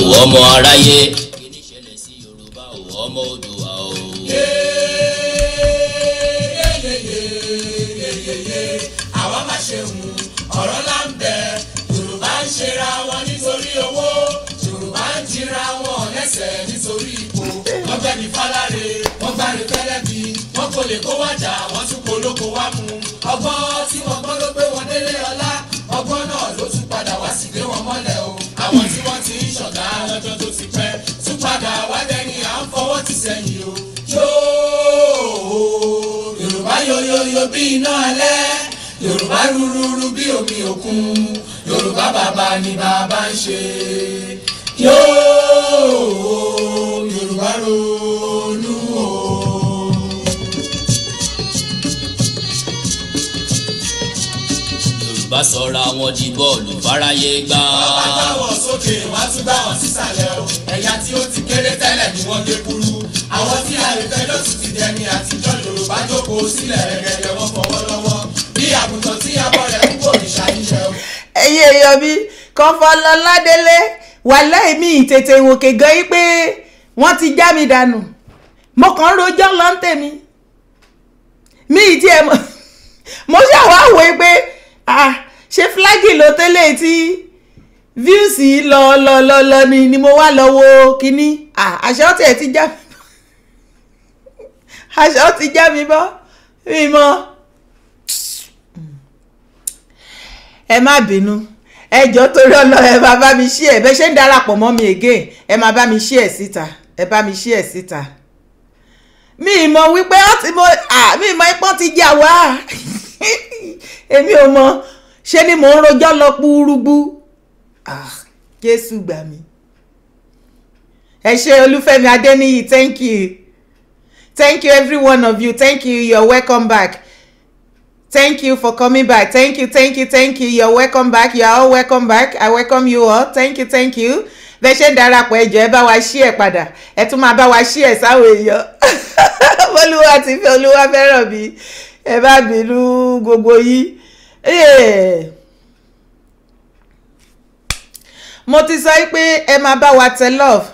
ò ọmọ aráyé kí ni ṣẹlẹ̀ sí Yorùbá ò ọmọ Oòduà o. àwa má ṣe hùn ọ̀rọ̀ là ń bẹ̀ Yorùbá ń ṣera wọn nítorí owó Yorùbá ń jira wọn lẹ́sẹ̀ nítorí ipò wọ́n gbẹ́ni fálárẹ̀ wọ́n gbárí pẹ́lẹ́bí wọ́n kò lè kó wájà wọ́n. yọ bí iná alẹ́ yorùbá rúrúrú bí omi òkun yorùbá bàbá ni bàbá ń ṣe yóò yorùbá ronú o. yorùbá sọra wọn di bọ́ọ̀lù fáráyé gbá. bàbá táwọn sókè wá tún bá wọn sísàlẹ̀ o ẹ̀yà tí ó ti kéré tẹ́lẹ̀ ni wọ́n gé kúrú àwọn tí a lè fẹ́ lóṣù ti dẹni àtijọ́ yorùbá jókòó sílẹ̀ rẹ̀gẹ̀dẹ̀ wọ́n fọwọ́ bí àgùntàn tí abọ́ rẹ̀ ń bò ní ṣàyíṣẹ́ o. ẹyẹ èèyàn mi kọfọlọ ládélé wàláì mi ìtètè ìwòkè gan yí pé wọ́n ti já mi dànù mo kàn ń rojọ́ lọ ń tèmi mi ì tiẹ̀ mo ṣàwáwò pé ṣé fúlágì ló tẹ́lẹ̀ tí views lọ lọ lọ lọ ni ni mo wá lọ wo kínní àṣẹ ọ̀tẹ̀ ti já mi aṣọ ti já mi bọ́ mi mọ́ ẹ má bínú ẹ jọ torí ọlọ ẹ máa bá mi ṣí ẹ bẹ ṣe ń darapọ̀ mọ́ mi again ẹ máa bá mi ṣí ẹ síta ẹ bá mi ṣí ẹ síta mi mọ̀ wípé ó ti mọ mi mọ̀ ipọ́n ti jà wá èmi ò mọ̀ ṣe ni mò ń rojọ́ lọ púrúgbú jésù gbà mí ẹ ṣe olúfẹ́mi adéníyì thank you. Thank you, every one of you. Thank you. You're welcome back. Thank you for coming back. Thank you, thank you, thank you. You're welcome back. You're all welcome back. I welcome you all. Thank you, thank you. Bẹ́ẹ̀ ṣe ń darapọ̀ ẹjọ́ ẹ bá wa ṣí ẹ̀ padà. Ẹ tún máa bá wa ṣí ẹ̀ sáwọn èèyàn. Olúwa ti fẹ́ Olúwa fẹ́ràn mi. Ẹ bá bínú gbogbo yín. Eh. Mo ti sọ pé ẹ máa bá wa tẹ love.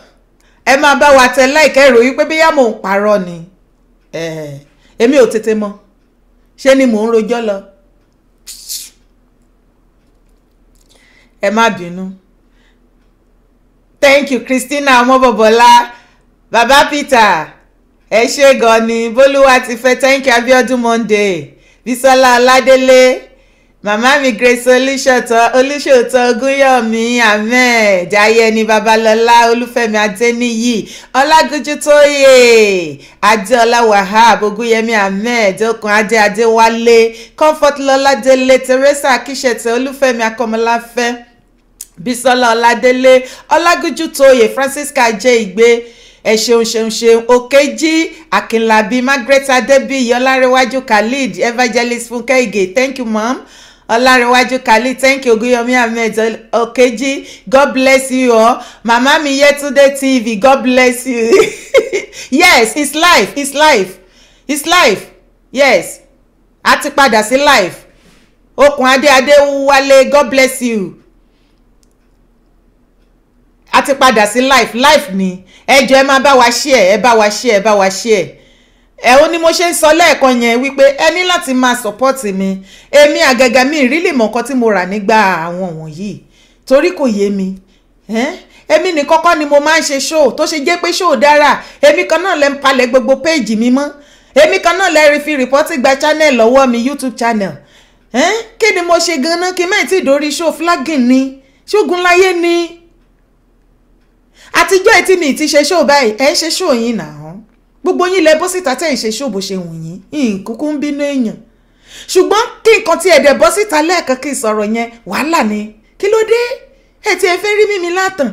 Ẹ máa bá wa tẹ like. Ẹ rò wípé bí yá mò ń parọ́ ni èmi ò tètè mọ̀ ṣé ni mò ń rojọ́ lọ ẹ má bínú thank you Christina ọmọbọbọlá baba Peter ẹ ṣé gan ni bólúwa ti fẹ́ thank you Abiodun Monday Bisola Ọládélé màmá mi grace olùṣòtọ olùṣòtọ ogunyomi ahmed ayẹni babalọlá olúfẹ́mi adéníyì ọlágúnjú tóyè adéọlá wahab ogunyemi ahmed okùn adé adéwálé comfort lọládélé teresa akíṣẹtẹ olúfẹ́mi akọmọláfẹ́ bísọ́lá ọládélé ọlágúnjú tóyè francisca jẹ ìgbé ẹ ṣeun ṣeun ṣeun okeji akinlabi margaret adebiyi ọlárẹwájú khalid evangelist funke ige thank you mom ọlárẹ̀wájú kali thank you ogunyomi ahmed okeji god bless you all mama mi yetunde tv god bless you yes it's life it's life it's life yes a ti padà sí life okùn adé adéwálé god bless you a ti padà sí life life ni ẹ jọ̀ọ́ ẹ máa bá wa share ẹ bá wa share ẹ bá wa share ẹ ó ní mo ṣe ń sọ lẹ́ẹ̀kan yẹn wípé ẹ ní láti máa sọ́pọ́ọ̀tì mi èmi àgàgà mi ìrírí mọ̀ọ́kan tí mo rà nígbà àwọn wọ̀nyí torí kò yé mi èmi ní kọ́kọ́ ni mo máa ń ṣe ṣóò tó ṣe jẹ́ pé ṣóò dára èmi kan náà lẹ́ ń palẹ̀ gbogbo péèjì mi mọ́ èmi kan náà lẹ́ rí fi rìpọ́tì gba channel lọ́wọ́ mi YouTube channel kí ni mo ṣe gan-an kí mẹ́ẹ̀ tí ìdórí ṣóò flagging ni ṣógun láyé ni àtijọ́ ẹ̀ tí mi ti ṣe ṣóò báyìí ẹ̀ ń ṣe ṣóò yín náà gbogbo yín lẹ bó síta tẹ́ ìṣe ṣòbò ṣe wù yín ìkúkú ń bínú èèyàn ṣùgbọ́n kí nǹkan tí ẹ̀dẹ̀ bọ́ síta lẹ́ẹ̀kan kí n sọ̀rọ̀ yẹn wàhálà ni kí ló dé ẹ ti ẹ fẹ́ rí mímí látàn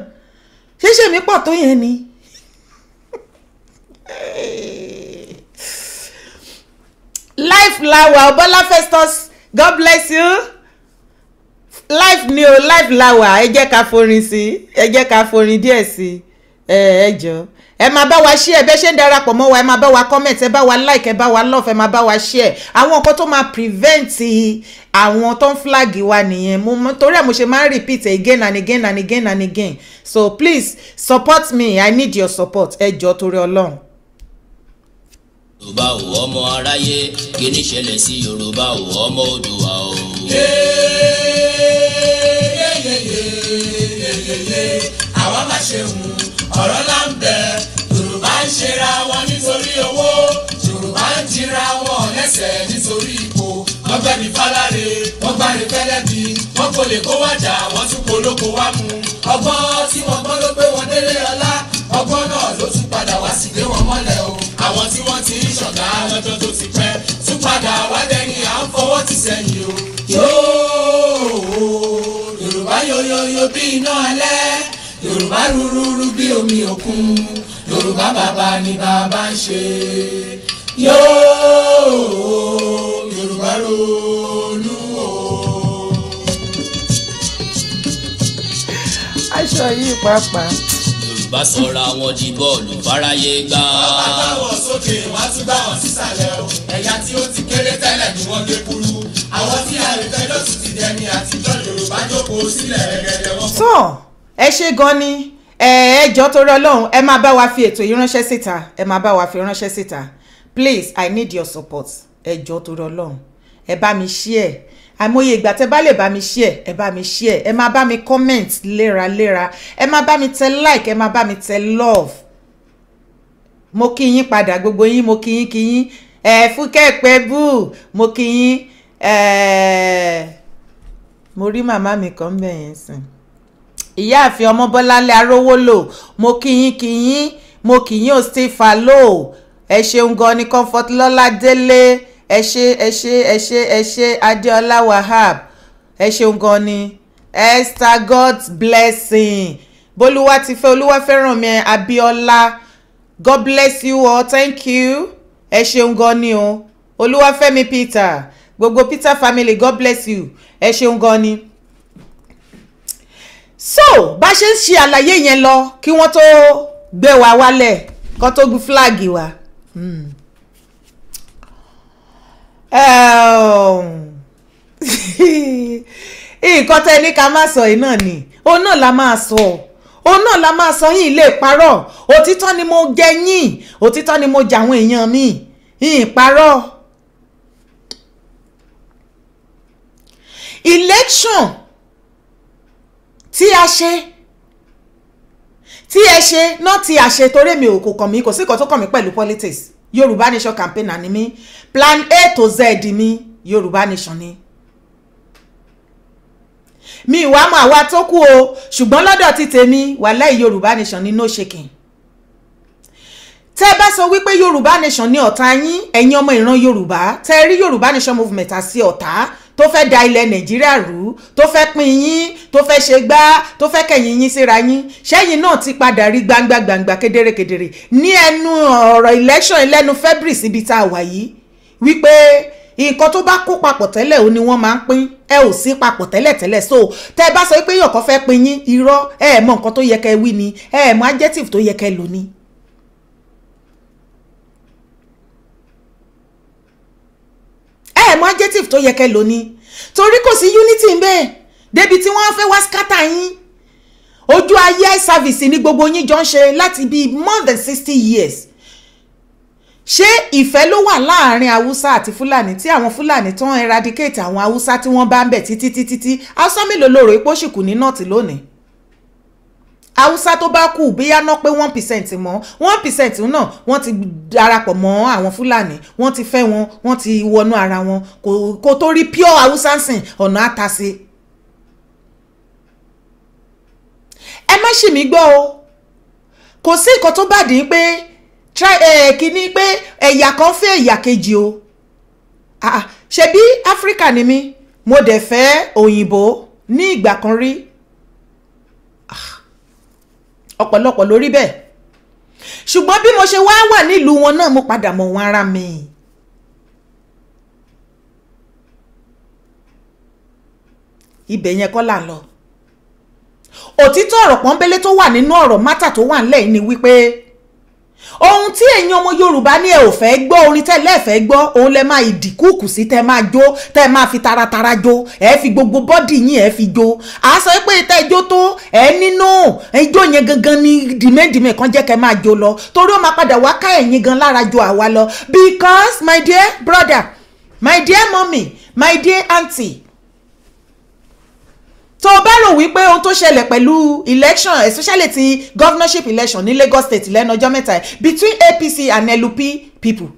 ṣéṣe mi pọ̀ tó yẹn ni. life lawa ọbọlá festus god bless you life ni o life lawa ẹ jẹ́ ká forin sí ẹ jẹ́ ká forin díẹ̀ sí ẹ jọ ẹ máa bá wa share bẹ́ẹ̀ ṣe ń darapọ̀ mọ́ wa ẹ máa bá wa comment ẹ bá wa like ẹ bá wa love ẹ máa bá wa share àwọn nǹkan tó máa prevent àwọn tó ń flag wa nìyẹn mo torí ẹ mo ṣe máa ń repeat again and again and again and again so please support me i need your support ẹ jọ torí ọlọ́run yorùbá ò ọmọ aráyé kí ṣẹlẹ̀ sí yorùbá ò ọmọ Oòduà o. àwa máa ṣe hùn ọ̀rọ̀ láǹbẹ̀ẹ́ ń ṣera wọn nítorí owó Yorùbá ń jira wọn lẹ́sẹ̀ nítorí ipò wọ́n gbẹ́ni fálárè wọ́n gbárí fẹ́lẹ́bí wọ́n kò lè kó wájà wọ́n tún polóko wá mú. ọgbọ́n tí wọ́n gbọ́n ló gbé wọn délé ọlá ọgbọ́n náà ló tún padà wá sí gbé wọn mọ́lẹ̀ o àwọn tí wọ́n ti ń ṣọ̀gá lọ́jọ́ tó ti pẹ́ tún padà wá dẹni à ń fọwọ́ ti sẹ́yìn o. yóò Yorùbá yoyoyo bí iná alẹ́ Yorùbá rúrúrú bí omi òkun yorùbá bàbá ni bàbá ń ṣe yóò yorùbá ronú o. aṣọ yìí pàápàá. yorùbá sọra wọn di bọ́ọ̀lù fáráyé gbá. bàbá táwọn sókè wá tún bá wọn sísàlẹ̀ o ẹ̀yà tí ó ti kéré tẹ́lẹ̀ ni wọ́n gé kúrú àwọn tí a lè fẹ́ lọ́sùn ti dẹni àtijọ́ yorùbá jókòó sílẹ̀ rẹ̀gẹ̀dẹ̀ wọn. sàn ẹ ṣe gan ni ẹ̀ẹ́jọ́ tó rọ lọ́hùn ẹ máa bá wa fi ètò yìí síta ẹ máa bá wa fi ránṣẹ́ síta please i need your support ẹ̀ẹ́jọ́ tó rọ lọ́hùn ẹ bá mi share àìmọye ìgbà tẹ bá lè bá mi share ẹ bá mi share ẹ máa bá mi comment léraléra ẹ máa bá mi tẹ like ẹ máa bá mi tẹ love mo kí yín padà gbogbo yín mo kí yín kí yín ẹ fúnkẹ́ pẹ́ bú mo kí yín mo rí màmá mi kan bẹ̀yẹn sìn ìyáàfin ọmọbọ́láńlé arówólò mo kíyín kíyín mo kíyín ò sí fa lóò ẹ ṣeun gan ni comfort lọ́lá délé ẹ ṣe ẹ ṣe ẹ ṣe ẹ ṣe adéọlá wahab ẹ ṣeun gan ni esther god's blessing bolúwa ti fẹ́ olúwa fẹ́ràn mi abíọ́lá god bless you all thank you ẹ ṣeun gan ni o olúwafẹ́mi peter gbogbo peter family god bless you ẹ ṣeun gan ni so bá ṣe ń ṣe àlàyé yẹn lọ kí wọ́n tó gbé wa wálẹ̀ kó tó gbé fúláàgì wa. Hmm. nǹkan tẹ́ ní ká má sọ yìí náà ni òun náà la máa sọ òun náà la máa sọ yìí lè parọ́ òtítọ́ ni mo jẹ yín òtítọ́ ni mo jà àwọn èèyàn mi yìí parọ́. election tí a ṣe tí ẹ ṣe náà ti àṣe torí mi ò kò kàn mí kò sí nǹkan tó kàn mí pẹ̀lú politics Yorùbá Nation campaign ni mí plan A to Z mi Yorùbá Nation ni mi ìwà mọ àwa tó kú o ṣùgbọ́n lọ́dọ̀ ti tèmi wàláì Yorùbá Nation ni no shaking tẹ́ bá sọ wípé Yorùbá Nation ni ọ̀tá yín ẹ̀yin ọmọ ìran Yorùbá tẹ́ rí Yorùbá Nation movement àti ọ̀tá tó fẹ́ da ilẹ̀ nàìjíríà rú tó fẹ́ pín yín tó fẹ́ ṣe gbá tó fẹ́ kẹ̀yìn yín síra yín ṣẹ́yìn náà ti padà rí gbangba gbangba kedere kedere ní ẹnu ọ̀rọ̀ election ẹlẹ́nu february síbi tá a wà yìí wípé nǹkan tó bá kó papọ̀ tẹ́lẹ̀ ó ni wọ́n máa ń pín ẹ ò sí papọ̀ tẹ́lẹ̀ tẹ́lẹ̀ so tẹ́ ẹ bá sọ pé yọ̀kọ́ fẹ́ pín yín irọ́ ẹ mọ nǹkan tó yẹ kẹ́ wí ni ẹ mọ adjective tó yẹ kẹ́ lò ni. ẹ̀ mọ́ adjective tó yẹ kẹ́ lò ní torí kò sí unity ń bẹ́ẹ̀ débi tí wọ́n fẹ́ wá scatter yín ojú ayé eye service ni gbogbo yín jọ ń ṣe láti bíi more than sixty years ṣé ìfẹ́ ló wà láàrin haúsá àti fúlàní tí àwọn fúlàní tó ń eradicate àwọn haúsá tí wọ́n bá ń bẹ̀ títí títí tí haúsá mélòó lóòrò ipò ṣìkù ní nọ́ọ̀tì lónìí haúsá tó bá kù bóyá ná pé one percent mọ́ one percent náà wọ́n ti darapọ̀ mọ́ àwọn fúlàní wọ́n ti fẹ́ wọn wọ́n ti wọnú ara wọn kò tó rí pure haúsá sìn ọ̀nà àtàsí. ẹ má ṣì mí gbọ́ o kò sí nǹkan tó bàdí pé kíní pé ẹ̀yà kan fẹ́ ẹ̀yà kejì o ṣebí áfíríkà ni mí mo dẹ̀ fẹ́ òyìnbó ní ìgbà kan rí ọ̀pọ̀lọpọ̀ lórí bẹ́ẹ̀ ṣùgbọ́n bí mo ṣe wá wà nílùú wọn náà mo padà mọ̀ wọn ara mi. ibẹ̀ yẹn kọ́ là ń lọ òtítọ́ ọ̀rọ̀ pọ́nbélé tó wà nínú ọ̀rọ̀ mátà tó wà ńlẹ̀ yìí ni wípé ohun tí ẹ̀yin ọmọ yorùbá ní ẹ ò fẹ́ gbọ́ orin tẹ́ lẹ́ẹ̀ fẹ́ gbọ́ òun lẹ máa ìdìkúùkù sí tẹ́ máa jó tẹ́ máa fi taratara jó ẹ fi gbogbo bọ́dì yín ẹ fi jó à sọ pé tẹ́ ijó tó ẹ nínú ijó yẹn gangan ni dìmẹ́dìmẹ́ kan jẹ́ kẹ́ máa jó lọ torí ó máa padà wá ká ẹ̀yin gan lára ju àwa lọ because my dear brother my dear mummy my dear auntie tó o bá rò wípé ohun tó ṣẹlẹ̀ pẹ̀lú election especially ti governorship election ní Lagos state lẹ́nu ọjọ́ mẹ́ta between APC and LP people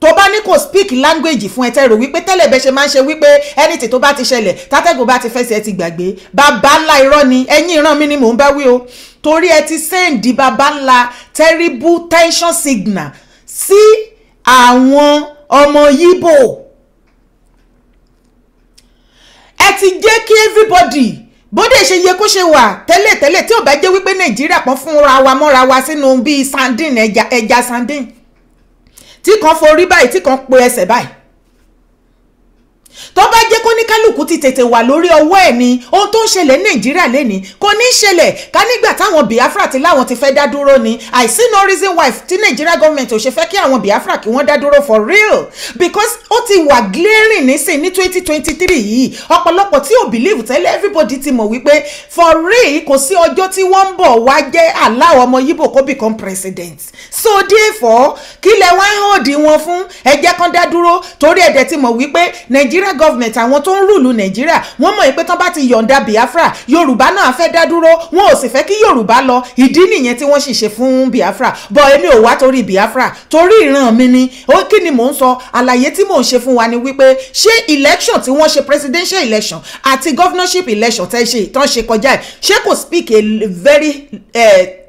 tó bá ní kò speak language fún ẹtẹ rò wípé tẹ́lẹ̀ bẹ́ẹ̀ ṣe máa ń ṣe wípé anything tó bá ti ṣẹlẹ̀ tátẹ́gùn bá ti fẹsẹ̀ ti gbàgbé bàbá ńlá irọ́ ni ẹ̀yìn ìran mi ni mò ń bá wí o torí ẹ ti sẹ́ǹdì bàbá ńlá terrible tension signal sí àwọn ọmọ yíbò ẹ ti jẹ́ kí everybody bóde ṣe yẹ kó ṣe wà tẹ́lẹ̀tẹ́lẹ̀ tí ò bá jẹ́ wípé nàìjíríà kan fúnra wa mọ́ra wa sínú bíi sandin ẹja ẹja sandin tí kan forí báyìí tí kan po ẹsẹ̀ báyìí tó bá jẹ́ kó ní kálukú ti tètè wà lórí ọwọ́ ẹ̀ ni ohun tó ń ṣẹlẹ̀ ní nàìjíríà lẹ́ni kò ní ṣẹlẹ̀ ká nígbà táwọn biafra ti láwọn ti fẹ́ dá dúró ni i see no reason why ti nàìjíríà government ò ṣe fẹ́ kí àwọn biafra kí wọ́n dá dúró for real because ó ti wà glaring nísìn ní twenty twenty three yìí ọ̀pọ̀lọpọ̀ tí ò believe tẹ́lẹ̀ everybody ti mọ̀ wípé for real kò sí ọjọ́ tí wọ́n ń bọ̀ wá jẹ́ aláwọ̀ ọmọ yíbò kó become president so therefore kí lẹ wá ń hold wọn fún ẹ jẹ́ kán dá Nigeria government àwọn tó ń rúlu Nigeria wọ́n mọ̀ pé tán bá ti yọ̀ǹda Biafra Yorùbá náà fẹ́ dá dúró wọn ò sì fẹ́ kí Yorùbá lọ ìdí nìyẹn tí wọ́n sì ṣe fún Biafra bọ́ èmi ò wá torí Biafra torí ìran mi ni ó kí ni mò ń sọ àlàyé tí mò ń ṣe fún wa ni wípé ṣé election tí wọ́n ṣe presidential election àti governorship election tẹ́ ṣe tán ṣe kọjá ẹ̀ ṣé kò speak a very uh,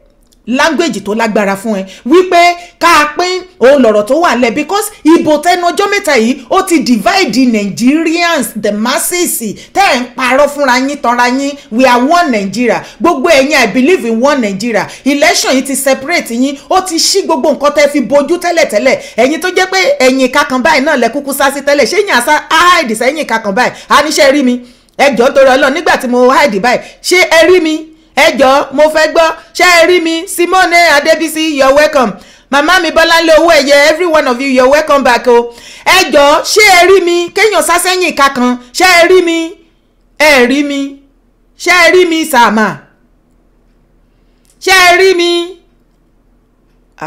language tó lágbára fún ẹ wípé ká a pín òun lọ̀rọ̀ tó wà lẹ̀ because ìbò tẹnu ọjọ́ mẹ́ta yìí ó ti divide the Nigerians the masses tẹ́ ẹ̀ ń parọ́ fúnra yín tanra yín we are one Nigeria gbogbo ẹ̀yin I believe in one Nigeria election yìí ti separate yín ó ti ṣí gbogbo nǹkan tẹ́ fi bojú tẹ́lẹ̀tẹ́lẹ̀ ẹ̀yin tó jẹ́ pé ẹ̀yin kakan báyìí náà lẹ kúkú sá sí tẹ́lẹ̀ ṣé yín àṣà áìdì sẹ́yìn kakan báyìí àníṣe rí mi ẹjọ́ torí ọlọ́run nígbà tí mo áìdì báyìí ṣé ẹ mi ẹ jọ̀ọ́ mo fẹ́ gbọ́ ṣé ẹ rí mi Simone Adébísí you're welcome màmá mi Bọ́láńlé owó ẹ̀yẹ every one of you you're welcome back o ẹ jọ̀ọ́ ṣé ẹ rí mi kéèyàn sásẹ́yìn kankan ṣé ẹ rí mi ẹ rí mi ṣé ẹ rí mi sàmà ṣé ẹ rí mi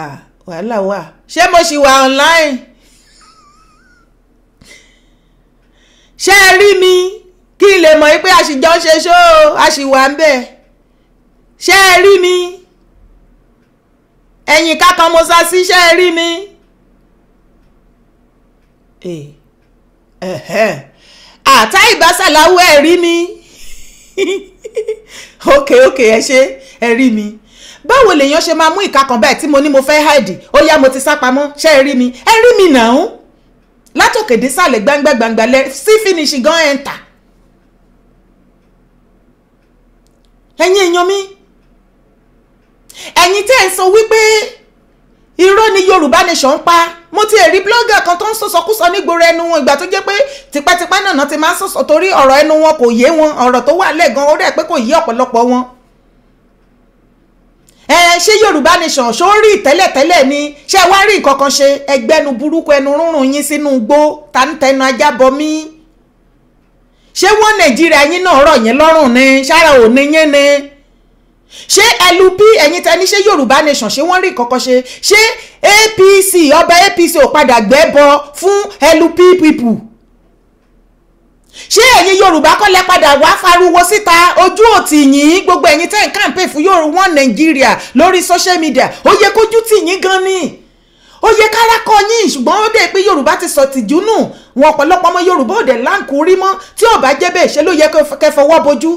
ah wàhálà wà ṣé mo ṣì wà online ṣé ẹ rí mi kí n lè mọ̀ pé a ṣe ṣó a ṣì ń bẹ́ẹ̀ ṣé ẹ rí mi ẹ̀yìn kankan mo sá sí ṣé ẹ rí mi. Eh, àtá ìgbàsàláwọ̀ ẹ rí mi ok ok ẹ ṣe ẹ rí mi báwo lèèyàn ṣe máa mú ìka báyìí tí mo ní mo fẹ́ hide ó yá mo ti sá pamọ́ ṣé ẹ rí mi ẹ rí mi nàún látòkè désàlẹ̀ gbangba gbangba lẹ sí finish gan enter ẹ̀yin èèyàn mi ẹ̀yin tẹ́ ń sọ wípé irọ́ ni Yorùbá nation ń pa mo ti rí blogger kan tó ń sọsọkúsọ nígboro ẹnu wọn ìgbà tó jẹ́ pé tipẹ́tipẹ́ náà ti máa ń sọsọ torí ọ̀rọ̀ ẹnu wọn kò yé wọn ọ̀rọ̀ tó wà lẹ́ẹ̀gan ó dẹ̀ pé kò yé ọ̀pọ̀lọpọ̀ wọn ẹ ṣé yorùbá nation ṣó rí tẹ́lẹ̀tẹ́lẹ̀ ni ṣé wá rí nǹkan kan ṣe ẹgbẹ́nu burúkú ẹnu rúnrún yín sínú igbó tánitẹnu ajábọ mí ṣé wọ́n nàìjíríà yín náà rọ̀ yín lọ́rùn ni ṣára ò ní yín ni ṣé LP ẹ̀yin tẹ́ ní ṣé Yorùbá nation ṣé wọ́n rí kọ́kọ́ ṣe ṣé APC ọba APC ò padà gbẹ́bọ fún LP people ṣé ẹ̀yin Yorùbá kọ́ lẹ padà wá fariwo síta ojú òtì yín gbogbo ẹ̀yin tẹ́ ń kàǹpé fún Yorùbá one Nigeria lórí social media ó yẹ kójú tì yín gan ni ó yẹ kárakọ yín ṣùgbọ́n ó dé pé yorùbá ti sọ tìjú nù wọn ọ̀pọ̀lọpọ̀ ọmọ yorùbá ò dẹ̀ láǹkú rí mọ́ tí ó bá jẹ́ bẹ́ẹ̀ ṣe ló yẹ kẹfọwọ́ bojú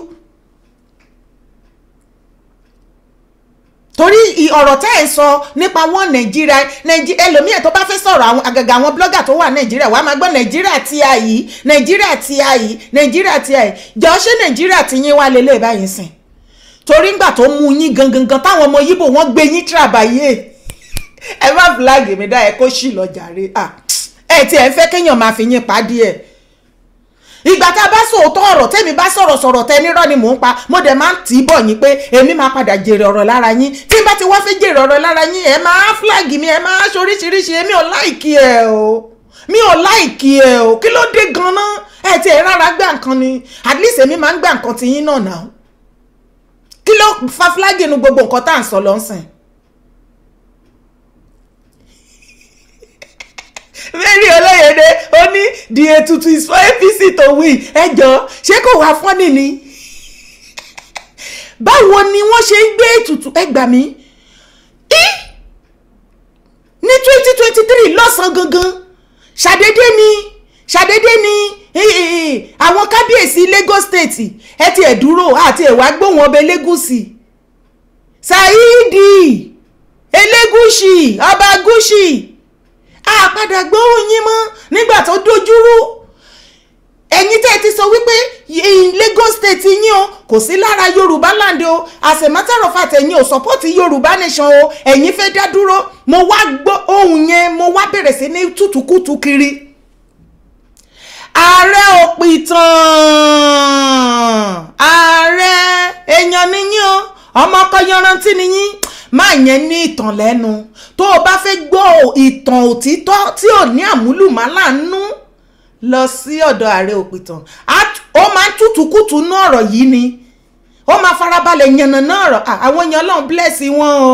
torí ọ̀rọ̀ tẹ́ ẹ̀ sọ nípa wọn nàìjíríà nàìjíríà ẹlòmíì tó bá fẹ́ sọ̀rọ̀ àwọn àgàgà àwọn blọ́gà tó wà nàìjíríà wàá máa gbọ́ nàìjíríà ti a yìí nàìjíríà ti a yìí nàìjíríà ti a yìí jọ ṣé nàìjíríà ti yín wá lélẹ̀ báyìí sìn torí ngbà tó mú yín gangan táwọn ọmọ yíbò wọ́n gbé yín tìrabàyè ẹ má flag mi ẹ kó ṣì lọ jàre ẹ tiẹ̀ ń fẹ́ kéèyàn máa fi yín pàdé ẹ̀ ìgbà tá a bá sòótọ́ ọ̀rọ̀ tẹ́mi bá sọ̀rọ̀ sọ̀rọ̀ tẹ́ nírọ́ ni mò ń pa mo dẹ̀ máa ń tì í bọ̀ yín pé èmi máa padà jèrè ọ̀rọ̀ lára yín tí n bá ti wá fẹ́ jèrè ọ̀rọ̀ lára yín ẹ máa flag mi ẹ máa ṣoríṣiríṣi èmi ò láìkí ẹ o mi ò láìkí ẹ o kí ló dé ganan ẹ ti ẹ rárá gbà nǹkan ni at least èmi máa ń gbà nǹkan ti yín náà náà kí ló fa flag inú gbogbo nǹkan tá à ń sọ lọ́sìn Mary Ọláyẹdẹ ó ní the ètùtù is for APC to win ẹjọ́ ṣé kò wá fọ́nì ni báwo ni wọ́n ṣe ń gbé ètùtù ẹgbà mí ní twenty twenty three lọ́sàn-án gangan ṣàdédé ni ṣàdédé ni àwọn kábíyèsí Lagos State ẹ ti ẹ̀ dúró àti ẹ̀ wá gbóhùn ọbẹ̀ lẹ́gùsì di. Elégùṣì ọba gúṣì a padà gbóhùn yín mọ́ nígbà tó dojúrú ẹ̀yin tẹ́ ẹ ti sọ wípé Lagos state yín o kò sí lára Yorùbá land o as a matter of fact ẹ̀yin ò support Yorùbá nation o ẹ̀yin fẹ́ dá dúró mo wá gbọ́ ohùn yẹn mo wá bẹ̀rẹ̀ sí ní tútùkùtù kiri ààrẹ òpìtàn ààrẹ èèyàn nìyí o ọmọ ọkọ yanrantí nìyí máa yẹn ní ìtàn lẹ́nu tó o bá fẹ́ gbọ́ ìtàn òtítọ́ tí ò ní àmúlùmálà nú lọ sí ọ̀dọ̀ ààrẹ òpìtàn ó máa ń tútùkùtù nú ọ̀rọ̀ yìí ni ó máa farabalẹ̀ yànnàná ọ̀rọ̀ àwọn èèyàn ọlọ́run bless wọn o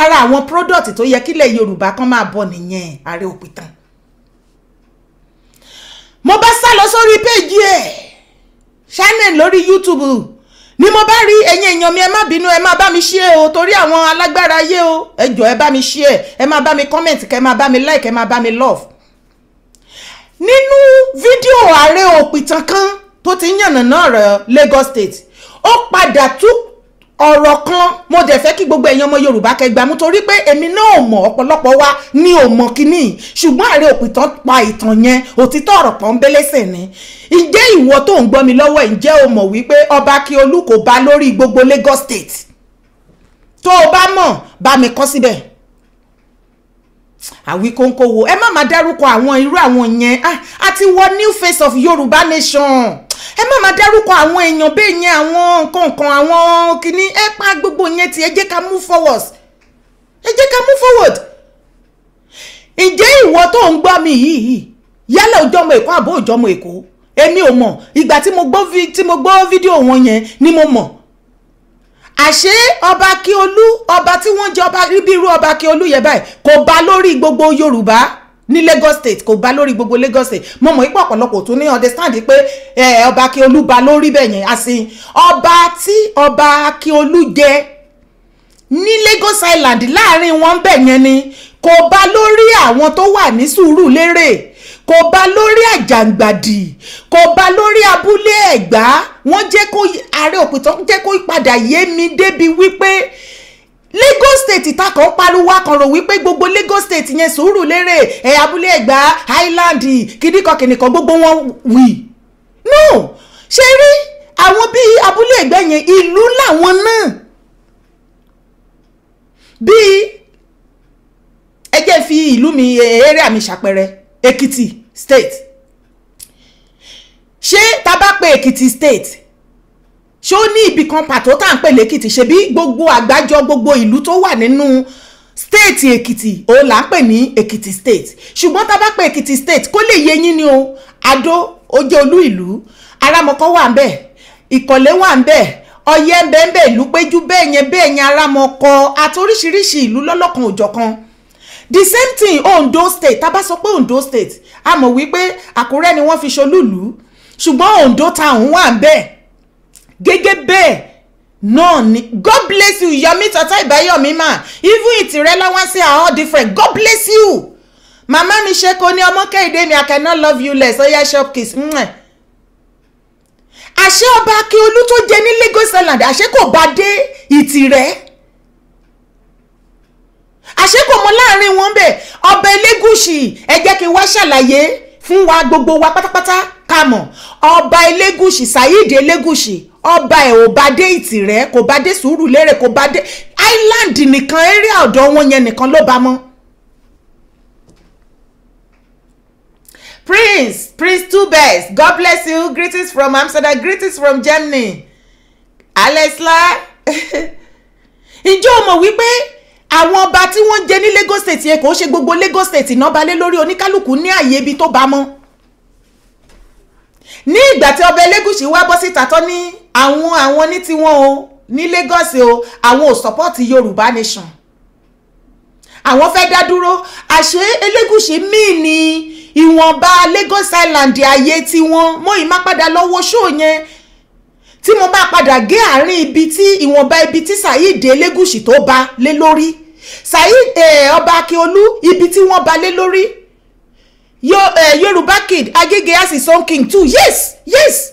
ara àwọn product tó yẹ kílẹ̀ yorùbá kan máa bọ̀ nìyẹn ààrẹ òpìtàn mo bá sá lọ sórí péjì ẹ̀ channel lórí youtube ni mo bá rí ẹ̀yin èèyàn mi ẹ má bínú ẹ má bá mi ṣe o torí àwọn alágbára ayé o ẹ jọ̀ọ́ ẹ bá mi ṣe ẹ ẹ má bá mi comment kẹ ẹ má bá mi like ẹ má bá mi love. nínú fídíò ààrẹ òpìtàn kan tó ti yànnàná ọ̀rọ̀ Lagos State ó padà tún ọ̀rọ̀ kan mo dẹ̀ fẹ́ kí gbogbo ẹ̀yin ọmọ Yorùbá kẹgbà mú torí pé èmi náà ò mọ̀ ọ̀pọ̀lọpọ̀ wa ní ò mọ̀ kínní ṣùgbọ́n àárẹ̀ òpìtàn pa ìtàn yẹn òtítọ́ ọ̀rọ̀ pọ̀n bẹ́lẹ́sẹ̀ ni ǹjẹ́ ìwọ tó ń gbọ́ mi lọ́wọ́ ǹjẹ́ o mọ̀ wípé ọba Akiolu kò bá lórí gbogbo Lagos State tó o bá mọ̀ bá mi kọ́ síbẹ̀ àwíkóńkó wo ẹ má má dárúkọ àwọn irú àwọn yẹn àti ah, wọ new face of Yorùbá nation ẹ má máa dárúkọ àwọn èèyàn bẹ́ẹ̀ yẹn àwọn nǹkan nǹkan àwọn kìíní ẹ pa gbogbo yẹn tí ẹ jẹ́ ká move forward ẹ jẹ́ ká move forward ǹjẹ́ ìwọ tó ń gbọ́ mi yìí yálà òjọ́ ọmọ èkó àbó òjọ́ ọmọ èkó èmi ò mọ̀ ìgbà tí mo gbọ́ tí mo gbọ́ fídíò wọn yẹn ni mo mọ̀ àṣé ọba kíolú ọba tí wọ́n jẹ ọba ríbírú ọba kíolú yẹn báyìí kò bá lórí gbogbo yorùbá ní Lagos state kò bá lórí gbogbo Lagos state mo mọ̀ ipò ọ̀pọ̀lọpọ̀ tó ní understand pé ọba Akíọlù ba lórí bẹ́ẹ̀ yẹn àsìn ọba tí ọba Akíọlù jẹ ní Lagos Island láàrin wọn bẹ́ẹ̀ yẹn ni kò bá lórí àwọn tó wà ní sùúrù lérè kò bá lórí àjàǹgbàdì kò bá lórí abúlé ẹ̀gbá wọ́n jẹ́ kó ààrẹ òpìtàn jẹ́ kó padà yé mi débi wípé Lagos State takọ̀ pariwo akọ̀rọ̀ wípé gbogbo Lagos State yẹn sùúrù lérè ẹ̀ abúlé ẹ̀gbá Highland kìdíkan kìnìkan gbogbo wọn wì no ṣe rí àwọn bíi abúlé ẹ̀gbẹ́ yẹn ìlú làwọn náà bíi ẹ jẹ́ fi ìlú mi eré àmì ṣàpẹẹrẹ Ekiti state ṣé tá bá pè Èkìtì state ṣé ó ní ibì kan pàtó tá à ń pè lẹ́kìtì ṣebí gbogbo àgbájọ gbogbo ìlú tó wà nínú state èkìtì òun là ń pè ní èkìtì state ṣùgbọ́n tá a bá pè èkìtì state kó lè yé yín ni o adó ó jẹ́ olú ìlú aramọkọ wà ń bẹ̀ ìkọ̀lé wà ń bẹ̀ ọyẹ́ ń bẹ̀ ń péjú bẹ́ẹ̀ yẹn bẹ́ẹ̀ yẹn aramọkọ àti oríṣiríṣi ìlú lọ́lọ́kan òjọ̀kan the same thing ondo state tá a bá sọ pé ondo state a mọ̀ wípé àkúrẹ́ ni wọ́n fi ṣolúùlú ṣùgbọ́n ondo town wà ń bẹ́ẹ̀ gẹ́gẹ́ bẹ́ẹ̀ náà ni God bless you Yomi Tata Ibayomi ma even ìtìrẹ́ lọ́wọ́ sí are all different God bless you Mama mi ṣe kò ní ọmọ kẹ́hìndé mi I cannot love you less oya shop kiss àṣé ọba Akíolú tó jẹ ní Lagos Island àṣé kò bá dé ìtìrẹ́ àṣé kò mọ láàrin wọn bẹ́ẹ̀ ọba Elégùṣì ẹ jẹ́ kí n wá ṣàlàyé fún wa gbogbo wa pátápátá ká mọ̀ ọba Elégùṣì Saheed Elégùṣì ọba ẹ̀ ò bá dé ìtìrẹ́ kò bá dé sùúrù lérè kò bá dé island nìkan area ọ̀dọ̀ wọn yẹn nìkan ló bá mọ́. Prince, Prince Two Best, God bless you. Greetings from Amsterdam, greetings from Germany. Alesla. Ǹjẹ́ o mọ̀ wípé àwọn ọba tí wọ́n jẹ ní Lagos State yẹn kò ṣe gbogbo Lagos State náà balẹ̀ lórí oníkálukú ní àyè ibi tó bá mọ́? ní ìgbà tí ọba elégùsì wá bọ́ síta tán ní àwọn àwọn ní tiwọn o ní Lagos o àwọn ò sọ́pọ́ọ̀tì Yorùbá nation àwọn fẹ́ dá dúró àṣé elégùsì míì ni ìwọ̀nba Lagos Island ayé tiwọn mo ì má padà lọ́wọ́ ṣó yẹn tí mo bá padà gé àárín ibi tí ìwọ̀nba ibi tí Saheed elégùsì tó ba lé lórí Saheed eh, ọba Akíọlù ibi tí wọ́n ba lé lórí Yo, uh, eh, Yorùbá kid Agege has his own king too yes yes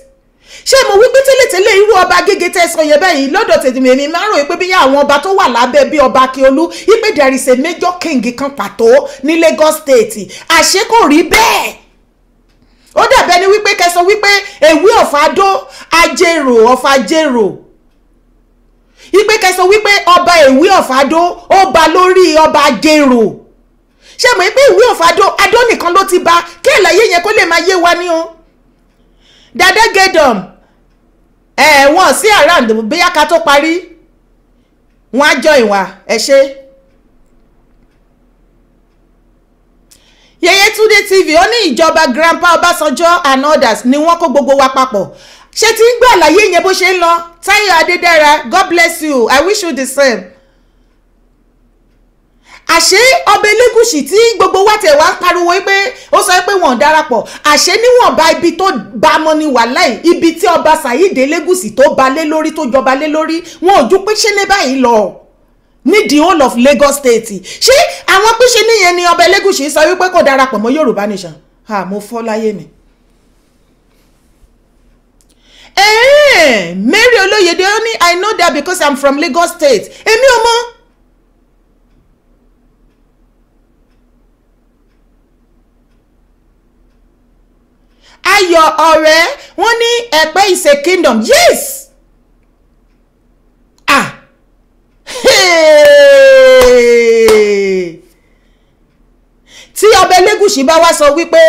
ṣé mo wí pé tẹ́lẹ̀tẹ́lẹ̀ irú ọba Agege tẹ̀sán yẹn báyìí lọ́dọ̀ tèmi èmi máa ń ròyìn pé bí àwọn ọba tó wà lábẹ́ bí ọba Akiolu ipe there is a major king kan pàtó ní Lagos state àṣé kò rí bẹ́ẹ̀ ó dàbẹ́ ni wípé kẹsàn wípé èwe ọ̀fadó ajérò ọ̀fàjérò ipe kẹsàn wípé ọba èwe ọ̀fadó ó ba lórí ọba ajérò ṣé mọ̀ pé ìwé òfin adó adó nìkan ló ti bá kí àlàyé yẹn kó lè máa yé wa ni o dada gedom ẹ wọn sí around bóyá ká tó parí wọn á jọ ìwà ẹ ṣe. Yeyetunde TV ó ní ìjọba grandpa Ọbásanjọ́ and others ni wọ́n kó gbogbo wa papọ̀ ṣé ti ń gbọ́ àlàyé yẹn bó ṣe ń lọ Táyọ̀ Adédára God bless you I wish you the same àṣé ọba elégùsì tí gbogbo wa tẹ̀ wá pariwo pé ó sọ pé wọ́n darapọ̀ àṣé níwọ̀nba ibi tó ba mọ́ ni wàláì ibi tí ọba Saheed elégùsì tó ba lé lórí tó jọba lé lórí wọn ò ju pínṣẹ́lé báyìí lọ ní the whole of Lagos state ṣé àwọn pínṣẹ́ nìyẹn ni ọba elégùsì sọ wípé kò darapọ̀ mọ́ Yorùbá nation ha mo fọ́ láyé mi. Mary Olóyèdè ó ní I know that because I'm from Lagos state èmi ò mọ̀. ayọ̀ ọ̀rẹ́ wọ́n ní ẹ̀pẹ́ is a kingdom yes ah tí ọba elégùsì bá wá sọ wípé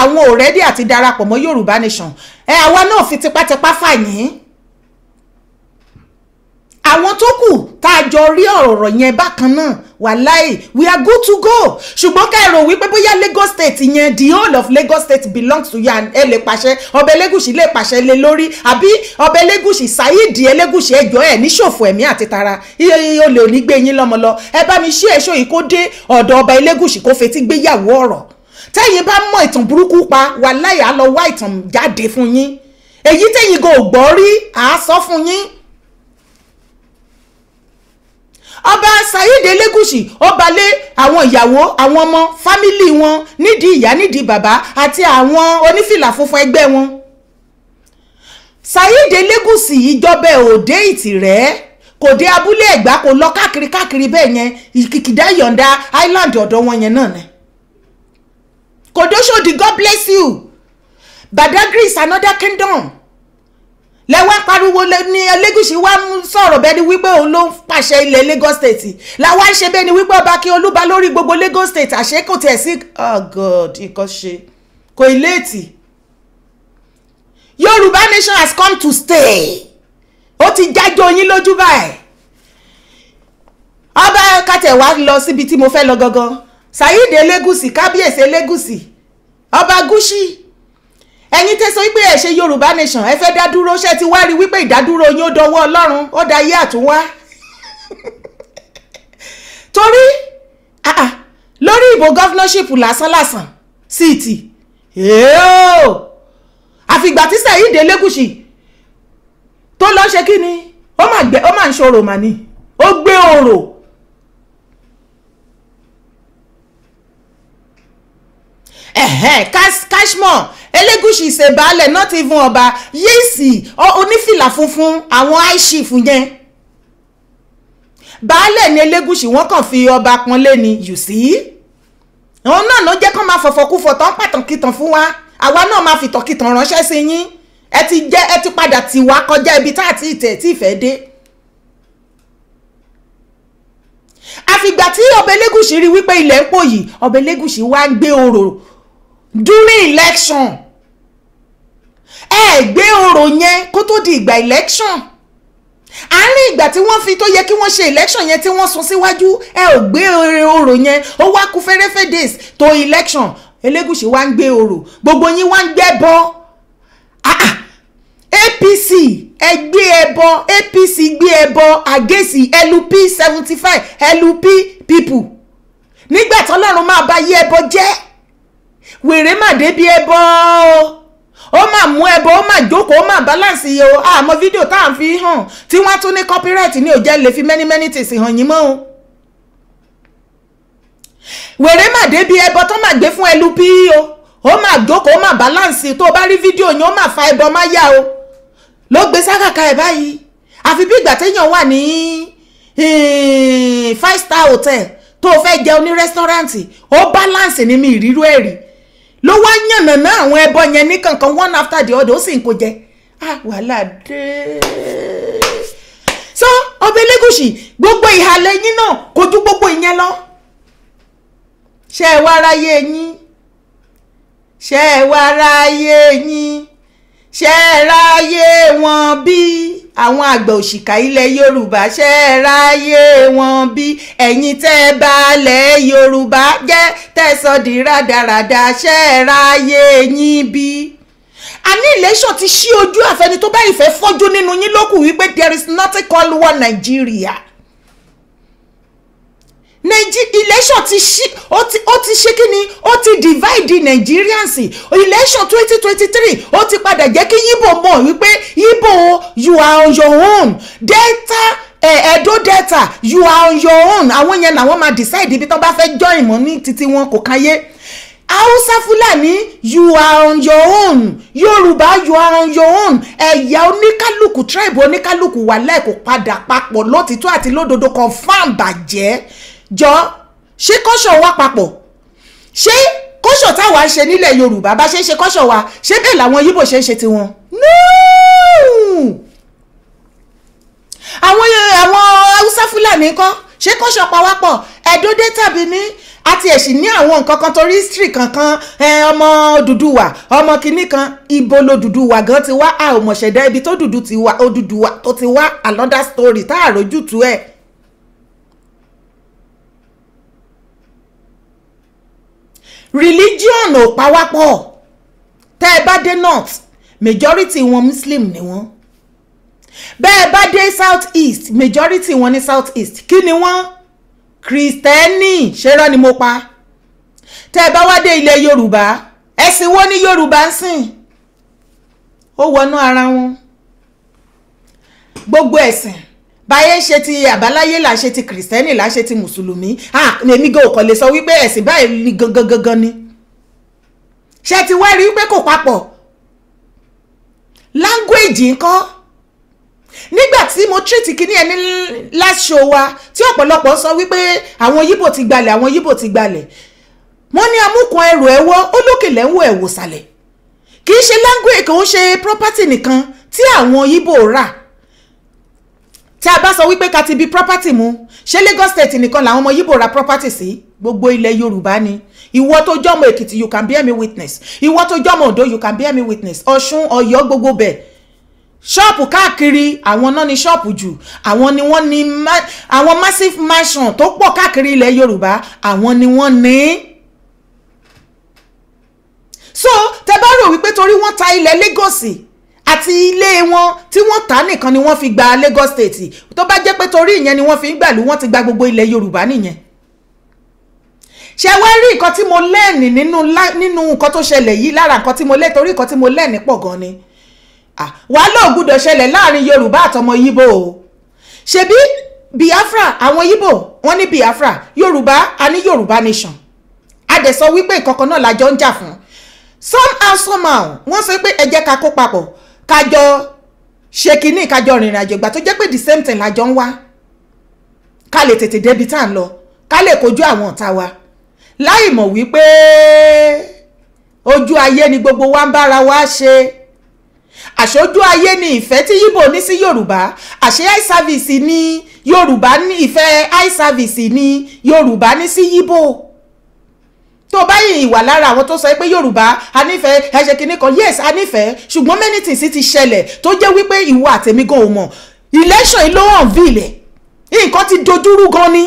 àwọn ò rẹ́dí àti darapọ̀ mọ́ yorùbá nation ẹ àwa náà fi tipátipá fà yín àwọn tó kù tá a jọ rí ọ̀rọ̀ yẹn bákan náà wàláì we are good to go ṣùgbọ́n ká èrò wípé bóyá Lagos state yẹn the whole of Lagos state belongs to you and ẹ lè pàṣẹ ọba Elégùṣì lè pàṣẹ lé lórí àbí ọba Elégùṣì Saheed Elégùṣì ẹjọ́ ẹ̀ ní ṣòfò ẹ̀mí àti tara iye olè òní gbé yín lọ́mọ lọ ẹ bá mi ṣí ẹ̀ṣọ́ yìí kó dé ọ̀dọ̀ ọba Elégùṣì kó fetí gbéyàwó ọ̀rọ̀ tẹ́yìn bá mọ ìtàn burúkú pa wàláì á lọ wá ìtàn jáde fún yín èyí tẹ́yìn go gbọ́ rí àá sọ fún yín ọba Saheed Elegushi ọba lé àwọn ìyàwó àwọn ọmọ fámìlì wọn nídìí ìyá nídìí bàbá àti àwọn onífìlà funfun ẹgbẹ́ wọn Saheed Elegushi ìjọba òde ìtìrẹ́ kò dé abúlé ẹ̀gbá kò lọ káàkiri káàkiri bẹ́ẹ̀ yẹn ìkìkìdá ìyọ̀ǹda island ọ̀dọ̀ wọn yẹn náà ni kò God bless you Badagry is another kingdom lẹ́wọ́ pariwo ní Elégùṣì wá ń sọ̀rọ̀ bẹ́ẹ̀ ni wípé òun ló ń pàṣẹ ilẹ̀ Lagos State làwa ń ṣe bẹ́ẹ̀ ni wípé ọba kí olúba lórí gbogbo Lagos State àṣẹ kò tiẹ̀ sí oh God nǹkan ṣe kò ìléètì Yorùbá nation has come to stay ó ti jájọ yín lójú báyìí ọba kàtẹ́wá lọ síbi tí mo fẹ́ lọ gangan Saheed Elégùṣì kábíyèsí Elégùṣì ọba Gúṣì ẹ̀yin tẹ́ sọ wípé ẹ ṣe yorùbá nation ẹ fẹ́ dádúró ṣe ti wá rí wípé ìdádúró yín ó dọwọ́ ọlọ́run ó da ayé àtúnwá torí lórí ìbò gọ́fúnọ́ṣìpù lásánlàsàn síìtì àfìgbà tí Saheed Elegushi tó lọ ṣe kí ni ó mà ń ṣòro mà ní ó gbé ọ̀rọ̀ cashmore elégùsì ìṣèbálẹ̀ not even ọba yéèsì onífìlà funfun àwọn aishif yẹn baálẹ̀ ní elégùsì wọ́n kàn fi ọba pọ́nlé ni you see òun náà ló jẹ́ kó máa fọ̀fọ̀kúfọ̀ tán pàtàkìtàn fún wa àwa náà máa fi tọ̀kìtàn ránṣẹ́ sí yín ẹ ti jẹ́ ẹ ti padà tì wá kọjá ibi tá àti ìtẹ̀ tí ìfẹ́ dé. àfìgbà tí ọba elégùsì rí wípé ilẹ̀ ń pò yìí ọba elégùsì wá ń gbé orò during election ẹ gbé ọ̀rọ̀ yẹn kó tó di ìgbà election àárín ìgbà tí wọ́n fi tó yẹ kí wọ́n ṣe election yẹn tí wọ́n sún síwájú ẹ ò gbé ọ̀rọ̀ yẹn ó wá kù fẹ́rẹ́fẹ́ days tó election Elégùṣì wá ń gbé ọ̀rọ̀ gbogbo yín wá ń gbẹ́ bọ́ APC ah, ah. ẹ gbé ẹbọ APC gbé ẹbọ àgẹ́sì LP seventy five LP people nígbà tọ́lọ́run máa bá yí ẹbọ jẹ́ wèrè má débi ẹbọ o ó mà mú ẹbọ ó mà jókòó ó mà balance iye o àmọ́ fídíò tá à ń fi hàn tí wọ́n tún ní copyright ní òjẹ́ lè fi many many tìsí hàn yín mọ́ o wèrè má débi ẹbọ tó má gbé fún ẹlú pí o ó mà jókòó ó mà balance tó o bá rí fídíò yẹn ó mà fa ẹbọ má yá o ló gbé sákàkà ẹ báyìí àfi bí ìgbà téèyàn wà ní eh, five star hotel tó o fẹ́ jẹun ní rẹ́sítọ́ráǹtì ó balance ní mi ìrírú ẹ̀rí ló wá yànnàná àwọn ẹbọ yẹn ní kankan one after the other ó sì ń kó jẹ ah dé so ọba elégùsì gbogbo ìhàlẹ̀ yín náà kojú gbogbo ìyẹn lọ ṣe ẹ wá ráyé yín ṣe ẹ wá ráyé yín ṣe ẹ ráyé wọn bíi àwọn àgbà òṣìkà ilẹ̀ yorùbá ṣe é ráyè wọn bí ẹ̀yin tẹ́ balẹ̀ yorùbá jẹ́ tẹ̀sọ̀dì rádaràda ṣe é ráyè yín bí. àní iléeṣọ́ ti ṣí ojú àfẹni tó bá ìfẹ́ fọ́jú nínú yín lókù wípé there is nothing called one Nigeria Nàìjí election ti ṣí ó ti ó ti ṣe kíni ó ti divide Nigerians election twenty twenty three ó ti padà jẹ́ kí Yíbò mọ̀ wípé Yíbò you are on your own delta ẹ̀ẹ́dó eh, eh, delta you are on your own àwọn yẹn làwọn máa decide ibi tó bá fẹ́ join mọ́ ní títí wọn kò káyé hausa fulani you are on your own yorùbá you are on your own ẹ̀yà oníkálukú tribe oníkálukú wà lẹ́ẹ̀kọ́ padà papọ̀ lótìtọ́ àti lódodo confam bàjẹ́ jọ ṣé kọ́ṣọ̀ wa papọ̀ ṣé kọ́ṣọ̀ táwa ṣe nílẹ̀ yorùbá bá ṣe ń ṣe kọ́ṣọ̀ wa ṣé bẹ́ẹ̀ làwọn yíbò ṣe ń ṣe tiwọn. àwọn àwọn haúsá fúlàní kọ́ ṣé kọ́ṣọ̀ pawápọ̀ ẹ̀dódé tàbí ní àti ẹ̀sìn ní àwọn nǹkan kan torí history kankan ọmọ Odùduwà ọmọ kìíní kan ibo lo Odùduwà gan ti wá a ò mọ̀ṣẹ̀dá ibi tó Odùduwà tó ti wá another story tá a rójútu ẹ̀. religion ò pawápọ̀ tẹ́ ẹ bá dé north majority wọn muslim ni wọ́n bẹ́ẹ̀ bá dé south east majority wọn ní south east kí ni wọ́n kristẹni ṣerọ́ ni mo pa tẹ́ ẹ bá wá dé ilẹ̀ yorùbá ẹ̀sìn wo ni yorùbá ń sìn ó wọnú ara wọn gbogbo ẹ̀sìn báyé ṣe ti àbáláyé là ṣe ti kìrìsìtẹ́nì là ṣe ti mùsùlùmí èmi gan òkàn lè sọ wípé ẹ̀sìn báyìí ni gangan gangan ni ṣe ti wá rí wípé kò papọ̀ language ńkọ́ nígbà tí mo treat kíní ẹni last show wa tí ọ̀pọ̀lọpọ̀ sọ wípé àwọn yíbò ti gbalẹ̀ àwọn yíbò ti gbalẹ̀ mo ní amúkan ẹrù ẹwọ́ ó lókè ẹ̀wòsàlẹ̀ kì í ṣe language kò ń ṣe property nìkan tí àwọn yíbò rà tí a bá sọ wípé ká ti bi property mu ṣé Lagos state nìkan làwọn ọmọ Yíbò ra property sí gbogbo ilẹ̀ Yorùbá ni ìwọ tó jọmọ Èkìtì you can bear me witness ìwọ tó jọmọ Ondo you can bear me witness Ọ̀ṣun Ọ̀yọ́ gbogbo bẹ̀ ṣọ́ọ̀pù káàkiri àwọn náà ni ṣọ́ọ̀pù jù àwọn ni wọ́n ní àwọn massive mansion tó pọ̀ káàkiri ilẹ̀ Yorùbá àwọn ni wọ́n ní. so tẹ bá rò wípé torí wọ́n ta ilẹ̀ Lagos àti ilé wọn tí wọ́n tà nìkan ni wọ́n fi gba Lagos State tó bá jẹ́ pé torí ìyẹn ni wọ́n fi ń gbàlú wọ́n ti gba gbogbo ilẹ̀ Yorùbá nìyẹn ṣe wá rí nǹkan tí mo lẹ́ẹ̀nì nínú nínú nǹkan tó ṣẹlẹ̀ yìí lára nǹkan tí mo lẹ́ẹ̀ torí nǹkan tí mo lẹ́ẹ̀nì pọ̀ gan ni wà á lọ gbúdọ̀ ṣẹlẹ̀ láàrin Yorùbá àtọmọ Yíbò o ṣebí Biafra àwọn Yíbò wọ́n ní Biafra Yorùbá a ní Yorùbá nation a wípé ìkọ̀kan náà la jọ ń jà fún somehow somehow wọ́n sọ pé ẹ jẹ́ ká kó papọ̀ kájọ ṣe kínní kájọ rìnrìn àjò ìgbà tó jẹ́ pé the same thing lájọ ń wá ká lè tètè débi tá à ń lọ ká lè kojú àwọn ọ̀tá wa láì mọ̀ wípé ojú ayé ni gbogbo wa ń bára wa ṣe àṣojú ayé ni ìfẹ́ tí yíbo ní sí yorùbá àṣé eye service ni yorùbá ní ìfẹ́ eye service ni yorùbá ní sí yíbo tó báyìí ìwà lára àwọn tó sọ pé yorùbá a nífẹ̀ẹ́ ẹ kan yes a nífẹ̀ẹ́ ṣùgbọ́n many things ti ṣẹlẹ̀ tó jẹ́ wípé ìwọ àtẹ̀mí gan ò mọ̀ election yìí ló hàn vilẹ̀ nǹkan ti dojúrú gan ni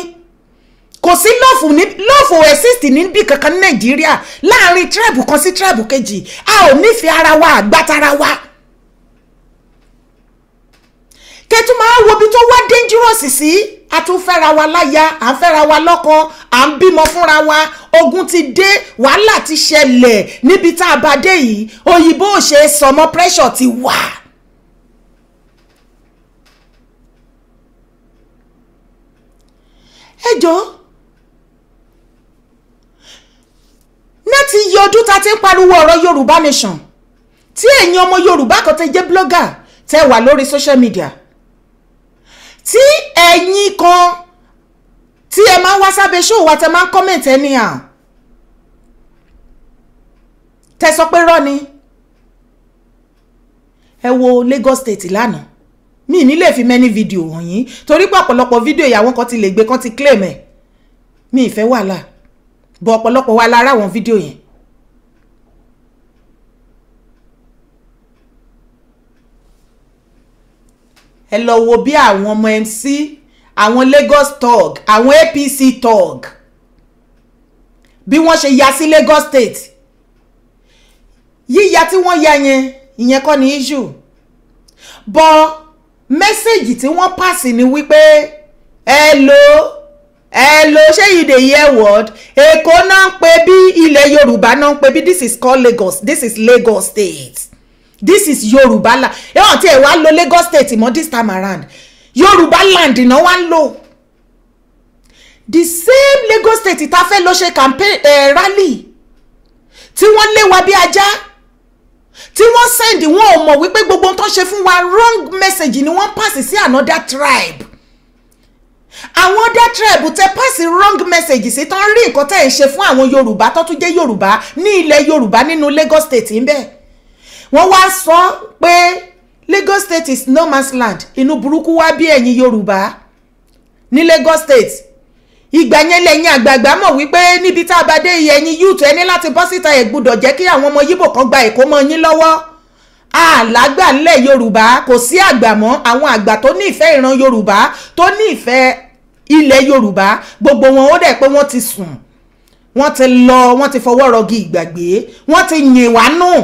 kò sí lọ́ọ̀fù ní lọ́ọ̀fù exist níbi kankan ní nàìjíríà láàrin tribe kan sí tribe kejì a ò nífẹ̀ẹ́ ara wa àgbátara wa kẹtù máa wo ibi tó wá dangerous sí. Si a tún fẹ́ra wa láya à ń fẹ́ra wa lọ́kọ à ń bímọ fúnra wa ogun ti dé wàhálà ti ṣẹlẹ̀ níbi tá a bá dé yìí òyìnbó ò ṣe sọmọ pressure ti wà. ẹ jọ̀ọ́ láti iye ọdún tá ti ń pariwo ọ̀rọ̀ Yorùbá nation tí ẹ̀yin ọmọ Yorùbá kan tẹ́ jẹ́ blogger tẹ́ wà lórí social media tí ẹ̀yin kan tí ẹ máa ń wá sábẹ́ ṣó wa tẹ máa ń comment anyhow tẹ sọ pé rọ́ ẹ wo Lagos State lánàá mi ní lè fi many video hàn yín torí pé ọ̀pọ̀lọpọ̀ fídíò ìyàwó kan ti lè gbé kan ti claim ẹ̀ mi ìfẹ́ wàhálà bọ̀ ọ̀pọ̀lọpọ̀ wa lára àwọn fídíò yẹn ẹ lọ wo bí àwọn ọmọ MC àwọn Lagos tog àwọn APC tog bí wọ́n ṣe ya sí Lagos state yíya tí wọ́n ya yẹn ìyẹn kọ́ ni issue bọ́ mẹ́sẹ̀gì tí wọ́n pàṣẹ ni wípé ẹ lo ẹ lo ṣé you dey hear word Èkó náà ń pè bí ilẹ̀ Yorùbá náà ń pè bí this is called Lagos this is Lagos state this is Yoruba land ẹ̀wọ̀n tí ẹ̀ wá lo lagos state mọ́ this time around Yoruba land náà wá ń lò the same lagos state ta fẹ́ lọ ṣe campaign eh, rally tí wọ́n lé wa bí ajá tí wọ́n send wọn ò mọ̀ wípé gbogbo tó ń ṣe fún wa wrong message ni wọ́n pass sí another tribe àwọn other tribe tẹ pass wrong message sí tán rí nǹkan tẹ̀ ń ṣe fún àwọn yorùbá tó tún jẹ́ yorùbá ní ilẹ̀ yorùbá nínú lagos state ń bẹ́ẹ̀ wọ́n wá sọ pé Lagos state is no man's land inú burúkú wá bí ẹ̀yin Yorùbá ní Lagos state ìgbà yẹn lẹ́yìn àgbààgbà mọ̀ wípé níbi tá a bá dé ẹ̀yin youth ẹni láti bọ́ síta ẹ̀ gbúdọ̀ jẹ́ kí àwọn ọmọ Yíbò kan gba Èkó mọ́ yín lọ́wọ́ àlágbà ńlẹ̀ Yorùbá kò sí àgbà mọ́ àwọn àgbà tó ní ìfẹ́ ìran Yorùbá tó ní ìfẹ́ ilẹ̀ Yorùbá gbogbo wọn ó dẹ̀ pé wọ́n ti sùn wọ́n ti lọ wọ́n ti fọwọ́ rọgí ìgbàgbé wọ́n ti yìn wá nù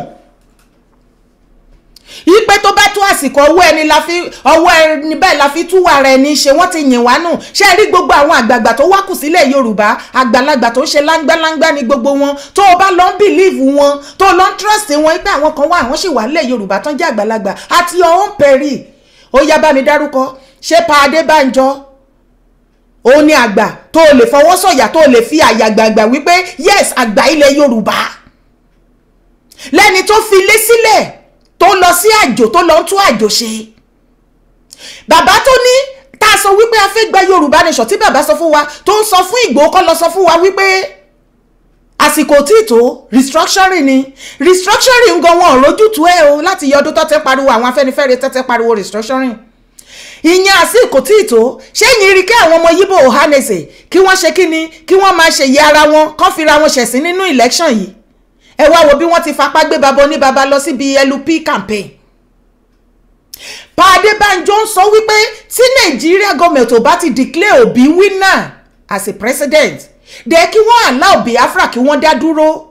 ìpè tó bá tó àsìkò ọwọ́ ẹni la fi ọwọ́ ẹni bẹ́ẹ̀ la fi túwà rẹ̀ ní ṣe wọ́n ti yìn wá nù ṣé rí gbogbo àwọn àgbààgbà tó wákù sílẹ̀ yorùbá àgbàlagbà tó ń ṣe láńgbáláńgbá ni gbogbo wọn tó o bá lọ ń bìlíìfù wọn tó o lọ ń trọ́ọ̀sì wọn pé àwọn kan wà àwọn sì wà nílẹ̀ yorùbá tán jẹ́ àgbàlagbà àti ọ̀hún pẹ̀rì ó yá bá mi dárúkọ ṣé pa adébánjọ òun ni àgbà tó o lè fọwọ́ sọ̀yà tó o lè fi yes àgbà ilẹ̀ yorùbá lẹ́ni tó fi ilé sílẹ̀ tó lọ sí àjò tó lọ ń tún àjò ṣe bàbá tó ní tá a sọ wípé a fẹ́ gba Yorùbá nation tí bàbá sọ fún wa tó ń sọ fún Ìgbòho kọ́ lọ sọ fún wa wípé àsìkò tí tó restructuring ni restructuring gan wọn rojútu ẹ o láti yọ ọdún tọ́tẹ́ pariwo àwọn Afẹ́nifẹ́re tọ́tẹ́ pariwo restructuring ìyẹn àsìkò tí tó ṣéyìn rí kí àwọn ọmọ Yíbò ohanese kí wọ́n ṣe kí ni kí wọ́n máa ṣèyí ara wọn kán fira wọn ṣẹ̀sín nínú election yìí ẹ wá wo bí wọ́n ti fapá gbé baba oníbaba lọ síbi LP campaign Pa Adébánjọ ń sọ wípé tí Nàìjíríà gọọmẹ̀ntì ò bá ti declare Obi winner as a president dẹ̀ kí wọ́n allow Biafra kí wọ́n dá dúró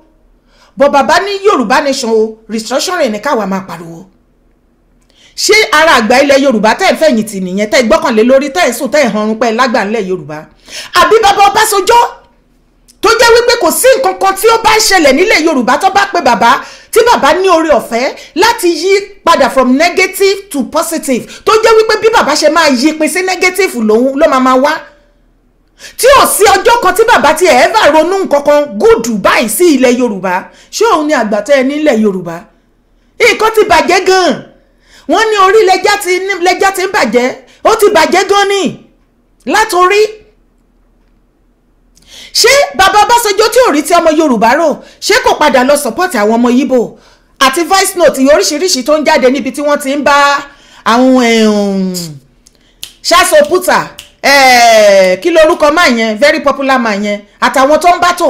bọ́ bàbá ní Yorùbá nation o restructuring ní káwa máa pariwo ṣé ara àgbà ilẹ̀ Yorùbá tẹ́ ẹ̀ fẹ̀yìntì nìyẹn tẹ́ ẹ gbọ́kànlé lórí tẹ́ ẹ̀ sùn tẹ́ ẹ̀ hanrun pẹ́ lágbà ńlẹ̀ Yorùbá àbí bàbá Ọbásanjọ́ tó jẹ́ wípé kò sí nǹkan kan tí ó bá ń ṣẹlẹ̀ nílẹ̀ yorùbá tó bá pe bàbá tí bàbá ní oore ọ̀fẹ́ láti yí padà from negative to positive tó jẹ́ wípé bí bàbá ṣe máa yí pin sí negative lòun ló máa máa wá tí ò sí ọjọ́ kan tí bàbá ti ẹ̀ẹ́fà ronú nǹkan kan gúdù báyìí sí ilẹ̀ yorùbá ṣé òun ni àgbàtọ́ ẹ nílẹ̀ yorùbá nǹkan ti bàjẹ́ gan-an wọ́n ní orí lẹ́jà ti ń bàjẹ́ ó ti bàjẹ́ gan-an ni látòrí ṣé bàbá Ọbásanjọ́ tí ò rí ti ọmọ Yorùbá rò ṣé kò padà lọ support àwọn ọmọ Yíbò àti voice note oríṣiríṣi tó ń jáde níbi tí wọ́n ti ń bá àwọn ehm, ṣàṣọpútà eh, kí lorúkọ máa yẹn very popular máa yẹn àtàwọn tó ń bá tò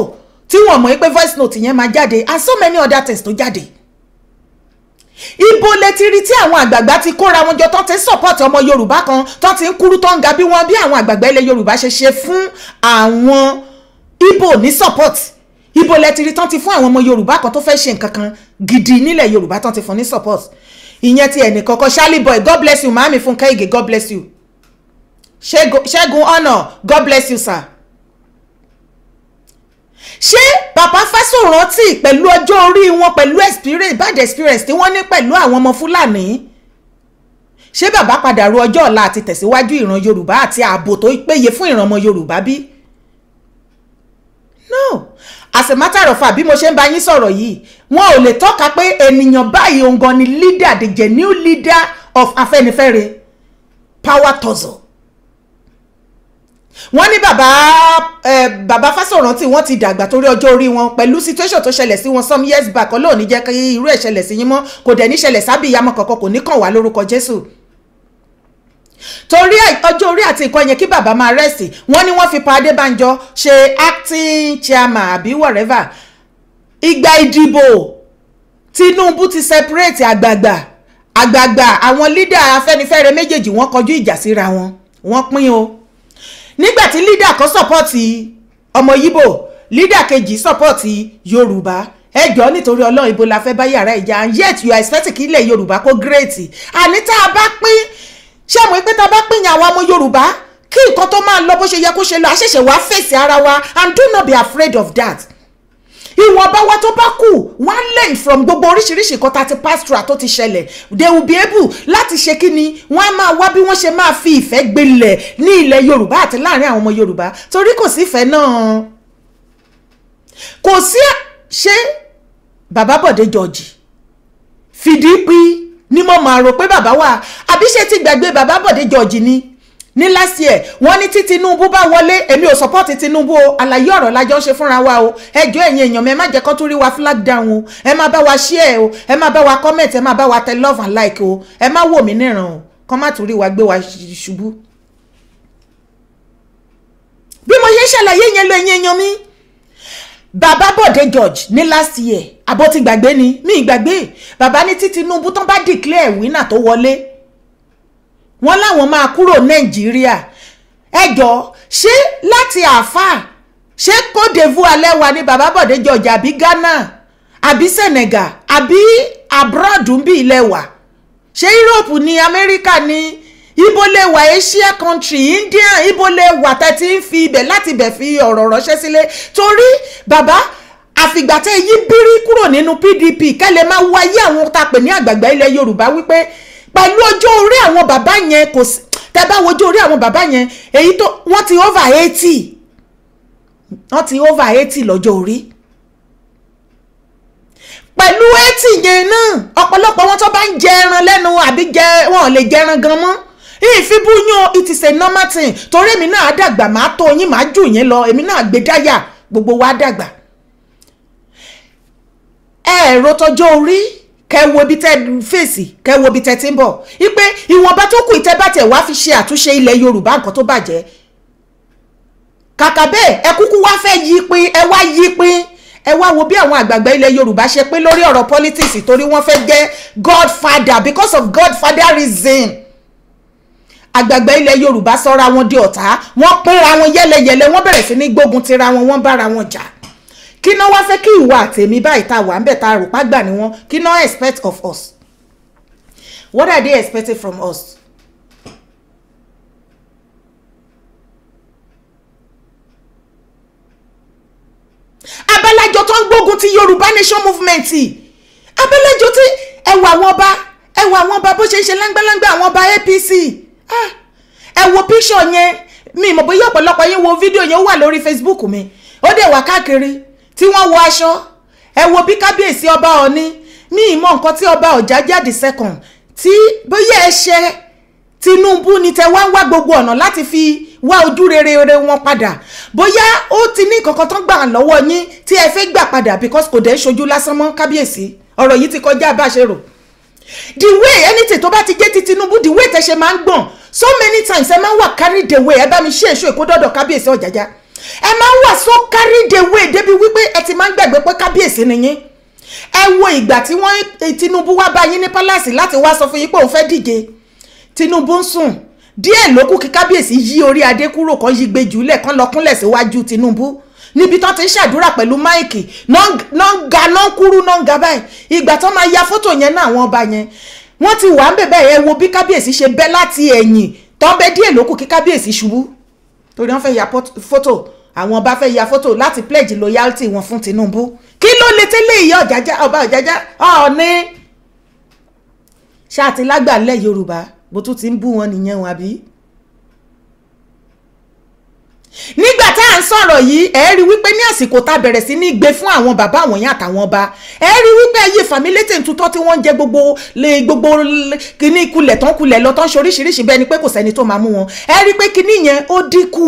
tí wọ́n mọ̀ pé voice note yẹn máa jáde and so many other tests tó jáde ibo lẹ ti rí tí àwọn àgbààgbà ti kóra wọn jọ tó ti ń support ọmọ Yorùbá kan tó ti ń kúrú tó ń ga bí wọn bí àwọn àgbààgbà ilẹ̀ Yorùbá ṣe ṣe fún àwọn ibo ní support ibo lẹ ti rí tán ti fún àwọn ọmọ yorùbá kan tó fẹ́ ṣe nǹkan kan gidi nílẹ̀ yorùbá tán ti fún ní support ìyẹn ti ẹnì kọ̀ọ̀kan Charlie boy god bless you maami Fúnkẹ́ Ìgè god bless you ṣẹ́gun ọ̀nà god bless you sir. ṣé bàbá fásùn rántí pẹ̀lú ọjọ́ orí wọn pẹ̀lú experience bad experience tí wọ́n ní pẹ̀lú àwọn ọmọ fúlàní ṣé bàbá padà ru ọjọ́ ọ̀la àti tẹ̀síwájú ìran yorùbá àti ààbò tó péye fún ìran ọmọ yorùbá bí? no as a matter of fact bí mo ṣe ń bá yín sọ̀rọ̀ yìí wọn ò lè tọ́ka pé ènìyàn báyìí òun gan ni leader the genuine leader of Afẹ́nifẹ́re power tussle wọ́n ní bàbá eh, bàbá Fáṣọ̀rántì wọ́n ti dàgbà torí ọjọ́ orí wọn pẹ̀lú situation tó ṣẹlẹ̀ sí wọn some years back ọlọ́ọ̀ni jẹ́ kí irú ẹ̀ ṣẹlẹ̀ sí yín mọ́ kò dẹ̀ ní ṣẹlẹ̀ sábìyàmọ́ kankan kò ní kàn wá lórúkọ Jésù torí ọjọ́ orí àti nǹkan yẹn kí bàbá máa rẹ́sì wọ́n ní wọ́n fi pa Adébánjọ ṣe acting chairman àbí whatever ìgbà ìdìbò Tinubu ti separate àgbààgbà àgbààgbà àwọn lídà Afẹ́nifẹ́re méjèèjì wọ́n kọjú ìjà síra wọn wọ́n pín o nígbà tí lídà kan sọpọ́ọ̀tì ọmọ Yíbò lídà kejì sọpọ́ọ̀tì Yorùbá ẹ jọ̀ọ́ nítorí Ọlọ́run ibo la fẹ́ bá yàrá ìjà and yet you are expecting kí ilẹ̀ Yorùbá kó great àní tá a bá pín ṣé àmọ́ pé tá a bá pèyàn àwọn ọmọ yorùbá kí nǹkan tó máa lọ bó ṣe yẹ kó ṣe lọ àṣẹ̀ṣẹ̀ wá fèsì ara wa and do not be afraid of that ìwọ̀nba wa tó bá kù wọ́n learn from gbogbo oríṣiríṣi nǹkan tá a ti pass through tó ti ṣẹlẹ̀ they will be able láti ṣe kí ni wọ́n á máa wá bí wọ́n ṣe máa fi ìfẹ́ gbilẹ̀ ní ilẹ̀ yorùbá àti láàrin àwọn ọmọ yorùbá torí kò sí ìfẹ́ náà kò sí ṣé bàbá bọ̀dé george fìdí pín ni mo máa rò pé bàbá wa àbí ṣe ti gbàgbé baba Bọ̀dé George ni ní last year wọ́n ní tí Tinubu bá wọlé èmi support Tinubu o àlàyé ọ̀rọ̀ la jọ ń wa o ẹjọ́ ẹ̀yin èèyàn mi ẹ má jẹ́ kó tún wa flag down o ẹ má bá wa share o ẹ má bá wa comment ẹ má bá wa tẹ love and like o ẹ má wò mí níran o kán má tún rí wa gbé wa ṣubú. bí mo ṣe ń ṣàlàyé yẹn lọ ẹ̀yin èèyàn mi bàbá Bọ̀dé George ní last year àbọ̀ ti gbàgbé ni mí gbàgbé bàbá ní tí Tinubu tán bá declare winner tó wọlé wọ́n láwọn máa kúrò Nàìjíríà ẹjọ́ ṣé láti àáfàá ṣé Cote d'Ivoire lẹ́wà ni bàbá Bọ̀dé George àbí Ghana àbí Senegal àbí abroad ń bí ilẹ̀ wà ṣé Europe ni Amẹ́ríkà ni ibo lè wà asia country india ibo lè wà tẹ́tí ń fi ibẹ̀ láti ibẹ̀ fi ọ̀rọ̀ ránṣẹ́ sílé torí bàbá àfìgbà tẹ́ bírí kúrò nínú pdp kẹ́lẹ́ máa wáyé àwọn tá a pè ní àgbàgbà ilẹ̀ yorùbá wípé pẹ̀lú ọjọ́ orí àwọn bàbá yẹn kò sí tẹ́ bá wo orí àwọn bàbá yẹn èyí tó wọ́n ti over eighty wọ́n ti over eighty lọ́jọ́ orí pẹ̀lú eighty yẹn náà ọ̀pọ̀lọpọ̀ wọn tó bá ń jẹ ẹran lẹ́nu àbí wọn ò lè jẹ ẹran gan mọ́ Ifi yan it is a normal thing Tori èmi na dàgbà ma to yín màá jù yín lọ èmi náà gbé dáyà gbogbo wa dàgbà ẹ̀ẹ̀rọ tọjọ́ orí kẹwo ibi tẹ fèsì kẹwo ibi tẹ ti ń bọ̀ ipe ìwọ̀nba tó kù ìtẹ́ bá tẹ̀ wá fi ṣe àtúnṣe ilẹ̀ Yorùbá nǹkan tó bàjẹ́ kàkà bẹ́ẹ̀ ẹ kúkú wá fẹ́ wa pin ẹ wá yí pin ẹ wá wo bí àwọn àgbààgbà ilẹ̀ Yorùbá ṣe pé lórí ọ̀rọ̀ politics torí wọ́n fẹ́ jẹ́ godfather because of godfatherism àgbààgbà ilẹ̀ yorùbá sọ́ra wọn di ọ̀tá wọ́n pínra wọn yẹ́lẹyẹ̀lẹ wọ́n bẹ̀rẹ̀ sí ní gbógun tira wọn wọ́n bára wọn jà kí náà wá fẹ́ kí ìwà àtẹ̀mí báyìí tá wà ń bẹ̀ tá a rò ni wọ́n kí expect of us what are they expecting from us abẹ́lẹ́jọ tó ń gbógun ti yorùbá nation movement abẹ́lẹ́jọ tí ẹwà wọn bá ẹwà wọn bá bó ṣe ń ṣe láńgbáláńgbá àwọn ọba apc Ah, ẹ wo píṣọ yẹn mi mọ̀ bóyá ọ̀pọ̀lọpọ̀ yín wo fídíò yẹn ó wà lórí Facebook mi ó dẹ̀ wà káàkiri tí wọ́n wọ aṣọ ẹ wo bí kábíyèsí ọba Ọ̀ọ̀ni mi mọ̀ nǹkan tí ọba Ọ̀jájá the second tí bóyá ẹ ṣe Tinubu ni tẹ wá ń wá gbogbo ọ̀nà láti fi wá ojú rere rere wọn padà bóyá ó ti ní kankan tán gbà lọ́wọ́ yín tí ẹ fẹ́ gbà padà because kò dẹ̀ ń ṣojú lásán mọ́ kábíyèsí ọ̀rọ̀ yìí ti kọjá bá ṣe rò the way anything tó bá ti jẹ́ ti Tinubu the way tẹ ṣe máa ń gbọ̀n so many times ẹ máa ń wà the way. ẹ bá mi ṣe èso ìkódọ́dọ̀ kábíyèsí ọ̀jájá ẹ máa ń wà so carried away débi wípé ẹ ti máa ń gbàgbé pé kábíyèsí ni yín ẹ wo ìgbà tí wọ́n eh, Tinubu wá bá yín ní palace láti wá sọ fún yín pé òun fẹ́ díje Tinubu ń sùn díẹ̀ lókù kí kábíyèsí yí orí adé kúrò kan yí gbé jùlẹ̀ kan lọ kúnlẹ̀ síwájú Tinubu níbi tó ti ń ṣàdúrà pẹ̀lú máìkì nọ́ǹga nọ́ǹkúrú nọ́ǹga báyìí ìgbà tó máa ya fótò yẹn náà àwọn ọba yẹn wọ́n ti wà ń bẹ̀bẹ̀ ẹ wo bí kábíyèsí ṣe bẹ́ láti ẹ̀yìn tó bẹ́ díẹ̀ lókù kí kábíyèsí ṣubú torí wọ́n fẹ́ ya fótò àwọn ọba fẹ́ ya fótò láti pledge loyalty wọn fún Tinubu kí ló lè tẹ́lẹ̀ ìyá ọ̀jájá ọba ọ̀jájá ọ̀ọ́ni ṣáà ti lágbàlẹ̀ Yorùbá bó tún ti ń bú wọn nìyẹn wọn àbí nígbà tá à ń sọ̀rọ̀ yìí ẹ rí wípé ní àsìkò tá a bẹ̀rẹ̀ sí ní gbé fún àwọn bàbá àwọn ìyá àtàwọn ọba ẹ rí wípé ayé fàmílétè ń tutọ́ tí wọ́n ń jẹ gbogbo lè gbogbo kíní kulẹ̀ tán kulẹ̀ lọ tán ṣoríṣiríṣi bẹ́ẹ̀ ni pé kò sẹ́ni tó máa mú wọn ẹ rí pé kíní yẹn ó dínkù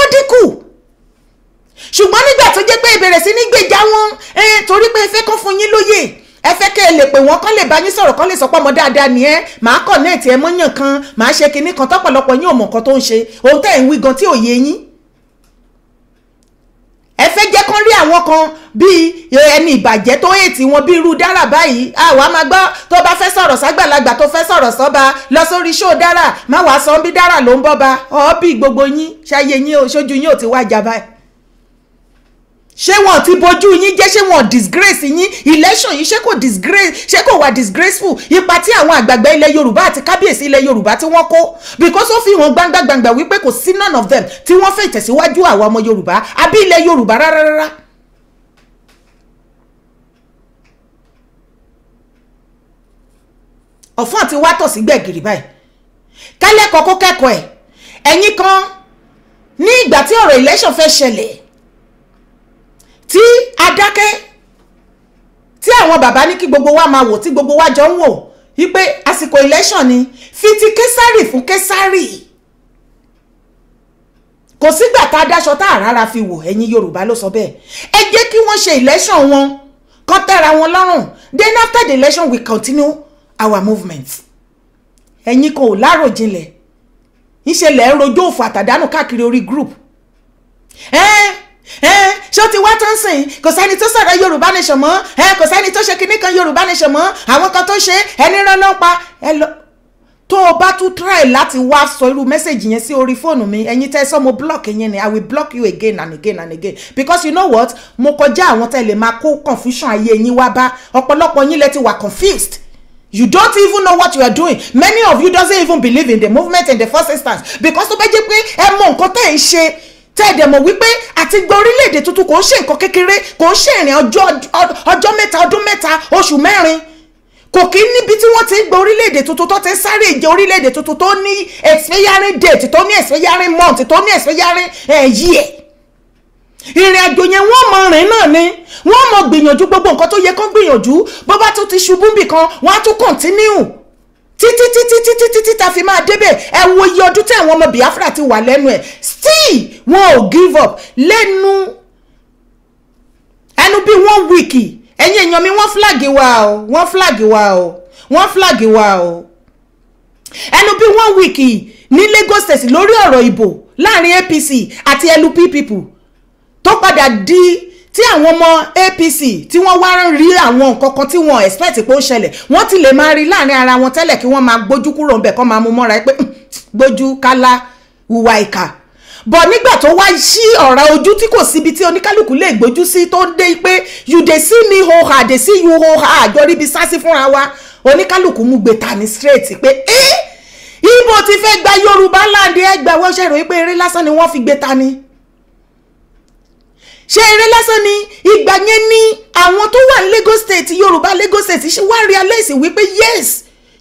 ó dínkù ṣùgbọ́n nígbà tó jẹ́ pé ìbẹ̀rẹ̀ sí ní gbèjà wọn torí pé fẹ́ kán fún yín lóye ẹ fẹ́ kí ẹ lè pè wọ́n kán lè bá yín sọ̀rọ̀ kán lè sọ pé ọmọ dáadáa ni ẹ màá connect ẹ mọ́yàn kan màá ṣe kinní kan tọ́pọ̀lọpọ̀ yín ò mọ̀ nǹkan tó ń ṣe ohun tẹ́ ẹ̀ ń wí gan tí ò yé yín. ẹ fẹ́ jẹ́ kán rí àwọn kan bíi ẹni ìbàjẹ́ tó ètì wọn bíi irú dára báyìí àwa máa gbọ́ tó bá fẹ́ sọ̀rọ̀ ságbàlagbà tó fẹ́ sọ̀rọ̀ sọ́ba lọ sórí ṣó dára má wàá sọ bí dára ló ń bọ́ ba ọ́ bí gbogbo yín ṣáyé yín o ṣojú yín ò ti wá jà báyìí ṣé wọn ti bójú yín jẹ́ ṣé wọn disgrace yín election yìí ṣé kò disgrace ṣé kò wà disgraceful ipa tí àwọn àgbààgbà ilẹ̀ yorùbá àti kábíyèsí ilẹ̀ yorùbá tí wọ́n kó because ó fi hàn gbangba gbangba wípé kò sí none of them tí wọ́n fẹ́ ìtẹ̀síwájú àwọn ọmọ yorùbá àbí ilẹ̀ yorùbá rárá rárá. ọ̀fọ́n ti wá tọ̀ sí gbẹ̀gìrì báyìí kálẹ̀ kọ́kọ́ kẹ́kọ̀ọ́ ẹ̀ ẹ̀yin kan ní ìgbà tí ọ̀rọ̀ election fẹ́ ṣẹlẹ̀ tí a dákẹ́ tí àwọn bàbá ní kí gbogbo wa máa wò tí gbogbo wa jọ ń wò wípé àsìkò election ni fi ti késàrì fún késàrì kò sígbà tá a dáṣọ tá a rárá fi wò ẹ̀yin yorùbá ló sọ bẹ́ẹ̀ ẹ jẹ́ kí wọ́n ṣe election wọn kan tẹ́ra wọn lọ́rùn then after the election we continue our movement ẹ̀yin kò láròjinlẹ̀ ńṣe lẹ́ ń rojọ́ òfò àtàdánù káàkiri orí group. Eh? ṣó ti wá tó ń sìn kò sẹ́ni tó sọ̀rọ̀ yorùbá nation mọ́ kò sẹ́ni tó ṣe kinní kan yorùbá nation mọ́ àwọn kan tó ṣe ẹni ránná pa ẹ lọ tó o bá tún try láti wá sọ irú mẹ́sẹ̀gì yẹn sí orí fóònù mi ẹ̀yin tẹ́ sọ mo block yẹn ni i will block you again and again and again because you know what mo kọjá àwọn tẹ́ lè máa kó confusion ayé yín wá bá ọ̀pọ̀lọpọ̀ yín lẹ ti wà confused you don't even know what you are doing many of you doesn't even believe in the movement in the first instance because tó bá jẹ́ pé ẹ mọ nǹkan tẹ́ ń ṣe tẹ́ ẹ̀dẹ̀ mọ̀ wípé àti gba orílẹ̀-èdè tuntun kò ń ṣe nǹkan kékeré kò ń ṣe ìrìn ọjọ́ mẹ́ta ọdún mẹ́ta oṣù mẹ́rin kò kí níbi tí wọ́n ti ń gba orílẹ̀-èdè tuntun tó ti ń sáré ìjẹ orílẹ̀-èdè tuntun tó ní expiring date tó ní expiring month tó ní expiring eh, year ìrìn àjò yẹn wọ́n mọ rìn náà ni wọ́n mọ gbìyànjú gbogbo nǹkan tó yẹ kó gbìyànjú bó bá tún ti ṣubú bìkan wọ́n á tún continue títí títí títí títí ta fi máa débẹ̀ ẹ wo iye ọdún tí àwọn ọmọ Biafra ti wà lẹ́nu ẹ̀ still wọn ò give up lẹ́nu ẹnu bí one week ẹ̀yin èèyàn mi wọ́n flag wa o wọ́n flag wa o wọ́n flag wa o ẹnu bí one week ní Lagos state lórí ọ̀rọ̀ ìbò láàrin APC àti LP people tó padà di tí àwọn ọmọ APC tí wọ́n wá rí àwọn nǹkan kan tí wọ́n expect pé ó ṣẹlẹ̀ wọ́n ti lè máa rí láàrin ara wọn tẹ́lẹ̀ kí wọ́n máa gbójú kúrò ńbẹ̀ kọ́ máa mú mọ́ra pé hmm, gbójú kálá hùwà ìkà bọ̀ nígbà tó wá sí ọ̀rá ojú tí kò síbi tí oníkálukú lè gbójú sí tó ń dé pé you dey see me ho ha dey see you ho ha àjọrí ibi sásí fúnra wa oníkálukú mú gbé tani straight pé ẹ́ eh, ibo ti fẹ́ gba Yorùbá láǹdí ẹgbàá wọ́n ṣèrò pé eré lásán ni wọ́n fi gbé tani ṣé eré lásán ni ìgbà yẹn ni àwọn tó wà ní Lagos State Yorùbá Lagos State ṣe wá realize wípé yes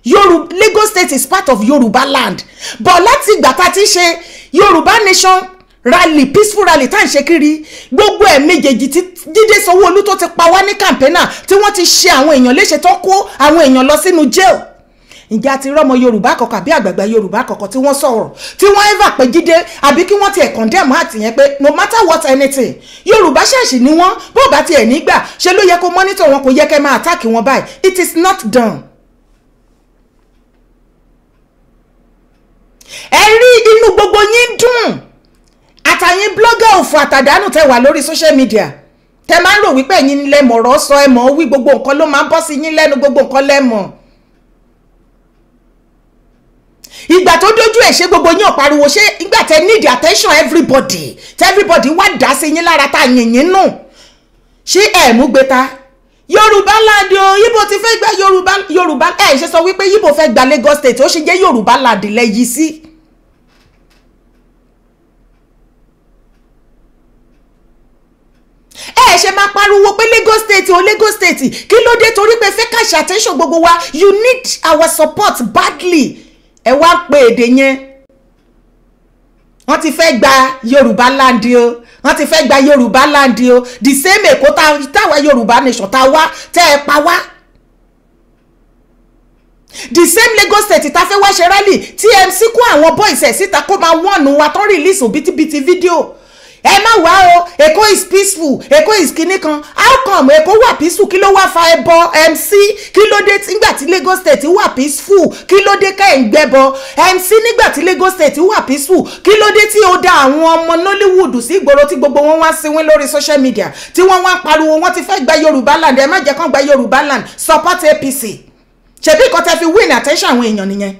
Yorùbá Lagos State is part of Yorùbá land but láti ìgbà tá a ti ṣe Yorùbá nation rally peaceful rally tá à ń ṣe kiri gbogbo ẹ̀ méjèèjì tí Jídé Sanwó-Olú tó ti pa wá ní kàmpẹ́nà tí wọ́n ti ṣe àwọn èèyàn léṣe tó kó àwọn èèyàn lọ sínú jail ǹjẹ́ a rọ́mọ yorùbá kọ̀ọ̀kan àbí àgbààgbà yorùbá kọ̀ọ̀kan tí wọ́n sọ̀rọ̀ tí wọ́n ẹ́fà pé jíde àbí kí wọ́n ti ẹ̀kàn àti yẹn pé no matter what anything yorùbá ṣẹ̀ṣì ni wọ́n bó bá ti ẹ̀ nígbà ṣe ló yẹ kó mọ́nítọ̀ wọn kò yẹ kẹ́ máa attack wọn báyìí it is not done. ẹ rí inú gbogbo yín dùn àtàyìn blogger òfò àtàdánù tẹ wà lórí social media tẹ máa ń rò wípé ẹ̀yin lẹ́mọ̀ọ́rọ́ sọ ẹ̀mọ́ wí gbogbo nǹkan ló máa ń bọ́ sí yín lẹ́nu gbogbo nǹkan lẹ́mọ̀ọ́ ìgbà tó dójú ẹ̀ ṣe gbogbo yín ọ̀pariwo ṣé ìgbà tẹ need attention everybody tẹ everybody wá dá sí yín lára tá a yìnyín nù ṣé ẹ̀ mú gbé ta yorùbá láàdì o yíbo ti fẹ́ gba yorùbá yorùbá ẹ̀ ṣe sọ wípé yíbo fẹ́ gba Lagos state ó ṣe jẹ́ yorùbá láàdì lẹ́yìí sí. ẹ ṣe máa pariwo pé Lagos state o Lagos state kí ló dé torí pé fẹ́ kàṣà attention gbogbo wa you need our support badly ẹ wá pé èdè yẹn wọ́n ti fẹ́ gba yorùbá láǹdì o wọ́n ti fẹ́ gba yorùbá láǹdì o the same èkó táwa yorùbá nation tá a wá tẹ́ ẹ pa wá the same Lagos state ta fẹ́ wá ṣe rally TMC kó àwọn boys ẹ̀ síta kó máa wọ́ọ̀nù wa tán release òbítíbitì fídíò ẹ má wá o èkó is peaceful èkó is kinní kan how come èkó wà peaceful kí ló wá fa ẹbọ MC kí ló dé nígbà Lagos State wà peaceful kí ló dé kẹ́ ẹ̀ ń gbẹ́bọ MC nígbà Lagos State wà peaceful kí ló dé tí ó da àwọn ọmọ Nollywood sí ìgboro tí gbogbo wọn wá síwín lórí social media tí wọ́n wá ń pariwo wọ́n ti fẹ́ gba Yorùbá land ẹ má jẹ́ kán gba Yorùbá land support APC ṣebí kò tẹ́ fi win attention àwọn èèyàn nìyẹn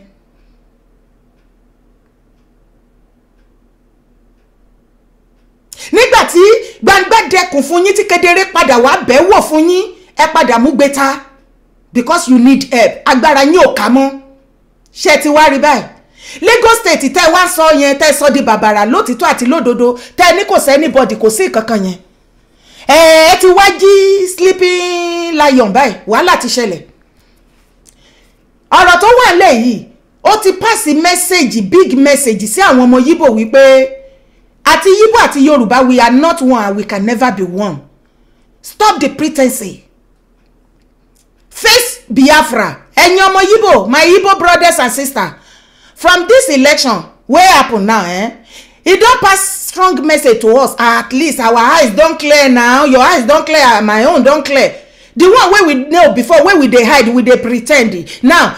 nígbà tí gbangba dẹkùn fún yín tí kedere padà wá bẹ́ẹ̀ wọ̀ fún yín ẹ padà mú ta because you need help agbára yín ò ká mọ́ ṣe ti wá rí báyìí Lagos State tẹ́ wá sọ yẹn tẹ́ sọ di bàbàrà lótìtọ́ àti lódodo tẹ́ ní kò sẹ́ni bọ́dì kò sí kankan yẹn ẹ ẹ ti wá jí sleeping lion báyìí wàhálà ti ṣẹlẹ̀ ọ̀rọ̀ tó wà lẹ́yìn ó ti pàṣẹ mẹ́sẹ̀gì big mẹ́sẹ̀gì sí àwọn ọmọ Yíbò wípé àti Yíbò àti Yorùbá we are not one and we can never be one stop the pretense face Biafra ẹ̀yin ọmọ Yíbò my Yíbò brothers and sisters from this election wey happen now eh? e don pass strong message to us at least our eyes don clear now your eyes don clear my own don clear the one wey we know before wey we dey hide we dey pretend now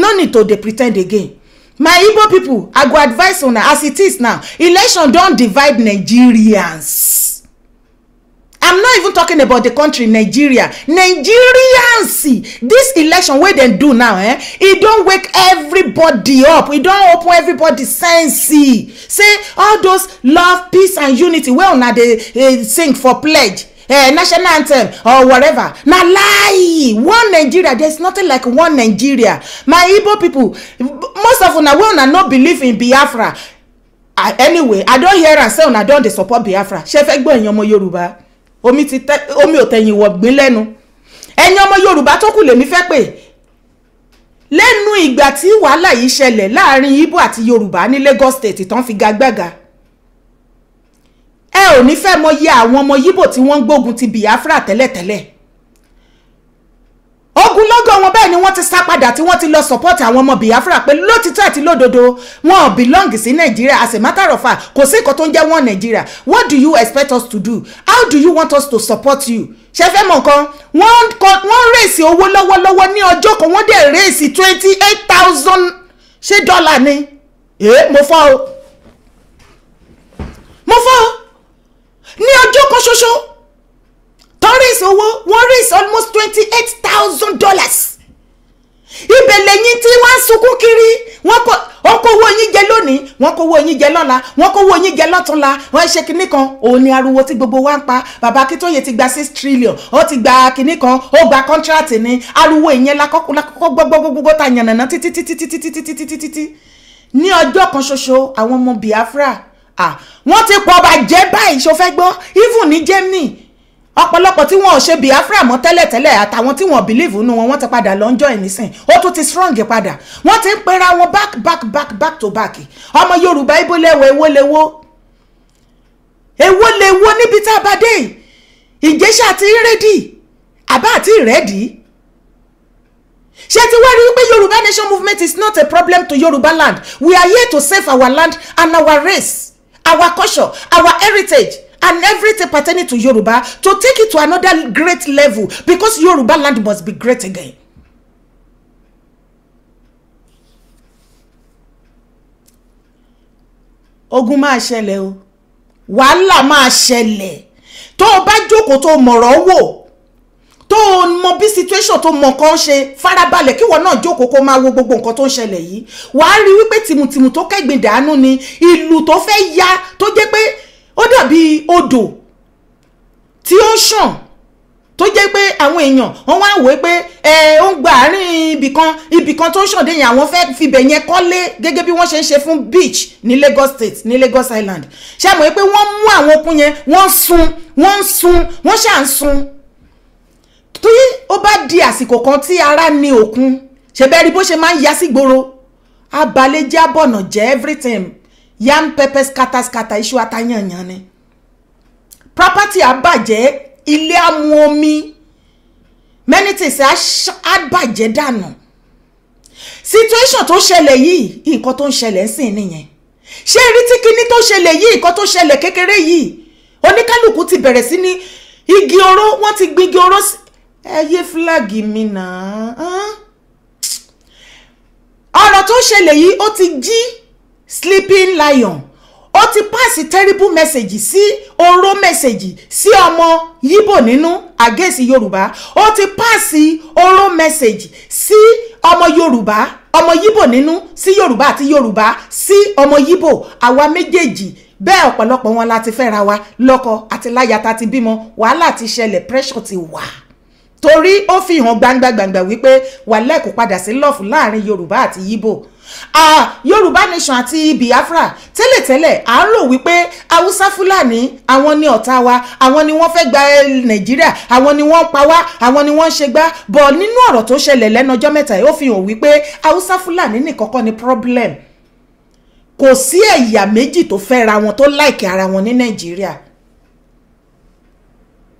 no need to dey pretend again my igbo pipo i go advise una as it is now election don divide nigerians i'm not even talking about the country nigeria nigerians this election wey dem do now eh e don wake everybody up e don open everybody sense say all those love peace and unity wey una dey eh, sing for pledge eh, national anthem or whatever na lie one nigeria there is nothing like one nigeria my igbo people most of una wey una no believe in biafra uh, anyway i don hear am say una don dey support biafra ṣe fẹ́ gbọ́ ẹ̀yin ọmọ yorùbá omi ti tẹ omi ò tẹ̀yìn wọ̀ gbin lẹ́nu ẹ̀yin ọmọ yorùbá tó kù lèmi fẹ́ pè lẹ́nu ìgbà tí wàhálà yìí ṣẹlẹ̀ láàrin igbo àti yorùbá ní lagos state tán fi gagbága ẹ ò ní fẹ́ mọ iye àwọn ọmọ Yíbò tí wọ́n ń gbógun ti Biafra tẹ́lẹ̀tẹ́lẹ̀ ogunlọ́gọ̀ wọn bẹ́ẹ̀ ni wọ́n ti sá padà tí wọ́n ti lọ support àwọn ọmọ Biafra pé lótìtọ́ àti lódodo wọn ò belong sí Nàìjíríà as a matter of fact kò sí nǹkan tó ń jẹ́ wọn Nàìjíríà what do you expect us to do how do you want us to support you ṣe fẹ́ mọ̀ nǹkan wọ́n rèsì owó lọ́wọ́lọ́wọ́ ní ọjọ́ kan wọ́n dẹ̀ rèsì twenty eight thousand ṣé dọ́là ni mo fọ́ o mo fọ́ o ní ọjọ́ kan ṣoṣo tó raise owó wọ́n raise almost twenty eight thousand dollars ibẹ̀ lẹ́yìn tí wọ́n ń sunkún kiri wọ́n kó wọ́n kówó yín jẹ lónìí wọ́n kówó yín jẹ lọ́la wọ́n kówó yín jẹ lọ́túnla wọ́n ṣe kinní kan òun ni ariwo tí gbogbo wa ń pa bàbá Akíntóyè ti gba six trillion ó ti gba kinní kan ó gba contract ni ariwo ìyẹn lakọ́kọ́ gbogbogbogbo ta yànnàná títí títí títí títí títí ní ọjọ́ kan ṣoṣo àwọn ọmọ Biafra wọ́n ti pọ̀ bàjẹ́ báyìí ṣo fẹ́ gbọ́ even ní Germany ọ̀pọ̀lọpọ̀ tí wọ́n ò ṣe Biafra mọ́ tẹ́lẹ̀tẹ́lẹ̀ àtàwọn tí wọ́n bìlíìfù nù wọn wọ́n ti padà lọ́njọ́ ìnísìn ó tún ti strong padà wọ́n ti ń pera wọn back back back back to back ọmọ Yorùbá ibo lẹ́wọ̀ ewó lewó ewó lewó níbi tá a bá dé Ìjẹ̀ṣà àti rédì àbá àti ìrẹ́dì ṣé ti wá rí wípé Yorùbá nation movement is not a problem to Yorùbá land we are here to save our land and our race our culture our heritage and everything pertaining to Yoruba to take it to another great level because Yoruba land must be great again. ogun máa ṣẹlẹ̀ o wàhálà máa ṣẹlẹ̀ tó o bá jókòó tó mọ̀rọ̀ wò tó o mọ bí situation tó mọ nǹkan ṣe farabalẹ̀ kí wọn náà jókòó kó máa wo gbogbo nǹkan tó ń ṣẹlẹ̀ yìí wàá rí wípé tìmùtìmù tó kẹ́gbìn dànù ni ìlú tó fẹ́ ya tó jẹ́ pé ó dàbí odò tí ó ń ṣàn tó jẹ́ pé àwọn èèyàn wọ́n wá wòó pé ẹ ó ń gba àárín ibìkan ibìkan tó ń ṣàn déyìn àwọn fẹ́ fibẹ̀ yẹn kọ́lé gẹ́gẹ́ bí wọ́n ṣe ń ṣe fún beach ní Lagos State ní Lagos Island ṣàmùwé pé wọ́n mú àwọn okun yẹn wọ́n sun wọ́n sun wọ́n ṣà tó yí ó bá di àsìkò kan tí ara ní òkun ṣẹbẹ́ rí bó ṣe máa ń ya sí gbòòrò abalẹ̀jẹ́ abọ̀nà jẹ́ everything yam pepper scatter scatter iṣu atayanyan ni property àbàjẹ́ ilé amú omi many things àbàjẹ́ dànù situation tó ṣẹlẹ̀ yìí nǹkan tó ń ṣẹlẹ̀ ń sìn nìyẹn ṣé rí tí kinní tó ṣẹlẹ̀ yìí nǹkan tó ṣẹlẹ̀ kékeré yìí oníkálukú ti bẹ̀rẹ̀ sí ní igi oró wọ́n ti gbin oró ẹ yé fúláàgì mi náà ọ̀rọ̀ tó ṣẹlẹ̀ yìí ó ti jí sleeping lion ó ti pàṣẹ terrible message sí oró message sí ọmọ yíbò nínú àgẹ́sì yorùbá ó ti pàṣẹ oró message sí ọmọ yorùbá ọmọ yíbò nínú sí yorùbá àti yorùbá sí ọmọ yíbò àwa méjèèjì bẹ́ẹ̀ ọ̀pọ̀lọpọ̀ wọn la ti fẹ́ra wa lọ́kọ àti láya ta ti bímọ wàhálà ti ṣẹlẹ̀ pressure ti wà. Wow torí ó fi hàn gbangba gbangba wípé wàhálẹ̀ kò padà sí lọ́ọ̀fù láàrin yorùbá àti yíbò ah yorùbá nation àti biafra tẹ́lẹ̀tẹ́lẹ̀ à ń rò wípé haúsá fúlàní àwọn ni ọ̀tá wa àwọn ni wọ́n fẹ́ gba eh, nàìjíríà àwọn ni wọ́n pa wá àwọn ni wọ́n ṣe gbá bọ̀ nínú ọ̀rọ̀ tó ṣẹlẹ̀ lẹ́nu ọjọ́ mẹ́ta ó fi hàn wípé haúsá fúlàní nìkan kọ́ ni problem kò sí ẹ̀yà méjì tó fẹ́ ra wọn tó láìkẹ́ ara wọn ní nàìjíríà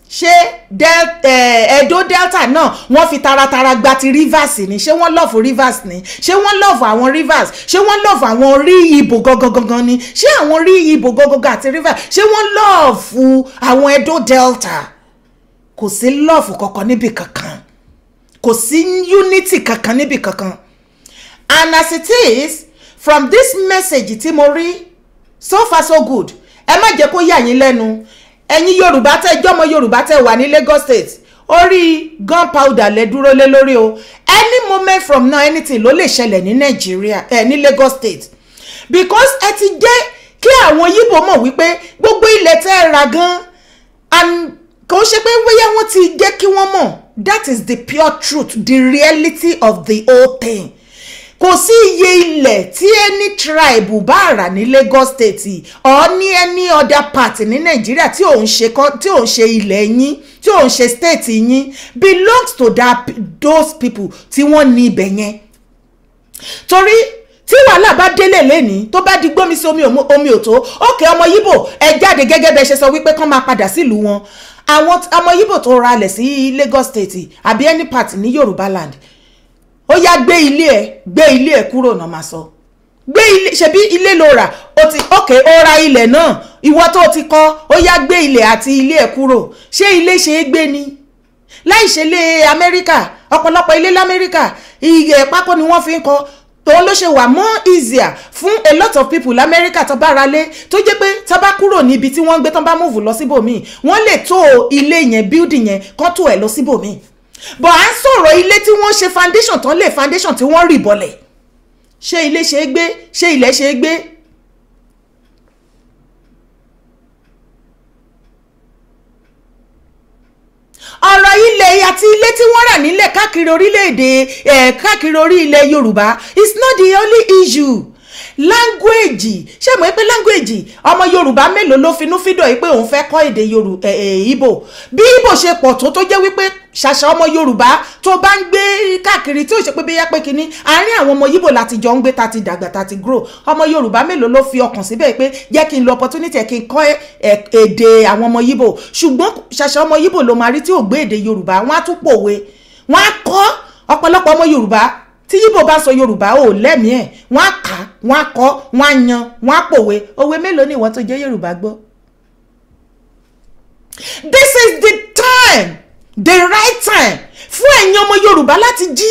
ṣé eh, Edo Delta náà wọ́n fi taratara gba ti Rivers ni ṣé wọ́n lọ́ọ̀fù Rivers ni ṣé wọ́n lọ́ọ̀fù àwọn Rivers ṣé wọ́n love, àwọn orí ibo gangan ni ṣé àwọn orí ibo gangan àti Rivers ṣé wọ́n lọ́ọ̀fù àwọn Edo Delta kò sí lọ́ọ̀fù kankan níbi kankan kò sí unity kankan níbi kankan and as it is from this message tí mo rí so far so good ẹ má jẹ́ kó yà yín lẹ́nu ẹ̀yin yorùbá tẹ́ jọ́mọ yorùbá tẹ́ wà ní Lagos State orí gunpowder lẹ dúró lé lórí o any moment from now anything ló lè ṣẹlẹ̀ ní Nàìjíríà ẹ̀ eh, ní Lagos State because ẹ ti jẹ́ kí àwọn yíbo mọ̀ wípé gbogbo ilẹ̀ tẹ́ ẹ ra gan and kò ṣe pé wíyá wọn ti jẹ́ kí wọ́n mọ̀ that is the pure truth the reality of the whole thing kò sí iye ilẹ̀ tí any tribe bá rà ní Lagos State or ní any other part ní Nàìjíríà tí òun ṣe tí òun ṣe ilẹ̀ yín tí òun ṣe state yín belongs to that, those people tí wọ́n ní ibẹ̀ yẹn torí tí wàhálà bá délé lẹ́ni tó bá di gbómi sí omi omi òtó òkè ọmọ yíbò ẹ jáde gẹ́gẹ́ bẹ́ẹ̀ ṣe sọ wípé kán máa padà sílùú wọn àwọn ọmọ yíbò tó ralẹ̀ sí Lagos State àbí any part ní Yorùbá land ó yá gbé ilé ẹ gbé ilé ẹ kúrò náà máa sọ gbé ilé ṣebí ilé ló rà ó ti ok ó ra ilẹ̀ náà ìwọ tó ti kọ́ ó yá gbé ilẹ̀ àti ilé ẹ kúrò ṣé ilé ṣe é gbé ni láì ṣe lé amẹ́ríkà ọ̀pọ̀lọpọ̀ ilé lamẹ́ríkà iye pákó ni wọ́n fi ń kọ́ tòun ló ṣe wà more easier fún a lot of people lamẹ́ríkà tó bá ralé tó jẹ́ pé tó bá kúrò níbi tí wọ́n ń gbé tó bá múùfù lọ síbòmíì wọ́n lè tó ilé yẹn building yẹn kán tó ẹ̀ lọ síbòmíì bọ̀ à ń sọ̀rọ̀ ilé tí wọ́n ṣe foundation tán lè foundation tí wọ́n rì bọ̀lẹ̀ ṣé ilé ṣe é gbé ṣé ilẹ̀ ṣe é gbé. ọ̀rọ̀ ilẹ̀ àti ilé tí wọ́n rà nílẹ̀ káàkiri orílẹ̀-èdè ẹ̀ eh, káàkiri orí ilẹ̀ Yorùbá it's not the only issue Language. ṣé mo pé language. ọmọ yorùbá mélòó ló finú fídọ̀ yìí pé òun fẹ́ kọ́ èdè ìbò bí ibo. ṣe pọ̀ tó tó jẹ́ wípé ṣàṣà ọmọ yorùbá tó bá ń gbé káàkiri tí ò ṣe pé bí yápẹ́ kínní àárín àwọn ọmọ yíbò láti jọ ń gbé ta ti dàgbà ta ti grow ọmọ yorùbá mélòó ló fi ọkàn síbẹ̀ pé jẹ́ kí n lo opportunity ẹ̀ kí n kọ́ èdè àwọn ọmọ yíbò ṣùgbọ́n ṣàṣà ọmọ yíbò ló máa rí tí ò gbé èdè yorùbá wọ́n á tún pòwe wọ́n á kọ́ ọ̀pọ̀lọpọ̀ ọmọ yorùbá tí yíbo bá sọ yorùbá ò lẹ́mìí ẹ̀ wọ́n á kà wọ́n á kọ́ wọ́n á yan wọ́n á pòwe òwe mélòó ni ìwọ tó jẹ́ yorùbá gbọ́. this is the time the right time fún ẹ̀yin ọmọ yorùbá láti jí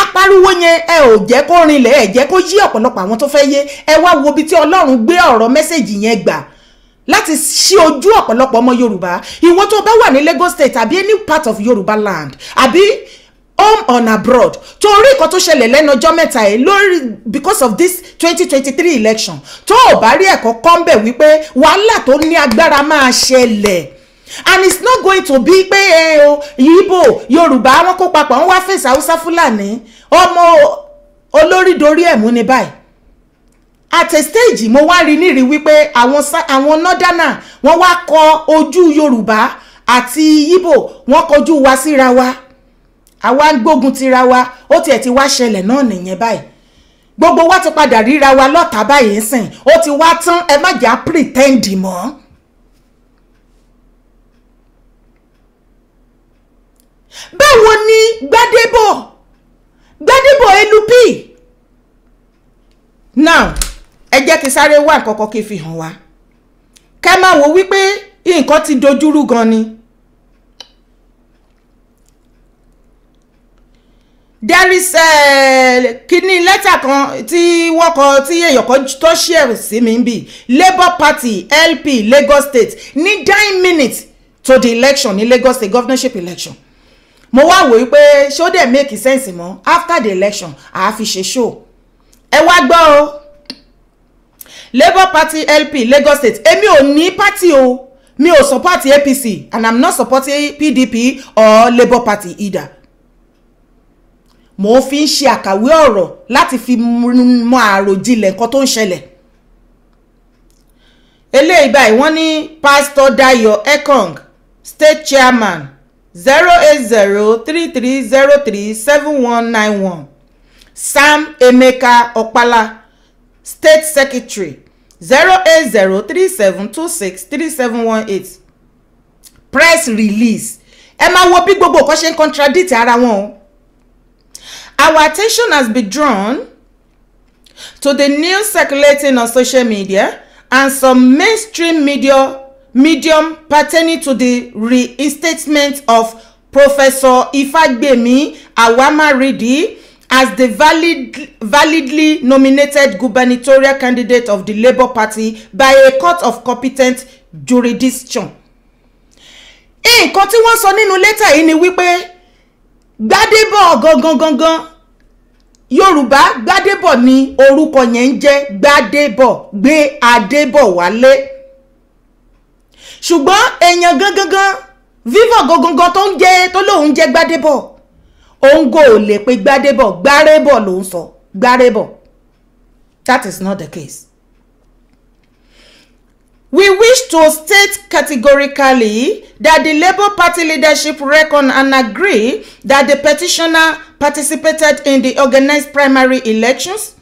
apariwo yẹn ẹ ò jẹ́ kó rinlẹ̀ ẹ jẹ́ kó yí ọ̀pọ̀lọpọ̀ àwọn tó fẹ́ yé ẹ wá wo ibi tí ọlọ́run gbé ọ̀rọ̀ mẹ́sẹ̀gì yẹn gbà láti ṣí ojú ọ̀pọ̀lọpọ̀ ọmọ yorùbá ìwọ tó bá wà ní lagos state àbí any part of yorùbá land àbí home and abroad torí nǹkan tó ṣẹlẹ̀ lẹ́nu ọjọ́ mẹ́ta yìí lórí because of this twenty twenty three election tó ò bá rí ẹ̀kọ́ kọ́ńbẹ̀ wípé wàhálà tó ní agbára máa ṣẹlẹ̀ and it's not going to be pé ẹ o Ìgbò Yorùbá wọn kó papọ̀ wọn wá fèsì Haúsá Fúlàní ọmọ olórí dorí ẹ̀ mú ni báyìí at a stage mo wá rí nírí wípé àwọn àwọn nọ́dánà wọ́n wá kọ ojú Yorùbá àti Ìgbò wọ́n kọjú wa síra wa. Si àwa ń gbógun tira wa ó tiẹ̀ ti wá ṣẹlẹ̀ náà nìyẹn báyìí gbogbo wa ti padà ríra wa lọ́ta báyìí sìn ó ti wá tán ẹ má jà pretend mọ́. báwo ni Gbadebo Gbadebo elupi now ẹ jẹ́ kí sáré wá nǹkan kan kí fi hàn wá ká má wo wípé nǹkan ti dojúrú gan ni there is eh, kíní lẹ́tà kan tí wọ́n kọ tí èèyàn kan tó ṣẹ̀rù sí mi bí labour party lp lagos state ní nine minutes to the election ní lagos state governorship election mo wá wòye pé ṣó dẹ̀ make sense mọ́ after the election àá fi ṣe show ẹ wá gbọ́ o labour party lp lagos state èmi ò ní party o mi ò support apc and i'm not supporting pdp or labour party either mò ń fi ń ṣe àkàwé ọ̀rọ̀ láti fi mọ àròjinlẹ̀ nǹkan tó ń ṣẹlẹ̀ eléyìí báyìí wọ́n ní pásítọ̀ Dayo Ekong state chairman zero eight zero three three zero three seven one nine one Sam Emeka Opala state secretary zero eight zero three seven two six three seven one eight press release ẹ máa wo bí gbogbo nǹkan ṣe ń contradict ara wọn o Our attention has been drawn to the news circulating on social media and some mainstream media medium pertaining to the reinstatement of Professor Ifagbemi Awamaridi as the valid, validly nominated gubernatorial candidate of the Labour Party by a court of competent jurisdiction. nǹkan tí wọ́n sọ nínú lẹ́tà yìí ni wípé gbadébọ̀ gangan gangan yorùbá gbadébọ̀ ni orúkọ yẹn ń jẹ́ gbadébọ̀ gbé adébọ̀ wálé ṣùgbọ́n èèyàn gangan gan vivọ̀ gangan tó ń jẹ tó lóun jẹ́ gbadébọ̀ òun kò lè pe gbadébọ̀ gbárébọ̀ ló sọ gbárébọ̀ that is not the case We wish to state categorically that the Labour Party leadership reckon and agree that the petitioner participated in the organised primary elections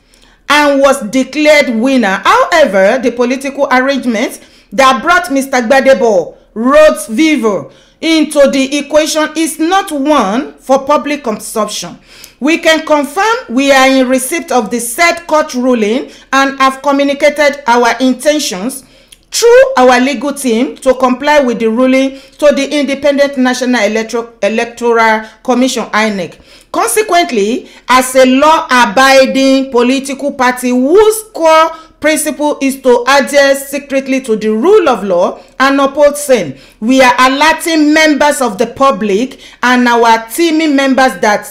and was declared winner. However, the political arrangement that brought Mr. Gbadebo Rhodes Vivo into the equation is not one for public consumption. We can confirm we are in receipt of the said court ruling and have communicated our intentions through our legal team to comply with the ruling to the Independent National Electro Electoral Commission INEC. Consequently, as a law-abiding political party whose core principle is to adhere secretly to the rule of law and uphold same, we are alerting members of the public and our teaming members that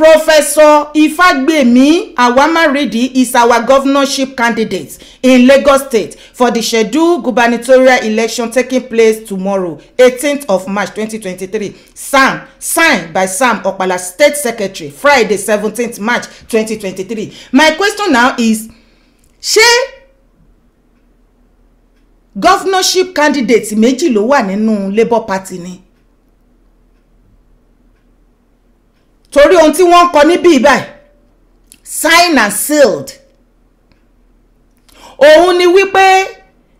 Professor Ifagbemi Awamaridi is our governorship candidate in Lagos State for the scheduled gubernatorial election taking place tomorrow, 18th of March 2023. Sam, signed by Sam Opala, State Secretary, Friday, 17th March 2023. My question now is, ṣé governorship candidate méjì ló wà nínú Labour Party ni? torí ohun tí wọ́n ń kọ níbí báyìí signed and sealed òun ni wípé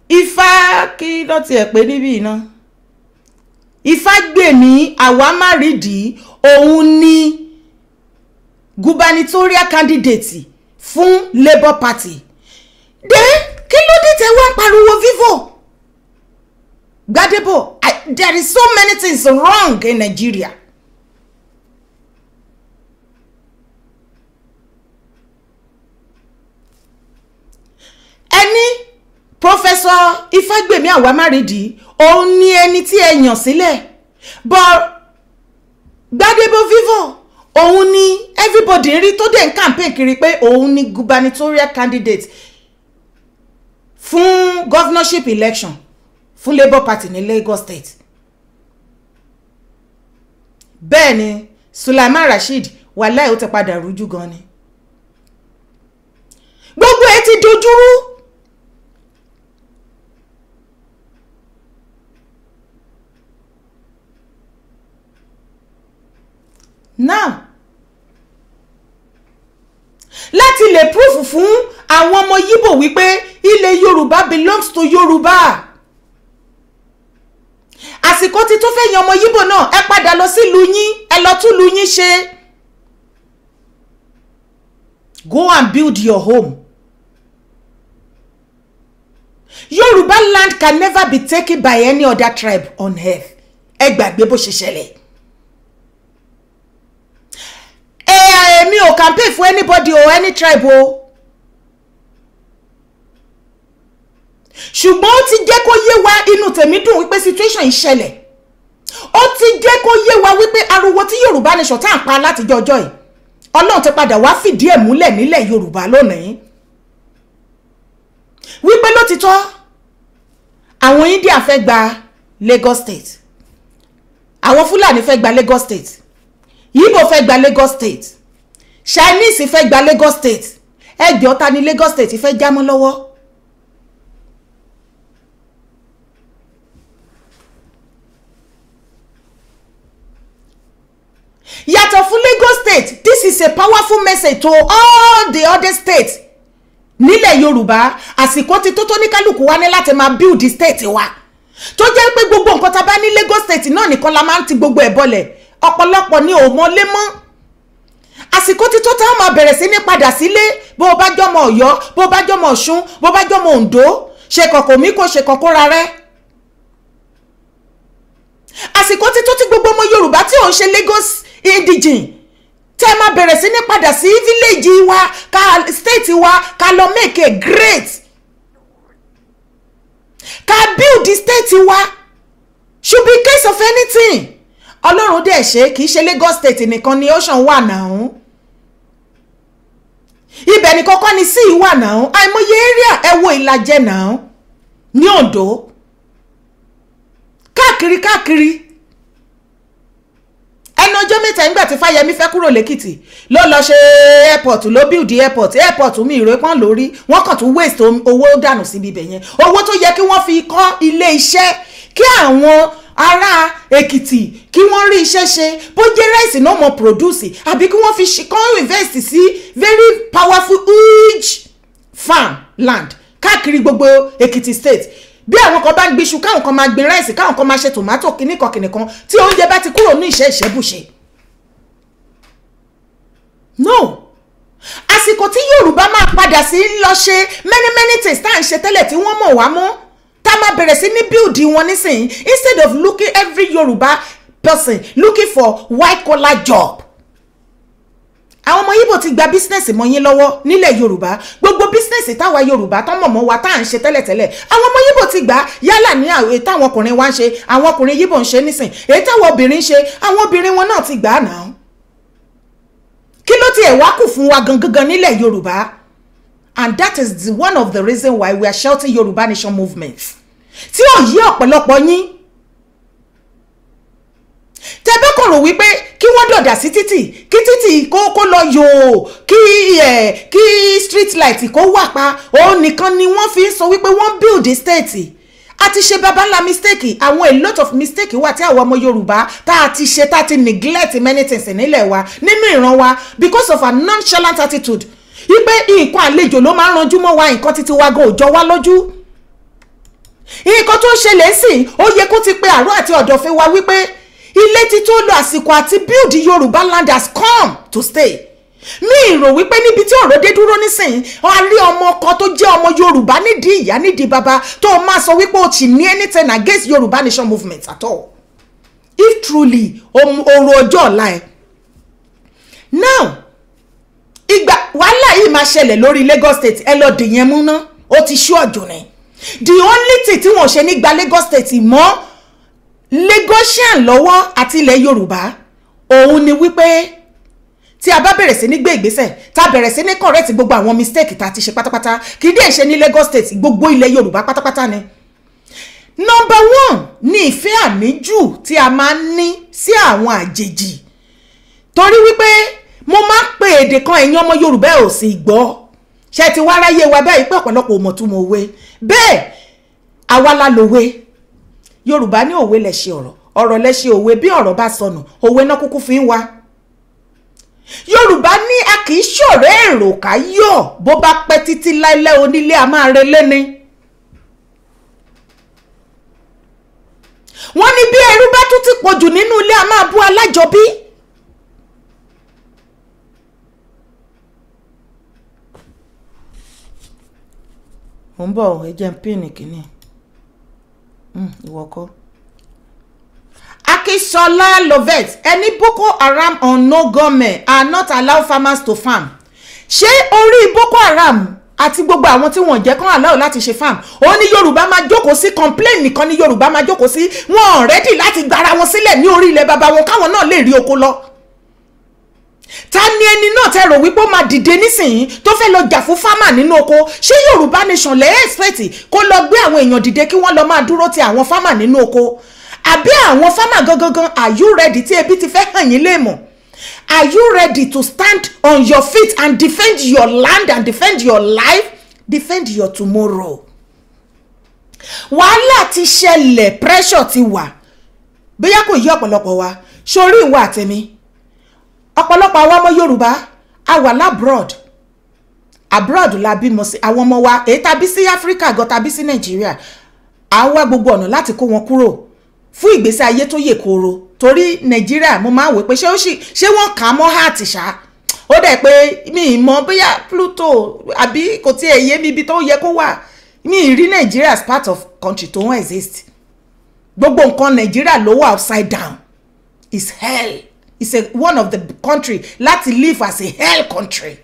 ifá kí ló tiẹ̀ pé níbí iná ifá gbèmí àwa má rídìí òun ni gubernatorial candidate fún labour party dé kí ló dé tẹ wá ń pariwo vivo Gbadebo there is so many things wrong in Nigeria pọfẹsọ ifágbèmí àwámárìdì òun ni ẹni tí ẹ yàn sílẹ̀ bọ gbadebo vivo òun ni everybody rí tó dé ń campaign kiri pé òun ni gubernatorial candidate fún governorship election fún labour party ní lagos state bẹ́ẹ̀ ni sulaiman rasheed wàláì ó ti padà rújú gan ni gbogbo ẹ ti dojúrú now láti lè proof fún àwọn ọmọ Yíbò wípé ilẹ̀ Yorùbá belongs to Yorùbá àsìkò ti tó fẹ́ yan ọmọ Yíbò náà ẹ padà lọ sílùú yín ẹ lọ tún lùú yín ṣe go and build your home Yorùbá land can never be taken by any other tribe on earth ẹ gbàgbé bó ṣe ṣẹlẹ̀. èmi ò campaign for anybody or any tribe o ṣùgbọ́n ó ti jẹ́ kó yé wa inú tèmi dùn wípé situation yìí ṣẹlẹ̀ ó ti jẹ́ kó yé wa wípé ariwo tí Yorùbá nation tá à ń pa látijọ́ ọjọ́ yìí Ọlọ́run ti padà wá fìdí ẹ̀ múlẹ̀ nílẹ̀ Yorùbá lónìí wípé lótìtọ́ àwọn India fẹ́ gba Lagos state àwọn Fúlàní fẹ́ gba Lagos state Ìgbò fẹ́ gba Lagos state Chinese fẹ́ gba Lagos state ẹjọ́ ta ni Lagos state fẹ́ jámọ́ lọ́wọ́. yàtọ̀ fún Lagos state this is a powerful message to all the other states nílẹ̀ Yorùbá àsìkò ti tó tó ní kálukú wa ní láti máa build the state wa tó jẹ́ pé gbogbo nǹkan tá a bá ní Lagos state náà nìkan la máa ń ti gbogbo ẹ̀ bọlẹ̀ ọ̀pọ̀lọpọ̀ ni ò mọ lé mọ́ àsìkò ti tó tá a máa bẹ̀rẹ̀ sí ní padà sílé bó o bá jọmọ Ọ̀yọ́ bó o bá jọmọ Ọ̀ṣun bó o bá jọmọ Oǹdó ṣe kọ̀kọ̀ mí kò ṣe kọ̀kọ́ rárẹ́ àsìkò ti tó tí gbogbo ọmọ Yorùbá tí ò ń ṣe Lagos indigene tẹ́ máa bẹ̀rẹ̀ sí ní padà sí fíléèjì wa ká state wa ká lọ make a great ká build the state wa should be case of anything ọlọ́run dẹ̀ ṣe kì í ṣe Lagos state nìkan ni ocean wà náà ibẹ̀ nìkan kọ́ ni sí ìwà náà àìmọye area ẹ wo ìlàjẹ náà ní Ondo káàkiri káàkiri ẹnu ọjọ́ mẹ́ta nígbà tí Fáyẹmí fẹ́ kúrò lẹ́kìtì ló lọ ṣe airport ló build airport airport mi ìrẹ́pọ̀n lórí wọ́n kàn tún waste owó dànù síbi ibẹ̀ yẹn owó tó yẹ kí wọ́n fi kọ́ ilé iṣẹ́ kí àwọn ará èkìtì kí wọ́n rí iṣẹ́ ṣe bó jẹ́ ráìsì náà mọ̀ produce àbí kí wọ́n fi kàn invest sí very powerful huge farm land káàkiri gbogbo èkìtì state bí àwọn kan bá ń gbiṣu káwọn kan máa gbin ráìsì káwọn kan máa ṣe tòmátò kìnnìkan kìnnìkan tí oúnjẹ bá ti kúrò ní ìṣẹ́ ìṣẹ́bùṣe. no àsìkò tí yorùbá máa padà sí lọ ṣe many many things tá à ń ṣe tẹ́lẹ̀ tí wọ́n mọ̀ wá mọ́ ká máa bẹ̀rẹ̀ sí ní bíldì wọn nísìnyí instead of looking every Yorùbá person looking for white collar job àwọn ọmọ Ìgbò ti gba bísínẹ́sì mọ́ yín lọ́wọ́ nílẹ̀ Yorùbá gbogbo bísínẹ́sì táwa Yorùbá tán mọ̀mọ́ wa tá à ń ṣe tẹ́lẹ̀tẹ́lẹ̀ àwọn ọmọ Ìgbò ti gbà yálà ní àwọn táwọn ọkùnrin wa ń ṣe àwọn ọkùnrin Ìgbò ń ṣe nísìn èyí táwọn obìnrin ń ṣe àwọn obìnrin wọn náà ti gbà á nà kí ló tiẹ̀ wá kù fún wa gangan nílẹ̀ Yorùbá and that is the one of the reason why we are shouting Yorùbá Nation movement tí ò yí ọ̀pọ̀lọpọ̀ yín tẹ́bẹ́ kò rò wípé kí wọ́n dọ̀dà sí títì kí títì kó kó lọ yòó kí ẹ̀ kí street light kó wà pa òun nìkan ni wọ́n fi ń sọ wípé wọ́n build the state a ti ṣe babalá mistake àwọn a lot of mistake wà tí àwọn ọmọ yorùbá tá a ti ṣe tá a ti neglect many things nílẹ̀ wa nínú ìran wa because of a nonchalant attitude wípé nǹkan àlejò ló máa ń ranjú mọ́ wa nǹkan títí wa gan ò jọ wá lójú nǹkan tó ń ṣẹlẹ̀ sí i ó yẹ kó ti pe àárọ̀ àti ọ̀dọ̀fin wa wípé ilé ti tó lọ àsìkò àti build yorùbá land has come to stay mi rò wípé níbi tí ọ̀rọ̀ dé dúró nísìnyí a rí ọmọ kan tó jẹ́ ọmọ yorùbá nídìí ìyá nídìí bàbá tó máa sọ wípé o ti ní anything against yorùbá nation movement at all if truly ọ̀rọ̀ ọjọ́ ọ̀la ẹ̀ now ìgbà wàhálà yìí máa ṣẹlẹ̀ lórí Lagos State ẹ lọ dìyẹn mú ná ó ti ṣú ọ̀jọ̀ ni the only thing tí wọ́n ṣe ní gba Lagos state mọ́ Lagosian lọ́wọ́ àti ilẹ̀ Yorùbá òun ni wípé tí a bá bẹ̀rẹ̀ sí ní gbé ìgbésẹ̀ tá a bẹ̀rẹ̀ sí ní correct gbogbo àwọn mistake tá a ti ṣe pátápátá kì í dẹ̀ ṣe ní Lagos state gbogbo ilẹ̀ Yoruba pátápátá ni. Number one ní ìfẹ́ àmìjù tí a máa ń ní sí àwọn àjèjì torí wípé mo máa ń pe èdè kan ẹ̀yin ọmọ Yorùbá ò sì gbọ́ ṣe ti wá ráyé wa báyìí pé ọ̀pọ̀lọpọ̀ ò mọ̀ túmọ̀ òwe bẹ́ẹ̀ àwa la lòwe yorùbá ní òwe lẹ̀ ṣe ọ̀rọ̀ ọ̀rọ̀ lẹ̀ ṣe òwe bí ọ̀rọ̀ bá sọnù òwe náà kúkú fi ń wa yorùbá ní a kì í ṣọ̀rẹ́ èrò ká yọ̀ bó bá pẹ́ títí láéláé onílé a máa relé ni. wọ́n ní bí ẹrú bá tún ti pọ̀jù nínú ilé a máa bú alájọbí. ò ń bọ̀ ẹ jẹ́ ń pín kínní hmm, ìwọ kọ́. Akisola Lovett ẹni Boko Haram on no government are not allow farmers to farm ṣé orí Boko Haram àti gbogbo àwọn tí wọn jẹ́ kán aláwọ̀ láti ṣe farm ó ní yorùbá máa jókòó sí complain nìkan ní yorùbá máa jókòó sí wọn ò rẹ́dì láti gbara wọn sílẹ̀ ní orí ilẹ̀ baba wọn káwọn náà lè rí oko lọ ta ni ẹni náà tẹ rò wípé ó máa dìde nísìnyí tó fẹ́ lọ jà fún fámà nínú oko ṣé yorùbá nation lẹ́yìn ẹ̀sìpẹ̀tì kó lọ gbé àwọn èèyàn dìde kí wọ́n lọ máa dúró ti àwọn fámà nínú oko àbí àwọn fámà gangan are you ready tí ebi ti fẹ́ hàn yín lè mọ̀ are you ready to stand on your feet and defend your land and defend your life defend your tomorrow wàhálà ti ṣẹlẹ̀ pressure ti wà bóyá kò yí ọ̀pọ̀lọpọ̀ wa sórí ìwà àtẹ̀mí ọ̀pọ̀lọpọ̀ àwọn ọmọ Yorùbá a wà lábroad abroad la bímọ sí àwọn ọmọ wa èyí tàbí sí Áfíríkà gan tàbí sí Nàìjíríà à ń wá gbogbo ọ̀nà láti kó wọn kúrò fún ìgbésí ayé tó yè kooro torí Nàìjíríà mo máa ń wò pé ṣé ó sì ṣé wọ́n kà á mọ́ háàtì ṣáá ó dẹ̀ pé mi ì mọ bóyá Pluto àbí kò tiẹ̀ yé mi ibi tó yẹ kó wà mi ì rí Nàìjíríà as part of country tó wọ́n exist gbogbo nǹkan Nàìjíríà ló wà upside down is hell is a, one of the country láti live as a hell country.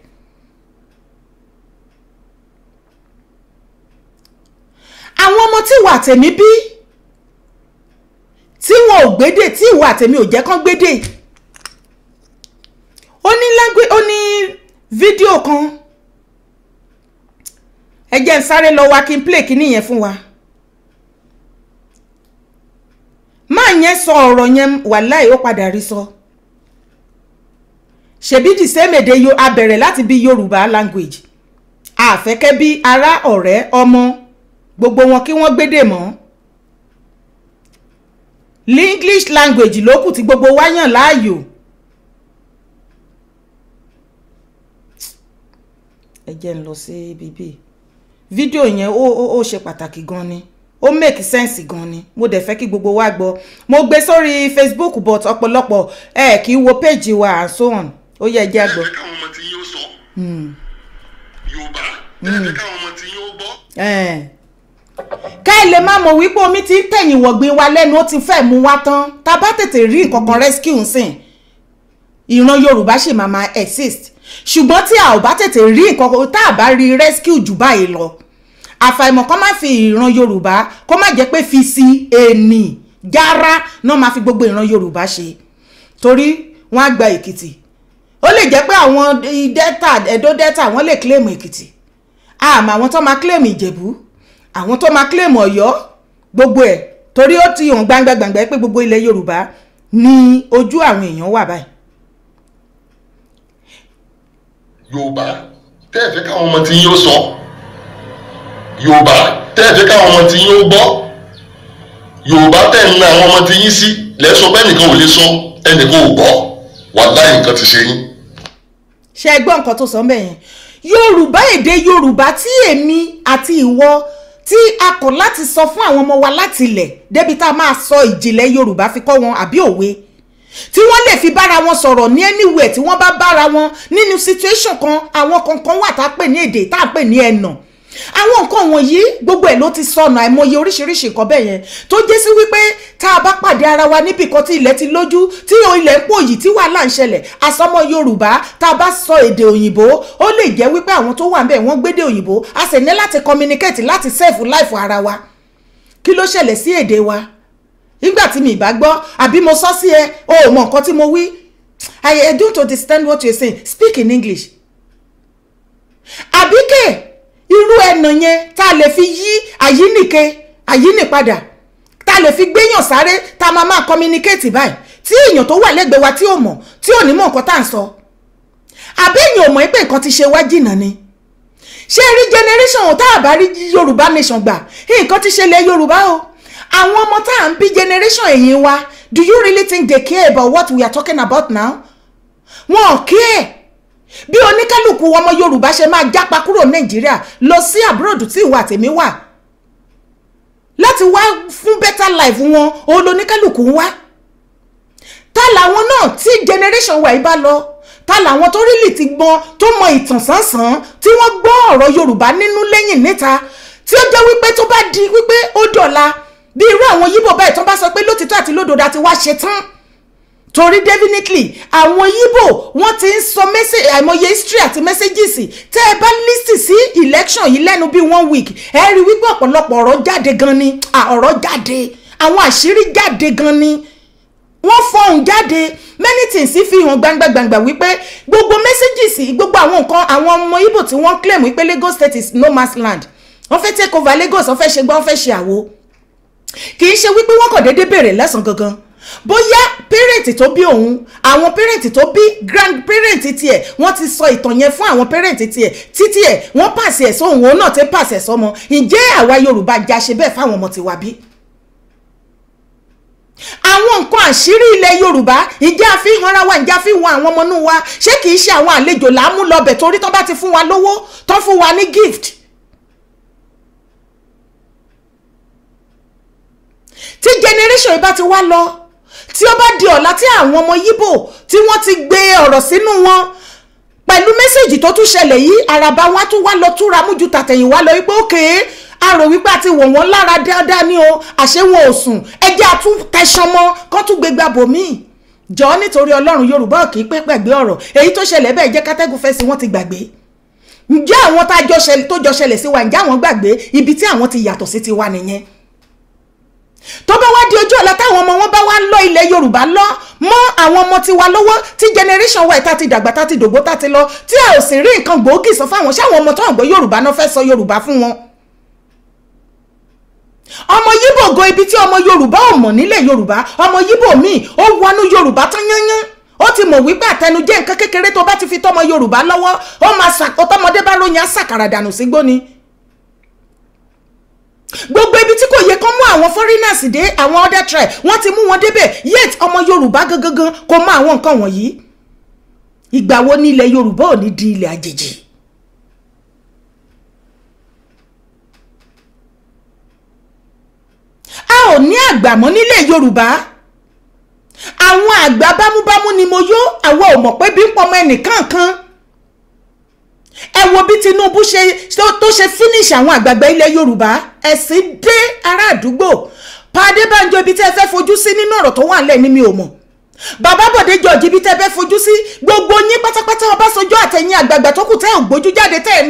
àwọn ọmọ tí ìwà àtẹ̀mí bí tí wọn ò gbédè tí ìwà àtẹ̀mí ò jẹ́ kán gbédè ó ní lágbé ó ní fídíò kan ẹ jẹ́ n sáré lọ wá kí n play kíní yẹn fún wa máa yẹn sọ ọ̀rọ̀ yẹn wàláì ó padà rí sọ. So ṣebí the same èdè yo a bẹ̀rẹ̀ láti bí yorùbá language àfẹ́kẹ́ bí ará ọ̀rẹ́ ọmọ gbogbo wọn kí wọ́n gbédè mọ́ english language ló kù tí gbogbo wa yàn láàyò ẹ jẹ́ ń lọ sí bíbí fídíò yẹn ó ó ṣe pàtàkì gan ni ó make sense gan ni mo dẹ̀ fẹ́ kí gbogbo wa gbọ́ mo gbé sórí facebook but ọ̀pọ̀lọpọ̀ ẹ kì í wo page wa and so on ó yẹ jẹ́ àgbọ̀. ẹ jẹ́ káwọn ọmọ tí yín ó sọ hmm. yorùbá ẹ hmm. jẹ́ káwọn ọmọ tí yín ó gbọ́. ká ẹ lè má mọ̀ wípé omi ti ń tẹ̀yìn wọ̀gbìn wa lẹ́nu ó ti fẹ́ mú wa tán tá a bá tètè rí nǹkan rescue nsìn ìran yorùbá ṣì máa máa exist ṣùgbọ́n tí a ò bá tètè rí nǹkan kan tá a bá rí rescue jù báyìí lọ àfàìmọ̀ kó má fi ìran yorùbá kó má jẹ́ pé fi si ènì jára náà máa fi gbogbo ìran yorùbá ṣe torí wọ́n á gba èkìtì ó lè jẹ́ pé àwọn delta Ẹdó delta wọ́n lè claim Èkìtì àmọ́ àwọn tó máa claim Ìjẹ̀bú àwọn tó máa claim Ọ̀yọ́ gbogbo ẹ̀ torí ó ti hàn gbangbangba pé gbogbo ilẹ̀ Yorùbá ni ojú àwọn èèyàn wà báyìí. Yorùbá tẹ́ẹ̀fẹ́ káwọn ọmọ tí yín ó sọ Yorùbá tẹ́ẹ̀fẹ́ káwọn ọmọ tí yín ó gbọ́ Yorùbá tẹ̀ ń na àwọn ọmọ tí yín sí lẹ́sọ pé ẹnìkan ò lè sọ ẹnìkan ò gbọ́ wàláì nǹkan ti ṣe yín ṣe ẹ gbọ́ nǹkan tó sọ ń bẹ̀ yẹn yorùbá èdè yorùbá tí èmi àti ìwọ tí a kọ̀ láti sọ fún àwọn ọmọ wa láti ilẹ̀ débi tá a máa sọ ìjìnlẹ̀ yorùbá fi kọ́ wọn àbí òwe tí wọ́n lè fi bára wọn sọ̀rọ̀ ní anywhere tí wọ́n bá bára wọn nínú situation kan àwọn kankan wà tá a pè ní èdè tá a pè ní ẹ̀nà àwọn nǹkan wọ̀nyí gbogbo ẹ̀ ló ti sọnù àìmọye oríṣiríṣi nǹkan bẹ́ẹ̀ yẹn tó jẹ́ sí wípé tá a bá pàdé ara wa níbì kan tí ilẹ̀ ti lójú tí ilẹ̀ ń pò yìí tí wàhálà ń ṣẹlẹ̀ àsọmọ yorùbá tá a bá sọ èdè òyìnbó ó lè jẹ́ wípé àwọn tó wà ń bẹ̀ wọ́n gbédè òyìnbó a sì ní láti communicate láti save life ara wa kí ló ṣẹlẹ̀ sí èdè wa nígbà tí mi ìbá gbọ́ àbí mo sọ sí ẹ o mọ nǹkan tí mo wí I don't understand what you saying speak in English àbíkè irú ẹ̀nà yẹn tá a lè fi yí àyínìke àyínìpadà tá a lè fi gbéyàn sáré tá a máa máa communicate báyìí tí èèyàn tó wà lẹ́gbẹ̀ẹ́ wa tí ò mọ̀ tí ò ní mọ̀ nǹkan tá à ń sọ àbẹ́yìn ò mọ̀ pé nǹkan ti ṣe wá jìnnà ni ṣé rí generation tá a bá rí Yorùbá nation gbà nǹkan ti ṣẹlẹ̀ Yorùbá o àwọn ọmọ tá à ń bí generation ẹ̀yìn wa do you really think they care about what we are talking about now wọn ò care bí oníkálukú ọmọ yorùbá ṣe máa jápa kúrò nàìjíríà lọ sí abroad tí ìwà tèmi wà láti wá fún better life wọn òun lóníkálukú ń wá ta làwọn náà tí generation wa yìí bá lọ ta làwọn tó rílì ti gbọ́n tó mọ ìtàn sánsán tí wọ́n gbọ́ ọ̀rọ̀ yorùbá nínú lẹ́yìn níta tí ó jẹ́ wípé tó bá di wípé ó dọ̀la bí irú àwọn yíbò báyìí tó bá sọ pé lótìtọ́ àti lódodo àti wá ṣe tán torí definitely àwọn Yíbò wọ́n ti ń sọ àìmọye history àti messages tẹ́ ẹ bá list sí election yìí lẹ́nu bíi one week ẹ rí wípé ọ̀pọ̀lọpọ̀ ọ̀rọ̀ jáde gan ni ọ̀rọ̀ jáde àwọn àṣírí jáde gan ni wọ́n fọhùn jáde many things fi hàn gbangba-gbangba wípé gbogbo messages gbogbo àwọn nǹkan àwọn ọmọ Yíbò tí wọ́n claim wípé Lagos state is no mass land wọ́n fẹ́ take over Lagos wọ́n fẹ́ ṣe gbá wọ́n fẹ́ ṣe àwo kì í ṣe wípé wọ́n kàn déédéé béèrè lẹ́sàn-án gangan bóyá pẹ́rẹ́ǹtì tó bí òun àwọn pẹ́rẹ́ǹtì tó bí grand pẹ́rẹ́ǹtì tiẹ̀ wọ́n ti sọ ìtàn yẹn fún àwọn pẹ́rẹ́ǹtì tiẹ̀ títí ẹ̀ wọ́n pàṣẹ ẹ̀ sóhun òun náà ti pàṣẹ sọmọ ǹjẹ́ àwa Yorùbá já ṣe bẹ́ẹ̀ fáwọn ọmọ tiwa bí? àwọn nǹkan àṣírí ilẹ̀ Yorùbá ìjà àfihàn ara wa ìjà àfihàn àwọn ọmọ inú wa ṣé kì í ṣe àwọn àlejò làámú lọbẹ̀ torí tán bá ti fún wa lówó tán fún wa ní gift tí generation yìí bá ti wá lọ tí ó bá di ọ̀la tí àwọn ọmọ yíbò tí wọ́n ti gbé ọ̀rọ̀ sínú wọn pẹ̀lú mẹ́sẹ̀gì tó tún ṣẹlẹ̀ yìí àràbà wa tún wá lọ túra mú ju tàtẹ̀yìnwá lọ wípé ókè a rò wípé àti wọ̀ wọ́n lára dáadáa ni o àṣé wọn ò sùn ẹjẹ́ àtún tẹ̀sán mọ́ kán tún gbégbá bòmíì jọ nítorí ọlọ́run yorùbá ò kì í pé pẹ̀gbẹ́ ọ̀rọ̀ èyí tó ṣẹlẹ̀ bẹ́ẹ̀ jẹ́ kátẹ́gùn fẹ́ sí wọ́n ti gbàgbé ǹjẹ́ àwọn tó jọ ṣẹlẹ̀ sí wa ǹjẹ́ àwọn gbàgbé ibi tí àwọn ti yàtọ̀ sí tiwa nìyẹn tó bá wá di ojú ọ̀la táwọn ọmọ wọn bá wá lọ ilẹ̀ yorùbá lọ mọ́ àwọn ọmọ tiwa lọ́wọ́ tí generation wa ìta ti dàgbà tá ti dògbó tá ti lọ tí a ò sì rí nǹkan gbòógì sọ fáwọn ṣáwọn ọmọ tó ń gbọ́ yorùbá náà fẹ́ sọ yorùbá fún wọn. ọmọ yíbò go ibi tí ọmọ yorùbá ò mọ̀ nílẹ̀ yorùbá ọmọ yíbò míì ó wọnú yorùbá tán yányán ó ti mọ̀ wípé àtẹnujẹ́ nǹkan kékeré tó bá ti fi tọmọ yorùbá lọ́wọ́ ó máa sàkótọ́mọdé bá lóyún á sàkàrà dànù sígbó gbogbo ibi tí kò yẹ kán mú àwọn foreigners dé àwọn other tribe wọ́n ti mú wọn débẹ̀ yet ọmọ yorùbá gangan kò mọ àwọn nǹkan wọ̀nyí ìgbà wo ni ilẹ̀ yorùbá ò ní di ilẹ̀ àjèjì. a ò ní àgbà mọ́ nílẹ̀ yorùbá àwọn àgbà bámúbámú ni mo yó àwa ò mọ̀ pé bí ń pọmọ ẹnìkan kan. kan ẹ wo bí Tinubu ṣe tó ṣe finish àwọn àgbààgbà ilẹ̀ Yorùbá ẹ̀sìn dé ará àdúgbò Pa Adébánjọ ibi tẹ́ ẹ fẹ́ fojú sí nínú ọ̀rọ̀ tó wà nílẹ̀ ni mi ò mọ̀ bàbá Bọ̀dé George ibi tẹ́ ẹ fẹ́ fojú sí gbogbo yín pátápátá Ọbásanjọ́ àtẹ̀yìn àgbààgbà tó kù tẹ́ ẹ̀ ń gbójú jáde tẹ́ ẹ̀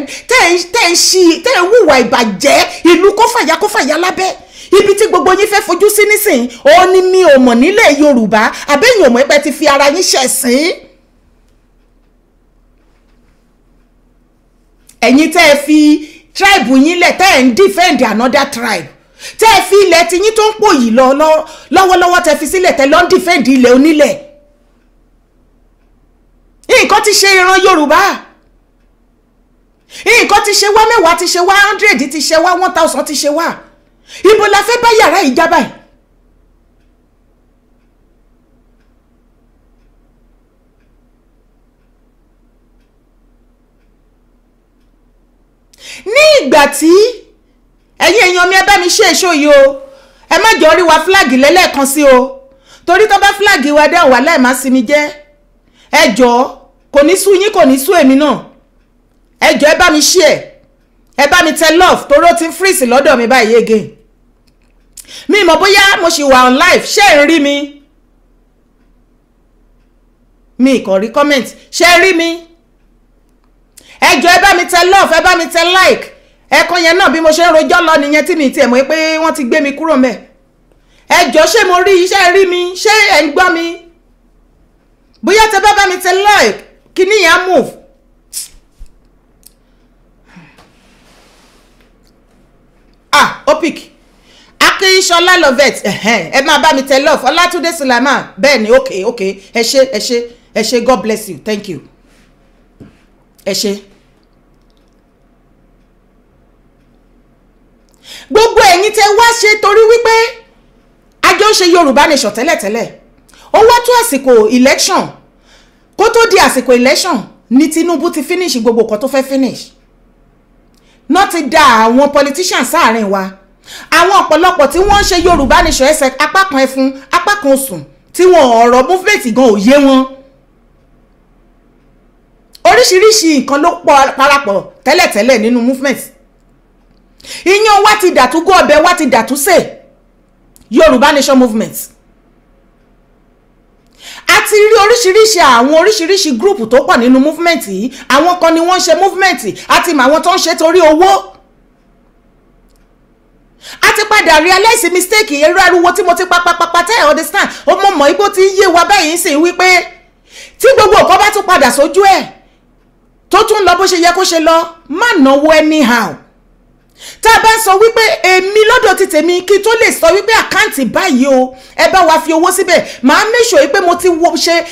ń ṣí tẹ́ ẹ̀ ń hùwà ìbàjẹ́ ìlú kófàyà kófàyà lábẹ́ ibi tí gbogbo yín fẹ́ fojú sí nísìn òun ni mi ò mọ̀ nílẹ̀ Yorùbá àbẹ́yìn ò mọ̀ ti fi ara yín ṣẹ̀sìn ẹ̀yin tẹ́ ẹ fi tribe yín lẹ̀ tẹ́ ẹ ń defend another tribe tẹ́ ẹ fi ilẹ̀ tí yín tó ń pò yìí lọ lọ́wọ́lọ́wọ́ tẹ́ fi sílẹ̀ tẹ́ lọ́ ń defend ilẹ̀ onílẹ̀ nǹkan ti ṣe ìran Yorùbá nǹkan ti ṣe wá mẹ́wàá ti ṣe wá hundred ti ṣe wá one thousand ti ṣe wá ibo la fẹ́ bá yàrá ìjábá yìí ìgbà tí ẹ̀yin èèyàn mi ẹ mi ṣe èso yìí o ẹ má jọ rí wa fúláàgì lẹ́lẹ́ẹ̀kan sí o torí tó bá fúláàgì wa dé ọ̀wá láì má sí mi jẹ́ ẹ jọ kò ní sú yín kò ní sú èmi náà ẹ jọ ẹ bá mi ṣí ẹ ẹ bá mi tẹ love torí ó ti ń fírìsì lọ́dọ̀ mi báyìí yege. mi mọ̀ bóyá mo ṣì wà on live ṣé ẹ ń rí mi mi kàn rí comment ṣé ẹ rí mi ẹ jọ ẹ bá mi tẹ love ẹ bá mi tẹ like ẹ̀kọ́ yẹn náà bí mo ṣe ń rojọ́ lọ nìyẹn tí mi tiẹ̀ mọ̀ pé wọ́n ti gbé mi kúrò mẹ́ ẹ jọ ṣé mo rí iṣẹ́ rí mi ṣé ẹ̀ ń gbọ́ mi bóyá tẹ bá bá mi tẹ like kí nìyẹn move ah opic akínsọlá lovet ẹ máa bá mi tẹ love ọlátúndé sùlámà bẹ́ẹ̀ ni ok ok ẹ ṣé ẹ ṣé ẹ ṣé god bless you thank you ẹ ṣé. gbogbo ẹ̀yin tẹ́ wá ṣe torí wípé àjọ ń ṣe Yorùbá nation tẹ́lẹ̀tẹ́lẹ̀ ó wá tó àsìkò election kó tó di àsìkò election ni Tinubu ti finish gbogbo nǹkan tó fẹ́ finish náà ti da àwọn politicians sáàrin wa àwọn ọ̀pọ̀lọpọ̀ tí wọ́n ń ṣe Yorùbá nation ẹsẹ̀ apá kan ẹfun apá kan osùn tí wọn ọ̀rọ̀ movement gan ò yé wọn oríṣiríṣi nǹkan ló pọ̀ parapọ̀ tẹ́lẹ̀tẹ́lẹ̀ nínú movement iyán wa ti dàtú kó ọbẹ̀ wa ti dàtú sè Yorùbá Nation Movement a ti rí oríṣiríṣi àwọn group gúrùpù tó pọ̀ nínú movement yìí àwọn kan ni wọ́n ń ṣe movement Ati, ti mọ àwọn tó ń Owo. Ati, owó a ti padà realize mistake eré ariwo tí mo ti pa papapa tẹ́ ẹ̀ understand ó mọ̀ mọ́ igbó tí ń yé wa báyìí sì wípé tí gbogbo nǹkan bá tún padà sójú ẹ̀ tó tún lọ bó ṣe yẹ kó ṣe lọ má náwó anyhow tá a bá ń sọ wípé èmi lọ́dọ̀ ti tèmi kí tó lè sọ wípé àkáǹtì báyìí o ẹ bá wa fi owó síbẹ̀ màá make sure pé mo ti ṣe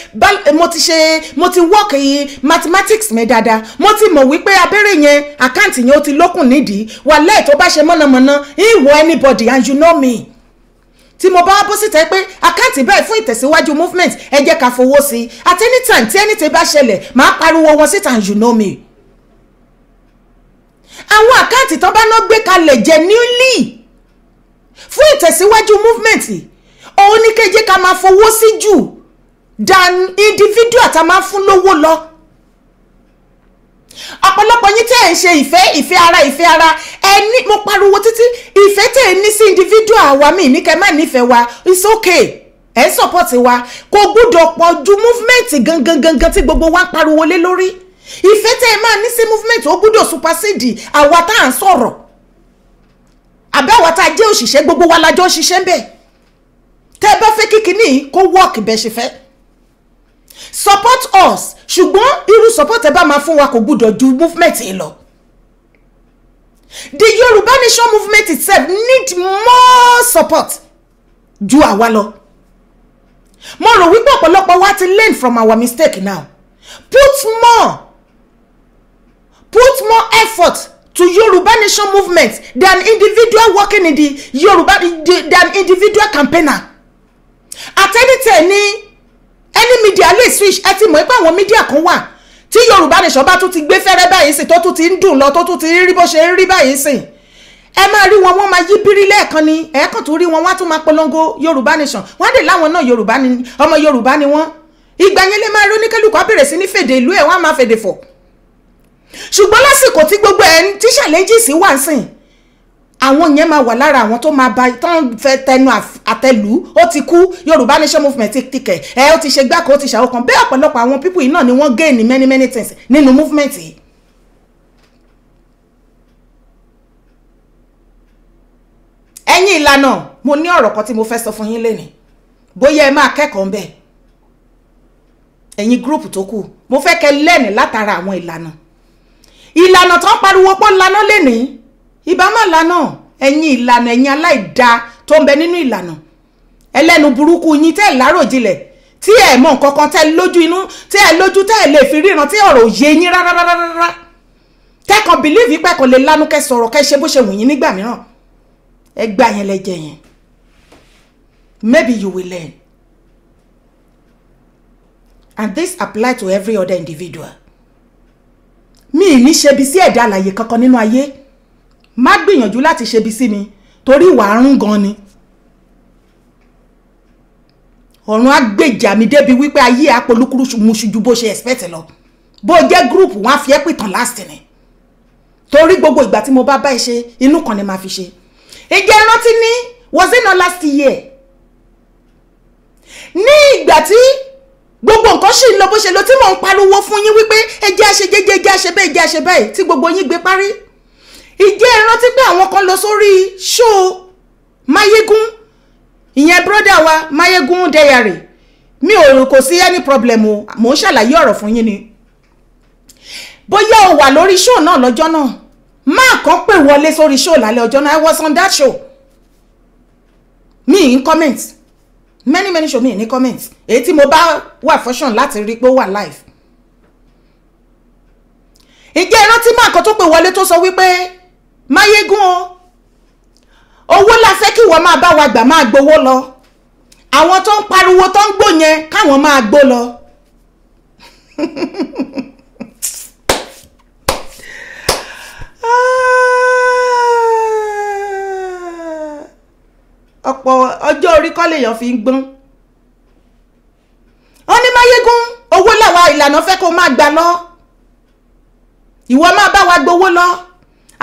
mo ti ṣe mo ti work yìí mathematics mi dáadáa mo ti mọ̀ wípé abẹ́rẹ́ yẹn àkáǹtì yẹn ó ti lókùn nídìí wàhálà tó bá ṣe mọ̀nàmọ́ná wo anybody and you know me tí mo bá wá bó síta pé àkáǹtì bẹ́ẹ̀ fún ìtẹ̀síwájú movement ẹ jẹ́ ká fowó sí at any time tí anything bá ṣẹlẹ̀ màá pariwo wọn síta and you know me àwọn àkáǹtì tó bá ná gbé kalẹ̀ genuinely fún ìtẹ̀síwájú movement òun ní kéje ká máa fowó sí jù dan individual tá a máa fún lówó lọ ọ̀pọ̀lọpọ̀ yín tẹ́ ẹ̀ ń ṣe ìfẹ́ ìfẹ́ ara ìfẹ́ ara ẹni mo pariwo títí ìfẹ́ tẹ́ ẹ̀ ní sí individual wa mi ní kẹ́ má nífẹ̀ẹ́ wa it's okay ẹ̀ ń support wa kò gbúdọ̀ pọ̀ ju movement gangan gangan tí gbogbo wa ń pariwo lé lórí ìfẹ́ tẹ́ ẹ máa ní sí movement ó gbúdọ̀ supersede àwa tá à ń sọ̀rọ̀ àbẹ́ àwa tá a jẹ́ òṣìṣẹ́ gbogbo wa lájọ́ ṣiṣẹ́ ń bẹ̀ tẹ́ ẹ bá fẹ́ kíkiní kó work bẹ́ẹ̀ ṣe fẹ́ support us ṣùgbọ́n irú support ẹ bá máa fún wa kò gbúdọ̀ ju movement yìí lọ the Yorùbá nation movement itself need more support ju àwa lọ mo rò wípé ọ̀pọ̀lọpọ̀ wa ti learn from our mistake now put more put more effort to Yoruba Nation movement than individual working in the Yoruba than individual campaigner at any time ni any media lè switch ẹ ti mọ̀ pé media kan wà tí Yoruba Nation bá to ti gbé fẹ́rẹ́ báyìí sìn tó to ti ń dùn lọ tó tún ti ribo rí riba ṣe ń rí báyìí sìn ẹ máa rí wọn wọ́n máa yí bírí lẹ́ẹ̀kan ni ẹ̀ẹ́kan tó rí wọn polongo Yorùbá Nation wọ́n dè láwọn náà Yorùbá ni ọmọ Yorùbá ni wọ́n ìgbà yẹn lè máa rí oníkálukú á bẹ̀rẹ̀ sí ní fèdè ìlú ẹ̀ wọ́n ṣùgbọ́n lásìkò tí gbogbo ẹ̀ tí challenges wà ń sìn àwọn yẹn máa wà lára àwọn tó máa ba tán fẹ́ tẹnu àtẹlù ó ti kú Yorùbá Nation Movement ti kẹ̀ ẹ́ ó ti ṣe gbáko ó ti ṣàwọn kan bẹ́ẹ̀ ọ̀pọ̀lọpọ̀ àwọn pípù yìí náà ni wọ́n gain ní many many things nínú movement yìí. ẹ̀yin ìlànà mo ní ọ̀rọ̀ kan tí mo fẹ́ sọ fún yín lénìí bóyá ẹ máa kẹ́kọ̀ọ́ ń bẹ̀ ẹ̀yin gúrùpù tó kù mo fẹ́ kẹ́ lẹ́nìí látara àwọn ìlànà ìlànà tó ń pariwo pọ́ lana lénìí ìbá má lana ìlànà ẹ̀yin aláìda tó ń bẹ nínú ìlànà ẹlẹ́nu burúkú yín tẹ́ ẹ̀ láròjinlẹ̀ tí ẹ̀ mọ̀ nǹkan tẹ́ ẹ lójú inú tí ẹ lójú tẹ́ ẹ lè fi ríran tí ọ̀rọ̀ òye yín rárá kẹ́kọ̀ọ́ bìlíìfì pẹ́ lè lánú kẹ́ sọ̀rọ̀ kẹ́ ṣe bó ṣe wù yín nígbà mìíràn ẹ gbà yẹn lẹ jẹ yẹn maybe you will learn and this apply to every other individual mi ì ní ṣebi sí ẹ̀dá àlàyé kankan nínú ayé má gbìyànjú láti ṣebi sí mi torí ìwà àrùn gan ni ọ̀run á mi débi wípé ayé apolúkúrú muṣu ju bó ṣe expect lọ bó jẹ́ group wọn á fi ẹ́ pìtàn last ni torí gbogbo ìgbà tí mo bá bá ẹ ṣe inú kan ni màá fi ṣe ìjẹ́ rántí ní was it not last year ní ìgbà tí gbogbo nǹkan sì ń lọ bó ṣe lọ tí mò ń pariwo fún yín wípé ẹ jẹ́ àṣe jẹ́jẹ́ jẹ́ àṣe bẹ́ẹ̀ jẹ́ àṣe báyìí tí gbogbo yín gbé parí ìjẹ́ ìrántí pé àwọn kan lọ sórí ṣóò Máyégún ìyẹn broda wa Máyégún dẹ́yàrè mi ò kò sí any problem o mò ń ṣàlàyé ọ̀rọ̀ fún yín ni bóyá o wà lórí ṣóò náà lọ́jọ́ náà má kàn pè wọlé sórí ṣóò lálẹ́ ọjọ́ náà I was on that show mi in comment many many show mi ní comment èyí tí mo bá wà fọ́ṣọ̀n láti rí pé ó wà live. ìjẹ́ ìrántí máa kan tó pè wọlé tó sọ wípé máyégún o owó la fẹ́ kí wọ́n máa bá wa gbà máa gbowó lọ àwọn tó ń pariwo tó ń gbò yẹn káwọn máa gbó lọ. ah. ọ̀pọ̀ ọjọ́ orí kọ́ lèèyàn fi ń gbọ́n wọ́n ní máyégún owó làwa ìlànà fẹ́ kó máa gbà lọ ìwọ máa bá wa gbowó lọ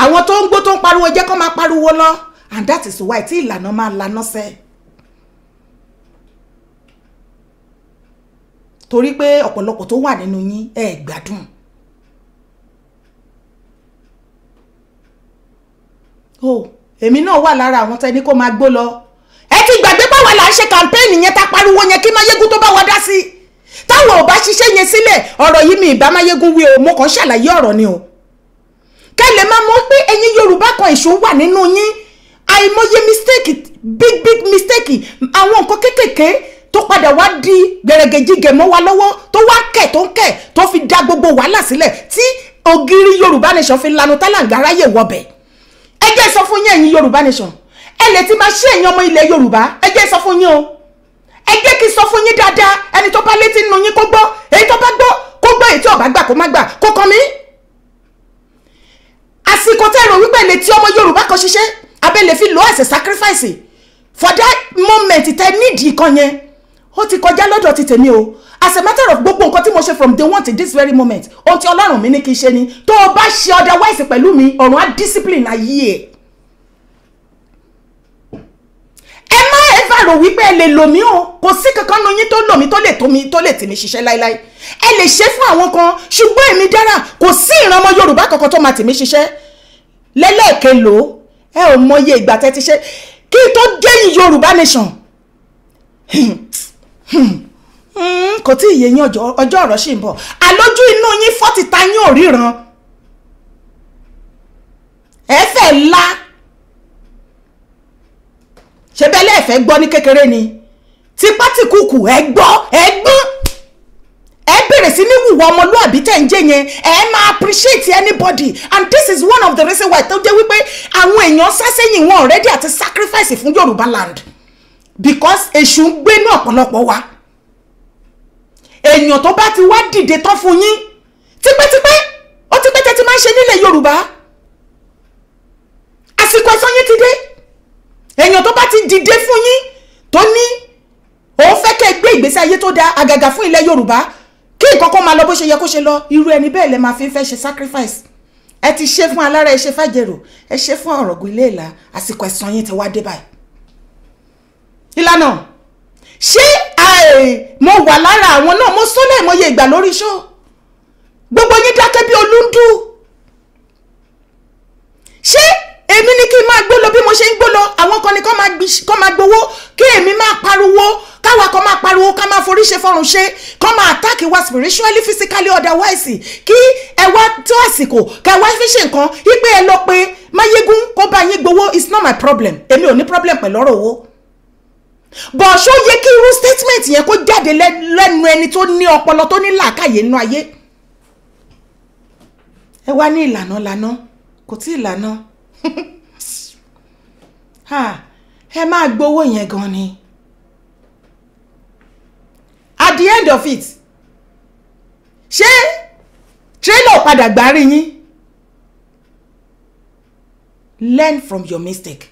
àwọn tó ń gbó tó ń pariwo jẹ́ kó máa pariwo lọ and that is why tí ìlànà máa lanà sẹ́ torí pé ọ̀pọ̀lọpọ̀ tó wà nínú yín ẹ gbádùn o oh, èmi náà wà lára àwọn tẹni kó máa gbó lọ ẹ ti gbàgbé báwa là ń ṣe kàmpẹ́ẹ̀nì yẹn tá pariwo yẹn kí mayegun tó bá wa dá sí i táwọn ò bá ṣiṣẹ́ yẹn sílẹ̀ ọ̀rọ̀ yìí mi ìbá mayegun wí o mo kàn ṣàlàyé ọ̀rọ̀ ni o kẹ́lẹ̀ máa mọ̀ pé ẹ̀yin yorùbá kan ìṣó wà nínú yín àìmọye mistake big big mistake àwọn nǹkan kéékèèké tó padà wá di gẹ̀rẹ̀gẹ̀jigẹ̀ mọ́ wa lọ́wọ́ tó wá kẹ̀ tó ń kẹ̀ tó fi dá gbogbo wàhálà sílẹ̀ tí ògiri yorùbá nation fi lanu tálàǹgà ráyè wọbẹ̀ ẹ sọ fún yín ẹ̀yin yorùbá nation ẹ lè ti máa ṣe ẹ̀yin ọmọ ilẹ̀ Yorùbá ẹ jẹ́ sọ fún yín o ẹ jẹ́ kí sọ fún yín dáadáa ẹni tó bá létí nínú yín kó gbọ́ èyí tó bá gbọ́ kó gbọ́ èyí tí ò bá gbà kó má gbà kó kàn mí. àsìkò tẹ́ rò wípé lè ti ọmọ Yorùbá kan ṣiṣẹ́ abẹ́ lè fi lo ẹ̀sẹ̀ sacrifice for that moment tẹ́ nídìí kan yẹn ó ti kọjá lọ́dọ̀ ti tèmi o as a matter of gbogbo nǹkan tí mo ṣe from day one to this very moment ohun tí Ọlọ́run mi ní kí n ṣe ni tó o bá ṣe otherwise pẹ̀lú mi ọ̀run á discipline ayé ẹ̀ ẹ má ẹ̀fà rò wípé ẹ lè lò mí o kò sí kankan nu yín tó lò mí tó lè tó mi tó lè tì mí ṣiṣẹ́ láéláé ẹ lè ṣe fún àwọn kan ṣùgbọ́n èmi dára kò sí ìran ọmọ Yorùbá kankan tó máa tì mí ṣiṣẹ́ lẹ́lẹ́ẹ̀kẹ́ lò ó ẹ ò mọye ìgbà tẹ́ ti ṣe kí n tó dẹ́yìn Yorùbá nation hmm, kò tí ì yé yín ọjọ́ ọ̀rọ̀ ṣì ń bọ̀ àlójú inú yín fọ́tìta yín ò ẹ fẹ́ la ṣe bẹ́lẹ̀ ẹ̀fẹ́ gbọ́ ní kékeré ni tipátikùkù ẹ gbọ́ ẹ gbọ́n ẹ bèrè sí ní wùwà ọmọlúàbí tẹ̀ ń jẹ́ yẹn ẹ máa appreciate anybody and this is one of the reasons why tó jẹ́ wípé àwọn èèyàn sásẹ́yìn wọn already àti sacrifice fún Yorùbá land because èṣù ń gbénú ọ̀pọ̀lọpọ̀ wa èèyàn tó bá ti wá dìde tán fún yín tipẹ́tipẹ́ ó ti pẹ́ tẹ́ ti máa ń ṣe nílẹ̀ Yorùbá àsìkò ẹ̀sán yín ti dé èèyàn tó bá ti dìde fún yín tó ní òun fẹ́ kẹ́ gbé ìgbésí ayé tó dáa àgàgà fún ilẹ̀ Yorùbá kí ìkọ̀kọ̀ máa lọ bó ṣe yẹ kó ṣe lọ irú ẹni bẹ́ẹ̀ lẹ máa fi fẹ́ ṣe sacrifice ẹ ti ṣe fún alára ẹ ṣe fàjẹrò ẹ ṣe fún ọ̀rọ̀gùn ilé ìlà àsìkò ẹ̀san yín ti wá dé báyìí. ìlànà ṣé mo wà lára àwọn náà mo sọ́lẹ̀ ìmọye ìgbà lórí ṣó gbogbo yín dákẹ́ bí olúndú ṣé èmi ni kí n máa gbólo bí mo ṣe ń gbólo àwọn kan ní kọ́ máa gbowó kí èmi máa pariwo káwa kan máa pariwo ká máa forí ṣe fọrùn ṣe kọ́ máa attack wa spiritually physically otherwise kí ẹ wá tó àsìkò ká wá fi ṣe nǹkan wípé ẹ lọ pé máyégún kó bá yín gbowó it's not my problem èmi ò ní problem pẹ̀lú ọ̀rọ̀ owó bọ̀ ṣó yẹ kí irú statement yẹn kó jáde lẹ́nu ẹni tó ní ọpọlọ tó ní làákàyè nínú ayé ẹ wá ní ìlànà lànà kò tí ì ẹ máa gbowó yẹn gan ni at the end of it ṣé tírélọ̀ padà gbárí yín learn from your mistake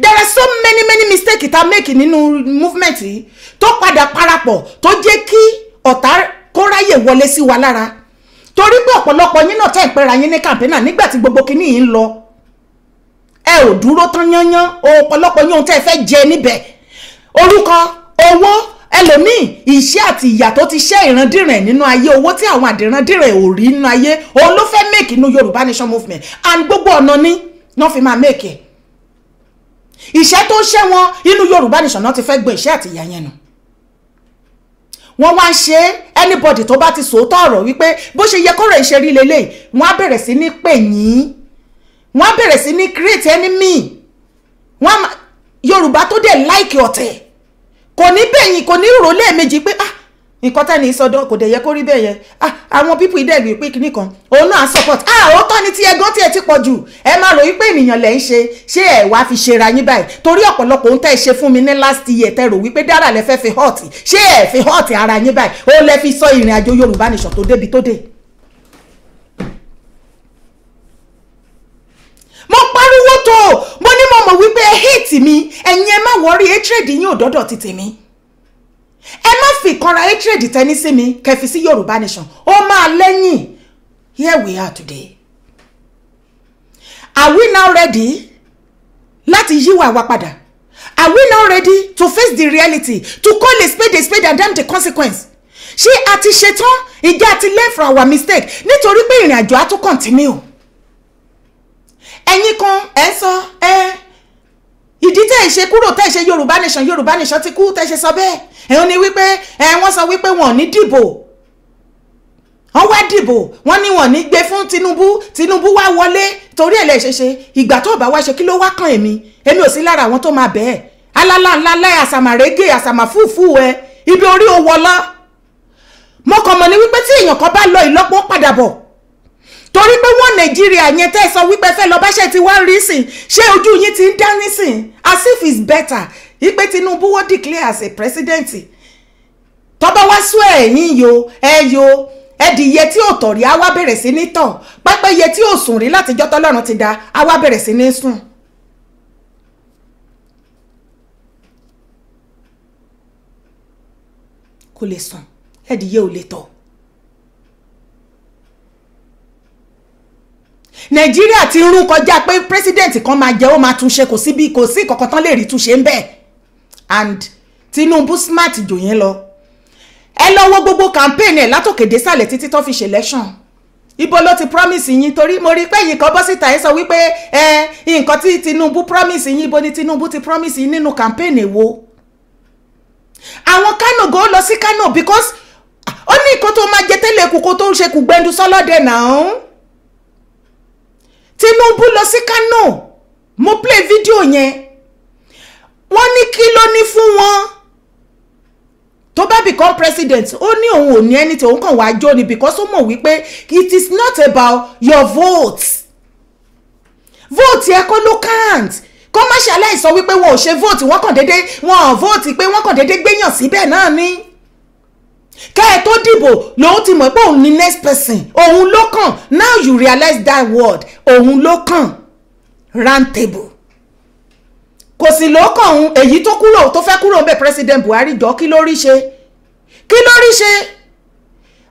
there are so many many mistakes ta make nínú movement yìí tó padà parapọ̀ tó jẹ́ kí ọ̀tá kó ráyè wọlé sí wa lára torí pé ọ̀pọ̀lọpọ̀ yín náà tẹ́ ìpẹ́ra yín ní kàmpẹ́nà nígbà tí gbogbo kinní yìí ń lọ ẹ ò dúró tán yányán ọ̀pọ̀lọpọ̀ yóò tẹ́ ẹ fẹ́ jẹ níbẹ̀ orúkọ owó ẹlòmíì iṣẹ́ àti ìyà tó ti ṣẹ́ ìrandíran nínú ayé owó tí àwọn àdìrandíran ò rí nínú ayé òun make inú Yorùbá Nation Movement and gbogbo ọ̀nà ni wọ́n fi máa make ẹ̀ ìṣẹ́ tó ń ṣẹ́ wọn inú Yorùbá Nation náà ti fẹ́ gbọ́ ìṣẹ́ àti ìyà yẹn nù wọ́n wá ń ṣe anybody tó bá ti sòótọ́ ọ̀rọ̀ wípé bó ṣe yẹ kọ́rọ̀ ìṣerí lélẹ́yìn wọ́n á bẹ̀rẹ̀ sí ní pè yín wọ́n bẹ̀rẹ̀ sí ní create enemy wọ́n yorùbá tó dẹ̀ like ọ̀tẹ̀ kò ní bẹ̀yìn kò ní rò lẹ́ẹ̀mejì pé ah nǹkan tẹ́ni sọdọ̀ kò dẹ̀ yẹ kó rí bẹ́ẹ̀ yẹn ah àwọn pípù ìdẹ́gbì pé kinní kan òun náà support ah òótọ́ ni tí ẹgán tí ẹ ti pọ̀ jù ẹ máa ròyìn pé ènìyàn lẹ̀ ń ṣe ṣé ẹ wá fi ṣera yín báyìí torí ọ̀pọ̀lọpọ̀ ohun tẹ́ ẹ ṣe fún mi ní last year tẹ́ rò wípé dára lẹ fẹ́ fi hot ṣé ẹ fi hot ara yín báyìí ó lẹ fi sọ ìrìn àjò Yorùbá nìṣàn tó débi tó dé. mo pariwo tó mo ní mo mọ̀ wípé ẹ hate mi ẹ̀yin ẹ má wọrí hatred yín ò dọ́dọ̀ ti tèmi ẹ má fi ìkanra hatred tẹ́ni sí mi kẹfì sí Yorùbá nation ó máa lẹ́yìn here we are today are we now ready lati yíwà wa padà are we now ready to face the reality to call a spade a spade and damn the consequence ṣé a ti ṣetán ìjà àti learn from our mistake nítorí pé ìrìn àjò á tún continue ẹ̀yin kan ẹ̀ ń sọ ẹ̀ ìdí tẹ́ ẹ̀ ṣe kúrò tẹ́ ẹ̀ ṣe yorùbá nation yorùbá nation ti kú tẹ́ ẹ̀ ṣe sọ bẹ́ẹ̀ ẹ̀ ń ní wípé ẹ̀ wọ́n sọ wípé wọn ò ní dìbò wọ́n wá dìbò wọ́n ni wọn ò ní gbé fún Tinubu Tinubu wá wọlé torí ẹ̀ lẹ́ ṣe ṣe ìgbà tó bá wá ṣe kí ló wá kàn èmi èmi ò sí lára àwọn tó máa bẹ́ẹ̀ alálàńlá àsàmàrégé àsàmàfúfú ẹ ibi orí owó lọ mo kàn mọ̀ ní wípé tí èèyàn kan bá lọ ìlọ́pọ̀ padà bọ̀ torí pé wọ́n nàìjíríà yẹn tẹ́ ẹ sọ wípé fẹ́ lọ báṣẹ́ ti wá rí sìn ṣé ojú yín ti ń dá nísìn as if it's better ipe tinubu wọ́n declare as a president tọ́ba wá sún ẹ̀yìn yo ẹ yo ẹdìyẹ tí ò tọ̀ rí á wá bẹ̀rẹ̀ sí ní tàn pẹ́pẹ́yẹ tí ò sùn rí látijọ́ tọ́lọ́run ti da á wá bẹ̀rẹ̀ sí ní sùn. kò lè sùn ẹdìyẹ ò lè tọ̀ nàìjíríà ti rún kọjá pé president kan máa jẹ ó máa túnṣe kò síbi kò sí kankan tán lè rí túnṣe ń bẹ and tinubu smart jò yẹn lọ ẹ lọ gbogbo campaign ẹ látòkè désàlẹ̀ títí tó fi ṣe election ibo ló ti promise yín torí mo rí pé yìí kan bọ́ síta ẹ sọ wípé ẹ nǹkan tí tinubu promise yín ibo ni tinubu ti promise yín nínú campaign ẹ wo àwọn kano go lọ sí kano because ó ní nǹkan tó máa jẹ tẹ́lẹ̀ kù kó tó ń ṣe kù gbẹ́ndú sọ́lọ́dẹ̀ náà. Tinubu lọ sí Kano mo play video yẹn wọ́n ní kí ló ní fún wọn tó bá become president ó ní òun ò ní ẹni tí òun kàn wá jó ni because ó mọ̀ wípé it is not about your vote vote yẹ kó ló count kọ́ má ṣe aláìsọ wípé wọn ò ṣe vote wọ́n kàn déédéé wọn ò vote pé wọ́n kàn déédéé gbéyàn síbẹ̀ náà ni kẹ́ ẹ tó dìbò lòun ti mọ̀ pé òun ni next person òun ló kàn now you realize that word òun ló kàn round table kò sì ló kàn òun èyí tó kúrò tó fẹ́ kúrò ń bẹ̀ president Buhari jọ kí ló ṣe kí ló ṣe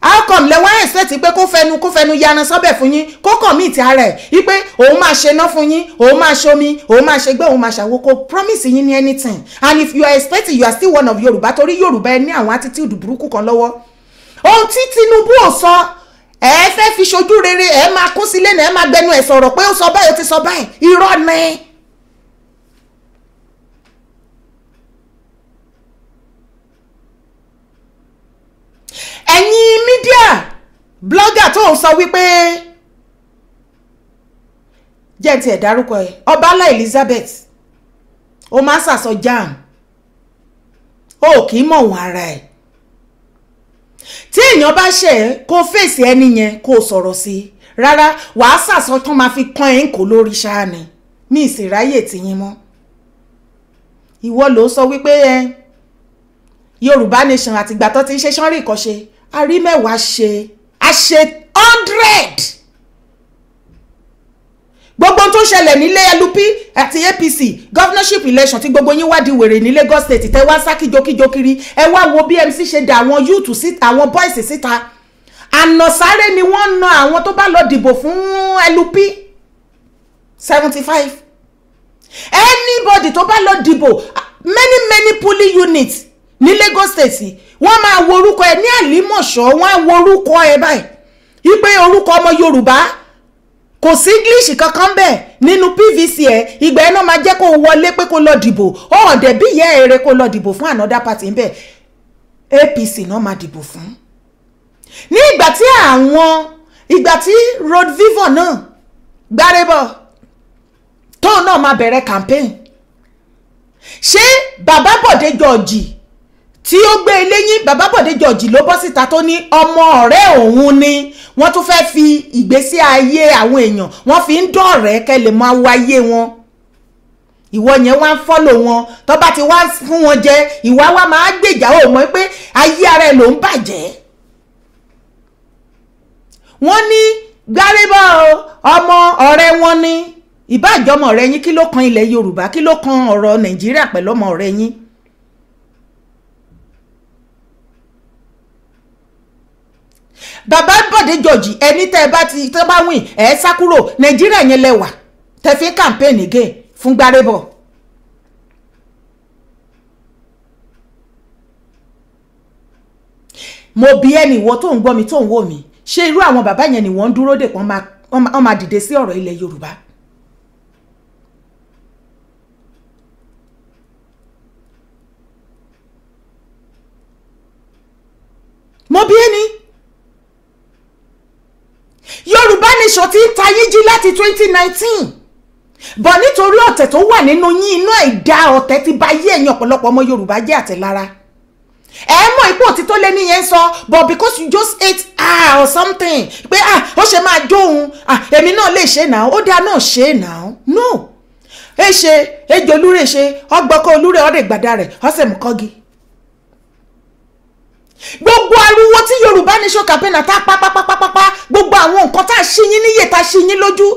how come lẹ wá expect pé kó fẹnu kó fẹnu yaran sọ́bẹ̀ fún yín kó commit ara ẹ̀ wípé òun máa ṣe ná fún yín òun máa ṣomi òun máa ṣe gbé òun máa ṣàwo kó promise yín ní anything and if you are expecting you are still one of Yorùbá torí Yorùbá ẹ ní àwọn attitude burúkú kan lọ́wọ́ ohun tí Tinubu ò sọ ẹ fẹ́ fi ṣojú rere ẹ máa kó sílé náà ẹ máa gbẹnu ẹ̀ sọ̀rọ̀ pé ó sọ báyìí ó ti sọ báyìí irọ́ ni. ẹ̀yin mídíà blọ́gà tó ń sọ wípé jẹ́ ti ẹ̀ ẹ̀ ọbaálá Elizabeth ó máa ń sàsọ jam ó kì í mọ̀ wọ́n ara ẹ̀ tí èèyàn bá ṣẹ̀ kó fèsì ẹni yẹn kó sọ̀rọ̀ sí i rárá wàá sàsọ tán máa fi kàn ẹ́ ń kó lórí ṣáà ni mi tìyín mọ́ ìwọ ló sọ wípé ẹ Yorùbá nation àtìgbà tó ti ń ṣe sánrí ìkọ́ṣe arímẹ́wàá ṣe a ṣe hundred gbogbo tó ń ṣẹlẹ̀ nílé LP àti APC governorship election tí gbogbo yín wádìí wèrè ní Lagos state tẹ́ wá sá kíjokíjo kiri ẹ wá wo BMC ṣe da àwọn youth síta àwọn boys síta ànàsáré ni wọ́n na àwọn tó bá lọ dìbò fún LP seventy five anybody tó bá lọ dìbò many many polling units ní Lagos state wọ́n máa wo orúkọ ẹ ní àlímọ̀ṣọ́ wọ́n á wo orúkọ ẹ báyìí wípé orúkọ ọmọ yorùbá kò sí english kankan bẹ́ẹ̀ nínú pvc ẹ ìgbà ẹ náà máa jẹ́ kó o wọlé pé kó lọ dìbò ó hàn dẹ̀ bí ìyá èrè kó lọ dìbò fún another party ń bẹ̀ apc náà máa dìbò fún. ní ìgbà tí àwọn ìgbà tí road vivo náà gbárébọ̀ tóun náà máa bẹ̀rẹ̀ campaign ṣé bàbá bọ̀dé george tí ó gbé eléyìn bàbá Bọ̀dé George ló bọ́ síta tó ní ọmọ ọ̀rẹ́ òun ni wọ́n tún fẹ́ fi ìgbésí ayé àwọn èèyàn wọ́n fi ń dọ̀rẹ́ kẹ́ lè máa wáyé wọn ìwọ yẹn wá ń fọ́lò wọn tó bá ti wá fún wọn jẹ ìwà wa máa gbèjà ó mọ̀ pé ayé ara ẹ̀ ló ń bàjẹ́ wọ́n ní gbárébọ̀ ọmọ ọ̀rẹ́ wọn ni ìbájọmọ ọ̀rẹ́ yín kí ló kan ilẹ̀ Yorùbá kí ló kan ọ̀rọ̀ Nàìjíríà pẹ̀lú ọmọ ọ̀rẹ́ yín bàbá Bọ̀dé George ẹni tẹ́ ẹ bá ti tẹ́ bá wìn ẹ̀ ẹ́ sá kúrò nàìjíríà yẹn lẹ́wà tẹ́ fi campaign again fún gbárébọ̀. mo bí ẹni ìwọ tó ń gbọ́ mi tó ń wò mí ṣé irú àwọn bàbá yẹn ni wọ́n ń dúró dè pé wọ́n máa dìde sí ọ̀rọ̀ ilẹ̀ Yorùbá. mo bí ẹni Show ti ń ta yín jí láti twenty nineteen bọ̀ nítorí ọ̀tẹ̀ tó wà nínú yín iná ìdá ọ̀tẹ̀ ti bà yí ẹ̀yin ọ̀pọ̀lọpọ̀ ọmọ Yorùbá jẹ́ àtẹ̀lára ẹ mọ ipò òtítọ́ lẹ́ni yẹn sọ but because you just ate ah or something pé ah ó ṣe máa jóun ah èmi náà lè ṣe náà ó dáa náà ṣe náà no ẹ ṣe ejò olúre ṣe ọgbọkọ olúre ọdẹ gbàdá rẹ ọsẹ mú kọgi gbogbo ariwo tí yorùbá nation campaign náà tá pápápápápá gbogbo àwọn nǹkan tá a ṣí yín níyè tá a ṣí yín lójú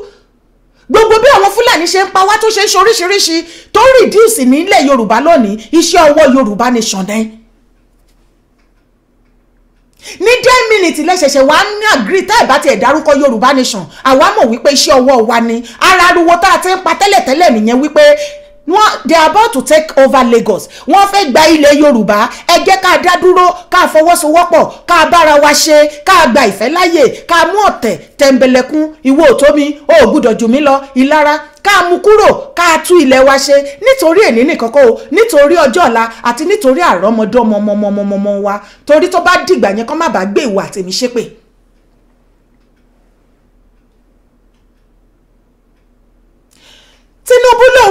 gbogbo bí àwọn fúlàní ṣe ń pa wá tó ṣe ń ṣoríṣiríṣi tó rìdíùsì nílẹ̀ yorùbá lónìí iṣẹ́ ọwọ́ yorùbá nation dẹ́n ní ten minutes lẹ́sẹ̀ṣẹ̀ wàá ní àgírí tá ẹ̀ bá tiẹ̀ dárúkọ yorùbá nation àwa mọ̀ wípé iṣẹ́ ọwọ́ wa ni ara ariwo tá a ti ń pa tẹ́lẹ̀tẹ́lẹ̀ nìyẹn wípé wọ́n they are about to take over Lagos wọ́n fẹ́ gba ilẹ̀ Yorùbá ẹ jẹ́ ká dá dúró ká fọwọ́sowọ́pọ̀ ká bára wa ṣe ká gba ìfẹ́ láàyè ká mú ọ̀tẹ̀ tẹ̀m̀bẹ̀lẹ̀kún ìwọ òtó mi ò gbúdọ̀ jù mí lọ ìlara ká mú kúrò ká tú ilẹ̀ wa ṣe nítorí èní nìkan kó o nítorí ọjọ́ ọ̀la àti nítorí àrọ́mọdọ́mọmọmọmọmọ wa torí tó bá dìgbà yẹn kó má bàa gbé ìwà àtẹ̀mí ṣépè.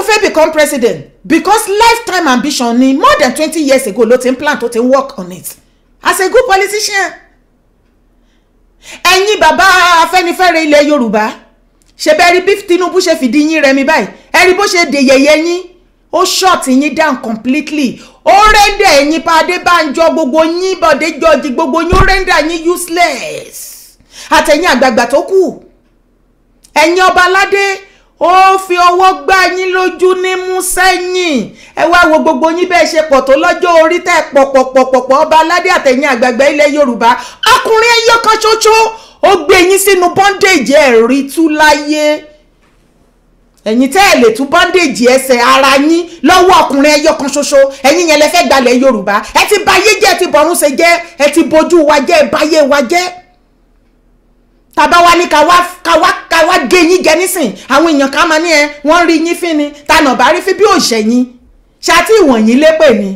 fẹ́ become president because lifetime ambition ni more than twenty years ago ló ti ń plan tó ti work on it as a good politician ẹ̀yin bàbá afẹ́nifẹ́re ilẹ̀ yorùbá ṣe bẹ́ẹ̀ rí bí tinubu ṣe fìdí yín rẹmi báyìí ẹ rí bó ṣe dè yẹ̀yẹ́ yín ó short yín down completely ó rẹ́ndà ẹ̀yin pàdé bánjọ gbogbo yín bọ̀dé jọjì gbogbo yín ó rẹ́ndà yín useless àtẹ̀yìn àgbààgbà tó kù ẹ̀yin ọba aládé ó fi ọwọ́ gbá yín lójú nímú sẹ́yìn ẹ wá wo gbogbo yín bẹ́ẹ̀ ṣe pọ̀ tó lọ́jọ́ orí tẹ̀ pọ̀pọ̀pọ̀pọ̀ ọba aládé àtẹ̀yìn àgbàgbà ilẹ̀ yorùbá ọkùnrin ẹyọ kan ṣoṣo ó gbé yín sínú bọ́ndéèjì ẹ̀rí tú láyé ẹ̀yin tẹ́ ẹ̀ lè tú bọ́ndéèjì ẹsẹ̀ ara yín lọ́wọ́ ọkùnrin ẹyọ kan ṣoṣo ẹ̀yin yẹn lẹ fẹ́ gbalẹ̀ yorùbá ẹ ti bayé jẹ́ ẹ ti bọ̀rún ṣe jẹ́ ẹ ti bojú wa jẹ́ ẹ bayé wa jẹ́ tàbá wa ní ká wá ká wá ká wá gé yín jẹ nísìn àwọn èèyàn ká máa ní ẹ wọ́n rí yín fín ni tanà bá rí fín bí òṣèyìn ṣáàtì ìwọ̀nyí lépè ni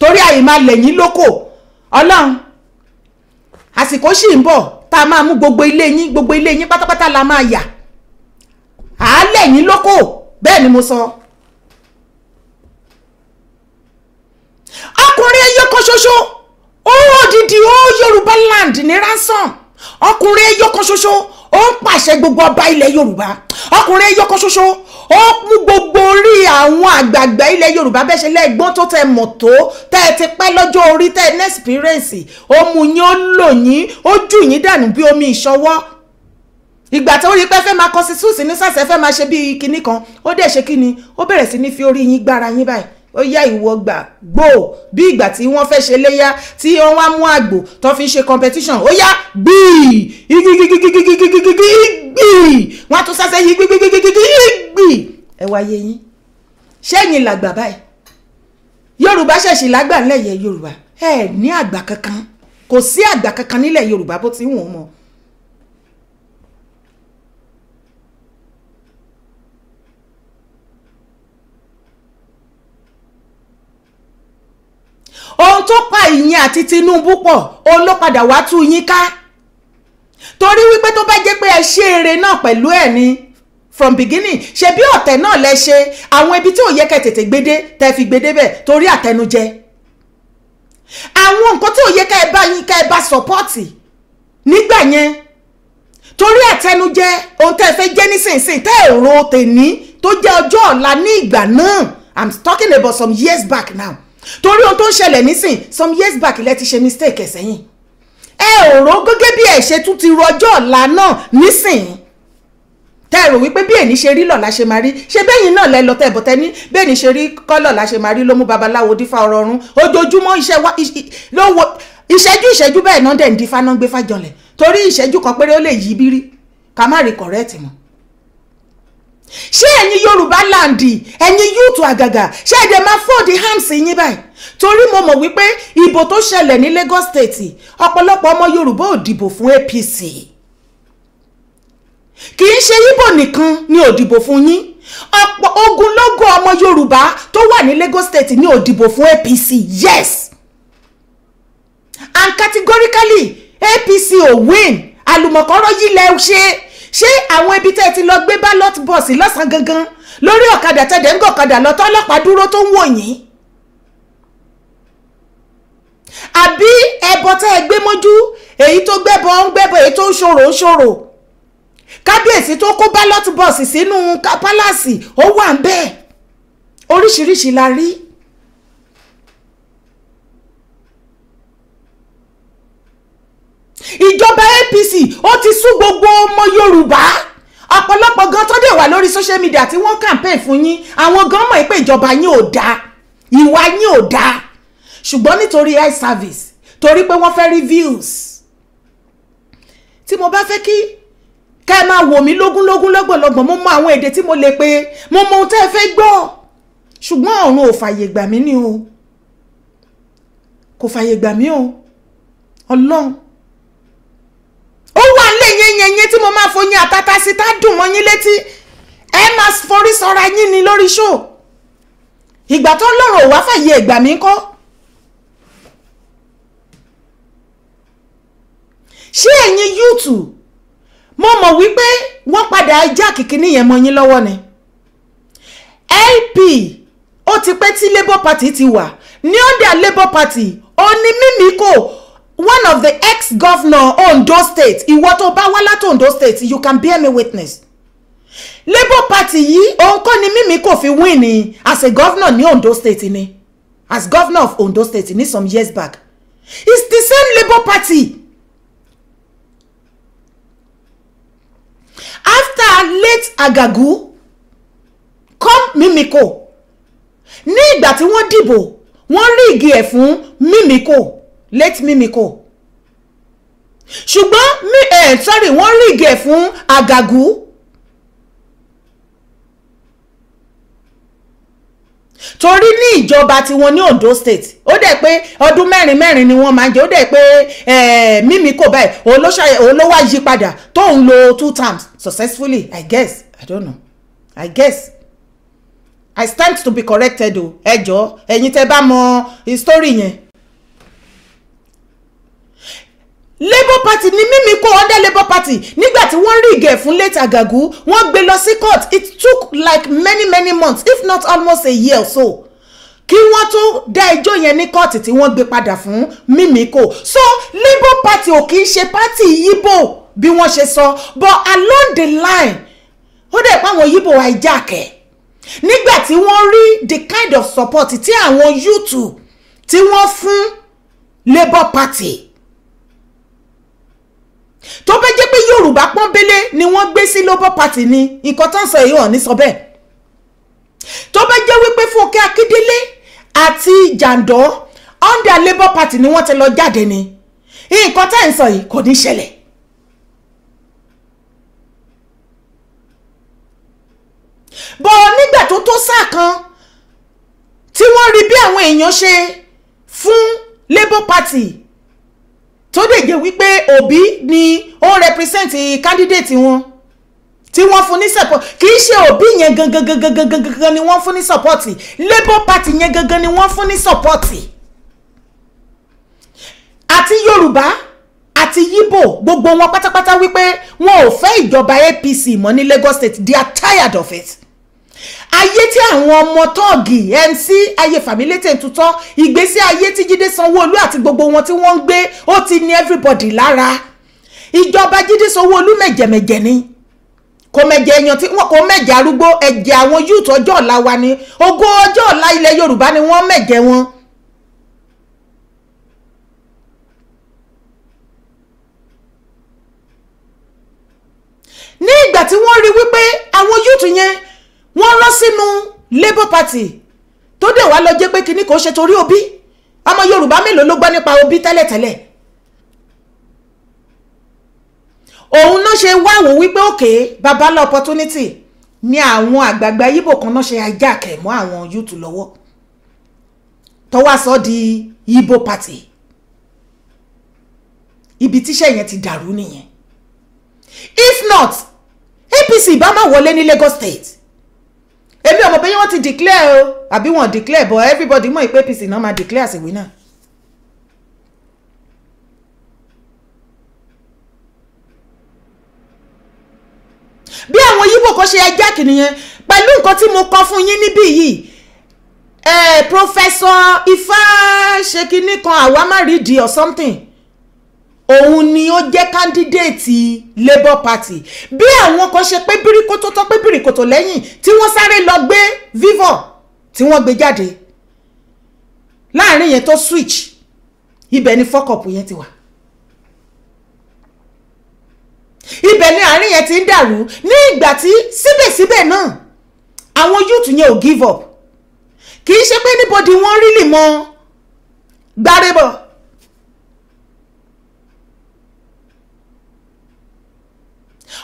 torí àyè máa lẹ̀yìn lóko ọlọ́run àsìkò sì ń bọ̀ tá a máa mú gbogbo ilé yín gbogbo ilé yín pátápátá la máa yà á lẹ̀yìn lóko bẹ́ẹ̀ ni mo sọ. ọkùnrin ẹyọkan ṣoṣo ó rò ó Yorùbá land ní ransom ọkùnrin eyó kan ṣoṣo ó ń pàṣẹ gbogbo ọba ilẹ̀ yorùbá ọkùnrin eyó kan ṣoṣo ó mú gbogbo orí àwọn àgbààgbà ilẹ̀ yorùbá bẹ́ẹ̀ ṣe lẹ́gbọ́n tó tẹ mọ̀ tó tẹ́ ẹ ti pẹ́ lọ́jọ́ orí tẹ́ ẹ ní ẹ̀sìpírẹ́ǹsì ó mú yín ó lò yín ó jù yín dànù bí omi ìṣọwọ́ ìgbà tó rí pé fẹ́ máa kọ sí súùsì ní sàṣẹ fẹ́ máa ṣe bíi kinní kan ó dẹ̀ ṣe kíni ó bẹ̀rẹ̀ sí ní fi orí yín gbára yín báyìí ó yá ìwọ gbà gbò bí ìgbà tí wọ́n fẹ́ ṣe léyà tí wọ́n wá mú àgbò tó fi ń ṣe competition ó yá gbìí gbìí ohun tó pa ìyìn àti Tinubu pọ̀ òun ló padà wá tú yín ká torí wípé tó bá jẹ́ pé ẹ ṣe eré náà pẹ̀lú ẹ̀ ni from beginning ṣe bí ọ̀tẹ̀ náà lẹ ṣe àwọn ibi tí ò yẹ kẹ́ tètè gbédé tẹ́ fi gbédé bẹ̀ torí àtẹnujẹ àwọn nǹkan tí ò yẹ kẹ́ ẹ bá yín kẹ́ ẹ bá sọ́pọ́ọ̀tì nígbà yẹn torí àtẹnujẹ ohun tẹ́ ẹ fẹ́ jẹ́ nísinsìnyí tẹ́ ẹ rò tèmi tó jẹ́ ọjọ́ ọ̀la ní ìgbà náà i'm talking about some years back now torí ohun tó ń ṣẹlẹ̀ nísìn some years back lẹ ti ṣe mistake ẹ̀ sẹ́yìn ẹ ò rò gẹ́gẹ́ bí ẹ̀ ṣe tún ti rọjọ́ ọ̀la náà nísìn tẹ́ ẹ rò wípé bí èní ṣe rí lọ́la ṣe máa rí ṣe bẹ́yìn náà lẹ lọ tẹ́ bọ̀tẹ́ ní bẹ́ẹ̀ni ṣe rí kọ́ lọ́la ṣe máa rí ló mú babaláwo dífá ọ̀rọ̀ ọ̀run ojoojúmọ́ iṣẹ́ wa ló wo ìṣẹ́jú ìṣẹ́jú bẹ́ẹ̀ náà dẹ̀ ń dífá náà gbé fájọlẹ̀ torí ìṣẹ́jú kan péré ó lè yí bírí ká má rí kọ̀rẹ́ẹ̀tì mọ́ ṣé ẹ̀yin yorùbá láǹdì ẹ̀yin yúùtù àgàgà ṣé ẹ̀dẹ̀ máa fọ́ọ̀dì hams yín báyìí torí mo mọ̀ wípé ìbò tó ṣẹlẹ̀ ní Lagos State ọ̀pọ̀lọpọ̀ ọmọ yorùbá ò dìbò fún APC kì í ṣe Ìgbò nìkan ni ò dìbò fún yín ọ̀pọ̀ ogunlọ́gọ̀ ọmọ yorùbá tó wà ní Lagos State ni ò dìbò fún APC yes and categorically APC ò win àlùmọ̀kọ́rọ́ yìí lẹ́ ṣe ṣé àwọn ibi tẹ́ ẹ ti lọ gbé ballot box lọ́sàn-án gangan lórí ọ̀kadà tẹ̀dẹ̀ ń gọ̀kadà lọ tọ́lọ́pàá dúró tó ń wò yín àbí ẹbọ tẹ́ ẹ gbé mọ́jú èyí tó gbẹ́bọ ń gbẹ́bọ èyí tó ń ṣòro ń ṣòro kábíyèsí tó kó ballot box sínú pálásì ó wà ń bẹ́ẹ̀ oríṣiríṣi la rí ìjọba APC ó ti sú gbogbo ọmọ Yorùbá ọ̀pọ̀lọpọ̀ gan tó dẹ̀ wà lórí social media tí wọ́n campaign fún yín àwọn gan mọ̀ pé ìjọba yín ò dáa ìwà yín ò dáa ṣùgbọ́n nítorí eye service torí pé wọ́n fẹ́ rí views tí mo bá fẹ́ kí ká ẹ máa wò mí lógúnlógún lọ́gbọ̀nlọ́gbọ̀n mo mọ àwọn èdè tí mo lè pe mo mọ ohun tẹ́ ẹ fẹ́ gbọ́ ṣùgbọ́n ọ̀run ò fàyè gbà mí ni o kò fàyè gbà mí o ọlọ́run ó wà lé yẹnyẹnyẹ tí mo máa foyín àtàtà sí tá dùn mọ́ yín létí ẹ máa forí sọra yín ni lórí ṣó ìgbà tó lọ́rọ̀ wá fàyè ìgbà mi kọ́ ṣé ẹ̀yin yúùtù mo mọ̀ wípé wọ́n padà já kìkíní yẹn mọ́ yín lọ́wọ́ ni LP ó ti pẹ́ tí Labour Party ti wà ní ọ̀dà Labour Party ó mímíkò one of the ex-governor Ondo state ìwọ tó bá wá láti Ondo state you can bear me witness labour party yìí òun kọ́ ni mímí kò fi win ni as a governor ní Ondo state ni as governor of Ondo state ni some years back it's the same labour party after late Agagu come Mimiko ní ìgbà tí wọ́n dìbò wọ́n rí igi ẹ̀ fún Mimiko late mímíkò ṣùgbọ́n mi eh, ẹ̀ sọ́rí wọ́n rígẹ̀ fún àgàgù torí ní ìjọba tiwọn ní Ondo state ó dẹ̀ pé ọdún mẹ́rin mẹ́rin ni wọ́n máa ń jẹ́ ó dẹ̀ pé eh, mímíkò báyìí òun ló wá yí padà lo two times successfully i guess i don't know i guess i stand to be corrected o ẹ jọ̀ọ́ ẹ̀yin tẹ́ bá mọ story yẹn labour party ni mímí kó under labour party nígbà tí wọ́n rí ìgẹ̀ fún late Agagu wọ́n gbé lọ sí court it took like many many months if not almost a year or so kí wọ́n tó dá ẹjọ́ yẹn ní kóòtù tí wọ́n gbé padà fún mímíkò so labour party ò kì í ṣe party yíbò bí wọ́n ṣe sọ but along the line ó dẹ̀ pé àwọn yíbò hijack ẹ̀ nígbà tí wọ́n rí the kind of support tí àwọn youth tí wọ́n fún labour party tó bẹ́ jẹ́ pé yorùbá pọ́nbélé ni wọ́n gbé sí labour party ni nǹkan tó ń sọ èyí hàn ní sọ bẹ́ẹ̀ tó bẹ́ jẹ́ wípé fúnkẹ́ akíndélé àti jàǹdọ́ under labour party ni wọ́n ti lọ jáde ni nǹkan tá à ń sọ yìí kò ní ṣẹlẹ̀ bọ̀ nígbà tó tó sáà kan tí wọ́n rí bí àwọn èèyàn ṣe fún labour party tó dẹ̀ jẹ́ wípé Obi ni ó ń represent candidate wọn tí wọ́n fún ní support kì í ṣe Obi yẹn gangan gangan gangan gangan ni wọ́n fún ní support Labour Party yẹn gangan ni wọ́n fún ní support àti Yorùbá àti Yíbò gbogbo wọn pátápátá wípé wọn ò fẹ́ ìjọba APC mọ́ ní Lagos State they are tired of it ayé tí àwọn ọmọ tọ́ọ̀gì MC ayéfàmílétè tutọ́ ìgbésí ayé tí Jídé Sanwó-Olú àti gbogbo wọn tí wọ́n ń gbé ó ti ní everybody lára ìjọba Jídé Sanwó-Olú mẹ̀jẹ̀mẹ̀jẹ̀ ni kò mẹ̀jẹ̀ èèyàn tí wọn kò mẹ̀jẹ̀ arúgbó ẹ̀jẹ̀ àwọn youth ọjọ́ ọ̀la wa ni ogún ọjọ́ ọ̀la ilẹ̀ Yorùbá ni wọ́n mẹ̀jẹ̀ wọn. ní ìgbà tí wọ́n rí wípé àwọn youth yẹn wọ́n rán sínú labour party tó dé wá lọ jẹ́ pé kinní kò ṣe torí Obi ọmọ Yorùbá mélòó ló gbọ́ nípa Obi tẹ́lẹ̀tẹ́lẹ̀ òun náà ṣe wáwò wípé òkè babalá opportunity ni àwọn àgbààgbà Ìgbò kan náà ṣe ajáàkẹ́ mọ́ àwọn yúùtù lọ́wọ́ tọ́wọ́ sọ di Igbo party ibi tíṣẹ́ yẹn ti dàrú nìyẹn if not APC bá má wọlé ní Lagos State èmi ò mọ̀ bẹ́ẹ̀ wọ́n ti declare o àbí wọ́n declare but everybody mọ̀ pé APC náà máa declare as a winner. bí àwọn yíbò kan ṣe ẹjẹ́ kìnìyẹn pẹ̀lú nǹkan tí mo kọ fún yín níbí yìí eh, professor ifá ṣe kinní kan àwámárìdì or something òun ni ó jẹ́ kándídéètì labour party bí àwọn kan ṣe pé bíríkótó tó pé bíríkótó lẹ́yìn tí wọ́n sáré lọ gbé Vivo tí wọ́n gbé jáde láàrin yẹn tó switch ibẹ̀ ni fọ́kọ̀pù yẹn ti wà ibẹ̀ ni àárín yẹn ti ń dàrú ní ìgbà tí síbẹ̀síbẹ̀ náà àwọn youth yẹn ò give up kì í ṣe pé anybody wọ́n really mọ gbárébọ̀.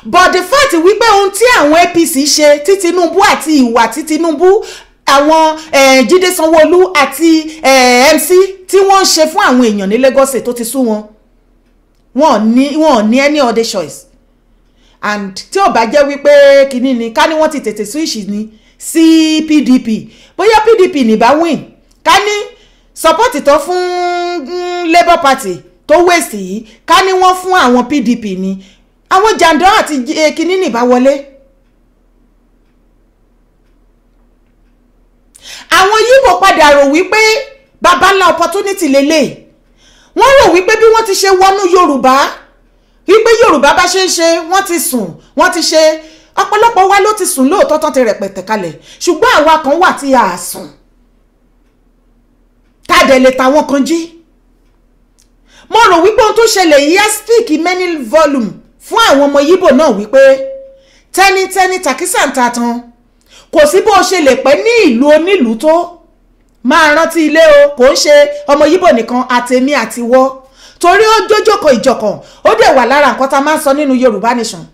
but the fact wípé ohun tí àwọn APC ṣe tí Tinubu àti ìwà tí Tinubu àwọn eh, Jídé Sanwó-Olú àti eh, MC tí wọ́n ń ṣe fún àwọn èèyàn ní Lagos tó ti sú wọn wọn ní wọn ní any other choice and tí ò bá jẹ́ wípé kínní ni ká ní wọ́n ti tètè switch ni sí PDP bóyá PDP ní bá win ká ní support tó fún mm, Labour Party tó waste yìí ká ní wọ́n fún àwọn PDP ni àwọn jàǹdọ́ àti eh, kinní nìbá wọlé àwọn yíbò padà rò wípé baba ńlá opportunity lélẹ̀ wọ́n rò wípé bí wọ́n ti ṣe wọnú yorùbá wípé yorùbá bá ṣe ń ṣe wọ́n ti sùn wọ́n ti ṣe ọ̀pọ̀lọpọ̀ wa ló ti sùn lóòótọ́ tán ti rẹpẹtẹ kalẹ̀ ṣùgbọ́n àwa kan wà tí a sùn tá a kan jí mo rò wípé ohun tó ṣẹlẹ̀ yìí speak many volume fún àwọn ọmọ yíbò náà wípé tẹ́nitẹ́ni tàkísà ń tatan kò sí bó ṣe lè pẹ́ ní ìlú onílùú tó máa rántí ilé o kò ń ṣe ọmọ yíbò nìkan àtẹ̀mí àtiwọ́ torí ó jójòkó ìjọ̀kan ó dẹ̀ wà lára nǹkan tá a máa ń sọ nínú Yorùbá nation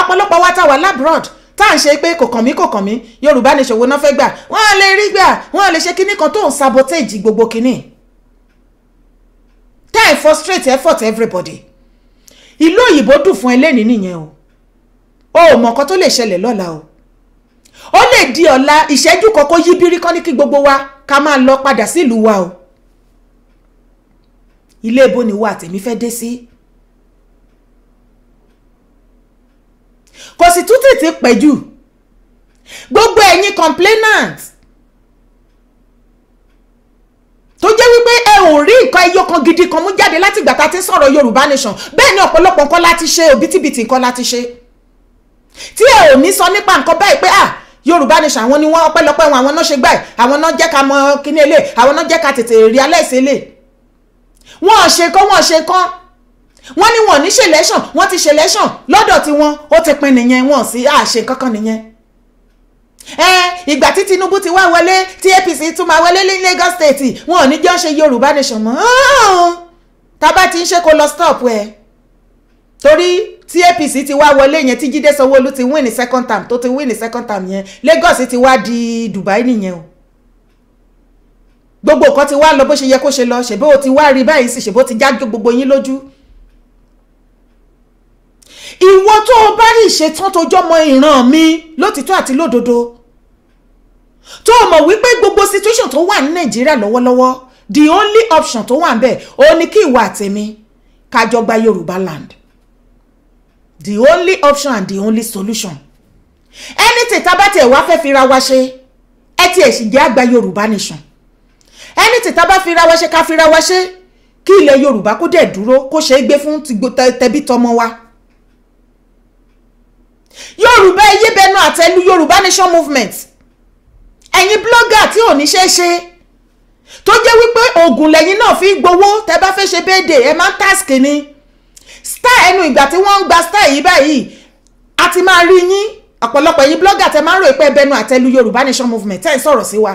ọ̀pọ̀lọpọ̀ wa tá a wà labroad tá à ń ṣe pé kò kàn mí kò kàn mí Yorùbá nation wo náà fẹ́ gbà wọ́n á lè rí gbà wọ́n á lè ṣe kinní kan tó ń sabotage gbogbo kinní Time ẹ̀ frustrate effort everybody ìlú òyìnbó dùn fún ẹlẹ́nìí nìyẹn o o ò mọ̀ nǹkan tó lè ṣẹlẹ̀ lọ́la o ó lè di ọ̀la ìṣẹ́jú kan kó yí bírí ní kí gbogbo wa ká máa lọ padà sílùú wa o ilé ibo ni wa àtẹ̀mí fẹ́ dé sí kò sì tún tètè pẹ́ jù gbogbo ẹ̀yin complainant tó jẹ́ wípé ẹ ò rí nǹkan ẹyọ kan gidi kan mú jáde láti ìgbà tá a ti sọ̀rọ̀ Yorùbá nation bẹ́ẹ̀ ni ọ̀pọ̀lọpọ̀ nǹkan láti ṣe òbítíbitì nǹkan láti ṣe tí ẹ ò ní sọ nípa nǹkan báyìí pé ah Yorùbá nation àwọn ni wọ́n ọpẹ́lọpẹ́ wọn àwọn náà ṣe gbáyìí àwọn náà jẹ́ ká mọ kíní ilé àwọn náà jẹ́ ká tètè rí aláìsí ilé wọn ò ṣe kán wọn ò ṣe kán wọn ni wọn ò ní ṣe election wọn ti ṣe election lọ́dọ̀ tiwọn ó ti pin nìyẹn wọn ò sí àṣe kankan nìyẹn ìgbà tí Tinubu ti wá wọlé tí APC tún máa wọlé ní Lagos State wọn ò ní jẹ́ ṣe Yorùbá nation mọ́ tábà ti ń ṣe kó lọ stop ẹ̀ torí tí APC ti wá wọlé yẹn tí Jídé sanwó ti win ní second term tó ti win ní second term yẹn Lagos ti wá di Dubai nìyẹn o gbogbo nǹkan ti wá lọ bó ṣe yẹ kó ṣe lọ ṣèbó ti wá rí báyìí sì ṣèbó ti já gbogbo yín lójú ìwọ tó o bá rí ìṣetán tó jọmọ ìran mi lótìtọ́ àti lódodo tó o mọ̀ wípé gbogbo situation tó wà ní nàìjíríà lọ́wọ́lọ́wọ́ the only option tó wà ń bẹ̀ ó ní kí ìwọ àtẹ̀mí kájọ yorùbá land the only option and the only solution anything tá a bá tiẹ̀ wá fẹ́ fira wa ṣe ẹ tiẹ̀ sì jẹ́ àgbà yorùbá nation anything tá a bá fira wa ṣe ká fira wa ṣe kí ilẹ̀ yorùbá kó dẹ̀ dúró kó ṣe é gbé fún tẹbí wa yorùbá ẹyẹ bẹnu àtẹ́lù yorùbá nation movement ẹ̀yin blogger tí ò ní ṣe é ṣe tó jẹ́ wípé oògùn lẹ́yìn náà fi gbowó tẹ́ bá fẹ́ ṣe béèdè ẹ máa ń task ni star ẹnu ìgbà tí wọ́n ń gba star yìí báyìí a ti máa rí yín ọ̀pọ̀lọpọ̀ ẹ̀yin blogger tẹ́ máa ń rò pé bẹnu àtẹ́lù yorùbá nation movement tẹ́ ń sọ̀rọ̀ sí wa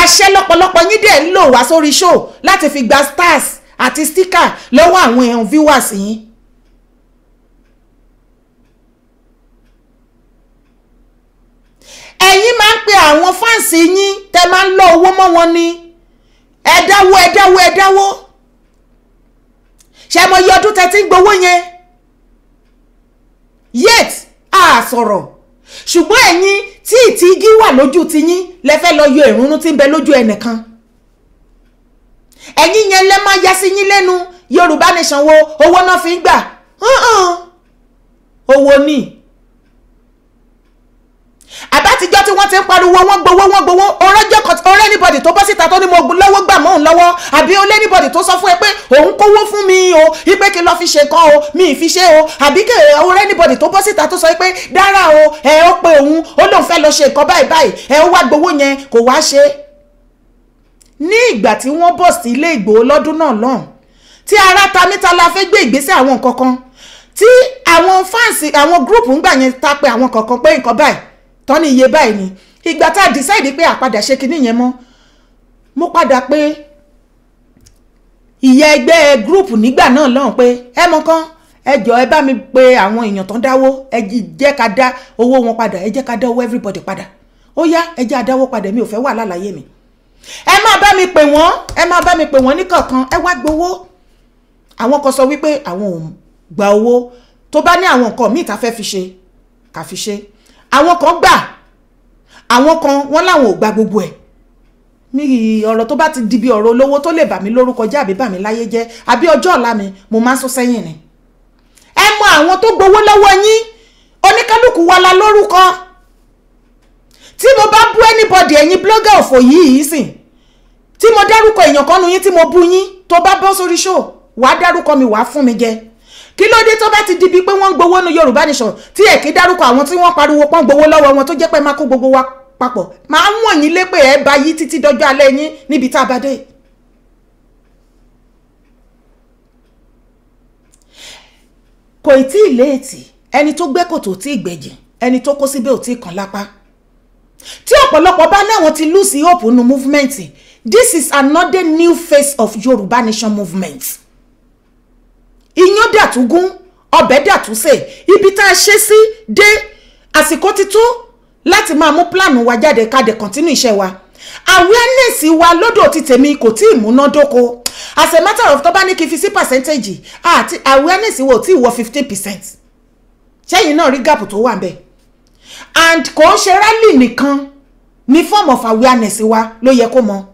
àṣẹ lọ́pọ̀lọpọ̀ yín dẹ̀ ń lò wá sórí show láti fi gba stars àti sticker lọ́wọ́ àwọn viewers yín ẹ̀yin máa ń pe àwọn fáǹsì yín tẹ́ máa ń lọ owó mọ́ wọn ni ẹ̀dáwó ẹ̀dáwó ẹ̀dáwó ṣe mọ iye ọdún tẹ́ ti ń gbowó yẹn yet a sọ̀rọ̀ ṣùgbọ́n ẹ̀yin tí ìtì igi wà lójú tiyín lẹ fẹ́ lọ yọ ìrúnú tí ń bẹ lójú ẹnìkan ẹ̀yin yẹn lẹ máa yá sí yín lẹ́nu Yorùbá nìṣanwó owó náà fi ń gbà owó ni àbátijọ́ tí wọ́n ti ń pariwo wọ́n gbowó wọ́n gbowó ọ̀rọ̀jọ́ kan ọ̀rẹ́ anybody tó bọ́ síta tó ní mo lọ́wọ́ gbà mọ́ òun lọ́wọ́ àbí ó lé anybody tó sọ fún ẹ pé òun kówó fún mi o ipe kí n lọ́ọ́ fi ṣe nǹkan o mi ì fi ṣe o àbí kí ọ̀rẹ́ anybody tó bọ́ síta tó sọ pé dára o ẹ ó pe òun ó lóun fẹ́ lọ ṣe nǹkan báyìí báyìí ẹ ó wá gbowó yẹn kò wá ṣe. ní ìgbà tí wọ́n bọ̀ sí ilé Ìgbòho lọ́dún náà lọ́hùn tí ara ta níta la fẹ́ gbé ìgbésẹ̀ àwọn kankan tí àwọn fáǹsì àwọn gúrùpù ń gbà yẹn ta pé àwọn kankan pé nǹkan báyìí tán ní iye báyìí ni ìgbà tá a decide pé àpadà ṣe kinní yẹn mọ́ mo padà pé ìyá ẹgbẹ́ group nígbà náà lọ́hùn pé ẹ mọ kán ẹ jọ ẹ bá mi pe àwọn èèyàn tán dáwó ẹ jẹ́ ká dá owó wọn padà ẹ jẹ́ ká dá owó everybody padà ó yá ẹ jẹ́ àdáwó padà mi ò fẹ́ wà lálàyé mi ẹ máa bá mi pè wọ́n ẹ máa bá mi pè wọ́n níkọ̀ọ̀kan ẹ wá gbowó àwọn kan sọ wípé àwọn ò gba owó tó bá ní àwọn nǹkan míì tá fẹ́ fi ṣe ká fi ṣe àwọn kan gbà àwọn kan wọ́n láwọn ò gba gbogbo ẹ̀ mi ọ̀rọ̀ tó bá ti di bí ọ̀rọ̀ olówó tó lè bà mí lórúkọ jẹ́ àbí bà mí láyé jẹ́ àbí ọjọ́ ọ̀la mi mo máa ń sún sẹ́yìn ni ẹ mọ àwọn tó gbowó lọ́wọ́ yín oníkálukú wa la lórúkọ tí mo bá bú anybody ẹ̀yin blogger òfò yìí yìí sìn tí mo dárúkọ èèyàn kan nu yín tí mo bú yín tó bá bọ́ sórí show wàá dárúkọ mi wàá fún mi jẹ kí ló dé tó bá ti dibi pé wọ́n ń gbowó nu Yorùbá nation tí ẹ̀ kí dárúkọ àwọn tí wọ́n pariwo pọ́n gbowó lọ́wọ́ wọn tó jẹ́ pé má kó gbogbo wa papọ̀ máa ń wọ̀nyí lépè ẹ̀ bá yí títí dọjọ́ alẹ́ yín níbi tá a bá dé. kò ì tí ì léètì ẹni tó gbẹ́ kòtò tí ì gbẹ̀jìn ẹni tó kó síbẹ̀ ò tí ì kàn lápá tí ọ̀pọ̀lọpọ̀ bá láwọn ti lùsì hope nu movement this is another new face of Yorùbá nation movement iyán dàtú gún ọbẹ̀ dàtú sè ibi tá a ṣe sí dé àsìkò ti tó láti máa mú pílànù wa jáde ká dẹ̀ kọ́ntínú iṣẹ́ wa awareness wa lọ́dọ̀ ti tèmi kò tí ì múnádóko as a matter of tó bá ní kí n fi sí percentage àti awareness wa ò tí ì wọ fifteen percent ṣẹ́yìn náà rí gap tó wà bẹ́ẹ̀ and kò ń ṣe rally nìkan ní form of awareness wa ló yẹ kó mọ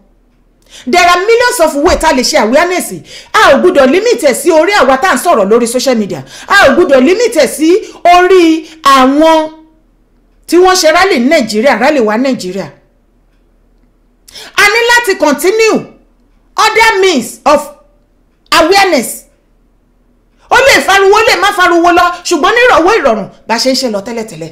there are millions of ways tá lè ṣe awareness a ò gbúdọ̀ limit ẹ̀ sí orí àwa tá à ń sọ̀rọ̀ lórí social media a ò gbúdọ̀ limited? ẹ̀ sí orí àwọn tí wọ́n ṣe rally ní nàìjíríà rally wa Nigeria. a ní láti continue other means of awareness ó lè fariwo lè má fariwo lọ ṣùgbọ́n nírọ̀wọ́ ìrọ̀rùn bá ṣe ń ṣe lọ tẹ́lẹ̀tẹ́lẹ̀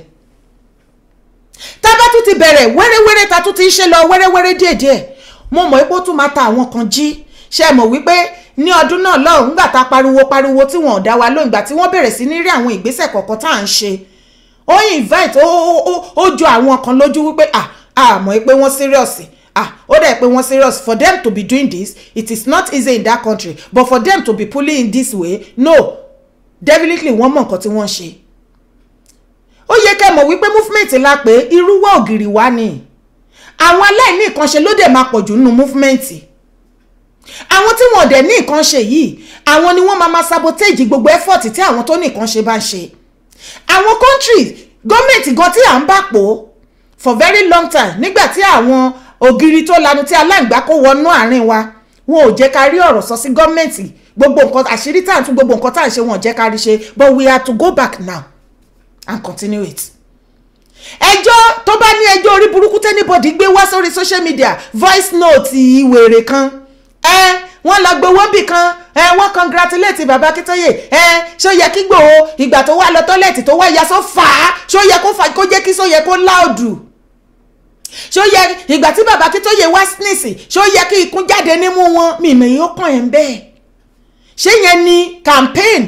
tá a bá tún ti bẹ̀rẹ̀ wẹ́rẹ́wẹ́rẹ́ ta tún ti ń ṣe lọ wẹ́rẹ́wẹ́rẹ́ díẹ̀díẹ̀ mo mọ̀ pé ó tún máa ta àwọn kan jí ṣe mọ̀ wípé ní ọdún náà lọ́hùn nígbà tá a pariwo pariwo tí wọn ò dá wa lóhùn ìgbà tí wọ́n bẹ̀rẹ̀ sí ní rí àwọn ìgbésẹ̀ kọ̀ọ̀kan tá à ń ṣe ó invite ó jọ àwọn kan lójú wípé ah ah mọ̀ pé wọ́n serious ah ó dẹ̀ pé wọ́n serious for them to be doing this it is not easy in that country but for them to be pulling in this way no definitely wọ́n mọ̀ nǹkan tí wọ́n ń ṣe ó yẹ kẹ́ mọ̀ wípé movement la pé irú wa ògiri wa ni àwọn aláìní ìkànṣe ló dẹ̀ máa pọ̀jù nínú múfúmẹ́ǹtì àwọn tí wọn dẹ̀ ní ìkànṣe yìí àwọn ni wọ́n máa ma sabotage gbogbo ẹ́fọ̀tì tí àwọn tó ní ìkànṣe bá ń ṣe àwọn countries gọ́ọ̀mẹ̀ntì gan tí à ń bà pò for very long time nígbà tí àwọn ògiri tó lanu tí aláǹgbá kó wọnú àárín wa wọn ò jẹ́ ká rí ọ̀rọ̀ sọ sí gọ́ọ̀mẹ̀ntì gbogbo nǹkan àṣírí tá à ń tún gbogbo nǹkan tá à ń ṣe wọn ò jẹ́ ká rí ṣe but we have to go back now and continue it ẹjọ́ tó bá ní ẹjọ́ orí burúkú tẹ́nibọ̀dì gbé wá sórí social media voice note ìwèrè kan ẹ wọ́n lọ gbowó bì kan ẹ wọ́n congratulate bàbá Akíntóyè ẹ ṣó yẹ kí gbòho ìgbà tó wà lọ tọ́lẹ̀tì tó wá yasọ́ fà á ṣó yẹ kó fà kó jẹ́ kí ṣó yẹ kó láòdù ṣó yẹ ìgbà tí bàbá Akíntóyè wá sníìsì ṣó yẹ kí ikún jáde nímú wọn mímì yóò kàn ẹ́ bẹ́ẹ̀ ṣé yẹn ni campaign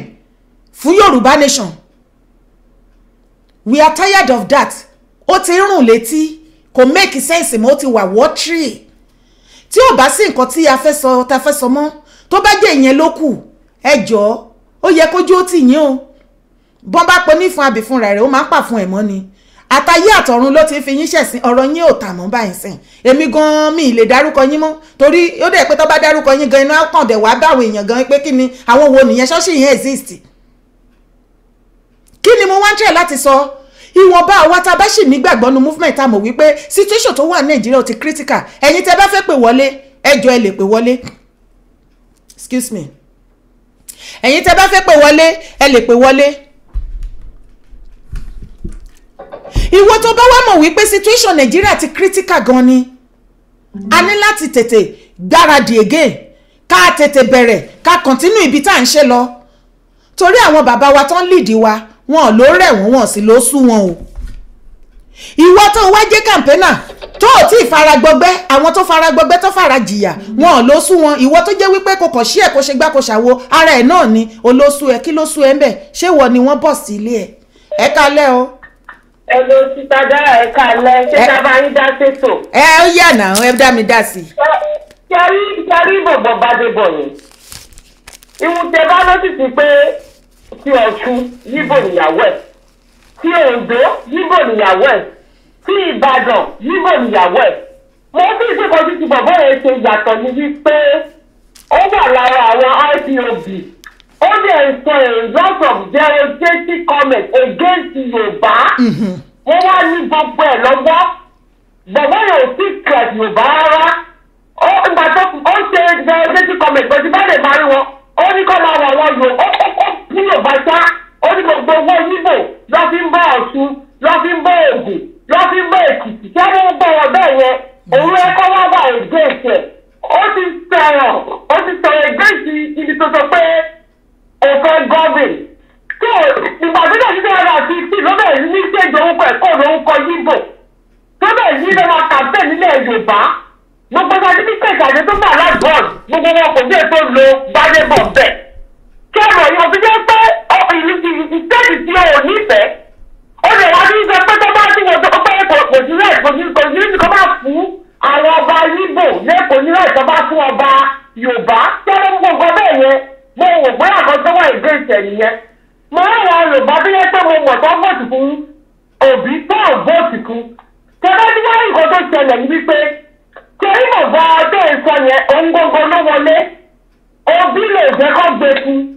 fún Yorùbá nation we are tired of that ó ti ń rùn létí kò make sense mọ́ ó ti wà wọ́tírì tí ò bá sí nǹkan tí a fẹ́ sọ ta fẹ́ sọ mọ́ tó bá jẹ́ ìyẹn ló kù ẹ jọ̀ọ́ ó yẹ kójú ó tì yín o bọ́n bá pe mí fún abì fúnra rẹ̀ ó máa ń pà fún ẹ̀ mọ́ ni àtayé àtọ̀run ló ti fi yín ṣẹ̀sìn ọ̀rọ̀ yín ò tà mọ́ báyìí sìn èmi gan-an mi lè dárúkọ yín mọ́ torí ó dẹ̀ pé tó bá dárúkọ yín gan iná kàn dẹ̀ wá báwọn èèyàn gan pé kí ni àwọn wo nìyẹn ṣọ́ọ̀ṣì yẹn exist kí ni mo wá ń tẹ̀ láti sọ ìwọ̀nba àwa tá a bá sì nígbàgbọ́ nu movement àmọ̀ wípé situation tó wà ní nàìjíríà ti critical ẹ̀yin tẹ́ bá fẹ́ pè wọlé ẹjọ́ ẹ lè pè wọlé excuse me ẹ̀yin tẹ́ bá fẹ́ pè wọlé ẹ lè pè wọlé ìwọ tó bá wá mọ̀ wípé situation nàìjíríà ti critical gan ni a ní láti tètè gbáradì again ká tètè bẹ̀rẹ̀ ká continue ibi tá à ń ṣe lọ torí àwọn bàbá wa tán lead wa wọn ló rẹ̀ wọ́n wọ́n sì ló sú wọn o ìwọ tó wá jẹ́ kàmpẹ́nà tó ò tí ì fara gbọgbẹ́ àwọn tó fara gbọgbẹ́ tó fara jìyà wọn ló sú wọn ìwọ tó jẹ́ wípé kò kàn sí ẹ̀ kó ṣe gbá kó ṣàwo ara ẹ̀ náà ni olóṣù ẹ̀ kí ló sú ẹ̀ ń bẹ̀ ṣé wọ ni wọ́n bọ̀ sí ilé ẹ̀ ẹ̀ kalẹ́ o ẹ lọ sí tàdá ẹ kalẹ̀ ṣé tá a bá yín dá sétò. ẹ ó yà náà ẹ dá mi dá sí. ṣe rí ṣe rí bọ̀bọ̀ bá dé bọ̀ yẹn ìwọ̀n tẹ bá lọ́sì sí pé sí ọ̀ṣun yíbò níyàwó ẹ̀ sí oǹdó yíbò níyàwó ẹ̀ sí ìbàdàn yíbò níyàwó ẹ̀ mo fi ìdíkọ̀jú ti bọ̀bọ̀ yẹn ṣe yàtọ̀ ní wípé ó wà lára àwọn ipob ó lè sọ a lot of derogatory comments against yorùbá mhm. wọ́n wá ní gbogbo ẹ̀ lọ́wọ́ bọ̀bọ̀ yẹn ò sí kẹ̀t yorùbá rárá ó gbà tó ó ṣe derogatory comments bọ̀dí bá lè parí wọn ó ní kọ́ máa wọ̀ wọ́n yòó ó kọ́kọ́ nínú bàtà ó ní gbogbo owó yíbò lọ́ fi ń bá ọ̀ṣun lọ́ fi ń bá ògùn lọ́ fi ń bá èkìtì tí wọ́n ń bọ̀ wọ́n bẹ́ẹ̀ yẹn òun ẹ̀kọ́ wá wà èdè ìṣẹ̀ ó ti sọ̀rọ̀ ó ti sọ̀rọ̀ èdè ìṣì ibi tó sọ pé òfẹ́ gọ́bìn tó ìgbà tó dẹ̀ nígbà rà sí sí ló bẹ̀rẹ̀ ní ṣèjọ orúkọ ẹ̀kọ́ lórúkọ yíbò tó bẹ̀rẹ̀ ní lọ́wọ́ kàfẹ́ nílẹ̀ yorùbá gbogbo sàdébíkẹ̀tì àti tó bá aláàbọ̀d gbogbo wọn kò dé tó lo sọ̀rọ̀ yóò fi jẹ́ pé ìtẹ́ẹ̀sì tí o nífẹ̀ẹ́ ó lè wá ní sọ pé tó bá ti wọ́n tó pé kò sí rẹ̀ kò sí kò sí nìkan bá fún àwọn ọba yíbò lẹ́kọ̀ọ́ ní rẹ̀ tó bá fún ọba yorùbá tẹ́lẹ̀ ń gbọ̀ngàn bẹ́ẹ̀ yẹn mo wò pé àkọsọ́wọ́ ìgbé ìṣẹ̀lẹ̀ yẹn mo rán àwọn yorùbá bí yẹn pé mo mọ̀ tó vóòtù fún òbí tó vóòtù fún tẹ́lẹ̀ ní wọ́n nǹkan tó ṣẹlẹ̀ ní wípé torí bàbá tó ń sọ yẹn òun ló wọlé òbí lè jẹ́ kó gbé fún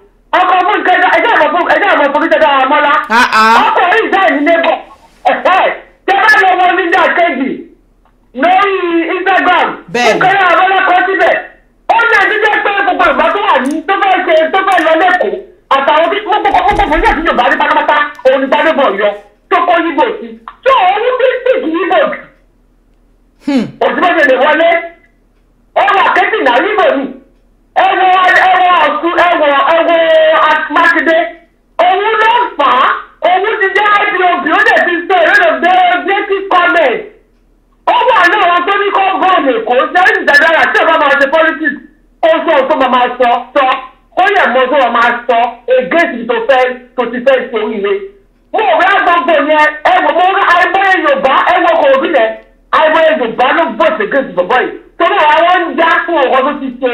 ọkọ fún nkẹta ẹjẹ àmọ fún ẹjẹ àmọ fún nkẹta àmọlá ọkọ yìí sẹ ẹyìn níbọ ẹhẹ tẹbá lọ wọ nígbà kejì lórí instagram nkẹta àmọlá kọ síbẹ̀ ó ní àtijọ́ pé gbogbo ìgbà tó wà ní tó fẹ́ ṣe tó fẹ́ lọ lẹ́kọ̀ọ́ àtàwọn bí gbogbo gbogbo fún yàtí yorùbá ní pátápátá òun ìgbàlébọ̀ yọ tó kọ́ yíbo sí tó òun bí sìkì yíbo hmm. òtún bẹ́ẹ̀ lè wọlé ẹwà kẹ́tì náà yíbo ni ẹwọ ẹwọ ọ̀sùn ẹwọ ẹw mákindé òun ló fà á òun ti jẹ́ ipob ó dẹ̀ ti sọ èrè lòdì jẹ́kí comment ó wà náà wọn tó ní kó gọ́ọ̀mù èkó sẹ́yìn ìdádọ́rà tí ọba ṣe politics kó sọ òun tó máa máa sọ sọ kó yẹ mọ tó máa máa sọ ègéèsì tó fẹ́ tó ti fẹ́ ṣe ìwé mo rí agbọ̀ngbò yẹn ẹ wò mo rí àìmọye yorùbá ẹ wọ kò rí rẹ àìmọye yorùbá ló bọ̀ ṣègéèsì bọ̀bọ̀ yìí torí àwọn ń já fún ọ̀rọ̀ tó ti ṣe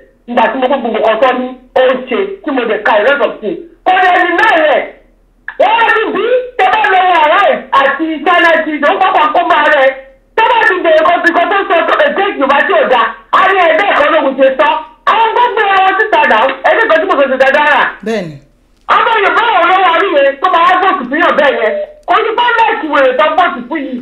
ìgbà mo kó gbogbo ọ̀tọ́ ní oṣè tí mo lè ka ìrẹ́sọ̀ sí i. kọ́ni ẹni náà rẹ̀ wọ́n rí bí tẹ́lẹ̀ lọ́wọ́ ara ẹ̀ àti china ti ìdánwò pápá kó máa rẹ̀ tẹ́lẹ̀ ti bẹ̀rẹ̀ kan bìkan tó sọ tó ètò ìjọba tí ò da a rí ẹgbẹ́ ẹ̀kọ́ lóògùn ṣe sọ àwọn gbogbo ẹran síta dà ẹni kan tí mo sọ̀tẹ̀ dára. bẹ́ẹ̀ni. ọmọ yorùbá ọ̀rọ̀ wa rí yẹn tó máa gbòòsì fún yàn bẹ́ẹ̀ yẹn kò ní bá láìkí wèrè tó gbòòsì fún yìí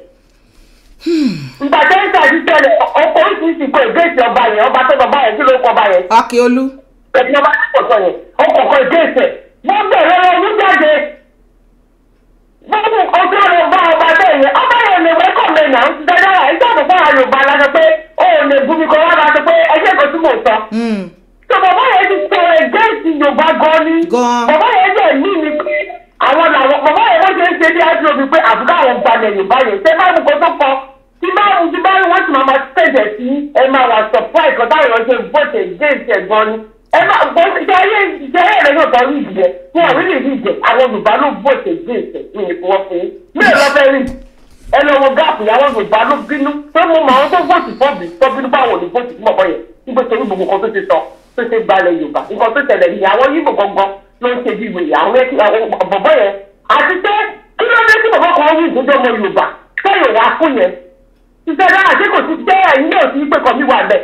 ìgbàjẹ́ ìta ṣiṣẹ́ rẹ̀ ọkọ̀ oríṣiríṣi kò ìgbésẹ̀ ọba yẹn ọba tó bàbá yẹn kí ló kọ ọba yẹn. Akíolú. ẹ̀sìn ọba tó kọ̀ sọ yẹn ọkọ̀ kọ ìgbésẹ̀ wọ́n bẹ̀rẹ̀ lọ ní jáde gbogbo bá ọba bẹ́ẹ̀ yẹn ọba yẹn wẹ́kọ̀ mẹ́nà ti dájọ́ rà pé sọ. Hmm. àwọn làwọn bàbá yẹn tí bá wù tí bá wù wọ́n ti máa ma tẹ̀jẹ̀ sí ẹ máa wà surprise kọ́ táwọn èèyàn ṣe vote against ẹ̀ gan ni ẹ máa gbọ́ ṣe ayé ìṣe ẹ̀rọ yóò tọ́ rí ìjẹ́ fún àwọn ìlú ìjẹ́ àwọn Yorùbá ló vote against ẹ̀ ní ìfowópamọ́ mẹ́rin lọ́fẹ́ rí ẹ lọ gáàpù yàwọn Yorùbá ló bínú pé mo mọ àwọn tó vote fọ́ọ̀bì tó bínú báwọn ní vote fún ọ̀bọ yẹn ní gbogbo ṣiṣẹ́ náà ṣé jẹ́ ẹ̀yìn náà sí pé kọ́ mi wà bẹ́ẹ̀.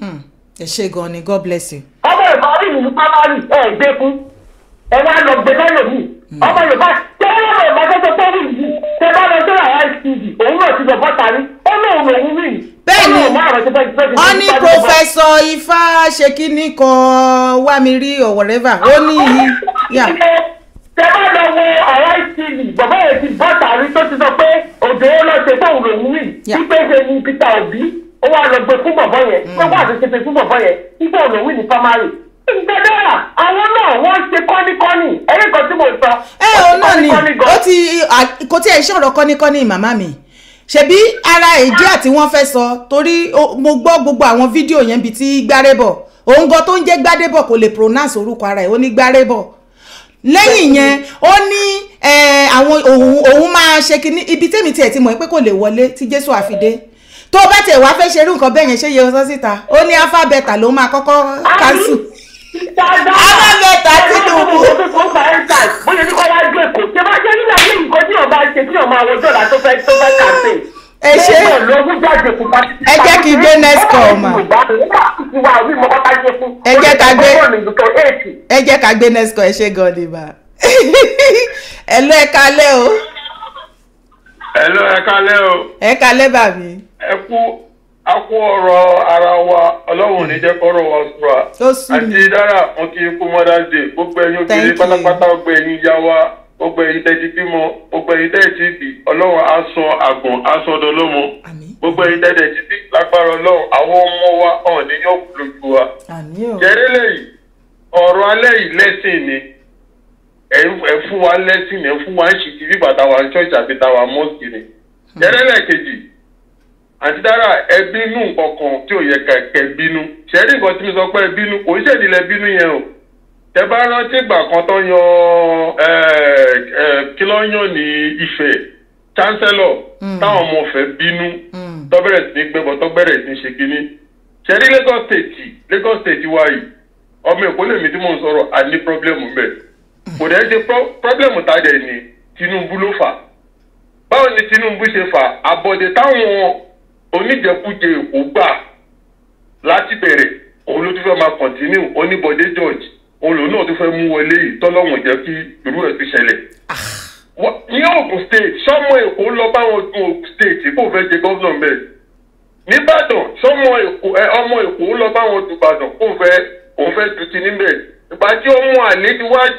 Hmm, ẹ ṣe gan ni god bless you. ọmọ yorùbá rí mi ní pámárì ẹ gbé fún ẹ wá lọ gbé bẹ́ẹ̀ lòmíì hmm. ọmọ yorùbá tẹ ẹ lọ bá tẹ tẹ rí mi tẹ bá lọ sọ́ra ẹ̀ tv òun náà ti lọ bọ́ tari ó lóun lòun rí mi. bẹ́ẹ̀ni wọn pòfẹsọ ifá ṣe kínní kan wá mi rí or whatever ó ní yìí tẹ bá lọ wo ọ̀rọ̀ tv bàbá yẹn ti bọ́ tàrí tó ti sọ pé òjò ó lọ ṣe fóun lòún rì wípé ṣe ni peter obi ó wá lọ gbé fún bàbá yẹn mm. pé wà ló ṣe fún bàbá yẹn wípé òun lòún rì ní primary ìgbẹ́dọ́rà àwọn náà wọ́n ṣe kọ́níkọ́ní ẹ̀rí kan tí mo sọ. ẹ ò náà ni ó ti kò tí ẹ ṣe ọ̀rọ̀ kọ́níkọ́ní màmá mi ṣebí ara èdè àti wọ́n fẹ́ sọ torí mo gbọ́ gbogbo àwọn fídíò yẹn bíi ti gbárébọ̀ òun gan tó ń jẹ́ gbádébọ̀ kò lè pronounce orúkọ ara ẹ̀ ó ní gbárébọ̀ lẹ́yìn yẹn ó ní àwọn òun òun máa ṣe kinní ibi tẹ́mi tiẹ̀ ti mọ̀ pé kò lè wọlé tí Jésù àfidé tó bá tiẹ̀ wá fẹ́ ṣerú nǹkan bẹ́ẹ̀ yẹn ṣe yẹ ọsán ó ní alphabeta ló máa kọ́kọ́ kánṣu alphabeta Tinubu. mo lè ní kọ́ wá gbé kò ṣe máa jẹ́ nílẹ̀ ayé nǹkan tí yóò máa ṣe tí yóò máa wọ dọ́là tó fẹ́ tó fẹ́ kàṣe ẹ ṣe ẹ jẹ́ kí n gbé next call mà ẹ jẹ́ ká gbé ẹ jẹ́ ká gbé next call ẹ ṣe gan ni mà ẹ lọ ẹ kalẹ́ o. ẹ lọ ẹ kalẹ́ o. ẹ kalẹ́ bàbí. ẹ kú a kú ọ̀rọ̀ ara wa ọlọ́run ní jẹ́ kọ́rọ̀ wa sùúrà àti dára wọn kì í kú mother's day gbogbo ẹyin obìnrin pátápátá gbogbo ẹyin yá wa gbogbo ẹ̀yin tẹ́ ti bímọ gbogbo ẹ̀yin tẹ́ ti bì ọlọ́run á sọ àgbọ̀n á sọ dọlọ́mọ gbogbo ẹ̀yin tẹ́ ti bí lágbára ọlọ́run àwọn ọmọ wa hàn ní yóò lójú wa. jẹ́rẹ́ lẹ́yìn ọ̀rọ̀ alẹ́ yìí lẹ́sìn ni ẹ fún wa lẹ́sìn ẹ fún wa ń ṣì ti bí bàtà wa ṣọ́ọ̀ṣì àti tàwa mọ́ọ̀sì ni. Hmm. jẹ́rẹ́ lẹ́kejì àti dára ẹ bínú nǹkan kan tí ò yẹ kẹ bínú ṣẹ́rí nǹkan tí mi sọ pé ẹ bínú òun ṣèdílẹ̀ bínú yẹn o tẹ bá rántí ìgbà kan tó yan kí ló yàn ní Ifẹ̀ chancellor hmm. táwọn ọmọ Ifẹ̀ bínú hmm. tó bẹ̀rẹ̀ sí ní gbẹbọ tó bẹ̀rẹ̀ sí ní ṣe kínní Lagos state Lagos state wa yìí ọmọ Èkó lèmi tí mò ń sọ̀rọ̀ a ní pọblẹmù bẹ́ẹ̀ kò dẹ ṣe pọblẹmù tá a dẹ ní Tinubu ló fà báwo ni Tinubu ṣe fà àbọ̀dé táwọn oníjẹkújẹ Èkó gbà láti bẹ̀rẹ̀ òun máa kọ̀ntínú oníbọ̀dé George olùdó náà ti fẹ́ mú wọlé yìí tọ́lọ́wọ̀n jẹ́ kí irú ẹ̀ ti ṣẹlẹ̀ ah. ní Ògùn state sọmọ Èkó lọ báwọn Ògùn state kó fẹ́ jẹ gọ́vnọ̀ bẹ́ẹ̀ nìbàdàn sọmọ Èkó ọmọ Èkó lọ báwọn dùbàdàn kó fẹ́ òun fẹ́ du ti níbẹ̀ ìgbà tí ọmọ àlè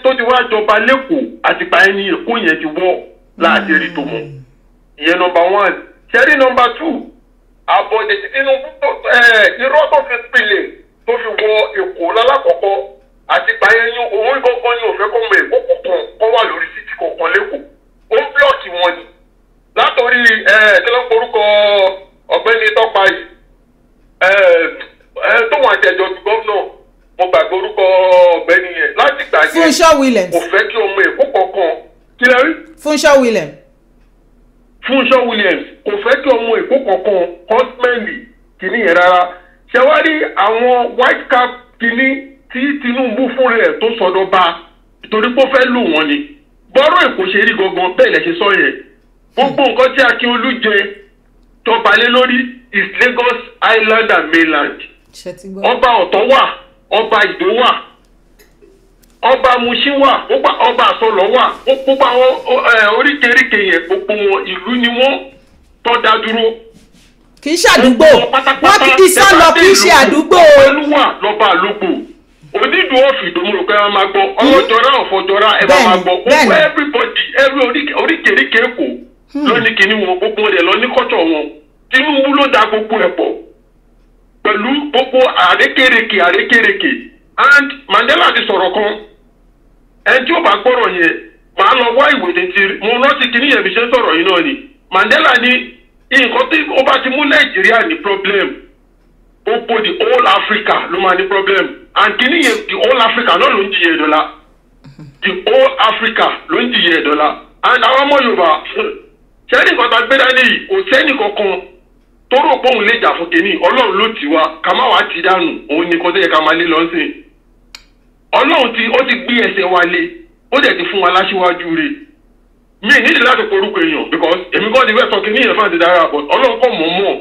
tó ti wá jọba lẹ́kọ̀ọ́ àtìgbà ẹni Èkó yẹn ti wọ́ láti rí hmm. tó mọ́ ìyẹn nọmba one ṣẹ́rí nọmba two àbọ̀dẹ̀ tí Tinubu irọ́ tó fi pilẹ̀ tó fi wọ Èkó lálákọ̀ọ́kọ́ àti gbàyẹ yín òun gbọ́ngàn yín ò fẹ́ kó mọ èkó kọ̀ọ̀kan kó wà lórí títì kọ̀ọ̀kan lẹ́kọ̀ọ́ ó ń blọ́ọ̀kì wọn ni látọ̀rí ẹ̀ẹ́dẹ́lẹ́pọ̀rúkọ ọ̀gbẹ́ni tọ́pa yìí ẹ̀ẹ́ tó wọn àjẹjọ́ bí gómìnà mo gbàgbé orúkọ ọ̀gbẹ́ni yẹn láti gbàgbé Fúnṣọ́ Williams kò fẹ́ kí ọmọ èkó kọ̀ọ̀kan kí lẹ rí. Fúnṣọ́ Williams. Fúnṣọ́ Williams kò fẹ́ kí ọmọ èkó kọ̀ọ̀kan kọ́smẹ́lì kìíní yẹn rárá ṣẹ̀wárí àwọn white cap kìíní tí Tinubu fúnra ẹ̀ tó sọdọ̀ bá torí pé ó fẹ́ lù wọ́n ni bọ́rọ̀ èkó ṣe rí gangan bẹ́ẹ̀ lẹ́ ṣe sọ yẹn gbogbo nǹkan tí Akínolú jẹ tọba lé lórí is Lagos Island and mainland ọba ọ̀tọ̀ wà ọba ìdó wà ọba musin wà ọba àsọlọ wà gbogbo àwọn oríkèéríkèé yẹn gbogbo wọn ìlú ni wọn tọ́ da dúró. kì í ṣàdúgbò wọn kì í sá lọ kì í ṣe àdúgbò. pẹ̀lú wà lọ́ba àlùkò òní dùn ọ́fì ìdòmúrò pé wọ́n máa gbọ́ ọ̀rọ̀ hmm? jọra ọ̀fọ̀ jọra ẹ̀ máa máa gbọ́ gbogbo everybody every oríkèéríkèé kò hmm. lóní kìíní wọn gbogbo rẹ̀ lọ ní kọ́tọ̀ wọn Tinubu ló da gbogbo ẹ̀ pọ̀ pẹ̀lú gbogbo àrékèrèkè àrékèrèkè and Mandela ti sọ̀rọ̀ kan ẹni tí ó bá gbọ́rọ̀ yẹn màá lọ wá ìwé tètè mo rántí kìíní yẹn fi ṣe sọ̀rọ̀ yìí náà ni Mandela ní nǹkan tí ó bá ti mú Nàìjíríà ní problem ó kó the whole africa ló máa ní problem and kìíní yẹn the whole africa náà ló ń jìyà ìdọ́là the whole africa ló ń jìyà ìdọ́là and àwọn ọmọ yorùbá sẹ́ni kan tá a gbé dání yìí kò sẹ́ni kankan tó rò pé òun lè jà fún kìíní ọlọ́run ló ti wá ká má wàá ti dànù òun ni kò tó yẹ ká máa lé lọ sí i ọlọ́run ti ó ti gbé ẹsẹ̀ wa lé ó dẹ̀ ti fún wa láṣíwájú rẹ̀ mi ì láti porúkọ èèyàn because èmi kọ́ ti fẹ́ sọ kìíní yẹn fún àti dára but ọlọ́run kọ́ mọ̀ mọ́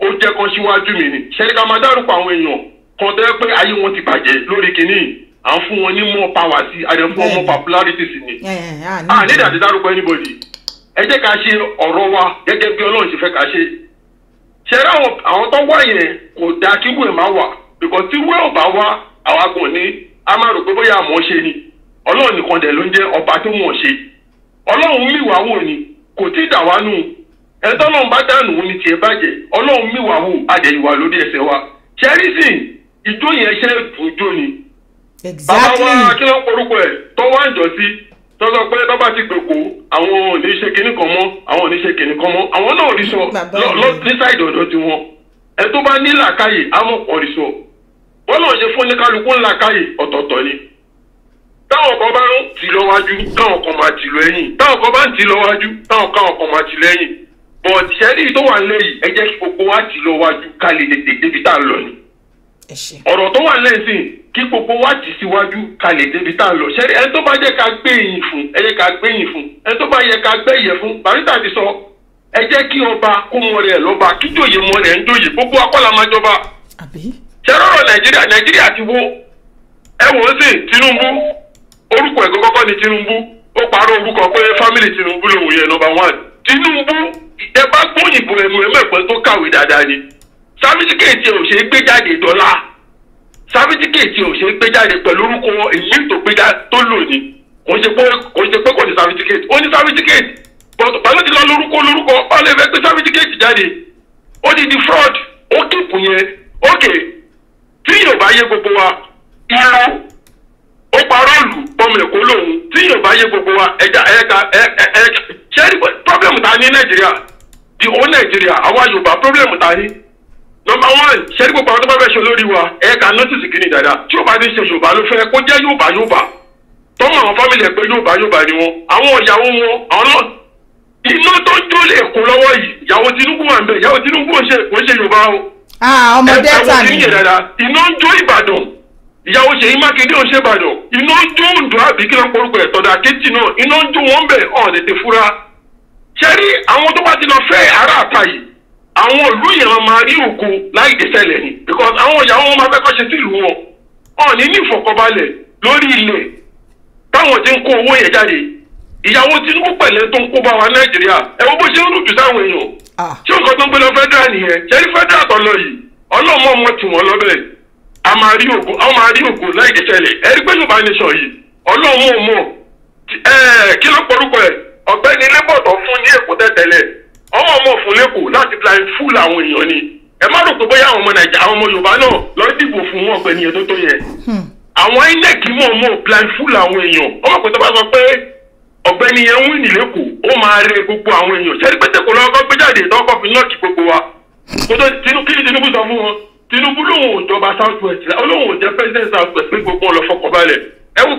ó jẹ́ kan síwájú mi ni ṣẹ́ríkà máa dárúkọ àwọn èèyàn kan tẹ́ pé ayé wọn ti bàjẹ́ lórí kinní à ń fún wọn ní more power sí a dẹ̀ fún wọn more popularity sí ni a ní ìdàdí dárúkọ anybody ẹ jẹ́ ká ṣe ọ̀rọ̀ wa gẹ́gẹ́ bí ọlọ́run ṣe fẹ́ ká ṣe ṣẹ́rí àwọn tó wá yẹn kò dáa kí wúwẹ̀ má wà because tí wúwẹ̀ ò bá wá àwa kò ní a máa rò pé bóyá àmọ́ ṣe ni ọlọ́run nìkan dẹ̀ ló ń jẹ́ ọba tó mọ̀ ṣe ọlọ́run mìwà wò ni kò tí ì dà wá nù ẹtọ́nà bá dànù omi tiẹ̀ bàjẹ́ ọlọ́run mi wà wò àdẹ̀yìnwá lórí ẹsẹ̀ wa ṣẹ́rísìn ìjó yẹn ṣe ìjó ni. bàbá wa akínyàn korúkọ ẹ̀ tọ́wọ́ àjọ sí tọ́sọ pé tọ́ba ti gbèkó àwọn ò ní ṣe kinní kan mọ́ àwọn ò ní ṣe kinní kan mọ́ àwọn náà rí sọ ní sáìdì ọ̀dọ̀ tiwọn ẹ tó bá ní làákàyè àmọ́ pọ̀ rí sọ wọ́n náà ṣe fún ní kálukú ńlá ọ̀tọ̀ọ̀tọ̀ ni táwọn kan bá ń tì lọ wájú táwọn kan máa tì lọ ẹ̀yìn táwọn kan bá ń tì lọ wájú táwọn kan máa tì lọ ẹ̀yìn but ṣẹ́rí tó wà nílẹ̀ yìí ẹ jẹ́ kí gbogbo wa jì lọ wájú ká lè tètè débi tá a lọ ni. ọ̀rọ̀ tó wà nílẹ̀ sí kí gbogbo wa jì síwájú ká lè débi tá a lọ ṣẹ́rí ẹni tó bá jẹ́ ká gbẹ̀yìn fún ẹ jẹ́ ká gbẹ̀yìn fún ẹni tó bá yẹ ká gbẹ̀yẹ̀ fún barista ti sọ ẹ jẹ́ kí ọba kó mọ rẹ̀ lọ́ba kí jòyè mọ rẹ̀ ń jòyè gbogbo akọ́là máa jọba. ṣẹ́rọ̀rọ̀ nàìjíríà nàìjíríà ti wó ẹ wò ó sì Tinubu orúkọ ẹ̀gọ́ kọ́kọ́ ni Tinubu ó parọ́ orúkọ pé fámìlì Tinubu lòun yẹn nọ́mbà one Tinubu ẹ bá gbóyìn bùrẹ̀bùrẹ̀ mẹ́pẹ́ tó kàwé dáadáa ni sáfítíkẹ̀tì ò ṣe é gbé jáde dọ́là sáfítíkẹ̀tì ò ṣe é gbé jáde pẹ̀lú orúkọ èyí tó gbé tó lò ní kò ṣe pé kò ṣe pé kò ní sáfítíkẹ̀tì ó ní sáfítíkẹ̀tì bọ́tọ̀ pẹ̀lú ti lọ lórúkọ lórúkọ ó lè fẹ́ gbé sáfítíkẹ̀tì jáde ó di di fraud ó kìpù yẹn ókè tí yóò bá yé gbogbo wa irú ó parọ́ lù pọ́nmẹ̀kọ́ lòun tí yóò bá yé gbogbo wa ẹ̀ka ẹ̀ka ẹ̀ka ṣé problem ta ní nàìjíríà the whole nàìjíríà àwa yorùbá problem ta ní. number one ṣé ní gbogbo àwọn tó bá fẹ́ ṣe olórí wa ẹ kà notice kìíní dáadáa tí o bá ní ṣe yorùbá ló fẹ́ kó jẹ́ yorùbá yorùbá tọ́mọ àwọn fámìlì ẹ̀ pé yorùbá yorùbá ni wọn àwọn ìyàwó wọn àwọn náà iná tó ń jó lè kó lọ́wọ́ yìí ìyàwó tinubu wà ń bẹ̀ ìyàwó tinubu ò ṣe yorùbá o. Ah, ọmọ delta ni iná ń jó ìbàdàn ìyàwó ṣèyí mákindé ò ṣèbàdàn iná ń jó oǹdó àbí kí wọn porúkọ ẹtọdà kejì náà iná ń jó wọn bẹ ọ̀n tètè fura ṣẹ́rí àwọn tó bá ti lọ fẹ́ ará àta yìí àwọn ìlú yẹn máa rí òkú láì ni because àwọn ìyàwó wọn máa fẹ́ kọ́ ṣe sílùú wọn wọn lori ní ìfọ̀kànbalẹ̀ lórí ilẹ̀ táwọn ti ń kó owó yẹn jáde ìyàwó Tinubu pẹ̀lẹ́ tó ń kó bá wa Nàìjíríà ẹ wo bó ṣe ń sáwọn èèyàn ah. tó ń gbé lọ nìyẹn tó lọ yìí ọlọ́mọ ọmọ tì wọ́n lọ́bẹ̀ a máa rí òkú láì ẹ rí ọ̀gbẹ́ni labour tó fún ní èkó tẹ́tẹ́lẹ̀ ọmọ ọmọ fún lẹ́kọ̀ọ́ láti plan full àwọn èèyàn ni ẹ má rò pé bóyá àwọn ọmọ nàìjíríà àwọn ọmọ yorùbá náà lọ dìbò fún ọ̀gbẹ́ni yẹn tó tó yẹ hmm. àwọn inec mọ̀ mọ̀ plan full àwọn èèyàn ọmọ pẹ̀tẹ́ bá sọ pé ọ̀gbẹ́ni yẹn ń wí ní lẹ́kọ̀ọ́ ó máa rẹ gbogbo àwọn èèyàn ṣẹ́ni pété kò lọ́kọ́ gbé jáde ìtọ́kọ́ fi náà kí gbogbo wa kó tó kí ni tinubu sọ fún wọn tinubu lòun ò jọba south west olóhùn ò jẹ president south west pé gbogbo wọn lọ fọkàn balẹ̀ ẹ wò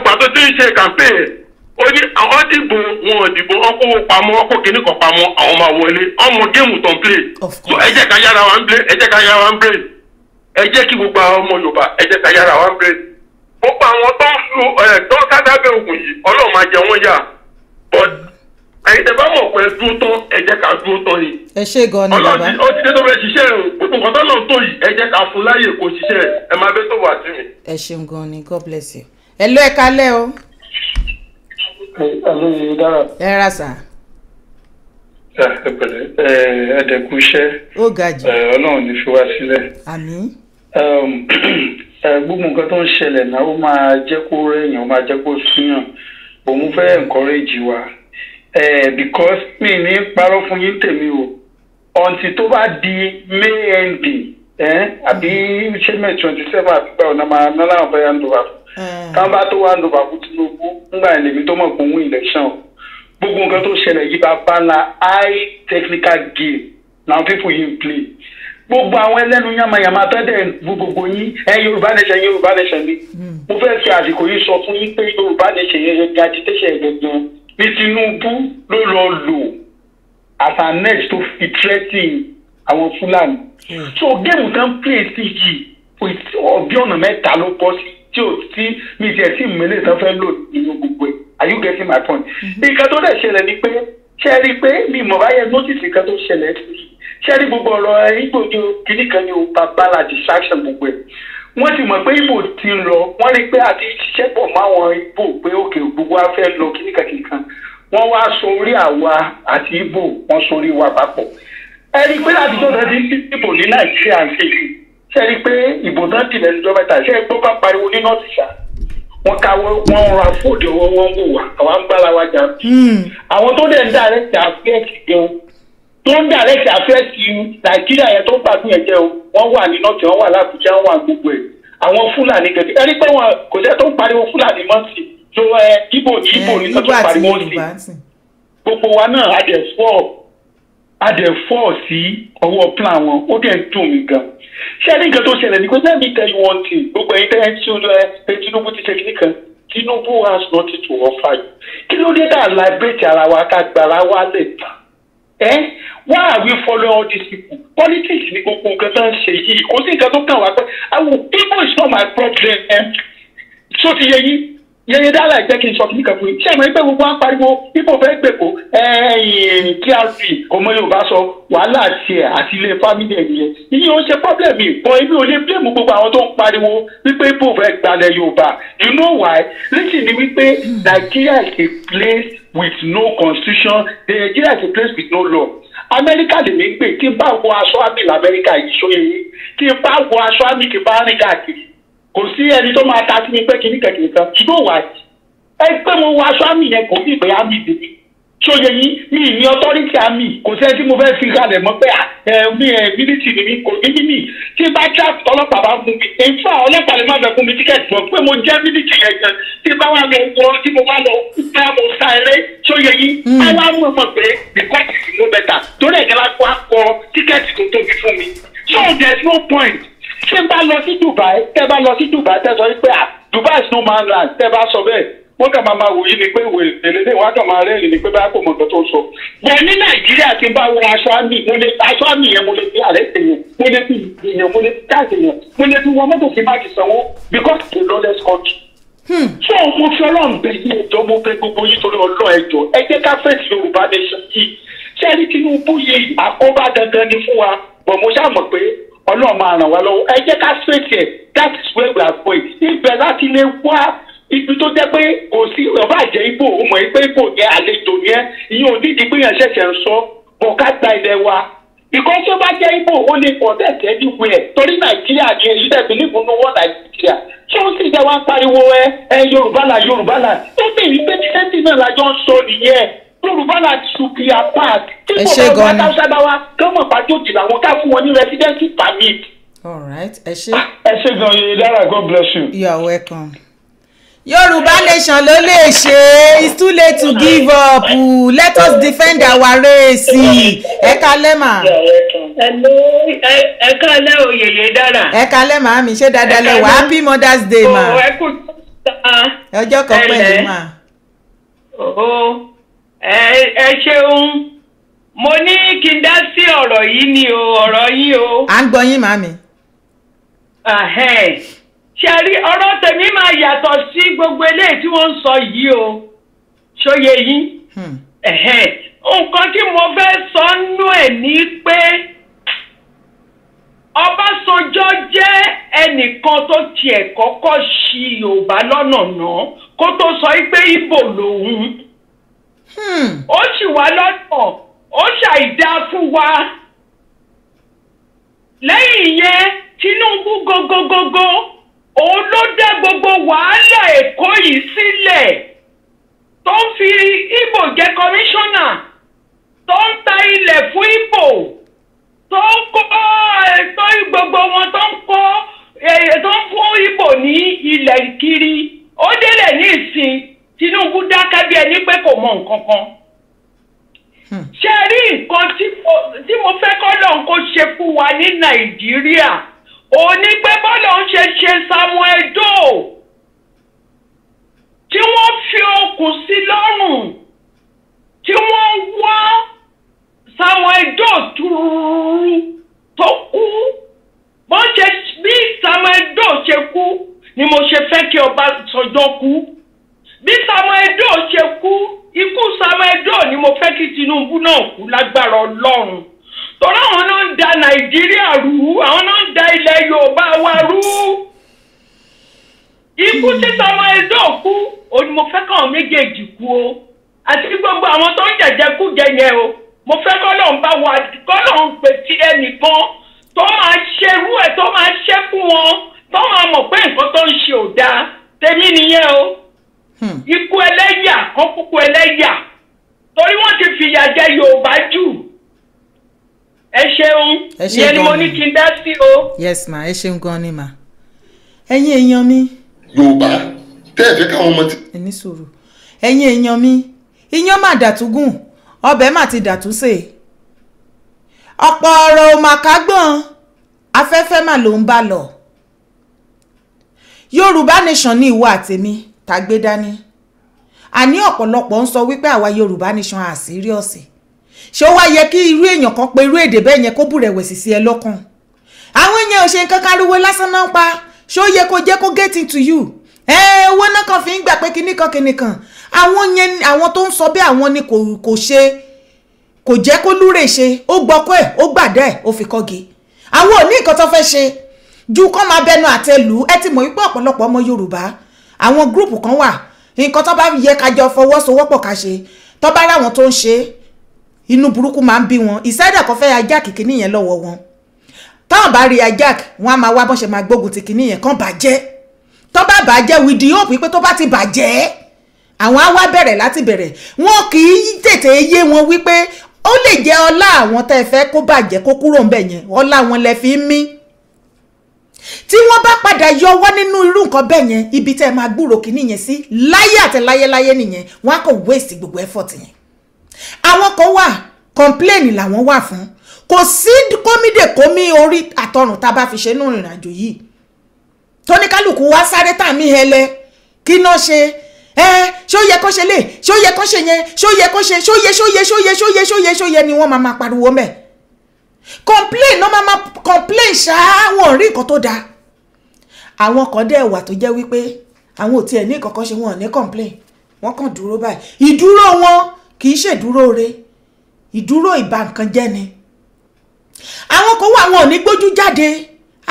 gbà ti ń ṣe campaign ó ní àwọn dìbò wọn dìbò ọkọ owó pamọ́ ọkọ kìíní kan pamọ́ àwọn máa wọlé ọmọ géèmù tán play so ẹ jẹ́ ká yára wa ń play ẹ jẹ́ ká yára wa ń play ẹ jẹ́ kí gbogbo àwọn ọmọ Yorùbá ẹ jẹ́ ká yára wa ń play gbogbo àwọn tó ń su ẹ tó ń sádábẹ ògùn yìí Ọlọ́run máa jẹ wọ́n yà but ẹ̀yin bá mọ̀ pé dúró tán ẹ jẹ́ ká dúró tán ni bàbá ti dé tó fẹ́ ṣiṣẹ́ o gbogbo nǹkan tó lọ tó yìí ẹ jẹ́ ká fún láyè kó ṣiṣẹ́ ẹ máa bẹ tó wà sí mi. ẹ ṣeun gan ni God bless you. ẹ lọ ẹ kalẹ o alo yìí dára. ẹ ra sà. ẹ pẹ̀lẹ́ ẹ dẹkun iṣẹ́. ó ga jù. Ọlọ́run ní fi wá sílẹ̀. àmín. gbogbo nǹkan tó ń ṣẹlẹ̀ náà ó máa jẹ́ kó rẹ̀yìn ó máa jẹ́ kó súnyàn òun fẹ́ encourage wa because mi ní parọ́ fún yín tèmi o ọ̀ǹtì tó bá di may ending àbí ṣé may twenty seven àti gbà ọ̀nà máa náírà ọ̀bẹ yàn tó bá fún. Eh. tán bá tó wá ń dọ̀bà fún Tinubu ńgbà ẹ̀lẹ́mí tó mọ̀ pé òun election gbogbo nǹkan tó ṣẹlẹ̀ yìí bá bá ńlá high technical game làwọn people yìí ń play gbogbo àwọn ẹlẹ́nu yamayama tẹ́tẹ̀ gbogbo yín ẹ yorùbá nation yorùbá nation ni hmm. mo fẹ́ fi àsìkò yìí sọ fún yín pé yorùbá nation yẹn yẹn ga agitation yẹn gangan ní Tinubu ló lọ lò as an edge to fi threatening àwọn Fúlàní hmm. so géèmù kan play sí yìí òbí ọ̀nà mẹ́ta ló bọ́ sí tí o tí mi tiẹ̀ tí mẹ́lẹ̀ tán fẹ́ lò nínú gbogbo ẹ̀ are you getting my point. Mm-hmm. nǹkan tó dẹ̀ ṣẹlẹ̀ ni pé ṣe rí i pé mi mọ̀ báyẹn notice nǹkan tó ṣẹlẹ̀ ṣe rí gbogbo ọ̀rọ̀ ìgbòjo kìíní kan ni o bàbá la distraction gbogbo ẹ̀ wọ́n ti mọ̀ pé ibo ti ń lọ wọ́n rí i pé àti ṣiṣẹ́ pọ̀ mọ́ àwọn ibo pé òkè gbogbo wa lọ kìíní kan kìíní kan wọ́n wá sórí àwa àti ibo wọ́n sórí wa papọ̀ ẹ i pé àtijọ́ náà ti ibo ní nàìjíríà ń ṣe yìí ṣe rí i pé ìbò náà dì lẹ́nu ìjọba ìta ṣe gbọ́ bá pariwo ní nọ́ọ̀sì ṣá wọn ka wọn ra fóòdù wọn wọn wò wá àwa ń wa jà bí. Hmm. àwọn tó dẹ̀ ń dàrẹ́tì àfẹ́ẹ̀kì jẹ́ o tó ń dàrẹ́tì àfẹ́ẹ̀kì nàìjíríà yẹn tó ń gbàdún ẹ̀ jẹ́ o wọ́n wà ní nọ́ọ̀sì wọ́n wà lábùjá wọ́n wà gbogbo ẹ̀ àwọn fúlàní gẹ̀gẹ́ ẹni pé wọn kò sẹ́ tó ń pariwo fúlàní mọ́tì tó ẹ ibo ní ibo ní tó ń pariwo sí gbogbo wa náà adẹ̀fọ́ adẹ̀fọ́ sí ọwọ́ plan wọn ó dẹ̀ dùn mí gan-an ṣé ẹni nǹkan tó ṣẹlẹ̀ ní pé let me tell you one thing gbogbo ẹ̀yin tẹ́lẹ̀ tí ó lọ ẹ Tinubu ti ṣe kí nìkan Tinubu has nothing to offer you kí ló dé dáa liberate ara wa ká gbàrà wa lè tà ẹ wá àwí follow all these people politics ni gbogbo nǹkan tó ń ṣe yìí kò sí nǹkan tó kàn wá pé àwọn people is not my problem ẹ tó ti yẹ yín yẹyẹ dala jẹ́ kí n sọ kíníkà fún yín ṣé àmọ́ ẹgbẹ́ gbogbo apariwo ibo fẹ́ gbèkó ẹ̀yìn trc ọmọ yorùbá sọ wàhálà tiẹ̀ àti ilé fámìlì ẹ̀yẹ ìyẹn ò ṣe pọ́blẹ̀mì kan èmi ò lè blame gbogbo àwọn tó ń pariwo wípé ibo fẹ́ gbalẹ̀ yorùbá you know why listen ni wípé nigeria is a place with no constitution nigeria is a place with no law amẹ́ríkà lè mí gbé kí n bá wọ aṣọ àmì lamẹ́ríkà yìí ṣóyè kí n bá wọ aṣọ àmì kí n kò sí ẹni tó máa ta sí mi pé kìnnìkan kìnnìkan ṣùgbọ́n wà ẹ pé mo wọ aṣọ àmì yẹn kò bí ìpè àmì ìdèmí sóye yìí mi ní ọtọ́rìtì àmì kò sẹ́ni tí mo fẹ́ fi kalẹ̀ mọ́ pé mi ẹ̀ mílítì ni mi kò ní mímì tí bá tíráàpù ọlọ́pàá bá fún mi èyí fún àwọn ọlọ́pàá lè má fẹ́ fún mi tíkẹ́ẹ̀tì mọ́ pé mo jẹ́ mílítì yẹn gan tí bá wà lọ wọ tí mo bá lọ bá mo sa eré sóye yìí hmm. á wá mọ̀ mọ̀ pé bíkọ́tì ló bẹ̀tà torí ẹ̀jẹ̀ la kó akọ tíkẹ́ẹ̀tì tó tóbi fún mi so there's no point ṣé n bá lọ sí Dubai tẹ́ bá lọ sí Dubai tẹ́ sọ pé Dubai is no man land tẹ́ bá sọ bẹ́ẹ̀ wọ́n kàn máa wò yí ni pé ìwé ìdílé wọn kàn máa rẹ́rìn ni pé bá kò mọ̀ nǹkan tó sọ. yẹn ní Nàìjíríà ti bá wọ aṣọ àmì mo lè aṣọ àmì yẹn mo lè fi àlẹ́ tèèyàn mo lè fi èèyàn mo lè fi káàkiri yẹn mo lè fi wọn mọ́tò fi máàkì sanwó because the lawless country. fún hmm. ọmọ fi ọlọ́run bẹ yí ẹjọ́ mo bẹ gbogbo yín torí ọlọ́ ẹjọ́ ẹ jẹ́ ká fèsì Yorùbá nation yìí sẹ́ẹ̀rì Tinubu yìí àkóbá dandan ni fún wa bọ̀ mo ṣáà mọ̀ pé ọlọ́run máa ràn wá lọ́wọ́ ẹ jẹ́ ká straight ẹ̀ that is where we are going ibẹ̀ láti lè wá ibi tó jẹ́ pé kò sí ọba àjẹ́ ibo ó mọ̀ pé ibo yẹn àlejò yẹn ìyẹn ò nídìí pé yẹn ṣẹ̀ṣẹ̀ ń sọ bọ̀ ká gba ilẹ̀ wa because tó bá jẹ́ ibo ó lè protect anywhere torí nàìjíríà ni èyí dẹ̀ bìlíìfù ní wọ́n nàìjíríà tí ó sì jẹ́ wá pariwo ẹ ẹ yorùbá là yorùbá là ó bèèrè pé tẹ́tí náà lájọ́ ń sọ nìyẹn yorùbá la should be apart tí kò bá wọn adásábá wa kí làwọn ká fún wọn ní residency permit. all right ẹ ṣé. Ah, ẹ ṣé gan yeye dara god bless you. you are welcome. yorùbá nation ló lè ṣe it's too late to give up let us defend our race ẹ kalẹ́ mà. ẹ kalẹ́ o yeye dara. ẹ kalẹ́ mà mi ṣé dáadáa lẹ wà happy mother's day ma. Oh, ọjọ́ kan pẹ̀lú mà. Oh, ẹ ṣeun mo ní kí n dá sí ọ̀rọ̀ yìí ni o ọ̀rọ̀ yìí o. à ń gbọ́ yín màmí. ṣe rí ọ̀rọ̀ tèmi máa yàtọ̀ sí gbogbo eléyìí tí wọ́n ń sọ yìí o ṣóye yín. Hmm. nǹkan tí mo fẹ́ sọ nú ẹ̀ ni pé Ọbásanjọ́ jẹ́ ẹnìkan tó tiẹ̀ kọ́kọ́ ṣí Yorùbá lọ́nà náà kó tó sọ pé Ìgbò lòun Hmm. ó sì wá lọ́dọ̀ ó ṣàìdá fún wa lẹ́yìn yẹn Tinubu gogogogo òun ló dá gbogbo wàhálà Èkó yìí sílẹ̀ tó ń fi Ìgbò jẹ́ kọmíṣánná tó ń ta ilẹ̀ fún Ìgbò tó ń kó eh, tó gbogbo wọn tó ń kó eh, tó ń fún ibo ní ilẹ̀ kiri ó délẹ̀ ní ìsìn. Tinubu dákẹ́ bí ẹni pé kò mọ nǹkan kan hmm. ṣe rí nǹkan tí mo fẹ́ kọ́ lọ́n kó ṣe fún wa ní Nàìjíríà òní pé bọ́lọ̀ ń ṣe ṣe Samuel Doe tí wọ́n fi okùn sí lọ́rùn tí wọ́n wá Samuel Doe túrúrú tó kú bọ́n ṣe bí Samuel Doe ṣe kú ni mo ṣe fẹ́ kí Ọbásanjọ́ kú bí Samuel Doe ṣe kú ikú Samuel Doe ni mo fẹ́ kí Tinubu náà kú lágbára Ọlọ́run torí àwọn náà ń da Nàìjíríà rú àwọn náà ń da ilẹ̀ Yorùbá wa rú ikú tí Samuel Doe kú òní mo fẹ́ káwọn méjèèjì kú o àti gbogbo àwọn tó ń jẹjẹkújẹ yẹn o mo fẹ́ kọ́lọ́n bá wa kọ́lọ́n pè tí ẹnìkan tó máa ṣerú ẹ̀ tó máa ṣe fún wọn tó máa mọ̀ pé nǹkan tó ń ṣe ò dáa tèmi nìyẹn o. Hmm. ikú ẹlẹ́yà kan kúkú ẹlẹ́yà torí wọ́n ti fìyà jẹ Yorùbá jù ẹ ṣeun yẹn ni mo ní kí n dá sí o. yes ma ẹ ṣeun gan ni ma ẹ̀yin èèyàn mi. Yorùbá tẹ́ ẹ fẹ́ káwọn ọmọ ti. ẹ ní sùúrù ẹ̀yin èèyàn mi iyán mà dàtúgùn ọbẹ̀ mà ti dàtúnṣe ọ̀pọ̀ ọ̀rọ̀ ò mà kágbọ́n afẹ́fẹ́ mà ló ń bá lọ Yorùbá nation ní ìwọ àtèmi tá gbé dání àní ọ̀pọ̀lọpọ̀ ń sọ wípé àwa Yorùbá nation are serious ṣé ó wá yẹ kí irú èèyàn kan pe irú èdè bẹ́ẹ̀ yẹn kó bùrẹ̀wẹ̀sì sí ẹ lọ́kàn àwọn èèyàn ò ṣe nǹkan kan ariwo lásán náà pa ṣé ó yẹ kó jẹ́ kó get into you ẹ owó náà kan fi ń gbà pé kinníkan kinníkan àwọn yẹn àwọn tó ń sọ bí àwọn ni kò kò ṣe kò jẹ́ kó lúrè ṣe ó gbọ́kọ́ ẹ̀ ó gbàdẹ́ ó fi kọ́gi àwọn ò ní nǹkan tó fẹ́ ṣe ju kọ́ máa bẹnu àtẹ ẹ ti mọ̀ wípé ọ̀pọ̀lọpọ̀ ọmọ Yorùbá àwọn gúrùpù kan wà nǹkan tó bá yẹ ká jọ fọwọ́sowọ́pọ̀ ká ṣe tó bá ráwọn tó ń ṣe inú burúkú máa ń bí wọn ìsáyẹ̀dà kan fẹ́ ajá kìkìnì yẹn lọ́wọ́ wọn táwọn bá rí ajá wọn á máa wá bọ́n ṣe máa gbógun ti kìnì yẹn kàn bàjẹ́ tó bá bàjẹ́ with the hope pé tó bá ti bàjẹ́ àwọn á wá bẹ̀rẹ̀ láti bẹ̀rẹ̀ wọn kì í tètè yé wọn wípé ó lè jẹ́ ọlá àwọn tẹ́ fẹ́ kó bàjẹ́ kó kúrò ńbẹ̀ yẹn ọlá wọn lẹ fi ń mí tí wọ́n bá padà yọ ọwọ́ nínú irú nǹkan bẹ́ẹ̀ yẹn ibi tẹ́ ẹ máa gbúrò kìíní yẹn sí láyé àtẹláyéláyé nìyẹn wọ́n á kàn waste gbogbo effort yẹn àwọn kan wà complain làwọn wà fún kò sí kómìdè kómì orí àtọrùn tá a bá fi ṣe nínú ìrìn àjò yìí tóníkálùkù wá sáré tàmí ẹlẹ kí náà ṣe ẹ ṣó yẹ kó ṣe lè ṣó yẹ kó ṣe yẹn ṣó yẹ kó ṣe ṣó yẹ ṣó yẹ ṣó yẹ ṣó yẹ ṣó yẹ ṣó yẹ ni wọ́n máa máa pariwo mẹ́ẹ̀ complain no mama complain ṣá wọn rí nǹkan tó dáa àwọn kan dẹ̀ wà tó jẹ́ wípé àwọn ò tiẹ̀ ní kankan ṣe wọn ò ní complain wọ́n kàn dúró báyìí ìdúró wọn kì í ṣèdúró re ìdúró ìbá nǹkan jẹ́ ni àwọn kan wà wọn ò ní gbójú jáde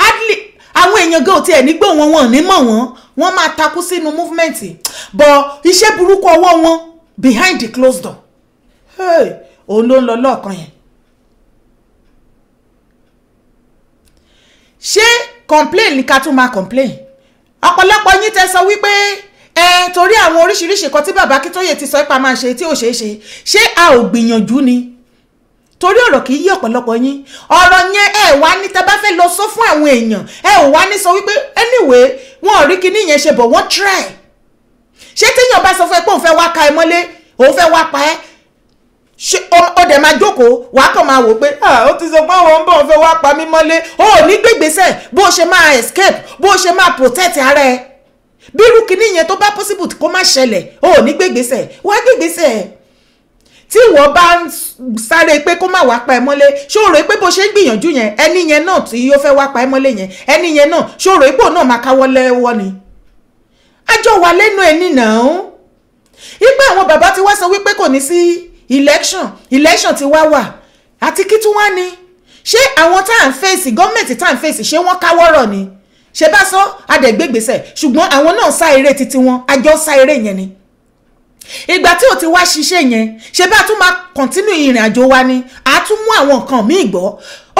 hardly àwọn èèyàn gan ò tiẹ̀ ní gbọ́ wọn wọn ò ní mọ̀ wọn wọ́n máa takú sínú movement bọ̀ iṣẹ́ burúkú ọwọ́ wọn behind the closed door òun ló ń lọ lọ́ọ̀kan yẹn ṣé complain ni ká tún máa complain ọ̀pọ̀lọpọ̀ yín tẹ́ sọ wípé ẹ torí àwọn oríṣiríṣi kan tí bàbá Akíntóyè ti sọ ipa máa ṣe tí ò ṣeé ṣe ṣé a ò gbìyànjú ni torí ọ̀rọ̀ kì í yí ọ̀pọ̀lọpọ̀ yín ọ̀rọ̀ yẹn ẹ wá ní tẹ́ bá fẹ́ lọ sọ fún àwọn èèyàn ẹ ò wá ní sọ wípé anyway wọn ò rí kinní yẹn ṣe bọ̀ wọ́n try ṣé téèyàn bá sọ fún ẹ pé òun fẹ́ wá ka ẹ mọ́lé òun fẹ́ wá pa ẹ́ ṣe ó dẹ̀ máa jókòó wàá kàn máa wò pé ó ti sọ pé àwọn ń bọ̀ fẹ́ wá pa mí mọ́lé ó ní gbègbèsẹ̀ bó ṣe máa escape bó ṣe máa protect ara ẹ bírú kìíní yẹn tó bá possible kó má ṣẹlẹ̀ ó ní gbègbèsẹ̀ wá gbègbèsẹ̀ tí wọ́n bá ń sáré pé kó má wá pa ẹ mọ́lé ṣòro pé bó ṣe ń gbìyànjú yẹn ẹni yẹn náà tí yóò fẹ́ wá pa ẹ mọ́lé yẹn ẹni yẹn náà ṣòro pé òun náà máa káwọ́ lẹ́wọ́ ni àjọ wà lẹ́nu ẹ̀ nìyàn ó ipá àwọn bàbá ti wá sọ wípé kò ní election election ti wá wà àti kí tún wá ni ṣé àwọn tá à ń fèsì gọ́ọ̀mẹ̀ntì tá à ń fèsì ṣé wọ́n káwọ́rọ̀ ni ṣe bá sọ adẹ̀gbẹ́gbèsẹ̀ ṣùgbọ́n àwọn náà sá eré titi wọn àjọ sá eré yẹn ni ìgbà tí o ti wá ṣiṣẹ́ yẹn ṣe bá tún máa kọ̀ntínú ìrìn àjò wa ni a tún mú àwọn nǹkan míì gbọ́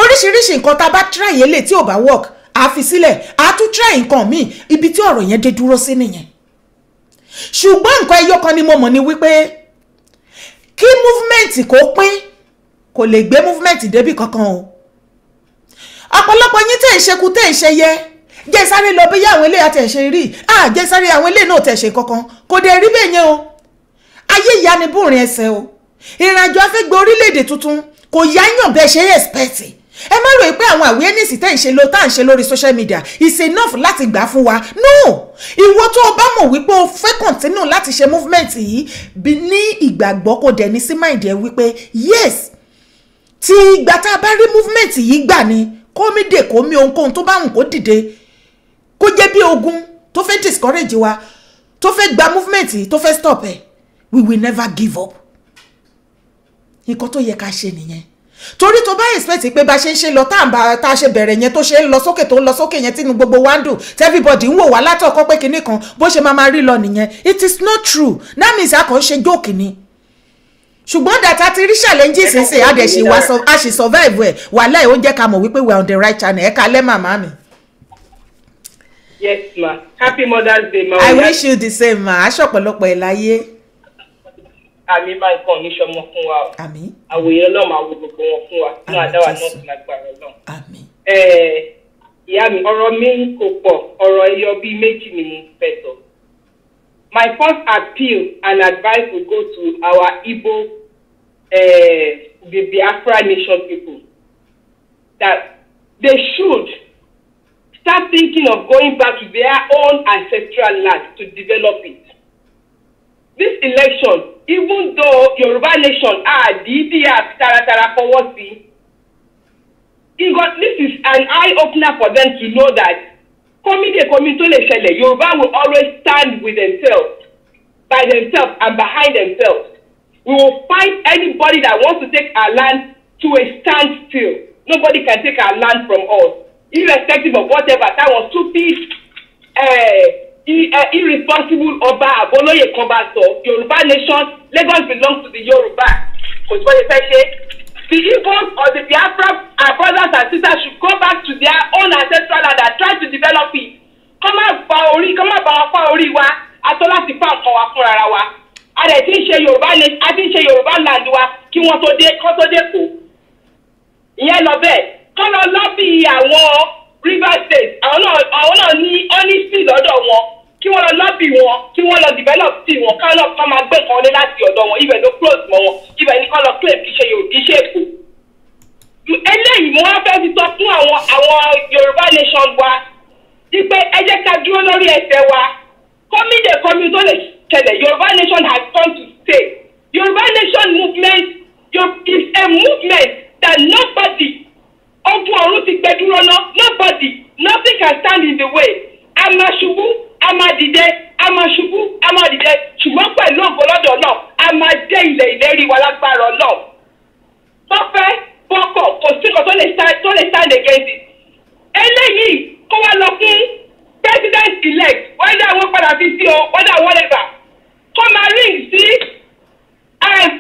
oríṣiríṣi nǹkan tá a bá try yẹlẹ̀ tí ò bá work a fi sílẹ̀ a tún try nǹkan míì ibi tí ọ̀rọ̀ yẹn dé dúró sí nìyẹn ṣùgbọ́n nǹkan ẹyọ kan ni mo mọ̀ ni wípé kí movement kó pín kò lè gbé movement débi kankan o ọ̀pọ̀lọpọ̀ yín tẹ̀ ń ṣekú tẹ̀ ń ṣe yẹ jẹ́ sáré lọ bí àwọn eléyà tẹ̀ ṣe rí à jẹ́ sáré àwọn eléyà náà tẹ̀ ṣe kankan kò dé rí bẹ́ẹ̀ yẹn o ayé ìyanibùnrin ẹsẹ̀ o ìrìnàjò afẹ́gbẹ́ orílẹ̀-èdè tuntun kò yáyàn bẹ́ẹ̀ ṣe expect ẹ má rò pé àwọn awareness tẹ́ ń ṣe lo tá à ń ṣe lórí social media is enough láti gbà fún wa no ìwọ tó o bá mọ̀ wípé o fẹ́ continue láti ṣe movement yìí ní ìgbàgbọ́ kó dẹ̀ ní sí mind ẹ wípé yes Ti ìgbà tá a bá rí movement yìí gbà ni kómìdè kómi ohunkóhun tó bá wù kó dìde kó jẹ́ bí ogun tó fẹ́ discourage wa tó fẹ́ gba movement yìí tó fẹ́ stop ẹ̀ we will never give up nǹkan tó yẹ ká ṣe nìyẹn torí tó bá expect pé bá ṣe ń ṣe lọ tá a ṣe bẹ̀rẹ̀ yẹn tó ṣe ń lọ sókè tó ń lọ sókè yẹn tínú gbogbo wa ń dùn everybody ń wò wá látọ̀kọ́ pé kinní kan bó ṣe máa máa rí lọ nìyẹn it is not true that means a kàn ṣe jókè ni ṣùgbọ́n dàtà ti rí challenges ṣe àdẹ̀ṣe a ṣì survive ẹ̀ wàhálà ẹ̀ ó jẹ́ ká mọ̀ wípé we are on the right channel ẹ̀ kalẹ́ màmá mi. yes ma happy mother's day ma. i wish you the same ma aṣọ ọ̀pọ̀lọpọ̀ ẹ̀ láyé àmì bá nǹkan mi ṣọmọ fún wa o àwòyẹ ọlọ́run máa wo gbogbo wọn fún wa fún àdáwà náà sì máa gbàrọ̀ náà. ìyá mi ọ̀rọ̀ mi kò pọ̀ ọ̀rọ̀ ẹyọ bíi méjì ni mo fẹ́ sọ. My first appeal and advice will go to our Igbo uh, the Biafra nation people that they should start thinking of going back to their own ancestral land to develop it. This election even though Yorùbá nation are àti taratara fọwọ́ sí because this is an eye opener for them to know that kọ́mídé kọ́mí tó lè ṣẹlẹ̀ Yorùbá will always stand with themselves by themselves and behind themselves we will fight anybody that wants to take our land to a standstill nobody can take our land from us irrespective of whatever that was stupid. Uh, Uh, irresponsible ọba àbólóyè kan bá sọ yorùbá nation lagos belong to the yorùbá kò tí wọ́n ṣe fẹ́ ṣe the igbos or the biafra our brothers and sisters should go back to their own ancestral land and try to develop it kọ́ má ba orí kọ́ má ba wa fa orí wa atọ́ láti fa nǹkan wa fúnra wa a dẹ̀ ti ń ṣe yorùbá a ti ń ṣe yorùbá land wa kí wọ́n tó dé kọ́ tó dé kù ìyẹn lọ bẹ́ẹ̀ kọ́ lọ lọ́bì àwọn rivers state àwọn náà ní honesty lọ́dọ̀ wọn kí wọ́n lọ lọ́bì wọn kí wọ́n lọ develop sí wọn ká lọ kọ́ máa gbé kan lé láti ọ̀dọ̀ wọn ibẹ̀ ló close mọ́ wọn ibẹ̀ ní kọ́ lọ claim kì í ṣe yòókì ṣe èkó. eléyìí mo wá fẹ́ fi sọ fún àwọn àwọn Yorùbá nation wa wípé ẹ jẹ́ ká dúró lórí ẹsẹ̀ wa kọ́mídé kọ́mí tó lè ṣẹlẹ̀ Yorùbá nation has come to stay Yorùbá nation movement is a movement that nobody ogun ọ̀run ti gbẹ dúró ná nobody nothing can stand in the way a máa ṣubú a máa dìde a máa ṣubú a máa dìde ṣùgbọ́n pẹ̀lú ògo lọ́dọ̀ náà a máa dé ilẹ̀ ìlérí wa lágbára náà bọ́fẹ́ bọ́kọ̀ kò sí nǹkan tó lè stand against it eléyìí kó wá lọ fún president elect whether àwọn padà fi sí o whether whatever kó máa ring sí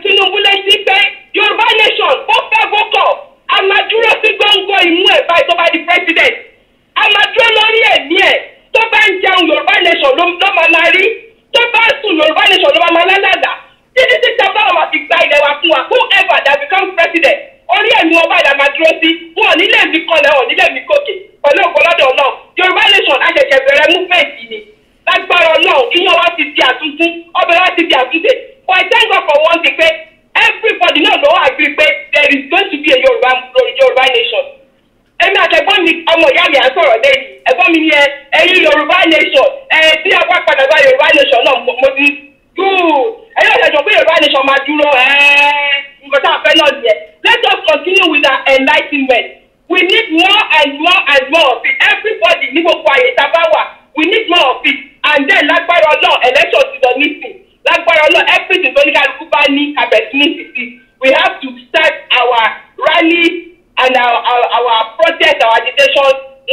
Tinubu létí pé Yorùbá nation ó fẹ́ bọ́kọ̀ a máa dúró sí gbọ́ngàn ìmú ẹ̀ báyìí tó bá di president a máa dúró lórí ẹ̀ tó bá ń jẹun yorùbá nation ló máa la rí tó bá ń sùn yorùbá nation ló máa la lálàdà títí tí tabawa máa fi gba ilẹ̀ wa fún wa whoever that becomes president orí ẹ̀mí ọba ìlà máa dúró sí wọn ò nílẹ̀ mi kọlẹ̀ wọn ò nílẹ̀ mi gòkè pẹ̀lú ògbọ́lọ́dọ̀ náà yorùbá nation àṣẹ̀ṣẹ̀ bẹ̀rẹ̀ movement yìí ni lágbára náà ìyẹn wa ti di àtúntún ọbẹ̀ wa ti di àtúntè for a time for one thing pé everybody náà ló wà gbé pé there is going to be a yorùbá yorùbá nation èmi àtẹ̀gbọ́n mi ọmọ ìyá mi à lẹ́yìn ẹ̀gbọ́n mi ni ẹ ẹ̀yin yorùbá nation ẹ tí a padà bá yorùbá nation náà mo ti yóò ẹ̀yin pé yorùbá nation máa dúró nǹkan tá a fẹ́ náà nìyẹn let us continue with our enlightenment we need more and more and more of it everybody ní gbogbo àyè tá a bá wà we need more of it and then lágbára ọlọ́ọ̀ election ti lọ nísìn lágbára ọlọ́ọ̀ everything tó ní kálukú bá ní abẹ́sí ní títì we have to start our rally and our, our, our protest our agitation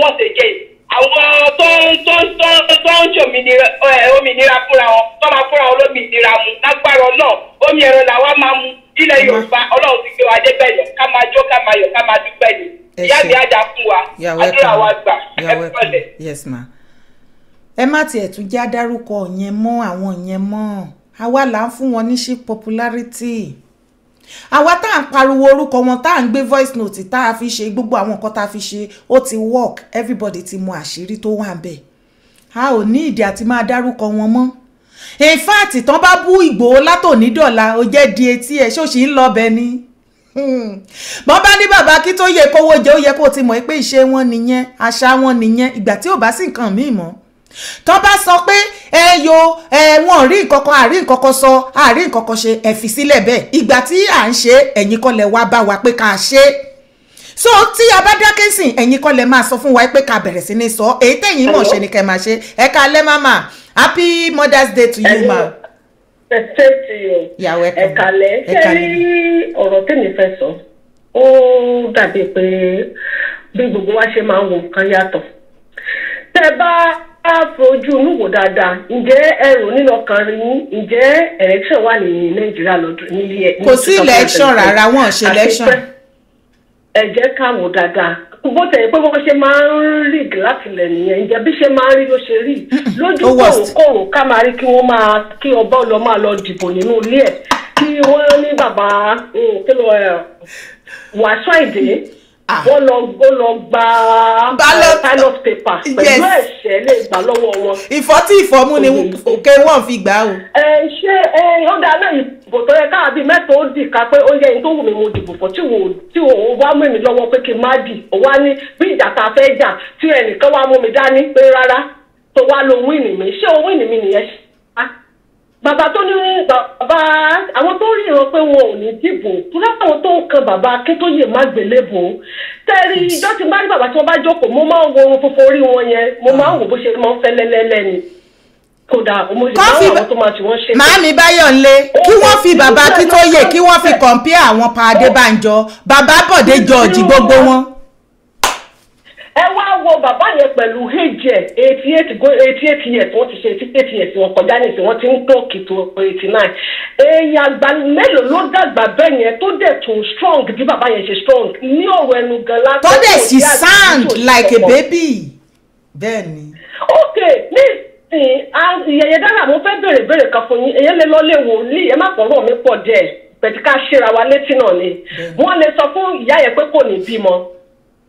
once again àwọn tó ń tó ń tó ń tó ń ṣòmìnira eh, òmìnira fúnra wọn tó máa fúnra wọn lómìnira mu lágbára náà omi ẹ̀rọ làwa máa mu ilẹ̀ yorùbá ọlọ́run ti gbé wa débẹ̀ yọ ká máa jó ká máa yọ ká máa dúpẹ́ ni ìyá mi á dá fún wa àdúrà wa gbà ẹ pọ̀lẹ̀. yes ma ẹ má tiẹ̀ tún já dárúkọ yẹn mọ́ àwọn yẹn mọ́ àwa là ń fún wọn ní ṣí popularity àwa tá à ń pariwo orúkọ wọn tá à ń gbé voice note tá a fi ṣe gbogbo àwọn nǹkan tá a fi ṣe ó ti work everybody ti mọ àṣírí tó wà bẹ́ẹ̀ a ò ní ìdí àti máa dárúkọ wọn mọ́ in fact tán bá bú Ìgbòho látòní dọ̀la ó jẹ́ di etí ẹ̀ ṣó sì ń lọ bẹ́ẹ̀ ni bọ́n bá ní bàbá kí tó yẹ kówó jẹ ó yẹ kó ti mọ̀ pé ìṣe wọn nìyẹn àṣà wọn nìyẹn ìgbà tí ò bá sí nǹkan míì mọ́ tán bá sọ pé ẹ yo ẹ nkankan àrí nkankan sọ àrí nkankan ṣe ẹ fi sílẹ̀ ìgbà tí à ń ṣe ẹ̀yin kọ́ lẹ wá bá wa pé ká ṣe so tí a bá dákẹ́ sìn ẹ̀yin kọ́ lẹ máa sọ fún wa pé ká bẹ̀rẹ̀ sí ní sọ èyí tẹ̀yin mọ̀ ṣe ni kẹ́ máa ṣe ẹ ká lẹ́ mama happy mother's day to you ma. same to you ẹ̀kálẹ̀ ọ̀rọ̀ tèmi fẹ́ sọ ó dàbí pé bí gbogbo wa ṣe máa ń wo nǹkan yàtọ̀ tẹ́ bá bá fojú inú wò dáadáa ǹjẹ́ ẹrù nínú ọkàn yín ǹjẹ́ election wà ní nàìjíríà lọ́dún nílé ẹ̀. kò sí election rárá wọn ò ṣe election. ẹ jẹ́ ká wò dáadáa bó tẹ̀ pé wọ́n ṣe máa ń rí láti lẹ̀ nìyẹn ǹjẹ́ bí ṣe máa ń rí ló ṣe rí lójú kòròkòrò ká máa rí kí wọ́n máa kí ọba ọlọ máa lọ dìbò nínú ilé ẹ̀ kí wọ́n ní bàbá mm, kí ló wàásù àìdè Ah. ó lọ ó lọ gba ballot paper pẹ̀lú ẹ̀ṣẹ̀ lè gbà lọ́wọ́ wọn. ìfọ́ tí ìfọ́ mú ni òkè wọ́n fi gbà o. ẹ ṣé ó dáa náà ìbò tó yẹ káàbí mẹ́ta ó dì ká pé ó yẹ ẹni tó wù mí mo dìbò fún tí òun tí òun wá mú mi lọ́wọ́ pé kí n má dì ó wá ní bí ìjà tá a fẹ́ jà tí ẹnìkan wá mú mi dání pé rárá tó wá lo wíìnì mi ṣé o wíìnì mi nìyẹn bàbá tó ní bàbá àwọn tó ríran pé wọn ò ní dìbò kúrò àwọn tó ń kan bàbá Akíntóyè má gbélébò tẹ́rí ìjọ tí bá rí bàbá tí wọ́n bá jókòó mo máa ń wo orun funfun orí wọn yẹn mo ah. máa ń wò bó ṣe máa ń fẹ́ lẹ́lẹ́lẹ́ ni kódà mo lè máa ń wà wọ́n tó máa ti wọ́n ṣe. màámi Báyọ̀nlé kí wọ́n fi bàbá Akíntóyè kí wọ́n fi kọ̀ǹpẹ́ àwọn pa Adébánjọ bàbá Bọ̀dé George gbogbo wọn ẹ wá wo bàbá yẹn pẹ̀lú hejẹ eighty eight go eighty eight years wọ́n ti ṣe eighty eight years wọ́n kọjá ní ìsìn wọ́n ti ń tó kìtò eighty nine èèyàn àgbà mélòó ló dàgbà bẹ́ẹ̀ yẹn tó dẹ̀ tún strong bí bàbá yẹn ṣe strong ní ọ̀rọ̀ ẹnu gan lásán. tó dẹ̀ sì sound like a baby bẹ́ẹ̀ ni. ok ní ìyẹyẹ dára mo fẹ́ bèrè bèrè kan fún yín èyẹ lè lọ lè wò ní ẹ má pọ̀rọ̀ mi pọ̀ díẹ̀ pẹ̀tí ká ṣera wa létí náà ni wọ́n lè sọ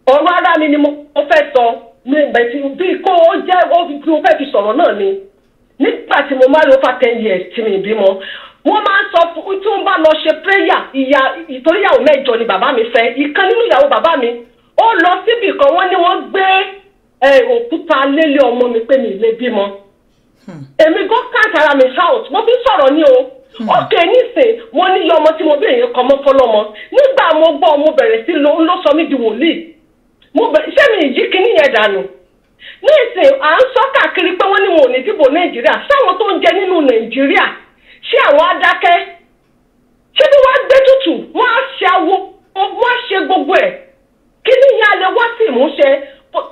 ọ̀rọ̀ ara mi ni mo fẹ́ sọ mi bẹ̀tì bí kò ó jẹ́ ó fi mo fẹ́ fi sọ̀rọ̀ náà ni nígbà tí mo máa lo fa ten years tí mi bímọ wọ́n máa ń sọ fún tí wọ́n bá lọ ṣe prayer ìyá ìtorí ìyàwó mẹ́jọ ni bàbá mi fẹ́ ìkan nínú ìyàwó bàbá mi ó lọ síbì kan wọ́n ní wọ́n gbé òkúta lélé ọmọ mi pé mi lè bímọ hmm. èmi gan count ara mi out mo fi sọ̀rọ̀ ni o ókè hmm. nísìn mo ní iye ọmọ tí mo bí èèyàn kan mọ́ fọlọ́mọ nígbà mo gbọ́ mo bẹ̀rẹ̀ sí ló ń lọ sọ mí di wòlíì mo bẹ sẹ́mi ìjì kínní yẹn dànù nísìn à ń sọ káàkiri pé wọ́n ní wọn ò ní dìbò nàìjíríà sáwọn tó ń jẹ nínú nàìjíríà ṣé àwọn adákẹ́ ṣé bí wọ́n á gbé tutù wọ́n á ṣe awo wọ́n á ṣe gbogbo ẹ̀ kínní yẹn alẹ́ wá sí ìmúṣẹ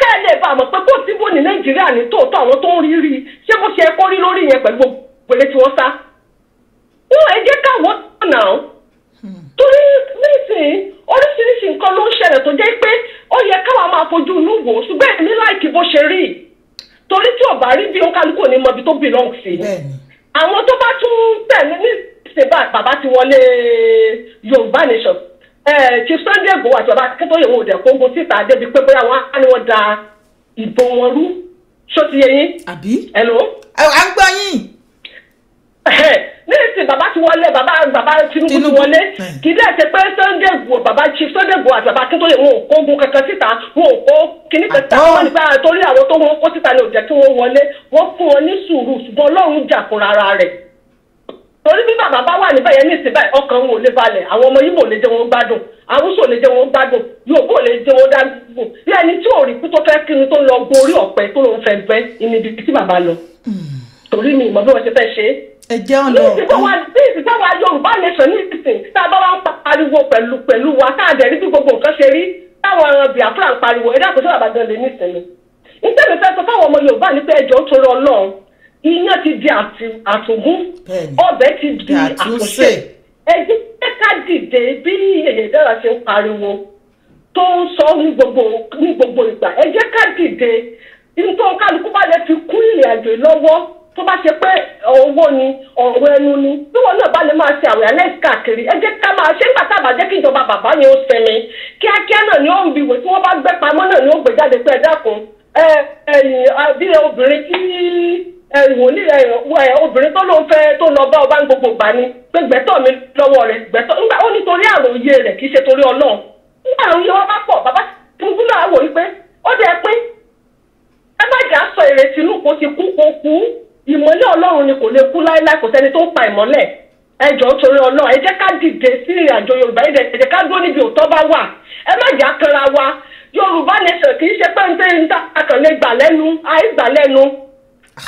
kẹ́ ẹ lè bá àmọ̀ pé kó síbò ní nàìjíríà ní tòótọ́ àwọn tó ń rí rí ṣé bó ṣe kó rí lórí yẹn pẹ̀lú gbogbo ìpele tí wọ́n sá. wọ́n ẹ jẹ́ káwọn náà torí nísìnyí oríṣiríṣi nǹkan ló ń ṣẹlẹ̀ tó jẹ́ pé ó yẹ káwa máa fojú inú wò ó ṣùgbọ́n èmi láìkí bó ṣe rí torí tí ọba rí bí oníkálukú ní mọbi tó belong sí àwọn tó bá tún tẹ̀lé ní ìṣèbá bàbá ti wọlé Yorùbá nation ti Sunday Igboho àti bàbá Akíntóyè wọn ò dẹ̀ kóńgó síta débi pé bóyá wọn á ní wọn da ìbò wọn rú ṣó ti yẹ yín. àbí ẹ lọ. à ń gbọ́ yín nísìnyí bàbá ti wọlé bàbá bàbá Tinubu ti wọlé kì í dẹ̀ ṣe pé Sunday Igboho bàbá Chief Sunday Igboho àti bàbá Akíntóyè wọn ò kó ogun kankan síta wọn ò kó kíní kẹta wọn nípa ah, torí àwọn tó wọn kó síta ni ò jẹ́ kí wọ́n wọlé wọ́n fún wọn ní sùúrù ṣùgbọ́n Ọlọ́run jà fúnra ara rẹ̀ torí bí bàbá bá wà níbẹ̀ yẹn ní ìsìnbáyé ọkàn wọn ò lè balẹ̀ àwọn ọmọ Ìgbò lè jẹ́ wọn gbádùn àwùsọ lè jẹ́ wọn gbádùn Yorùbá lè jẹ́ wọn dágbò bí ẹni tí ò rí kú tó fẹ́ kiri tó lọ gorí ọ̀pẹ tó lọ fẹ́ bẹ́ ìnibí tí bàbá lọ hmm. torí mi ìmọ̀ bí wọ́n ṣe fẹ́ ṣe é ẹ jẹun lọ. ní ìsìnkú wa ní ìsìnkú wa yorùbá nation ní ìsìn tá a bá wa ń pariwo pẹ̀lú pẹ̀lú wa tá a dẹ̀ rí bí gbogbo nǹkan ṣe rí táwọn ọ̀ràn biafra ń pariwo ẹ̀dá kò sábà gan lè ní ìsinmi. nítorí fẹ́ sọ fáwọn ọmọ yorùbá ní pé ẹjọ́ tó rọ lọ́ọ̀ iyán ti di àtògún ọbẹ̀ ti di àtúnṣe ẹjẹ́ ká dìde bí èyí dára ṣe ń pariwo tó ń sọ ní gbogbo ìgbà ẹjẹ́ ká dìde nítorí kálukú bá lè fi kún ìrìn àjò lọ́wọ́ tó bá ṣe pé owó ni ọ̀rọ̀ ẹnu ni bí wọn náà bá lè máa ṣe àwọn káàkiri ẹ jẹ́ ká máa ṣe nígbà tábà jẹ́ kí ìjọba bàbá yẹn ó sinmi kíákíá náà ni ó ń bi ìwé tí wọ́n bá gbé pamọ́ náà ni ó gbé jáde pé ẹ bí obìnrin obìnrin tó ló ń fẹ́ tó lọ bá ọba ń gbogbo gbà ni pé ìmọ́lẹ̀ ọlọ́run ni kò lè kú láéláé kò sẹ́ni tó ń pa ìmọ́lẹ̀ ẹ jọ̀ọ́ torí ọlọ́run ẹ jẹ́ ká dìde sí ìrìnàjò yorùbá yìí ẹ jẹ́ ká dúró níbi òótọ́ bá wà ẹ má jà kanra wa yorùbá nation kì í ṣe pé nítorí níta àkànlé gbà lẹ́nu àìgbà lẹ́nu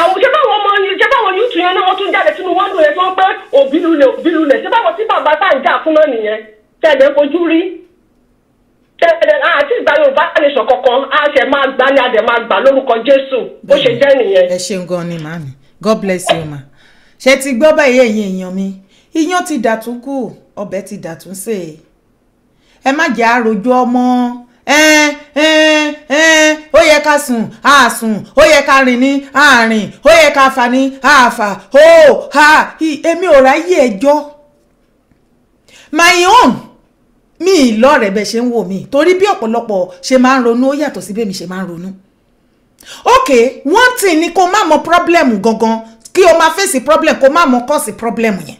àwọn ṣé báwọn ọmọ yìí ṣé báwọn yìí tún yẹn náà wọ́n tún jáde sínú wọ́n lulẹ̀ tí wọ́n pẹ́ òbí lulẹ̀ òbí lulẹ̀ ṣé báwọn tí bàbá tá à ń jà fún náà nìyẹn tẹ̀lé fojú rí tẹ̀lé àti ìgbà yorùbá nation kankan a ṣẹ̀ máa gbá ni a dẹ̀ máa gbà lórúkọ jésù bó ṣe jẹ́ nìyẹn. ẹ ṣeun gan ni màámi. God bless you ma ṣe ti gbọ́ báyìí ẹ̀yin èèyàn mi iyán ti dàtún kù ọbẹ̀ ti dàtún sè é ẹ má jẹ́ àròjọ ọmọ ó yẹ ká sùn á sùn ó yẹ ká rìn ní á ó yẹ ká fà ní á ó ha èmi ò ráyè ẹjọ́ my own mi ìlọ́rẹ̀ẹ́ bẹ́ẹ̀ ṣe ń wò mí torí bí ọ̀pọ̀lọpọ̀ ṣe máa ń ronú ó yàtọ̀ sí bẹ́ẹ̀ mi ṣe máa ń ronú. Okay, one thing ni kó má mọ problem gangan kí o máa fèsì problem kó má mọ kọ́sì problem yẹn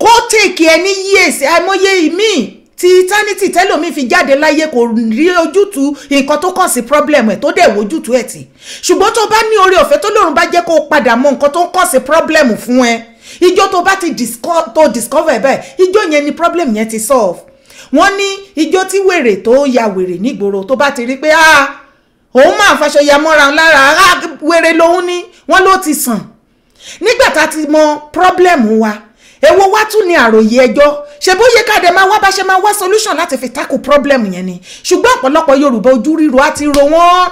kó tèkì ẹ ní yíèsì àìmọye ìmíì ti eternity tẹ́lòmí fi jáde láyé kò rí ojútùú nǹkan tó cause sí problem ẹ̀ tó dẹ̀ wojútùú ẹ̀ tì ṣùgbọ́n to bá ní oore ọ̀fẹ́ tó lòrùn bá jẹ́ kó padà mọ nǹkan tó ń kàn sí problem fun. ẹ ijó to bá ti disco, To discover ẹ̀ báyìí ijó ni problem yẹn ti solve wọ́n ní ijó tí wèrè tó ya wèrè nígboro tó bá ti rí pé ah òun máa faṣọ ya mọ́ra lára wèrè lòun ni wọ́n ló ti sàn nígbà tá a ti mọ pírọ́blẹ́mù wa èwo wá tún ni àròyé ẹjọ́ ṣe bó yẹ káàdé máa wá bá ṣe máa wá solution láti fi tackle problem yẹn ni ṣùgbọ́n ọ̀pọ̀lọpọ̀ Yorùbá ojú ríro á ti ro wọ́n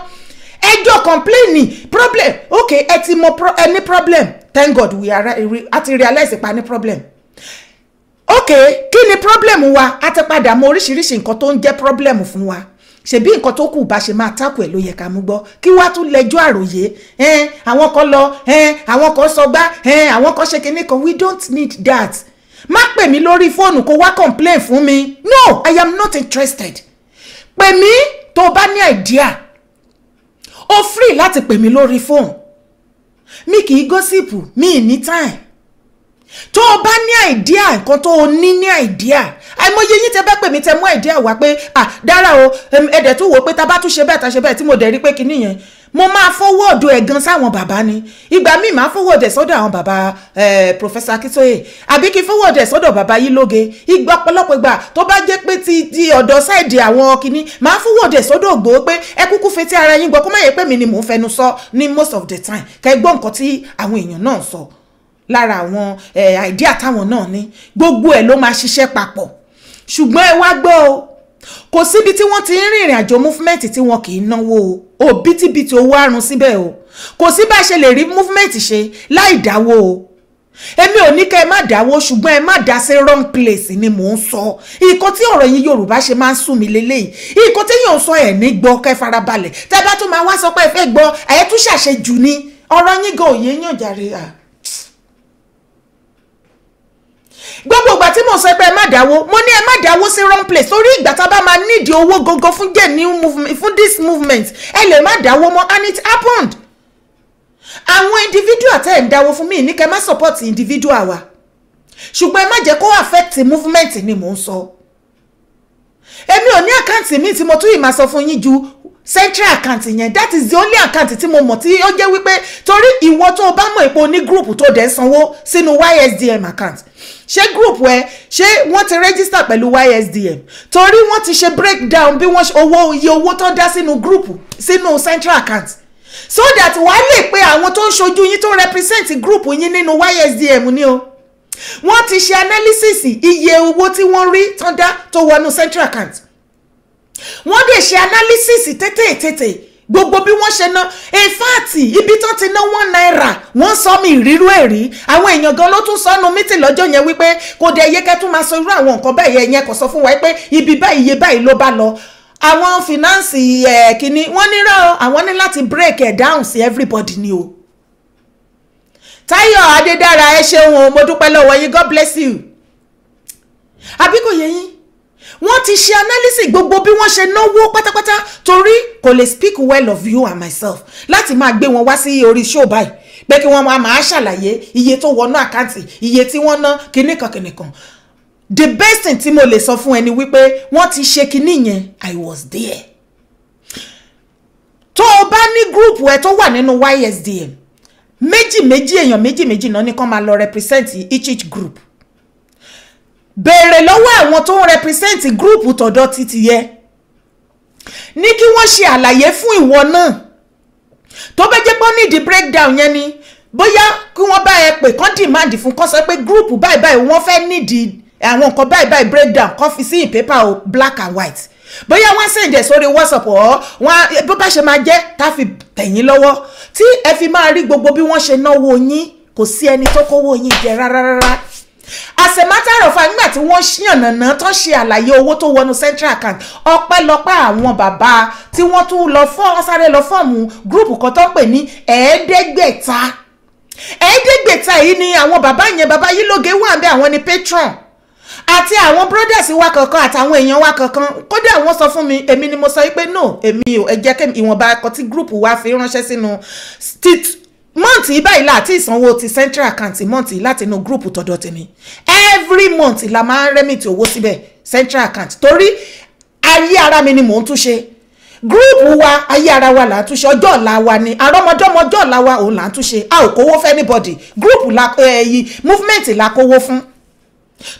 ẹjọ́ complaining problem ok ẹ ti mọ ẹni problem thank God we are a ti realize pa ní problem ok kí ni problem wa a ti padà mọ oríṣiríṣi nǹkan tó ń jẹ́ problem fún wa ṣebí nǹkan tó kù bá ṣe máa tako ẹ̀ ló yẹ ká mú gbọ́ kí wàá tún lẹ́jọ́ àròyé àwọn kan lọ àwọn kan sọgbá àwọn kan ṣe kinní kan we don't need that má pè mí lórí fóònù kó wá complain fún mi no i am not interested pè mí tó o bá ní idea o free láti pè mí lórí fóònù mi kì í gọ́sìpù mi ì ní time tó o bá ní àìdíà nǹkan tó o ní ní àìdíà àìmọye yín tẹ bá pè mí tẹ mú àìdíà wá pé à dára o ẹdẹ tún wò pé ta bá tún ṣe bẹ́ẹ̀ ta ṣe bẹ́ẹ̀ tí mo dẹ̀ rí pé kinní yẹn mo máa fọwọ́ọ̀dù ẹ̀ gan sáwọn bàbá ni ìgbà míì máa fọwọ́ọ̀dù ẹ̀ sọ́dọ̀ àwọn bàbá Professor Akitoye àbí kí fọwọ́ọ̀dù ẹ̀ sọ́dọ̀ bàbá yìí lóge ìgbà ọ̀pọ̀lọpọ̀ ìgbà tó bá jẹ́ pé ti di ọ̀dọ̀ sáìdì àwọn kinní máa fọwọ́ọ̀dù ẹ̀ sọ́dọ̀ ògbó pé ẹ kúkú fetí ara yín gbọ́ kó má yẹ pé mi ni mò ń fẹnu sọ ní most of the time kẹ́ gbọ́ nǹkan tí àwọn èèyàn náà sọ lára àwọn àìdíà eh, táwọn náà ní gbogbo ẹ̀ ló máa ṣiṣẹ́ papọ̀ ṣùgbọ́n ẹ wá gbọ́ o kò síbi tí wọ́n ti ń rìnrìn àjò movement tí wọn kì í náwó o òbítíbitì owó àrùn síbẹ̀ o kò sí bá ṣe lè rí movement ṣe láì dáwó o èmi ò ní kẹ́ ẹ má dáwó ṣùgbọ́n ẹ má dá sí wrong place ni mò ń sọ ìkó tí ọ̀rọ̀ yín yorùbá ṣe máa ń sùn mí lélẹ́yìí ìkó tí yóò sọ ẹ̀ ní gbọ́ kẹ́ farabalẹ̀ tẹ́ bá tún máa wá sọ pé ẹ fẹ́ gbọ́ ẹ̀ tún ṣàṣejù ni ọ̀rọ̀ yín gan òye yàn jàre à gbogbo ìgbà tí mò ń sọ pé ẹ má dáwó mo ní ẹ má dáwó sí wrong place torí ìgbà tá a bá máa nídìí owó gógó fún jẹ́ new movement fún this movement ẹ lè má dáwó mọ́ and it happened àwọn individual tẹ́ ẹ̀ ń dáwó fún mi ní má support individual wa ṣùgbọ́n ẹ má jẹ́ kó affect movement ni mò ń sọ èmi ò ní àkáǹtì mi tí mo tún ìmọ̀ sọ fún yín ju central account yẹn that is the only account tí mo mọ̀ tí ó jẹ́ wípé torí ìwọ tó o bá mọ̀ ipò ní group tó dẹ̀ sanwó sínú ysdm account ṣé group ẹ ṣé wọ́n ti register pẹ̀lú ysdm torí wọ́n ti ṣe breakdown bí wọ́n owó iye owó tó dá sínú group sínú central account so that wàá lè pe àwọn tó ń ṣojú yín tó represent group yín nínú ysdm ni o wọ́n ti ṣe analysis iye owó tí wọ́n rí tán dá tó wọnú central account wọ́n dẹ̀ ṣe analysis tètè gbogbo bí wọ́n ṣe ná in fact ibi tán ti ná one naira wọ́n sọ mi ìrírú èrí àwọn èèyàn gan ló tún sọnù mítì lọ́jọ́ yẹn wípé kò dé yẹ kẹ́ tún máa sọ irú àwọn nǹkan bẹ́ẹ̀ yẹn kò sọ fún wa pé ibi báyìí iye báyìí ló bá lọ àwọn fìnáǹsì ẹ̀ kínní wọ́n ní rán àwọn ní láti break ẹ̀ down sí everybody ni o Táyọ̀ Adédára ẹ ṣeun o mo dúpẹ́ lọ́wọ́ yín God bless you àbí kò yẹ yín wọ́n ti ṣe analysis gbogbo bí wọ́n ṣe náwó pátápátá torí kò lè speak well of you and myself láti máa gbé wọn wá sí orí show báyìí pé kí wọ́n máa máa ṣàlàyé iye tó wọnú àkáǹtì iye tí wọ́n ná kìnnìkan kìnnìkan the best thing tí mo lè sọ fún ẹni wípé wọ́n ti ṣe kinní yẹn i was there tó o bá ní gúrùpù ẹ tó wà nínú ysdm méjì méjì èèyàn méjì méjì náà ní kán máa lọ represent each each group béèrè lọ́wọ́ àwọn tó ń represent gúrùpù tọ̀dọ̀ títí yẹ ní kí wọ́n ṣe àlàyé fún ìwọ náà tó bẹ́ jẹ́ pọ́n nídìí breakdown yẹn ni bóyá kí wọ́n bá ẹ pè kán demand fún kán sọ pé gúrùpù báyìí báyìí wọ́n fẹ́ nídìí àwọn nǹkan báyìí báyìí breakdown kán fi sí in paper o black and white bóyá wọ́n sèǹdẹ̀ sórí whatsapp ọ̀ wọ́n bó bá ṣe máa jẹ́ tá a fi tẹ̀yìn lọ́wọ́ tí ẹ fi máa rí gbogbo bí wọ́n ṣe náwó yín kò sí ẹni tó kówó yín jẹ rárá rárá as a matter of fact nígbà tí wọ́n yànnàná tán ṣe àlàyé owó tó wọnú central account ọpẹ́lọpẹ́ àwọn bàbá tí wọ́n tún lọ fọ́ sáré lọ fọ́ọ̀mù gúrùpù kan tó ń pè ní ẹ̀ẹ́dẹ́gbẹ̀ta ẹ̀ẹ́dẹ́gbẹ̀ta yìí ni àwọn bàbá yẹn bàbá yìí lóge wà ń bẹ àwọn ni patron àti àwọn brothers wa kankan àtàwọn èèyàn wa kankan kódà wọ́n sọ fún mi èmi ni mo sọ pé no èmi ò ẹ jẹ́ kí ìwọ̀nba ẹ̀kọ́ tí gúrùpù wa fi ránṣẹ́ sínú month yìí báyìí láti ìsanwó ti central account month yìí láti inú group tọ̀dọ̀ tèmi every month la máa ń remit owó síbẹ̀ central account torí ayé ara mi ni mò ń túnṣe gúrúùpù wa ayé ara wa là ń túnṣe ọjọ́ ọ̀la wa ni àrọ́mọdọ́mọ ọjọ́ ọ̀la wa òun là ń túnṣe a ò kówó fẹ́ anybody gúrúùpù la ẹ̀yìn eh, movement la kówó fún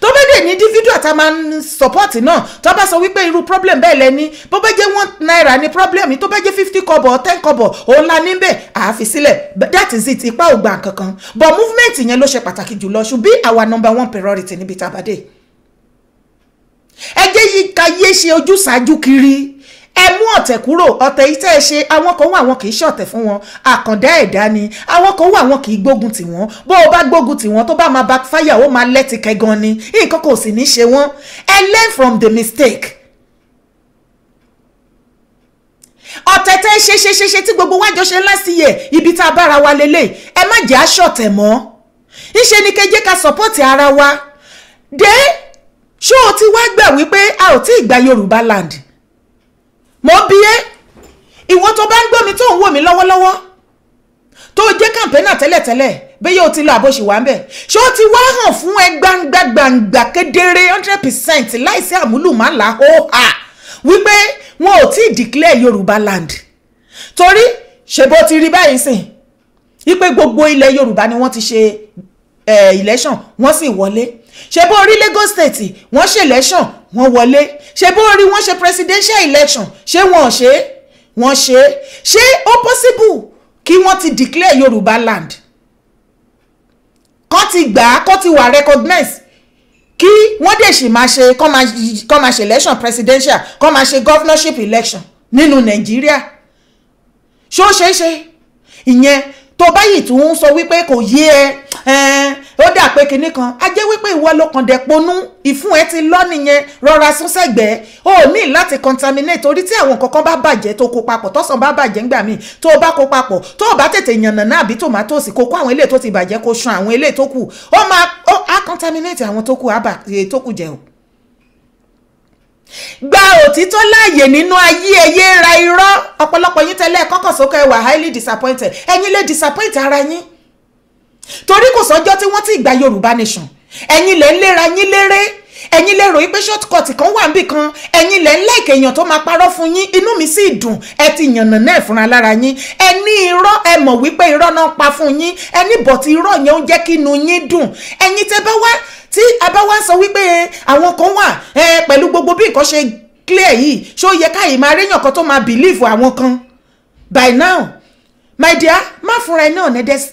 tó bá dé ní individual tá a máa ń support náà tó bá sọ wípé irú problem bẹ́ẹ̀ lẹ́ni bó bá jẹ́ one naira ni problem tó bá jẹ́ fifty kọ́bọ̀ or ten kọ́bọ̀ òun la níbẹ̀ àáfi sílẹ̀ that is it ipa ò gbà kankan but movement yẹn ló ṣe pàtàkì jùlọ should be our number one priority níbi tá a bá dé ẹ jẹ́ yí yé ṣe ojúṣàájú kiri ẹ mú ọ̀tẹ̀ kúrò ọ̀tẹ̀ yìí tẹ́ ẹ ṣe àwọn kan wà wọn kì í ṣọ̀tẹ̀ fún wọn àkàndá ẹ̀dá ni àwọn kan wà wọn kì í gbógun tì wọ́n bó o bá gbógun tì wọ́n tó bá máa backfire ó máa lẹ́tì kẹ́gan ni nǹkan kò sì ní ṣe wọ́n ẹ learn from the mistake. ọ̀tẹ̀ tẹ́ ṣe ṣe ṣe ṣe tí gbogbo wájọ ṣe last year ibi tá a bára wa lélẹ̀ ẹ má jẹ́ aṣọ̀tẹ̀ mọ́ ńṣe ni kẹjẹ́ ká sọ́pọ́ọ̀tì ara wa dé ṣó o ti wá gbà wípé a ò tí ì gba Yorùbá land mo bi ẹ́ ìwọ tó bá ń gbọ́ mi tó ń wò mí lọ́wọ́lọ́wọ́ tó jẹ́ kàmpẹ́nà tẹ́lẹ̀tẹ́lẹ̀ bẹ́yẹ o ti lọ àbòṣì wà ń bẹ̀ se o ti wá hàn fún ẹ gbangba gbangba kedere hundred percent láìsí àmúlùmálà ó hà wípé wọn ò tí ì declare Yorùbá land torí ṣèbó ti rí báyìí sìn wípé gbogbo ilẹ̀ Yorùbá ni wọ́n ti ṣe election wọ́n sì wọlé ṣe bó orí Lagos State wọ́n ṣe election wọ́n wọlé ṣe bó orí wọ́n ṣe presidential election ṣé won ò won wọ́n ṣe ṣé ó possible kí wọ́n ti declare Yoruba land kọ́ ti gbà á kọ́ ti wà recognize kí wọ́n dẹ̀ sì máa ṣe kọ́ máa ṣe election presidential kọ́ máa ṣe governorship election nínú Nigeria. ṣó ṣeé ṣe ìyẹn To báyìí tó ń sọ wípé kò ó dà pé kinní kan a jẹ́ wípé ìwọ ló kàn dẹ̀ ponú ìfún ẹ ti lọ nìyẹn rọra sún sẹ́gbẹ̀ẹ́ ó ní láti contaminate torí tí àwọn kankan bá bàjẹ́ tó kó papọ̀ tọ́sán bá bàjẹ́ ńgbà míì tó bá kó papọ̀ tó bá tètè yànnà náà àbí tòmátòsì kó kó àwọn eléyìí tó ti bàjẹ́ kó ṣan àwọn eléyìí tó kù ó máa á contaminate àwọn tó kù àbà e, tó kù jẹ́ o gba òtítọ́ láàyè nínú ayé ẹyẹ ra irọ́ ọ̀pọ̀lọpọ̀ yín tẹ́lẹ̀ kọ́kọ̀ sókè wà highly disappointed ẹ̀yin lè disappoint ara yín torí kò sọ́jọ́ tí wọ́n ti gba Yorùbá nation ẹ̀yin lẹ́ ń léra yín léré ẹ̀yin lè ròyìn pé shortcut kan wà níbì kan ẹ̀yin lè ń láìka èèyàn tó máa parọ́ fún yín inú mi sì dùn ẹ ti yànnà náà fúnra lára yín ẹ ní irọ́ ẹ mọ̀ wípé irọ́ náà pa fún yín ẹ ní bọ̀tí irọ́ yẹn ó jẹ́ kí inú yín dùn ẹ̀yin tẹ́ bá wá tí a bá wá sọ wípé àwọn kan wà pẹ̀lú gbogbo bí nǹkan ṣe clear yìí ṣó yẹ káyìí máa réyàn kan tó máa believe àwọn kan by now my dear má fúnra ẹ ní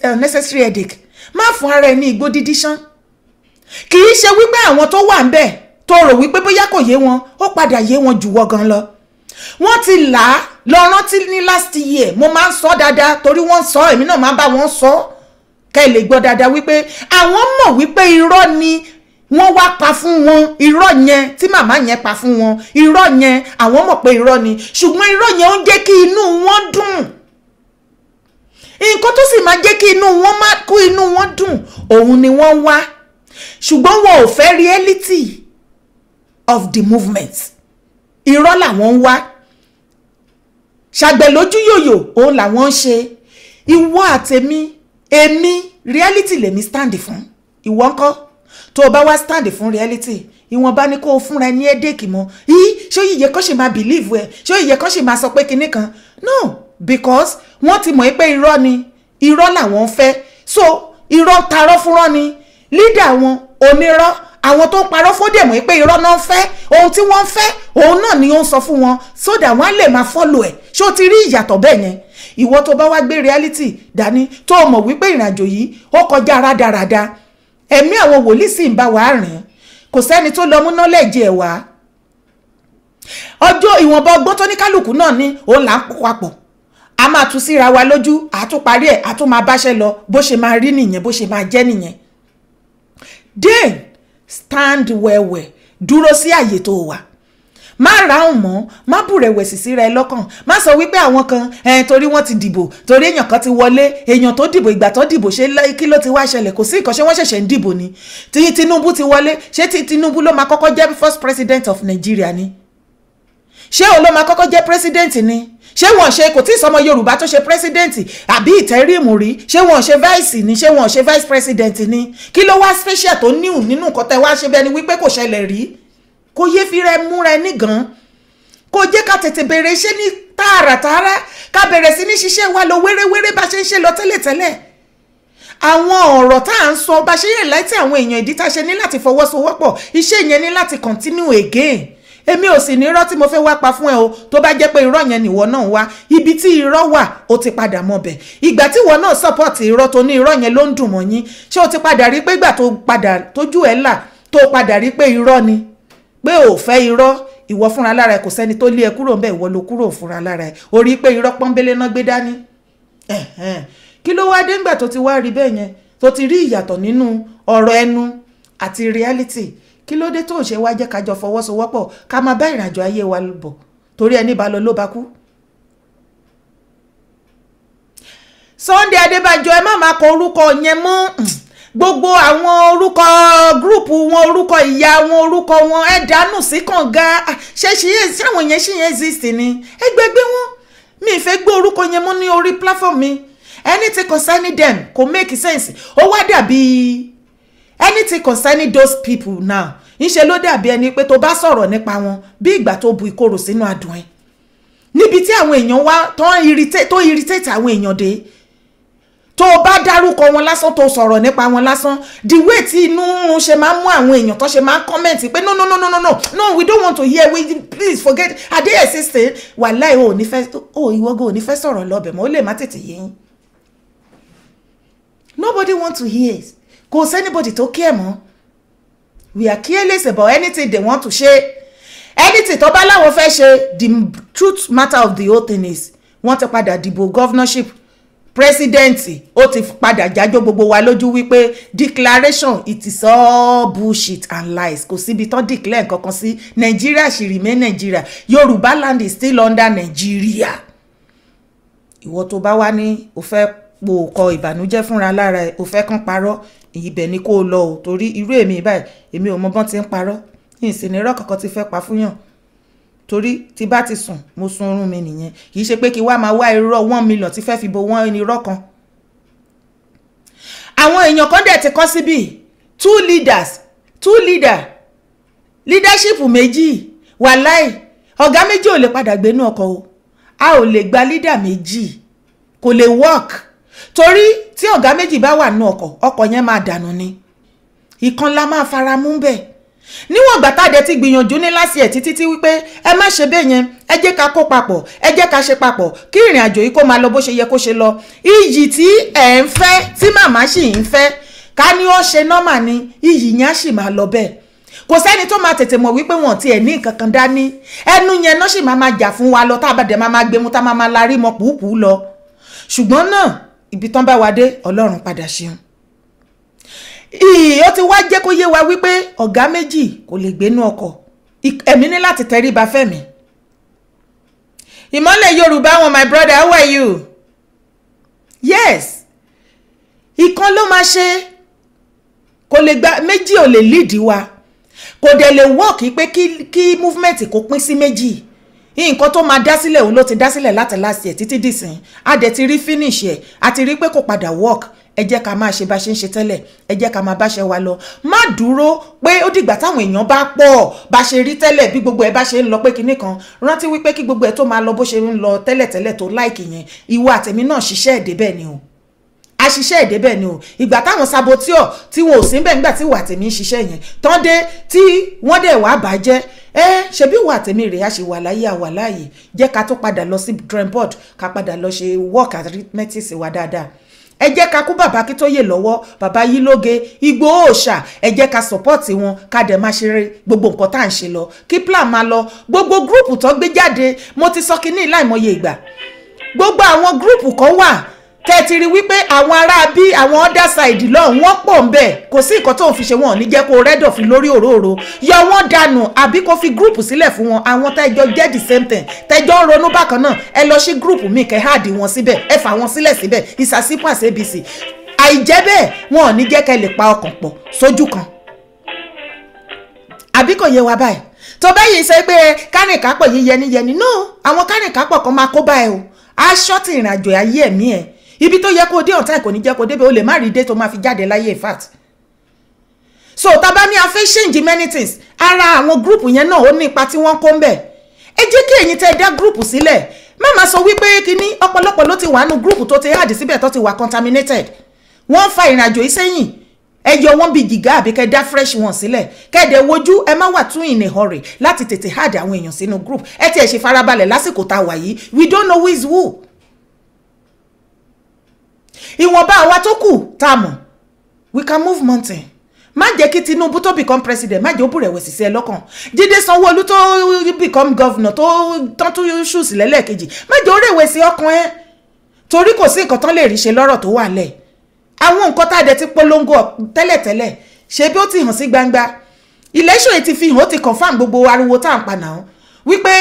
eh, necessary, headache má fún ara ẹ ní igbó dídí ṣán kì í ṣe wípé àwọn tó wà ń bẹ̀ tó rò wípé bóyá kò yé wọn ó padà yé wọn jù wọ́ gan lọ wọ́n ti là á lọ rántí ní last year mo máa ń sọ dáadáa torí wọ́n ń sọ èmi náà máa ń bá wọn sọ kẹ́ ẹ lè gbọ́ dáadáa wípé àwọn mọ̀ wípé irọ́ ni wọ́n wá pa fún wọn irọ́ yẹn tí màmá yẹn pa fún wọn irọ́ yẹn àwọn mọ̀ pé irọ́ ni ṣùgbọ́n irọ́ yẹn ó ń kí inú wọn dùn nǹkan tó sì máa jẹ́ kí inú wọn má kó inú wọn dùn òun ni wọ́n wá ṣùgbọ́n wọn ò fẹ́ reality of the movement irọ́ làwọn ń wá ṣàgbẹ̀lójú yòyò òun làwọn ń ṣe ìwọ àtẹ̀mí èmi reality lèmi stand fún ìwọ ńkọ́ tó o bá wá stand fún reality ìwọ̀nba ni kó o fúnra ẹni ẹ́dẹ́kì mọ́ yìí ṣé ó yìí yẹ kó ṣe máa believe ẹ ṣé ó yìí yẹ kó ṣe máa sọ pé kinní kan no because wọ́n ti mọ̀ pé irọ́ ni irọ́ làwọn fẹ́ so irọ́ tarọ́ fúnrọ́ ni leader wọn onírọ́ àwọn tó ń parọ́ fódè mọ̀ pé irọ́ náà fẹ́ ohun tí wọ́n fẹ́ òun náà ni ó ń sọ fún wọn so that wọ́n á lè máa follow ẹ̀ ṣó ti rí ìyàtọ̀ bẹ́ẹ̀ yẹn ìwọ tó bá wá gbé reality dání tó mọ̀ wípé ìrìnàjò yìí ó kọjá rádaràda ẹ̀mí àwọn wòlíì sì ń bá wàá rìn kò sẹ́ni tó lọ mú knowledge ẹ̀ wá ọjọ́ ìwọ̀nba ọgbọ́n tó ní kálukú náà ni òun là ń papọ̀ a máa tú síra wa lójú àtúparí ẹ̀ àtúmọ̀ abáṣẹ́ lọ bó ṣe máa rí nìyẹn bó ṣe máa jẹ́ nìyẹn then stand wẹ̀wẹ̀ dúró sí àyè tó wà má ráhùn mọ́ má bùrẹ̀wẹ̀sì síra ẹ lọ́kàn má sọ wípé àwọn kan eh, torí wọ́n ti dìbò torí èèyàn kan ti wọlé èèyàn tó dìbò ìgbà tó dìbò ṣe kí ló ti wá ṣẹlẹ̀ kò sí ìkànṣe wọ́n ṣẹ̀ṣẹ̀ ń dìbò ni Tinubu ti wọlé ṣé ti Tinubu ló máa kọ́kọ́ jẹ́ first president of Nigeria ni ṣé òun ló máa kọ́kọ́ jẹ́ president ni ṣé wọ́n ṣe kò tí ì sọmọ yorùbá tó ṣe president àbí ìtẹ́rìmù rí ṣé wọ́n ṣe vice ni ṣé wọ́n ṣe vice president ni kí ló wá special tó níhù nínú nǹkan tẹ́ wá ṣe bẹ́ẹ̀ ni wípé kò ṣẹlẹ̀ rí kò yé fi rẹ múra ẹ nígan kò jẹ́ ká tètè bèrè iṣẹ́ ní tààràtààrà ká bẹ̀rẹ̀ sí ní ṣiṣẹ́ wa lọ wéréwéré bá ṣe ń ṣe lọ tẹ́lẹ̀tẹ́lẹ̀ àwọn ọ̀rọ̀ tá à ń sọ bá ṣe yẹ̀ láti àwọn èèyàn ìdí tá a ṣe ní láti fọwọ́sowọ́pọ̀ iṣẹ́ yẹn ní láti continue again èmi ò sì ní irọ́ tí mo fẹ́ wá pa fún ẹ o tó bá jẹ́ pé irọ́ yẹn nìwọ náà wá ibi tí irọ́ wà ó ti padà mọ bẹ̀ ìgbà tí ìwọ náà support irọ́ tó ní irọ́ yẹn ló ń dùn mọ́ yín o ti padà rí pé ìgbà tó padà tójú ẹ̀ là tó padà rí pé irọ́ ni pé ò fẹ́ irọ́ ìwọ fúnra lára ẹ kò sẹ́ni tó lé ẹ kúrò ńbẹ̀ ìwọ ló kúrò fúnra lára e o rí pé irọ́ pọ́nbélé náà gbé dání kí ló wá dé ńgbà tó ti wá rí bẹ́ẹ̀ yẹn tó ti rí ìyàtọ̀ nínú ọ̀rọ̀ ẹnu àti reality kí ló dé tó ń ṣe wá jẹ́ ká jọ fọwọ́sowọ́pọ̀ ká máa bá ìrìnàjò ayé wa bọ̀ torí ẹni bá lọ ló bá kú. Sunday Adébánjọ ẹ má máa kọ orúkọ yẹn mọ́ gbogbo àwọn orúkọ gúrùpù wọn orúkọ ìyá wọn orúkọ wọn ẹ dànù sí kànga ṣe ṣiyẹn sí àwọn yẹn exist ni ẹgbẹgbẹ wọn mi ì fẹ́ gbé orúkọ yẹn mọ́ ní orí platform mi anything concerning them kò make sense ó wá dàbí anything concerning those people now ńṣe ló dàbí ẹni pé tó bá sọ̀rọ̀ nípa wọn bí ìgbà tó bu ìkorò sínú adùn ẹ̀ níbi tí àwọn èèyàn wá tó irritate àwọn èèyàn dé tó o bá dárúkọ wọn lásán tó sọ̀rọ̀ nípa wọn lásán the way tí inú run ṣe máa ń mú àwọn èèyàn tó ṣe máa ń comment pé no no no no no no no we don't want to hear we please forget adé ẹ̀sìnsìn wàláì o ò ní fẹ́ o ìwọ́gò ò ní fẹ́ sọ̀rọ̀ lọ́bẹ̀ mọ́ ó lè má tètè yé nobody want to hear it kò sẹ́nibodì tó kí ẹ̀ mọ́ we are careless about anything they want to ṣe anything tó bá láwọn fẹ́ ṣe the truth matter of the whole thing is wọ́n ti padà dìbò governorship presidency ó ti padà jájọ́ gbogbo wa lójú wípé declaration it is all bullshit and lies kò síbi tán declare nǹkan kan sí Nigeria she remain Nigeria Yorùbá land is still under Nigeria ìwọ tó bá wá ní o fẹ́ po ọkọ ìbànújẹ́ fúnra lára ẹ̀ ò fẹ́ kán parọ́ ibẹ̀ ni kó o lọ o torí irú èmi báyìí èmi ò mọ bọ́n ti ń parọ́ ìsìnirọ́ kankan ti fẹ́ pa fúnyàn torí tí bá ti sùn mo sun oorun mi nìyẹn kì í ṣe pé kí wá máa wá irọ́ one million ti fẹ́ fi bo wọ́n irọ́ kan àwọn èèyàn kan dẹ̀ ti kọ́ síbí two leaders two leader leadership méjì wàláì ọ̀gá méjì ò lè padà gbénú ọkọ̀ o a ò lè gba leader méjì kò lè work torí tí ọ̀gá méjì bá wà nínú ọkọ̀ ọkọ̀ yẹn máa dànù ni ìkan la máa fara mú bẹ́ẹ̀ níwọ̀n ìgbà ti gbìyànjú ní láti ẹ̀ títí tí wípé ẹ má ṣe bẹ́ẹ̀ yẹn ẹ jẹ́ ká kó papọ̀ ẹ jẹ́ ká ṣe papọ̀ kí ìrìn àjò yìí kó máa lọ bó ṣe yẹ kó ṣe lọ iyì tí ẹ̀ ń fẹ́ tí màmá sì ń fẹ́ ká ní ó ṣe nọ́mà ni iyì yẹn á sì máa lọ bẹ́ẹ̀ kò sẹ́ni tó máa tètè mọ̀ wípé wọn ti ẹ̀ ní nǹkan kan dání ẹnu yẹn náà sì máa máa jà fún wa lọ tá a bá dẹ̀ máa máa gbẹmu tá a máa máa larí mọ pùúpùú lọ ṣùgbọ́n náà ibi tán bá wa dé ọlọ́run padà ṣeun ó ti wá jẹ́ kó yé wa wípé ọ̀gá méjì kò lè gbénú ọkọ̀ ẹ̀mí ní láti tẹríba fẹ́mi ìmọ́lẹ̀ yorùbá wọn my brother how are you yes ìkan ló máa ṣe kò lè gba méjì ò lè lead wa kò dẹ̀ lè work pé kí movement kò pín sí méjì. Si nǹkan tó máa dá sílẹ̀ òun ló ti dá sílẹ̀ láti last year títí dìsín a dẹ̀ ti rí finish ẹ̀ a ti rí pé kò padà work ẹ jẹ́ ká máa ṣe bá ṣe ń ṣe tẹ́lẹ̀ ẹ jẹ́ ká máa bá ṣe wa lọ má dúró pé ó dìgbà táwọn èèyàn bá pọ̀ bá ṣe rí tẹ́lẹ̀ bí gbogbo ẹ bá ṣe ń lọ pé kinní kan rántí wípé kí gbogbo ẹ tó máa lọ bó ṣe ń lọ tẹ́lẹ̀tẹ́lẹ̀ tó láìkì yẹn ìwọ àtẹ̀mí náà ṣiṣẹ́ ẹ̀dẹ́ bẹ́ẹ̀ ni o àṣìṣe ìdébẹ̀ ni o ìgbà táwọn saboteur tí wọn ò sí bẹ́ẹ̀ nígbà tí wà tèmi ń ṣiṣẹ́ yẹn tán dé tí wọ́n dẹ̀ wá bàjẹ́ ẹ ṣebí wà tèmi rèé a ṣe wà láyé àwà láàyè jẹ́ ká tó padà lọ sí drawing board ká padà lọ ṣe work arithmetic wa dáadáa ẹ jẹ́ ká kú bàbá kí tó yè lọ́wọ́ bàbá yí lóge igbó òòṣà ẹ jẹ́ ká support wọn ká dẹ̀ máa ṣe gbogbo nǹkan tá à ń ṣe lọ kí plan máa lọ gbogbo gúrùpù tó gbé jáde mo ti sọ kínní láìmọye ìgbà gbogbo àwọn gúrùpù kan wà kẹtìrì wípé àwọn ará bí àwọn other side lọ́hùn wọ́n pọ̀ ń bẹ̀ kò sí nǹkan tó ń fi ṣe wọn ní jẹ́ kó rẹ́dọ̀ fi lórí òróró yọ wọ́n dànù àbí kó fi gúrùpù sílẹ̀ fún wọn àwọn tẹ́jọ jẹ́ the same thing tẹ́jọ ń ronú bákan náà ẹ lọ sí gúrùpù míì kẹ́ háàdì wọn síbẹ̀ ẹ fà wọn sílẹ̀ síbẹ̀ ìsàsípò àti abc àìjẹ́ bẹ́ẹ̀ wọn ò ní jẹ́ kẹ́ lè pa ọkàn pọ̀ sójú kan àbí kò yé wa báyìí tó bẹ́ẹ̀ ṣe pé kárìnkápọ̀ yìí yẹniyẹni no àwọn kárìnkápọ̀ kan máa kó báyìí o aṣọ́ ti ìrìnàjò ayé ẹ̀mí ẹ̀ ibi tó yẹ kó dé on time kò ní jẹ́ kó débẹ̀ o lè má rí dé tó máa fi jáde láyé in fact so tá bá ní a fẹ́ change many things ara àwọn group yẹn náà ó ní ipa tí wọ́n kó ń bẹ̀ ẹ jẹ́ kí ẹ̀yin tẹ́ dá group sílẹ̀ má máa sọ wípé kíní ọ̀pọ̀lọpọ̀ ló ti wà nù group tó ti hard síbẹ̀ tó ti wà contaminated wọ́n fa ìrìnàjò yìí sẹ́yìn ẹ yọ wọ́n bíi gíga àbí kẹ́ dá fresh one sílẹ̀ kẹ́ẹ̀dẹ̀ wojú ẹ má wà tún ìní hurry láti tètè hard àwọn èèyàn sínú group ẹ tiẹ̀ ṣe farabalẹ̀ lásìkò tá wà yìí we don't know who is who ìwọ̀nba àwa tó kù tá a mọ̀ we can move mountain má jẹ́ kí Tinubu tó become president má jẹ́ ó bù rẹ̀wẹ̀sì sí ẹ lọ́kàn Jídé Sanwó-Olú tó become governor tó tán tún ṣù sílẹ̀ lẹ́ẹ̀kejì má jẹ́ ó rẹ̀wẹ̀sì ọkàn ẹ torí kò sí nǹkan tán lè rí ṣe lọ́rọ̀ tó wà lẹ̀ àwọn nǹkan tá a dẹ̀ ti polongo tẹ́lẹ̀tẹ́lẹ̀ ṣe bí ó ti hàn sí gbangba election yìí ti fi hàn ó ti confam gbogbo ariwo tá à ń pa náà wípé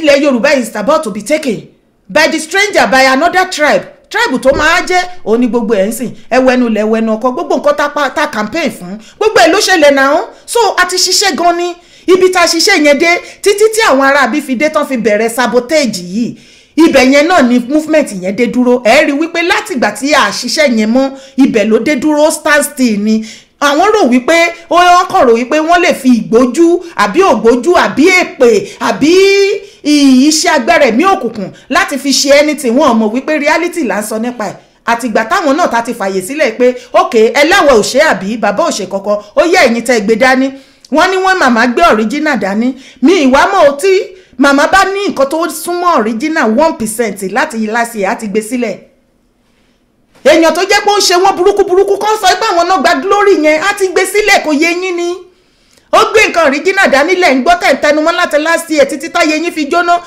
ilẹ̀ Yorùbá is about to be taken by the stranger by another tribe tribe tó máa jẹ́ òní gbogbo ẹ̀ ń sìn ẹwẹ́nu lẹ̀ ẹwẹ́nu ọkọ gbogbo nǹkan tá ta campaign fún gbogbo ẹ̀ ló ṣẹlẹ̀ náà so a ti ṣiṣẹ́ gan ni ibi tá a ṣiṣẹ́ yẹn dé títí tí àwọn aráabí fi dé tán fi bẹ̀rẹ̀ sabotage yìí ibẹ̀ yẹn náà ni movement yẹn dé dúró ẹ rí wípé látìgbà tí a ṣiṣẹ́ yẹn mọ́ ibẹ̀ ló dé dúró stand still ni àwọn rò wípé ó wọ́n kàn rò wípé wọ́n lè fi ìgbójú àbí ògbójú àbí èpè àbí iṣẹ́ agbára ẹ̀mí òkùnkùn láti fi ṣe anything wọn mọ̀ wípé reality là ń sọ nípa ẹ̀ àtìgbà táwọn náà ta ti fàyè sílẹ̀ pé ok ẹ láwọ̀ òṣè àbí bàbá òṣè kankan ó yẹ ẹ̀yin tẹ́ gbé dání wọ́n ní wọ́n màmá gbé ọ̀ríjínà dání mi ìwà mọ́ ọtí màmá bá ní nǹkan tó súnmọ́ ọ̀ríjínà one percent láti láṣìí àti gbé sílẹ̀ èèyàn tó jẹ́ pé ó ń ṣe wọ́n burúkú burúkú kan sọ pé àwọn náà gba glory yẹn á ti gbé sílẹ̀ kò yé yín ni ó gbé nǹkan original dání lẹ̀ ń gbọ́ tẹ̀ láti last year títí táyé yín fi jóná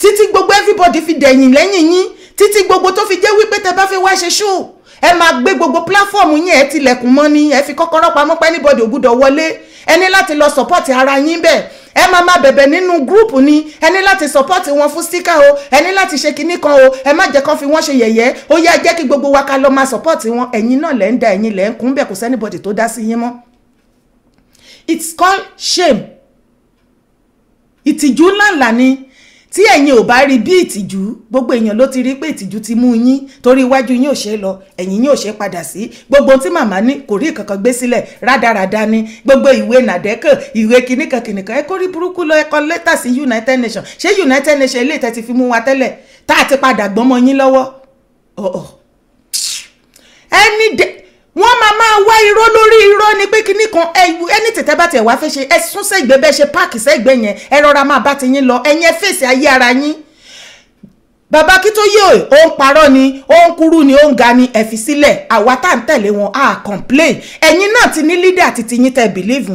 títí gbogbo everybody fi dẹ̀yìn lẹ́yìn yín títí gbogbo tó fi jẹ́ wípé tẹ bá fẹ́ wá ṣe show ẹ máa gbé gbogbo platform yín ẹ tilẹ̀kùn mọ́ ni ẹ fi kọ́kọ́rọ́ pamọ́ pẹ́ anybody ò gbúdọ̀ wọlé ẹ láti lọ support ara yín bẹ́ẹ̀ ẹ máa máa bẹ̀bẹ̀ nínú gúrùpù ni ẹ láti support wọn fún sticker o ẹ láti ṣe kinní kan o ẹ má jẹ́ kán fi wọ́n ṣe yẹ̀yẹ́ ó yá jẹ́ kí gbogbo wa ká lọ máa support wọn ẹ̀yin náà lẹ́ ń da ẹ̀yin lẹ́ ń kún bẹ́ẹ̀ kò sẹ́nibọ̀dì tó dá sí yín mọ́ it's called shame ìtìjú ńláńlá ni tí ẹ̀yin ò bá rí bí ìtìjú gbogbo èèyàn ló ti rí pé ìtìjú ti mú yín torí iwájú yín ò ṣe lọ ẹ̀yìn yín ò ṣe padà sí gbogbo tí màmá ní kò rí kankan gbé sílẹ̀ rádaràda ni gbogbo ìwé nàdẹ́kẹ̀ ìwé kìnìkan kìnìkan ẹ kó rí burúkú lọ ẹ kọ lẹ́tà sí United Nations ṣé United Nations ilé ìtẹ́ ti fi mú wa tẹ́lẹ̀ tá a ti padà gbọ́mọ yín lọ́wọ́ ẹni dẹ́ wọ́n máa máa wá irọ́ lórí irọ́ ni pé kinní kan ẹni tètè bá tiẹ̀ wá fẹ́ ṣe ẹ sún sẹ́gbẹ́ bẹ́ẹ̀ ṣe páàkì sẹ́gbẹ́ yẹn ẹ rọra máa bá ti yín lọ ẹ̀yin ẹ fèsì ayé ara yín bàbá kí tó yé o ò ń parọ́ ni ó ń kúrú ni ó ga ni ẹ fi sílẹ̀ àwa tá à ń tẹ̀lé wọn á complain ẹ̀yin náà ti ní leader àti ti tẹ̀ believe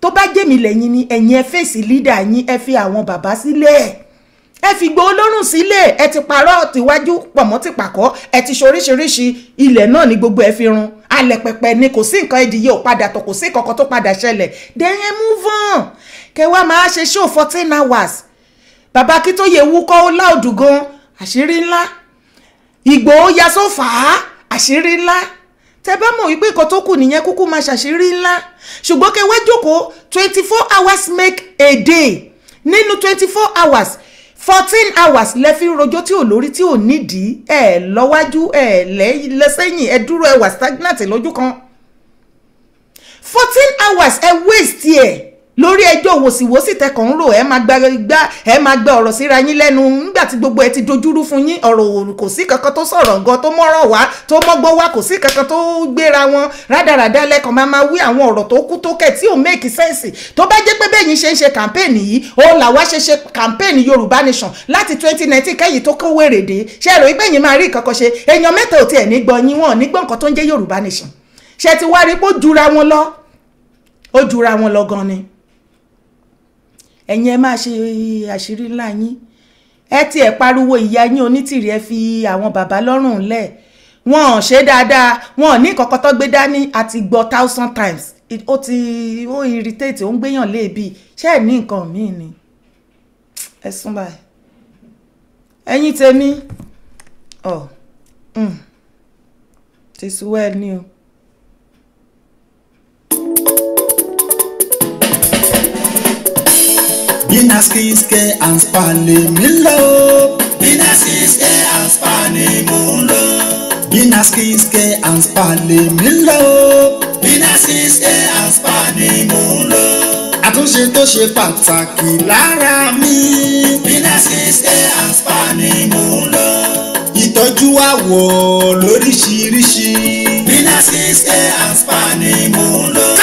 tó bá jẹ́mi lẹ́yìn ni ẹ̀yin ẹ fèsì leader yín ẹ fi àwọn bàbá sílẹ̀ ẹ fi Ìgbòho lọ́rùn sílẹ̀ ẹ ti parọ́ tìwájú pọ̀mọ́ ti pàkọ́ ẹ ti ṣe oríṣiríṣi ilẹ̀ náà ní gbogbo ẹ fi run alẹ̀ pẹ̀pẹ̀ ni kò sí nǹkan ẹdìyẹ ò padà tó kò sí kankan tó padà ṣẹlẹ̀ dẹ́yẹn move on kẹwàá máa ṣe show fourteen hours bàbá kí tó yẹ wúkọ́ ó láòdù gan àṣírí ńlá Ìgbòho ya sófà á àṣírí ńlá tẹ bá mọ̀ wípé nǹkan tó kù nìyẹn kúkú máa ṣàṣírí ńlá ṣùgbọ́n kẹwàá jókòó twenty four hours make a day nínú twenty four hours fourteen hours lẹ fi ń rojọ́ tí ò lórí tí ò nídìí ẹ lọ́wájú ẹ lẹ́sẹ̀yìn ẹ dúró ẹ wà stagnant lójú kan fourteen hours ẹ waste ẹ lórí ẹjọ́ wòsíwòsí tẹkàn ń rò ẹ máa gba gbá ẹ máa gba ọ̀rọ̀ síra yín lẹ́nu nígbà tí gbogbo ẹ ti dojúrú fún yín ọ̀rọ̀ òòrùn kò sí kankan tó sọ̀rọ̀ nǹkan tó mọ́rọ̀ wá tó mọ́gbọ́n wá kò sí kankan tó gbéra wọn rádaràda lẹ́kàn máa máa wí àwọn ọ̀rọ̀ tó kú tó kẹ̀ tí ò make sense tó bá jẹ́ pé bẹ́ẹ̀ yín ṣe ń ṣe kàmpéènì yìí ó làwa ṣe ṣe kàmpéènì Yorùbá Nation láti twenty nineteen kẹ́yìn tó kówó èrè dé ṣe rò pé yín máa rí nǹkan kan ṣe èèyàn mẹ́ta ò tiẹ̀ ní gbọ́ yín wọn ò ní gbọ́ nǹkan tó ń jẹ́ Yorùbá Nation ṣe ti wá rí pé ó jura wọn lọ ó jura wọn lọ gan ni ẹ̀yin ẹ máa ṣe àṣírí ńlá yín ẹ tiẹ̀ pariwo ìyá yín onítìrì ẹ fi àwọn bàbá lọ́rùn ńlẹ̀ wọn ò ṣe dáadáa wọn ò ní kọ̀kọ́ tó gbé dání àti gbọ́ thousand times ó ti ó irritate ó ń gbéyàn léèbì ṣé ẹ̀ ní nǹkan míì ni ẹ sún báyìí ẹ̀yin tèmi ọ̀ mm. ti sú ẹ ní o. Venus Skincare and Spa ni mi ń lò. Venus Skincare and Spa ni mò ń lò. Venus Skincare and Spa ni mi ń lò. Venus Skincare and Spa ni mò ń lò. Àtúnṣe tó ṣe pàtàkì lára mi. Venus Skincare and Spa Ìtọ́jú àwọ̀ lóríṣiríṣi. Venus Skincare and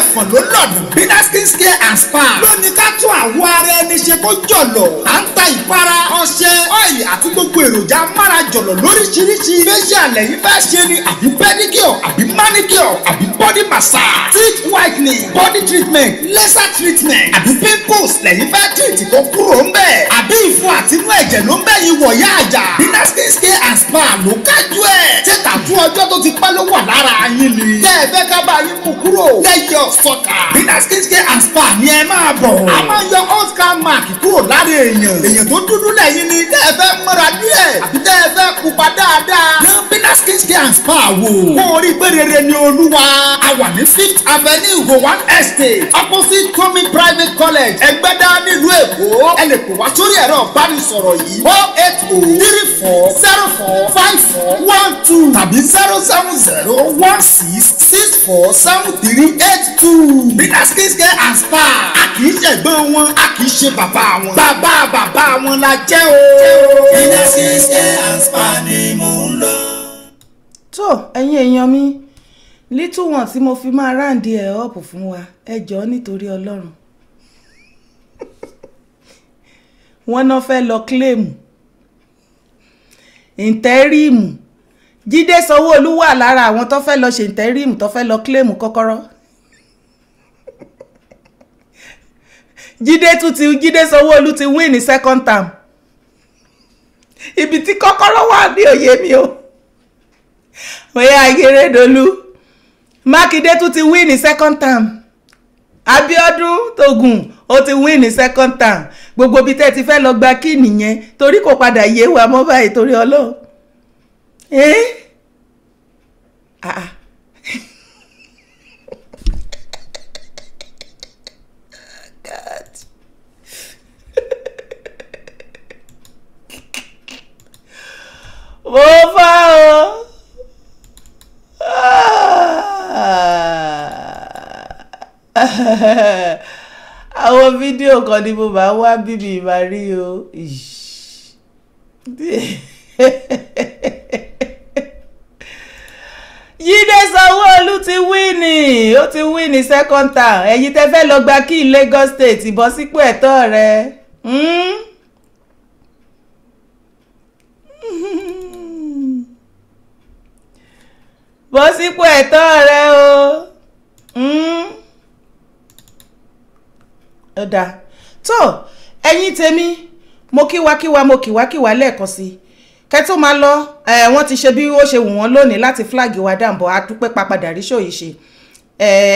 ẹ̀fọ̀n ló lọ́dún. Bídá skin care and spa. Lónìí ká tún àwọ̀ ara ẹni ṣe kó jọ̀lọ̀. À ń ta ìpara, ọṣẹ, ọ́ìlì àti gbogbo èròjà mára jọ̀lọ̀ lóríṣiríṣi. Facial lẹ́yìn fẹ́ ṣe ni àbí pedicure àbí manicure àbí body massage. Teeth whitening, body treatment, laser treatment àbí pimples lẹ́yìn fẹ́ treat kó kúrò ń bẹ̀. Àbí ìfun àtinú ẹ̀jẹ̀ ló ń bẹ̀yìn wọ̀yá àjà. Bídá skin care and spa ló kájú ẹ̀. Ṣé tàtú ọjọ́ tó ti pẹ́ ló wà lára yín ni? Tẹ́ ẹ fẹ́ ká bá yín mú kúrò. Lẹ́yìn ọ̀ of soccer. Rina Skinske and Spa ni ẹ máa bọ̀. A máa yọ Oscar mark kúrò lára èèyàn. Èèyàn tó dúdú lẹ́yìn ni tẹ́ ẹ fẹ́ mọ́ra díẹ̀ àbí tẹ́ ẹ fẹ́ pupa dáadáa. Yan Rina Skinske and Spa wò. Kó o rí pé rere ni olúwa. A wà ní Fifth Avenue Gowan Estate opposite Tomi Private College Ẹgbẹ́dá nílùú Èkó lè pè wá sórí ẹ̀rọ ìbánisọ̀rọ̀ yìí o eight o oh three four zero four five four one two tàbí zero seven zero one six six four seven three eight two skin skincare and spa a kì í ṣẹ̀gbọ́n wọn a kì í ṣe bàbá wọn bàbá bàbá wọn la jẹ́ o. Peter skincare and spa ni mò ń lọ. tó ẹ̀yin èèyàn mi little one tí mo fi máa ráǹdì ẹ̀ ọ́ọ̀pù fún wa ẹ jọ̀ọ́ nítorí Ọlọ́run wọ́n náà fẹ́ lọ kílèmù ìǹtẹ́rìmù Jídé Sanwó-Olú wà lára àwọn tó fẹ́ lọ ṣe ìǹtẹ́rìmù tó fẹ́ lọ kílèmù kọ́kọ́rọ́ Jídé tún ti Jídé Sanwó-Olú ti win ní second term ibi tí kọ́kọ́rọ́ wà ní òye mi o oya Akérédolú Mákindé tún ti win ní second term Abiodun Togun, ó ti win ní second term gbogbo ibi tẹ́ ti fẹ́ lọ gba kí nìyẹn torí kò padà yé wa mọ́ báyìí torí ọlọ́run ẹ́ àà. mo fà o. Ah. àwọn fídíò kan ni mo máa wá bíbí máa o Jídé sanwó ti wíìnì ó ti wíìnì second town ẹ̀yin tẹ́ fẹ́ lọ gba kí Lagos State bọ́ sípò ẹ̀tọ́ rẹ. Hmm? bọ́ sípò ẹ̀tọ́ rẹ o. Mm? ẹ dáa tó ẹ̀yin tèmi mo kíwákíwá mo kíwákíwá lẹ́ẹ̀kan sí i kẹtó máa lọ wọ́n ti ṣe bí ó ṣe wù wọ́n lónìí láti flag wa dànbọ̀ àdúpẹ́ papadà rí ṣòyí ṣe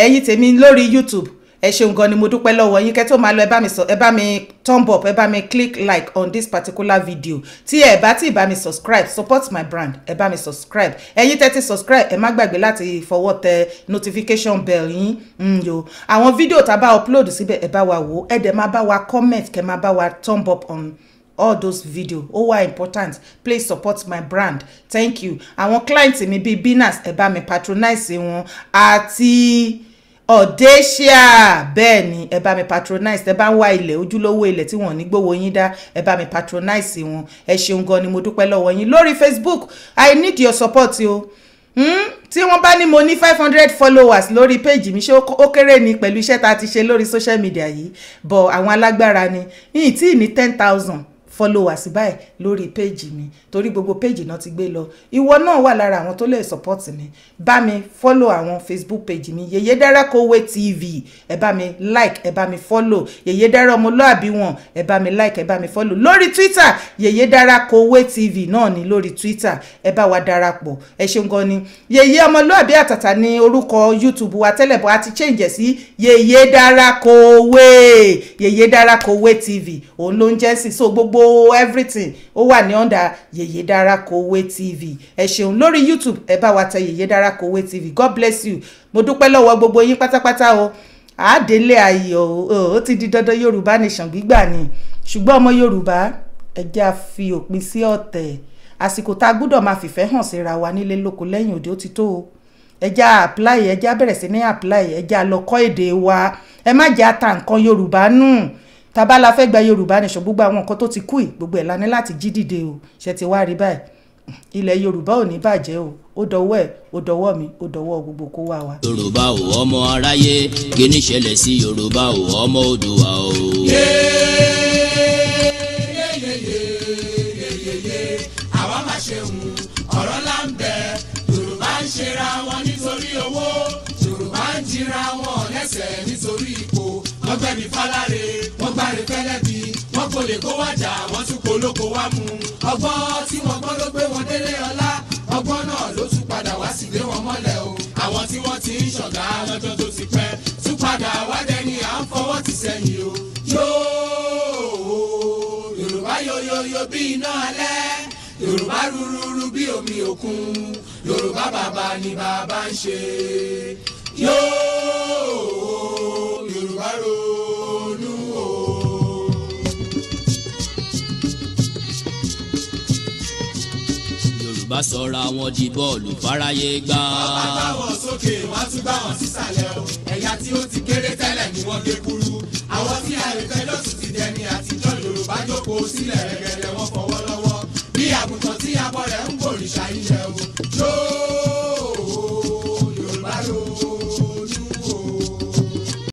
ẹ̀yin tèmi lórí YouTube ẹ ṣeun gan ni mo dúpẹ́ lọ́wọ́ yín kẹ́ máa lọ ẹ bá mi sọ ẹ bá mi thumb up ẹ bá mi click like on this particular video tí ẹ bá ti bá mi subscribe support my brand ẹ bá mi subscribe ẹ̀yin tẹ́ subscribe ẹ má gbàgbé láti fọwọ́ tẹ notification bell yín mm, yo àwọn fídíò tá a bá upload síbẹ̀ ẹ bá wa wò ẹ dẹ̀ máa bá wa comment kẹ́ máa bá wa thumb up on all those video ó wà important please support my brand thank you àwọn clients mi bíi binas ẹ bá mi patronize wọn àti ọ̀dẹ́ṣíà bẹ́ẹ̀ ni ẹ bá mi patronize ẹ bá ń wá ilẹ̀ ojúlówó ilẹ̀ tí wọ́n ní gbowó yín dá ẹ bá mi patronize wọn ẹ ṣeun gan ni mo dúpẹ́ lọ́wọ́ yín lórí facebook i need your support o hmm? tí wọ́n bá ní mo ní five hundred followers lórí page, mi ṣé ó kéré ni pẹ̀lú iṣẹ́ tá a ti ṣe lórí social media yìí bọ̀ àwọn alágbára ni yìí tí ì ní ten thousand followers báyìí lórí page mi torí gbogbo page náà ti gbé lọ ìwọ náà wà lára àwọn tó lè support mi bá mi follow àwọn facebook page mi dara kowe TV ẹ bá mi like ẹ bá mi follow dara ọmọlúàbí wọn ẹ bá mi like ẹ bá mi follow lórí twitter dara kowe TV náà ni lórí twitter ẹ bá wa darapọ̀ ẹ ṣeun gan ni yèyé ọmọlúàbí àtàtà ni orúkọ youtube wa tẹ́lẹ̀ bọ́ a ti change sí Yèyédára Kowee dara kowe TV òun ló ń jẹ́ sí so gbogbo gbogbo everything ó wà ní under yèyé dára kòwé tv ẹ ṣeun lórí youtube ẹ bá wa tẹ yèyé dára kòwé tv god bless you mo dúpẹ́ lọ́wọ́ gbogbo yín pátápátá o àádélé ayọ̀ ó ti di dandan yorùbá nation gbígbà ni ṣùgbọ́n ọmọ yorùbá ẹ jẹ́ a fi òpin sí ọ̀tẹ̀ àsìkò tá a gbọ́dọ̀ máa fìfẹ́ hàn síra wa nílé lóko lẹ́yìn òde ó ti tó o ẹja apply ẹja bẹ̀rẹ̀ sí ní apply ẹja lọ kọ́ èdè wa ẹ má jẹ́ ata yorùbá nù. No tàbá la fẹ́ gba yorùbá nation gbogbo àwọn nǹkan tó ti kú yìí gbogbo ẹ̀ la ní láti jí dìde o ṣe ti wá rí báyìí ilẹ̀ yorùbá ò ní bàjẹ́ o ó dọwọ́ ẹ̀ ó dọwọ́ mi ó dọwọ́ gbogbo kó wà wá. yorùbá ò ọmọ aráyé kí ṣẹlẹ̀ sí yorùbá ò ọmọ Oòduà o. àwa máa olè kó wá jà wọ́n tún kó lóko wá mu. ọgbọ́n tí wọ́n gbọ́n ló gbé wọn délé ọlá ọgbọ́n náà ló tún padà wá sí lé wọn mọ́lẹ̀ o. àwọn tí wọ́n ti ń ṣọ̀gá lọ́jọ́ tó ti pẹ́ tún padà wá dẹni à ń fọwọ́ ti sẹ́yìn o. yóò yorùbá yoyoyo bí iná alẹ́ yorùbá rúrúrú bí omi òkun yorùbá bàbá ni bàbá ń ṣe yóò yorùbá rúrú. bá sọra wọn di bọ́ọ̀lù fáráyé gbá. bàbá táwọn sókè wá tún bá wọn sísàlẹ̀ o ẹ̀yà tí ó ti kéré tẹ́lẹ̀ ni wọ́n gé kúrú àwọn tí àìfẹ́ lọ́sùn ti dẹni àtijọ́ Yorùbá jókòó sílẹ̀ rẹ̀gẹ̀dẹ̀ wọn fọwọ́ lọ́wọ́ bí àgùntàn tí abọ́ rẹ̀ ń gbòrìṣà ilẹ̀ o